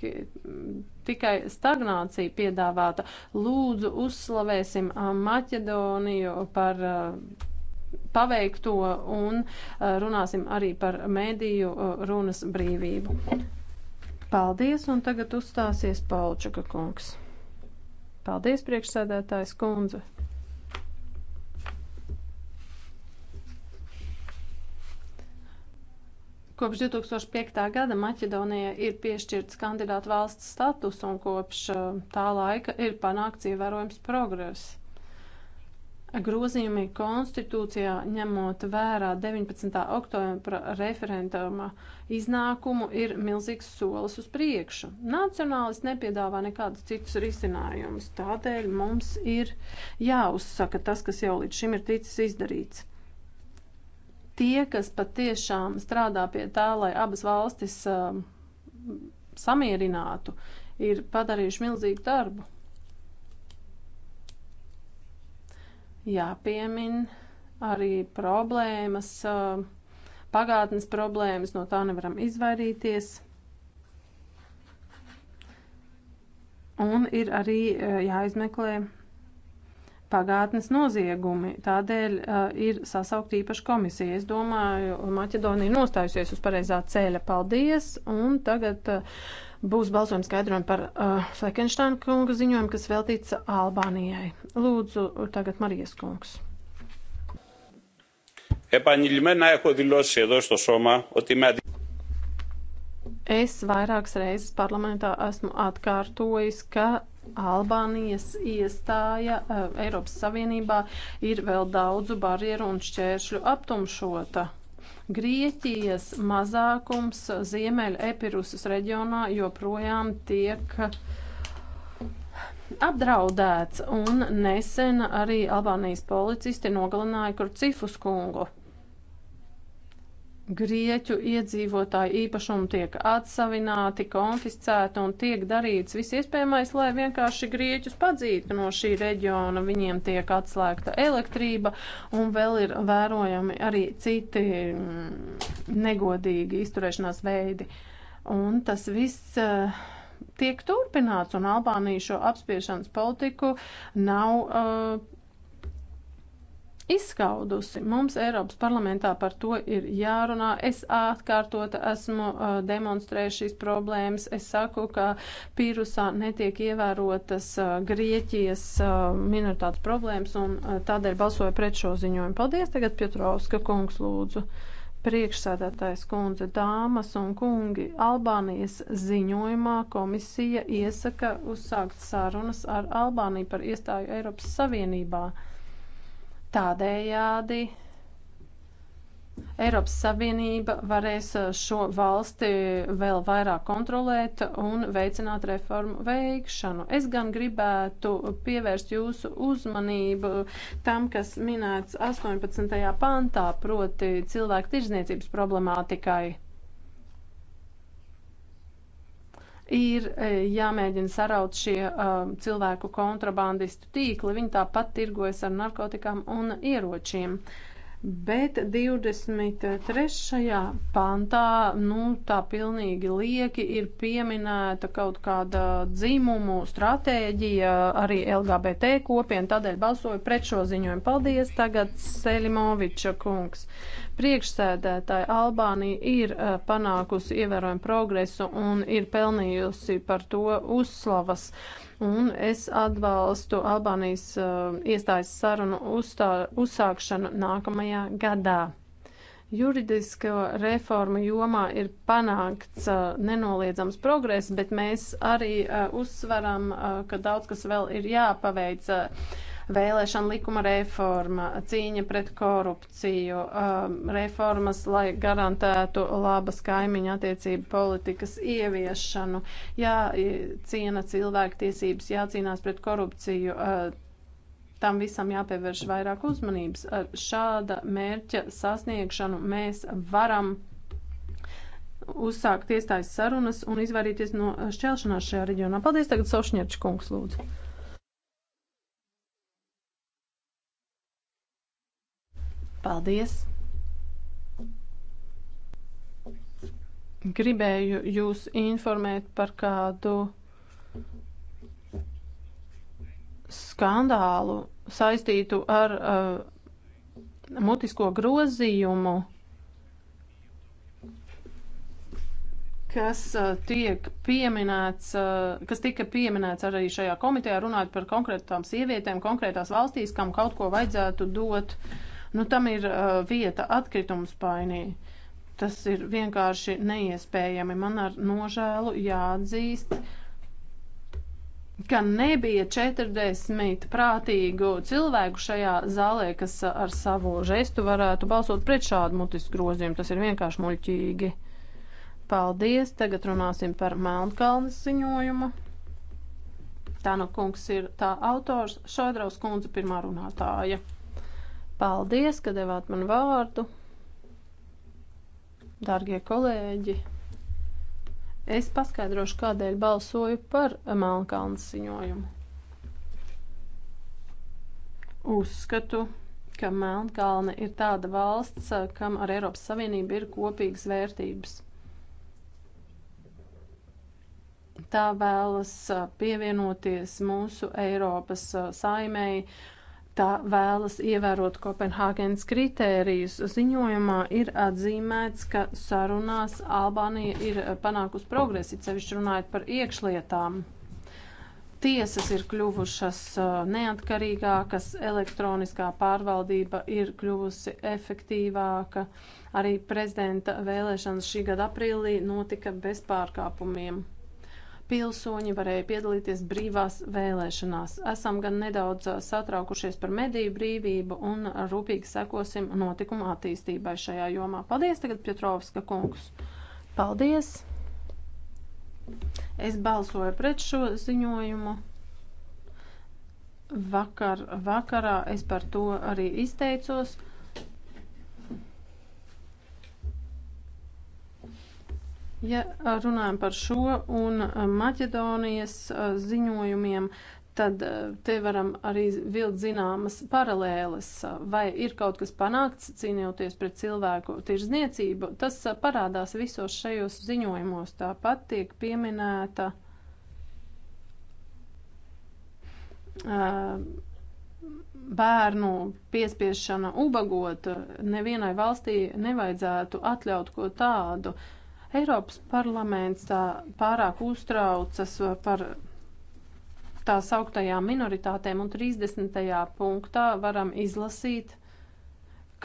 tikai stagnācija piedāvāta. Lūdzu, uzslavēsim Maķedoniju par paveikto un runāsim arī par mēdīju runas brīvību. Paldies, un tagad uzstāsies Paučaka kungs. Paldies, priekšsēdētājs kundze. Kopš 2005. gada Maķedonija ir piešķirts kandidātu valsts status un kopš tā laika ir panākts ievērojams progress grozījumi konstitūcijā, ņemot vērā 19. oktobra referenduma iznākumu, ir milzīgs solis uz priekšu. Nacionālis nepiedāvā nekādus citus risinājumus, tādēļ mums ir jāuzsaka tas, kas jau līdz šim ir ticis izdarīts. Tie, kas patiešām strādā pie tā, lai abas valstis uh, samierinātu, ir padarījuši milzīgu darbu. jāpiemin arī problēmas, uh, pagātnes problēmas, no tā nevaram izvairīties. Un ir arī uh, jāizmeklē pagātnes noziegumi. Tādēļ uh, ir sasaukt īpaši komisija. Es domāju, Maķedonija nostājusies uz pareizā ceļa. Paldies! Un tagad uh, būs balsojums skaidrojumi par uh, Fleckensteina kunga ziņojumu, kas veltīts Albānijai. Lūdzu, tagad Marijas kungs. Es vairākas reizes parlamentā esmu atkārtojis, ka Albānijas iestāja uh, Eiropas Savienībā ir vēl daudzu barjeru un šķēršļu aptumšota. Grieķijas mazākums Ziemeļa Epirusas reģionā joprojām tiek apdraudēts, un nesen arī Albānijas policisti nogalināja Kurcifus kungu. Grieķu iedzīvotāju īpašumi tiek atsavināti, konfiscēti un tiek darīts viss iespējamais, lai vienkārši Grieķus padzītu no šī reģiona. Viņiem tiek atslēgta elektrība un vēl ir vērojami arī citi mm, negodīgi izturēšanās veidi. Un tas viss. Uh, tiek turpināts, un Albānija šo apspiešanas politiku nav uh, izskaudusi. Mums Eiropas parlamentā par to ir jārunā. Es atkārtota esmu uh, demonstrējis šīs problēmas. Es saku, ka pīrusā netiek ievērotas uh, Grieķijas uh, minoritātes problēmas un uh, tādēļ balsoju pret šo ziņojumu. Paldies tagad Pietrovska kungs lūdzu. Priekšsēdētājs kundze, dāmas un kungi, Albānijas ziņojumā komisija iesaka uzsākt sarunas ar Albāniju par iestāju Eiropas Savienībā. Uh, Tādējādi Eiropas Savienība varēs šo valsti vēl vairāk kontrolēt un veicināt reformu veikšanu. Es gan gribētu pievērst jūsu uzmanību tam, kas minēts 18. pantā, proti cilvēku tirzniecības problemātikai. ir e, jāmēģina saraut šie uh, cilvēku kontrabandistu tīkli. Viņi tāpat tirgojas ar narkotikām un ieročiem. Bet 23. pantā, nu, tā pilnīgi lieki ir pieminēta kaut kāda dzimumu stratēģija, arī LGBT kopiena, tādēļ balsoju pret šo ziņojumu. Paldies, tagad Selimoviča kungs priekšsēdētāji, Albānija ir uh, panākusi ievērojumu progresu un ir pelnījusi par to uzslavas. Un es atbalstu Albānijas uh, iestājas sarunu uzstā, uzsākšanu nākamajā gadā. Juridisko reformu jomā ir panākts uh, nenoliedzams progress, bet mēs arī uh, uzsveram, uh, ka daudz kas vēl ir jāpaveic. Uh, vēlēšana likuma reforma, cīņa pret korupciju, um, reformas, lai garantētu labas kaimiņa attiecību politikas ieviešanu, jāciena cilvēktiesības, jācīnās pret korupciju. Uh, tam visam jāpievērš vairāk uzmanības. Ar šāda mērķa sasniegšanu mēs varam uzsākt iestājas sarunas un izvairīties no šķelšanās šajā reģionā. Paldies tagad Sošņērča kungs lūdzu. Paldies! Gribēju jūs informēt par kādu skandālu saistītu ar uh, mutisko grozījumu, kas uh, tiek pieminēts, uh, kas tika pieminēts arī šajā komitejā, runājot par konkrētām sievietēm konkrētās valstīs, kam kaut ko vajadzētu dot uh, Nu, tam ir uh, vieta atkritumu spainī. Tas ir vienkārši neiespējami. Man ar nožēlu jāatzīst, ka nebija 40 prātīgu cilvēku šajā zālē, kas uh, ar savu žestu varētu balsot pret šādu mutisku grozījumu. Tas ir vienkārši muļķīgi. Paldies! Tagad runāsim par Melnkalnes ziņojumu. Tā nu kungs ir tā autors, Šoidraus kundze pirmā runātāja. Paldies, ka devāt man vārdu. Dārgie kolēģi, es paskaidrošu, kādēļ balsoju par Melnkalnas ziņojumu. Uzskatu, ka Melnkalne ir tāda valsts, kam ar Eiropas Savienību ir kopīgas vērtības. Tā vēlas pievienoties mūsu Eiropas saimēji tā vēlas ievērot Kopenhāgenes kritērijus. Ziņojumā ir atzīmēts, ka sarunās Albānija ir panākusi progresi, sevišķi runājot par iekšlietām. Tiesas ir kļuvušas uh, neatkarīgākas, elektroniskā pārvaldība ir kļuvusi efektīvāka, arī prezidenta vēlēšanas šī gada aprīlī notika bez pārkāpumiem pilsoņi varēja piedalīties brīvās vēlēšanās. Esam gan nedaudz satraukušies par mediju brīvību un rūpīgi sekosim notikuma attīstībai šajā jomā. Paldies tagad, Pietrovska kungs! Paldies! Es balsoju pret šo ziņojumu. Vakar, vakarā es par to arī izteicos. Ja runājam par šo un Maķedonijas ziņojumiem, tad te varam arī vilkt zināmas paralēles. Vai ir kaut kas panākts cīnījoties pret cilvēku tirzniecību? Tas parādās visos šajos ziņojumos. Tāpat tiek pieminēta. Uh, bērnu piespiešana ubagot, nevienai valstī nevajadzētu atļaut ko tādu. Uh, Eiropas parlaments pārāk uztraucas uh, par tā sauktajām minoritātēm, un 30. punktā varam izlasīt,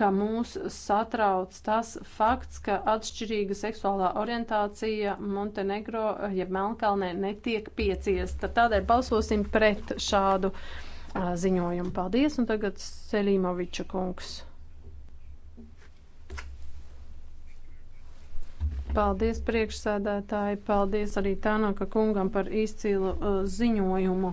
ka mūs satrauc tas fakts, ka atšķirīga seksuālā orientācija Montenegro uh, jeb ja Melnkalnē netiek pieciesta. Tādēļ balsosim pret šādu a, uh, ziņojumu. Paldies, un tagad Selīmoviča kungs. Paldies priekšsēdētāji, paldies arī Tānaka kungam par izcilu uh, ziņojumu.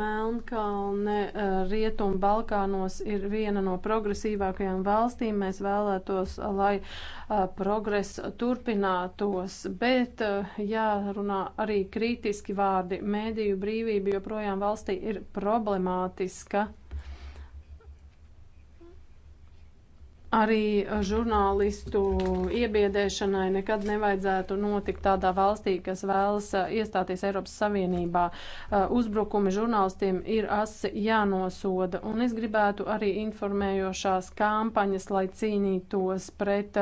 Melnkalne uh, Rietumu Balkānos ir viena no progresīvākajām valstīm. Mēs vēlētos, uh, lai uh, progress turpinātos, bet uh, jārunā arī kritiski vārdi. Mēdīju brīvība joprojām valstī ir problemātiska. Arī eh, žurnālistu iebiedēšanai nekad nevajadzētu notikt tādā valstī, kas vēlas eh, iestāties Eiropas Savienībā. Eh, uzbrukumi žurnālistiem ir asi jānosoda, un es gribētu arī informējošās kampaņas, lai cīnītos pret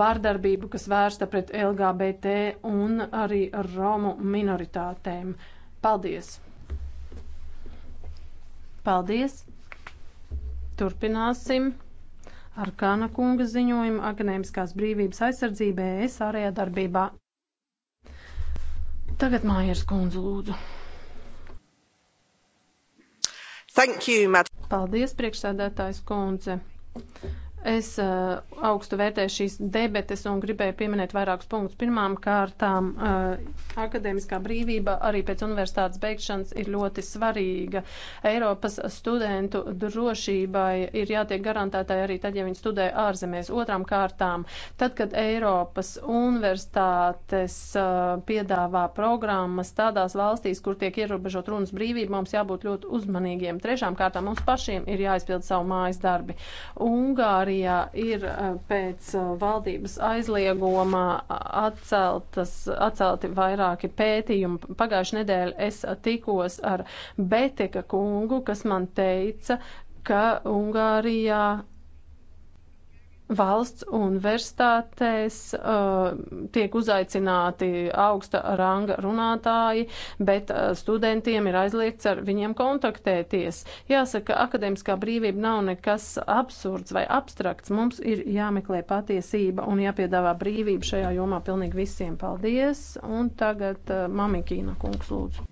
vārdarbību, kas vērsta pret LGBT un arī Romu minoritātēm. Paldies! Paldies! Turpināsim! ar Kāna kunga ziņojumu akadēmiskās brīvības aizsardzībā ES ārējā darbībā. Tagad Mājers kundze lūdzu. Thank you, madam. Paldies, priekšsēdētājs kundze. Es uh, augstu vērtēju šīs debetes un gribēju pieminēt vairākus punktus. Pirmām kārtām, uh, akadēmiskā brīvība arī pēc universitātes beigšanas ir ļoti svarīga. Eiropas studentu drošībai ir jātiek garantētai arī tad, ja viņi studē ārzemēs. Otrām kārtām, tad, kad Eiropas universitātes uh, piedāvā programmas tādās valstīs, kur tiek ierobežot runas brīvība, mums jābūt ļoti uzmanīgiem. Trešām kārtām, mums pašiem ir jāizpild savu mājas darbi. Ungāri Itālijā ir eh, pēc eh, valdības aizliegumā atceltas, atcelti vairāki pētījumi. Pagājušajā nedēļā es tikos ar Beteka kungu, kas man teica, ka Ungārijā valsts universitātēs uh, tiek uzaicināti augsta ranga runātāji, bet uh, studentiem ir aizliegts ar viņiem kontaktēties. Jāsaka, akadēmiskā brīvība nav nekas absurds vai abstrakts. Mums ir jāmeklē patiesība un jāpiedāvā brīvība šajā jomā pilnīgi visiem. Paldies! Un tagad uh, Mamikīna kungs lūdzu.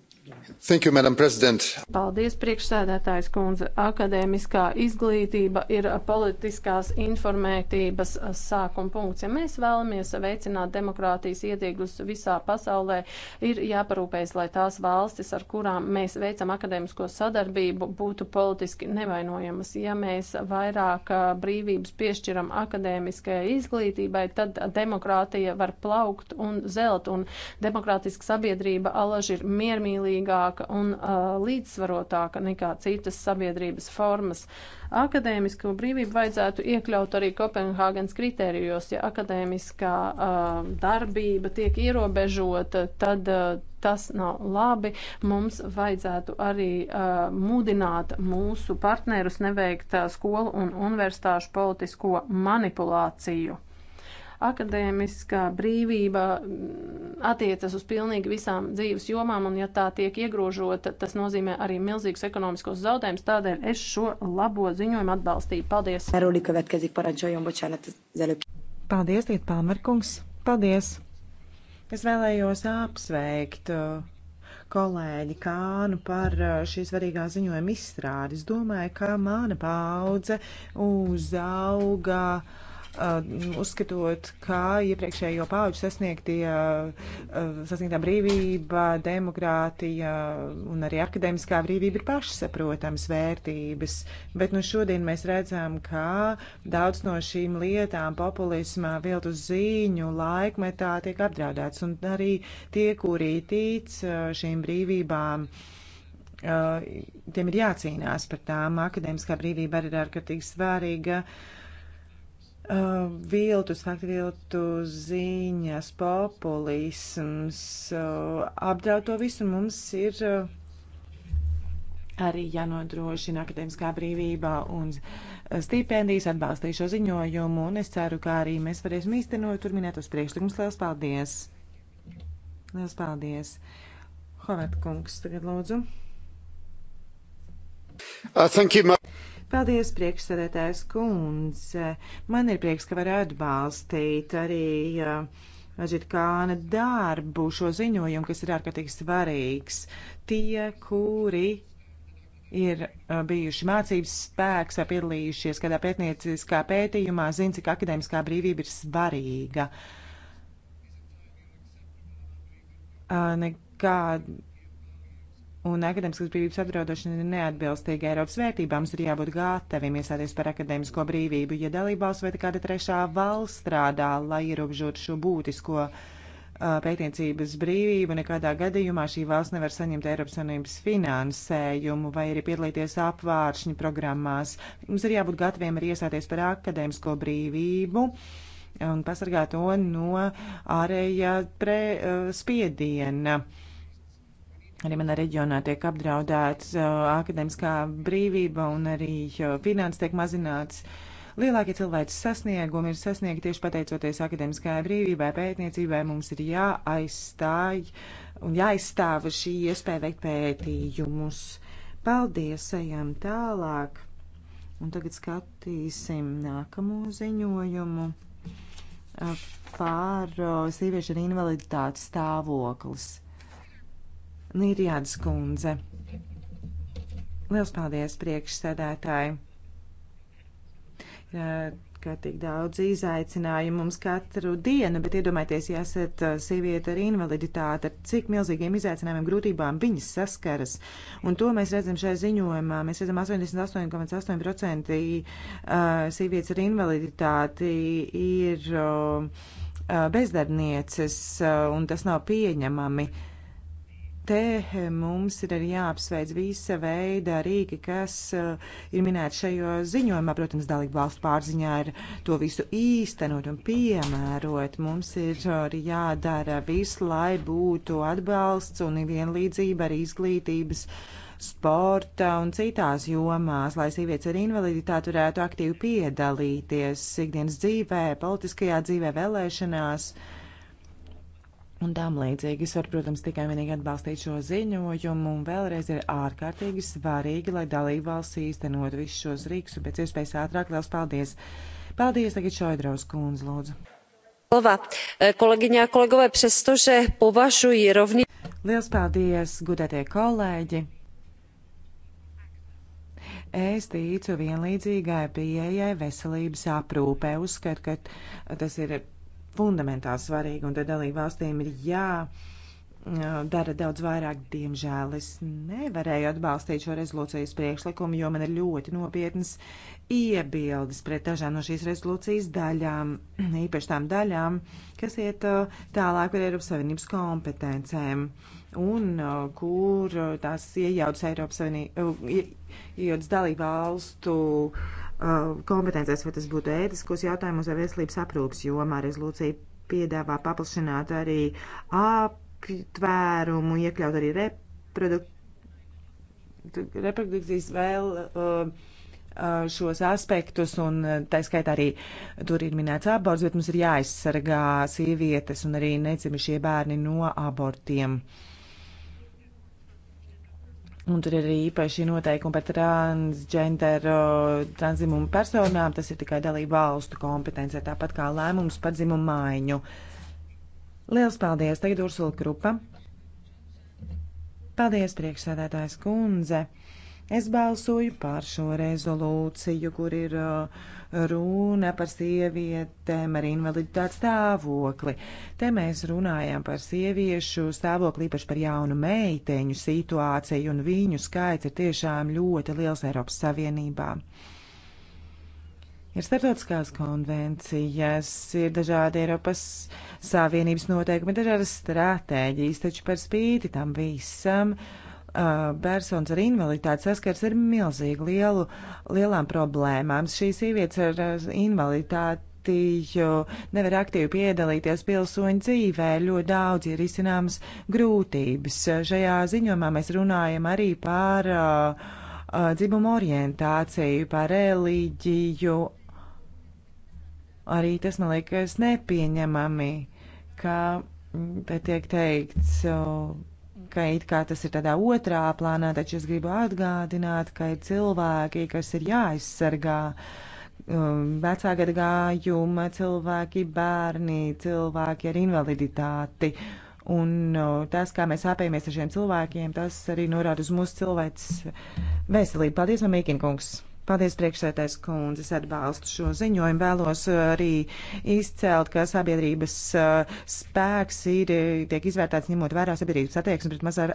Thank you, Madam President. Paldies, priekšsēdētājs kundze. Akadēmiskā izglītība ir politiskās informētības sākuma punkts. Ja mēs vēlamies veicināt demokrātijas iedīgļus visā pasaulē, ir jāparūpējas, lai tās valstis, ar kurām mēs veicam akadēmisko sadarbību, būtu politiski nevainojamas. Ja mēs vairāk brīvības piešķiram akadēmiskajai izglītībai, tad demokrātija var plaukt un zelt, un demokrātiska sabiedrība alaži ir miermīlīga elastīgāka un uh, līdzsvarotāka nekā citas sabiedrības formas. Akadēmisko brīvību vajadzētu iekļaut arī Kopenhāgenes kritērijos. Ja akadēmiskā uh, darbība tiek ierobežota, tad uh, tas nav labi. Mums vajadzētu arī uh, mudināt mūsu partnerus neveikt uh, skolu un universitāšu politisko manipulāciju. Akadēmiskā brīvība mm, attiecas uz pilnīgi visām dzīves jomām, un ja tā tiek iegrožota, tas nozīmē arī milzīgus ekonomiskos zaudējumus. Tādēļ es šo labo ziņojumu atbalstīju. Paldies! Paldies, Tiet Palmerkungs! Paldies! Es vēlējos apsveikt uh, kolēģi Kānu par uh, šīs svarīgā ziņojuma izstrādi. Es domāju, ka mana paudze uzauga. Uh, Uh, uzskatot, ka iepriekšējo pauģu sasniegtie, uh, sasniegtā brīvība, demokrātija un arī akadēmiskā brīvība ir pašsaprotams vērtības. Bet nu šodien mēs redzam, ka daudz no šīm lietām populismā viltu ziņu laikmetā tiek apdraudēts un arī tie, kuri tic uh, šīm brīvībām tiem ir jācīnās par tām. Akademiskā brīvība arī ir ārkārtīgi svārīga. Uh, Uh, viltus, faktiviltu ziņas, populisms uh, apdraud to visu. Mums ir uh, arī jānodrošina akadēmiskā brīvība un uh, stipendijas atbalstīju šo ziņojumu, un es ceru, ka arī mēs varēsim īstenot tur minētos priekšlikumus. Lielas paldies! Lielas paldies! Hovet kungs, tagad lūdzu. Uh, thank you, Paldies, priekšsēdētājs kundze. Man ir prieks, ka var atbalstīt arī uh, Ažitkāna darbu šo ziņojumu, kas ir ārkārtīgi svarīgs. Tie, kuri ir uh, bijuši mācības spēks vai piedalījušies kādā pētnieciskā pētījumā, zina, cik akadēmiskā brīvība ir svarīga. Uh, nekā un akadēmiskas brīvības apdraudošana ir neatbilstīga Eiropas vērtībām. Mums ir jābūt gataviem iestāties par akadēmisko brīvību, ja dalībvalsts vai kāda trešā valsts strādā, lai ierobežotu šo būtisko uh, pētniecības brīvību. Nekādā gadījumā šī valsts nevar saņemt Eiropas Savienības finansējumu vai arī piedalīties apvāršņu programmās. Mums ir jābūt gataviem arī iestāties par akadēmisko brīvību un pasargāt to no ārējā pre, uh, spiediena. Uh, Arī manā reģionā tiek apdraudēts uh, akadēmiskā brīvība un arī uh, finanses tiek mazināts. Lielākie cilvēki sasniegumi ir sasniegti tieši pateicoties akadēmiskajai brīvībai, pētniecībai. Mums ir jāaizstāj un jāaizstāv šī iespēja veikt pētījumus. Paldies, ejam tālāk. Un tagad skatīsim nākamo ziņojumu uh, par sieviešu ar invaliditāti stāvoklis. Nīrijādas kundze. Liels paldies priekšsēdētāji! kā tik daudz izaicinājumu mums katru dienu, bet iedomājieties, ja esat sieviete ar invaliditāti, ar cik milzīgiem izaicinājumiem, grūtībām viņas saskaras. Un to mēs redzam šajā ziņojumā. Mēs redzam 88,8% sievietes ar invaliditāti ir bezdarbnieces, un tas nav pieņemami. Uh, te eh, mums ir arī jāapsveic visa veida rīki, kas uh, ir minēti šajā ziņojumā. Protams, dalību valstu pārziņā ir to visu īstenot un piemērot. Mums ir arī jādara viss, lai būtu atbalsts un vienlīdzība arī izglītības sporta un citās jomās, lai sievietes ar invaliditāti varētu aktīvi piedalīties ikdienas dzīvē, politiskajā dzīvē, vēlēšanās. Uh, un tām līdzīgi. Es varu, protams, tikai vienīgi atbalstīt šo ziņojumu, un vēlreiz ir ārkārtīgi svarīgi, lai dalībvalsts īstenot visus šos rīks, un pēc iespējas ātrāk liels paldies! Paldies, tagad Šoidraus kundze, lūdzu! E, Kolēģiņā, kolegovē, přestože považuji rovni... Liels paldies, gudētie kolēģi! Es ticu vienlīdzīgai pieejai veselības aprūpē. Uzskatu, ka tas ir fundamentāli svarīga, un tad dalību valstīm ir jā dara daudz vairāk. Diemžēl es nevarēju atbalstīt šo rezolūcijas priekšlikumu, jo man ir ļoti nopietnas iebildes pret dažām no šīs rezolūcijas daļām, īpaši tām daļām, kas iet tālāk par Eiropas Savienības kompetencēm un kur tās iejaucas Eiropas Savienības dalību valstu Uh, kompetencēs, vai tas būtu ētiskos jautājumos vai veselības aprūpas jomā. Rezolūcija piedāvā paplašināt arī aptvērumu, iekļaut arī reprodukcijas vēl uh, uh, šos aspektus, un uh, tā skaitā arī tur ir minēts aborts, bet mums ir jāaizsargā sievietes un arī necimušie bērni no abortiem. Uh, Un tur ir arī īpaši noteikumi par transgenderu, transzimumu personām. Tas ir tikai dalība valstu kompetence, tāpat kā lēmums par dzimumu maiņu. Liels paldies! Tagad Ursula Krupa. Paldies, priekšsēdētājs kundze! Es balsoju pār šo rezolūciju, kur ir uh, runa par sievietēm ar invaliditātes stāvokli. Te mēs runājam par sieviešu stāvokli, īpaši par jaunu meiteņu situāciju, un viņu skaits ir tiešām ļoti liels Eiropas Savienībā. Ir starptautiskās konvencijas, ir dažādi Eiropas Savienības noteikumi, dažādas stratēģijas, taču par spīti tam visam uh, Eh, personas ar invaliditāti saskars ar milzīgi lielu, lielām problēmām. Šīs sievietes ar eh, invaliditāti nevar aktīvi piedalīties pilsoņu dzīvē, ļoti daudz ir izcināmas grūtības. Šajā ziņojumā mēs runājam arī par uh, dzimumu orientāciju, par reliģiju. Arī tas man liekas nepieņemami, ka mm, te tiek teikts. Uh, ka it kā tas ir tādā otrā plānā, taču es gribu atgādināt, ka ir cilvēki, kas ir jāaizsargā. Um, vecā gada gājuma cilvēki, bērni, cilvēki ar invaliditāti. Un uh, tas, kā mēs apējamies ar šiem cilvēkiem, tas arī norāda uz mūsu cilvēks veselību. Paldies, Mamīkinkungs! Paldies, priekšsētais kundze, es atbalstu šo ziņojumu. Vēlos uh, arī izcelt, ka sabiedrības uh, spēks ir, uh, tiek izvērtēts ņemot vērā sabiedrības attieksmi pret mazā,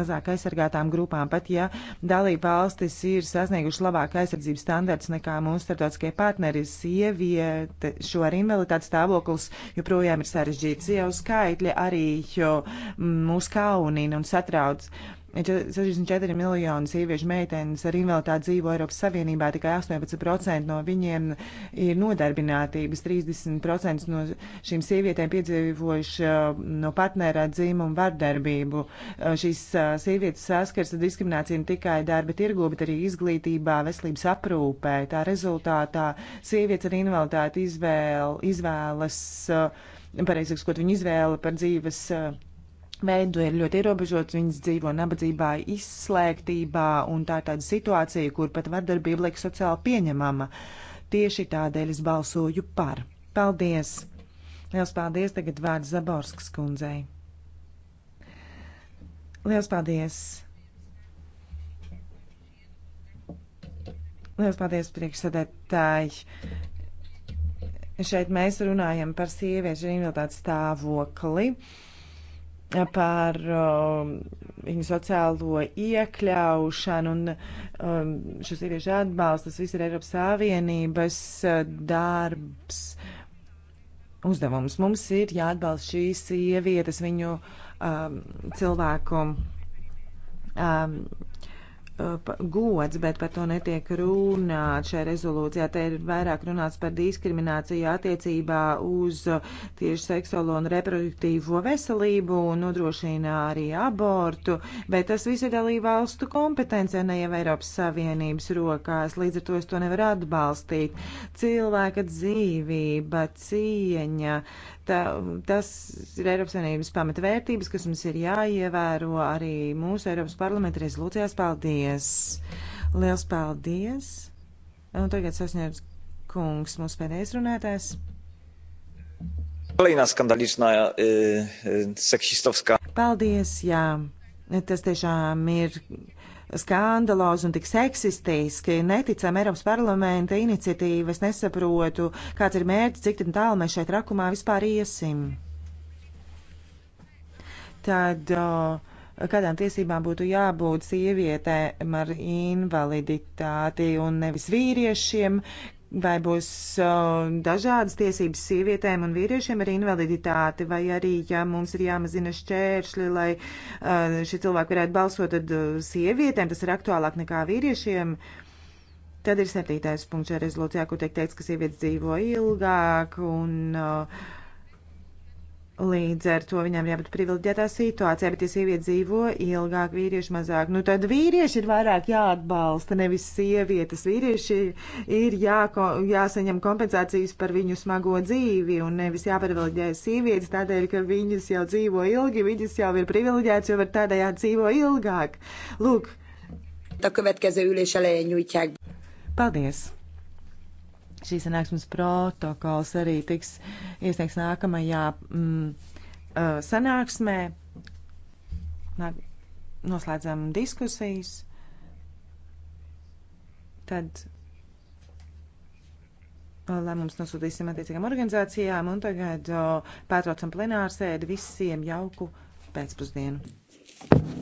mazāk aizsargātām grupām, pat ja dalība valstis ir sasnieguši labāk aizsardzības standarts nekā mūsu starptautiskie partneri. Sieviete šo ar invaliditātes stāvoklis joprojām ir sarežģīts. Jau skaitļi arī mm, mūs kaunina un satrauc. Uh, 64 miljoni sieviešu meitenes ar invaliditāti dzīvo Eiropas Savienībā, tikai 18% no viņiem ir nodarbinātības, 30% no šīm sievietēm piedzīvojuši uh, no partnerā dzīmumu vardarbību. Uh, šīs uh, sievietes saskars ar diskrimināciju ne tikai darba tirgu, bet arī izglītībā, veselības aprūpē. Tā rezultātā sievietes ar invaliditāti izvēl, izvēlas, pareizāk sakot, viņa izvēle par dzīves veidu ir ļoti ierobežots, viņas dzīvo nabadzībā, izslēgtībā, un tā ir tāda situācija, kur pat vardarbība liekas sociāli pieņemama. Tieši tādēļ es balsoju par. Paldies! Liels paldies tagad vārds Zaborskas kundzei. Liels paldies! Liels paldies, priekšsēdētāji! Šeit mēs runājam par sieviešu invaliditātes stāvokli. Uh, par um, viņu sociālo iekļaušanu un um, šo sieviešu atbalstu. Tas viss ir Eiropas Savienības uh, darbs, uzdevums. Mums ir jāatbalsta šīs sievietes viņu um, cilvēku. Um, gods, bet par to netiek runāts šajā rezolūcijā. Te ir vairāk runāts par diskrimināciju attiecībā uz tieši seksuālo un reproduktīvo veselību un nodrošina arī abortu, bet tas viss ir dalība valstu kompetencija, ne jau Eiropas Savienības rokās, līdz ar to es to nevaru atbalstīt. Cilvēka dzīvība, cieņa, tā, tas ir Eiropas Savienības pamatvērtības, kas mums ir jāievēro arī mūsu Eiropas parlamenta rezolūcijās. Paldies! Liels paldies! Un tagad sasniedz kungs, mūsu pēdējais runātājs. Kolejna skandaličnā e, e, seksistowska. Paldies, jā. Tas tiešām ir skandalozi un tik seksistiski, neticam Eiropas parlamenta iniciatīvas, nesaprotu, kāds ir mērķis, cik tālu mēs šeit rakumā vispār iesim. Tad kādām tiesībām būtu jābūt sievietēm ar invaliditāti un nevis vīriešiem, vai būs uh, dažādas tiesības sievietēm un vīriešiem ar invaliditāti, vai arī, ja mums ir jāmazina šķēršļi, lai uh, šie cilvēki varētu balsot, tad uh, sievietēm tas ir aktuālāk nekā vīriešiem. Tad ir septītais punkts šajā rezolūcijā, kur tiek teikts, ka sievietes dzīvo ilgāk un uh, Līdz ar to viņām jābūt privileģētā situācijā, bet ja sieviete dzīvo ilgāk, vīrieši mazāk, nu tad vīrieši ir vairāk jāatbalsta, nevis sievietes. Vīrieši ir jāko, jāsaņem kompensācijas par viņu smago dzīvi un nevis jāprivileģē sievietes tādēļ, ka viņas jau dzīvo ilgi, viņas jau ir privileģētas, jo var tādējādi dzīvo ilgāk. Lūk. A következő ülés elején nyújtják. Paldies! šīs sanāksmes protokols arī tiks iesniegts nākamajā mm, uh, sanāksmē. Noslēdzam diskusijas. Tad uh, lēmums nosūtīsim attiecīgām organizācijām un tagad uh, pētrocam plenārsēdi visiem jauku pēcpusdienu.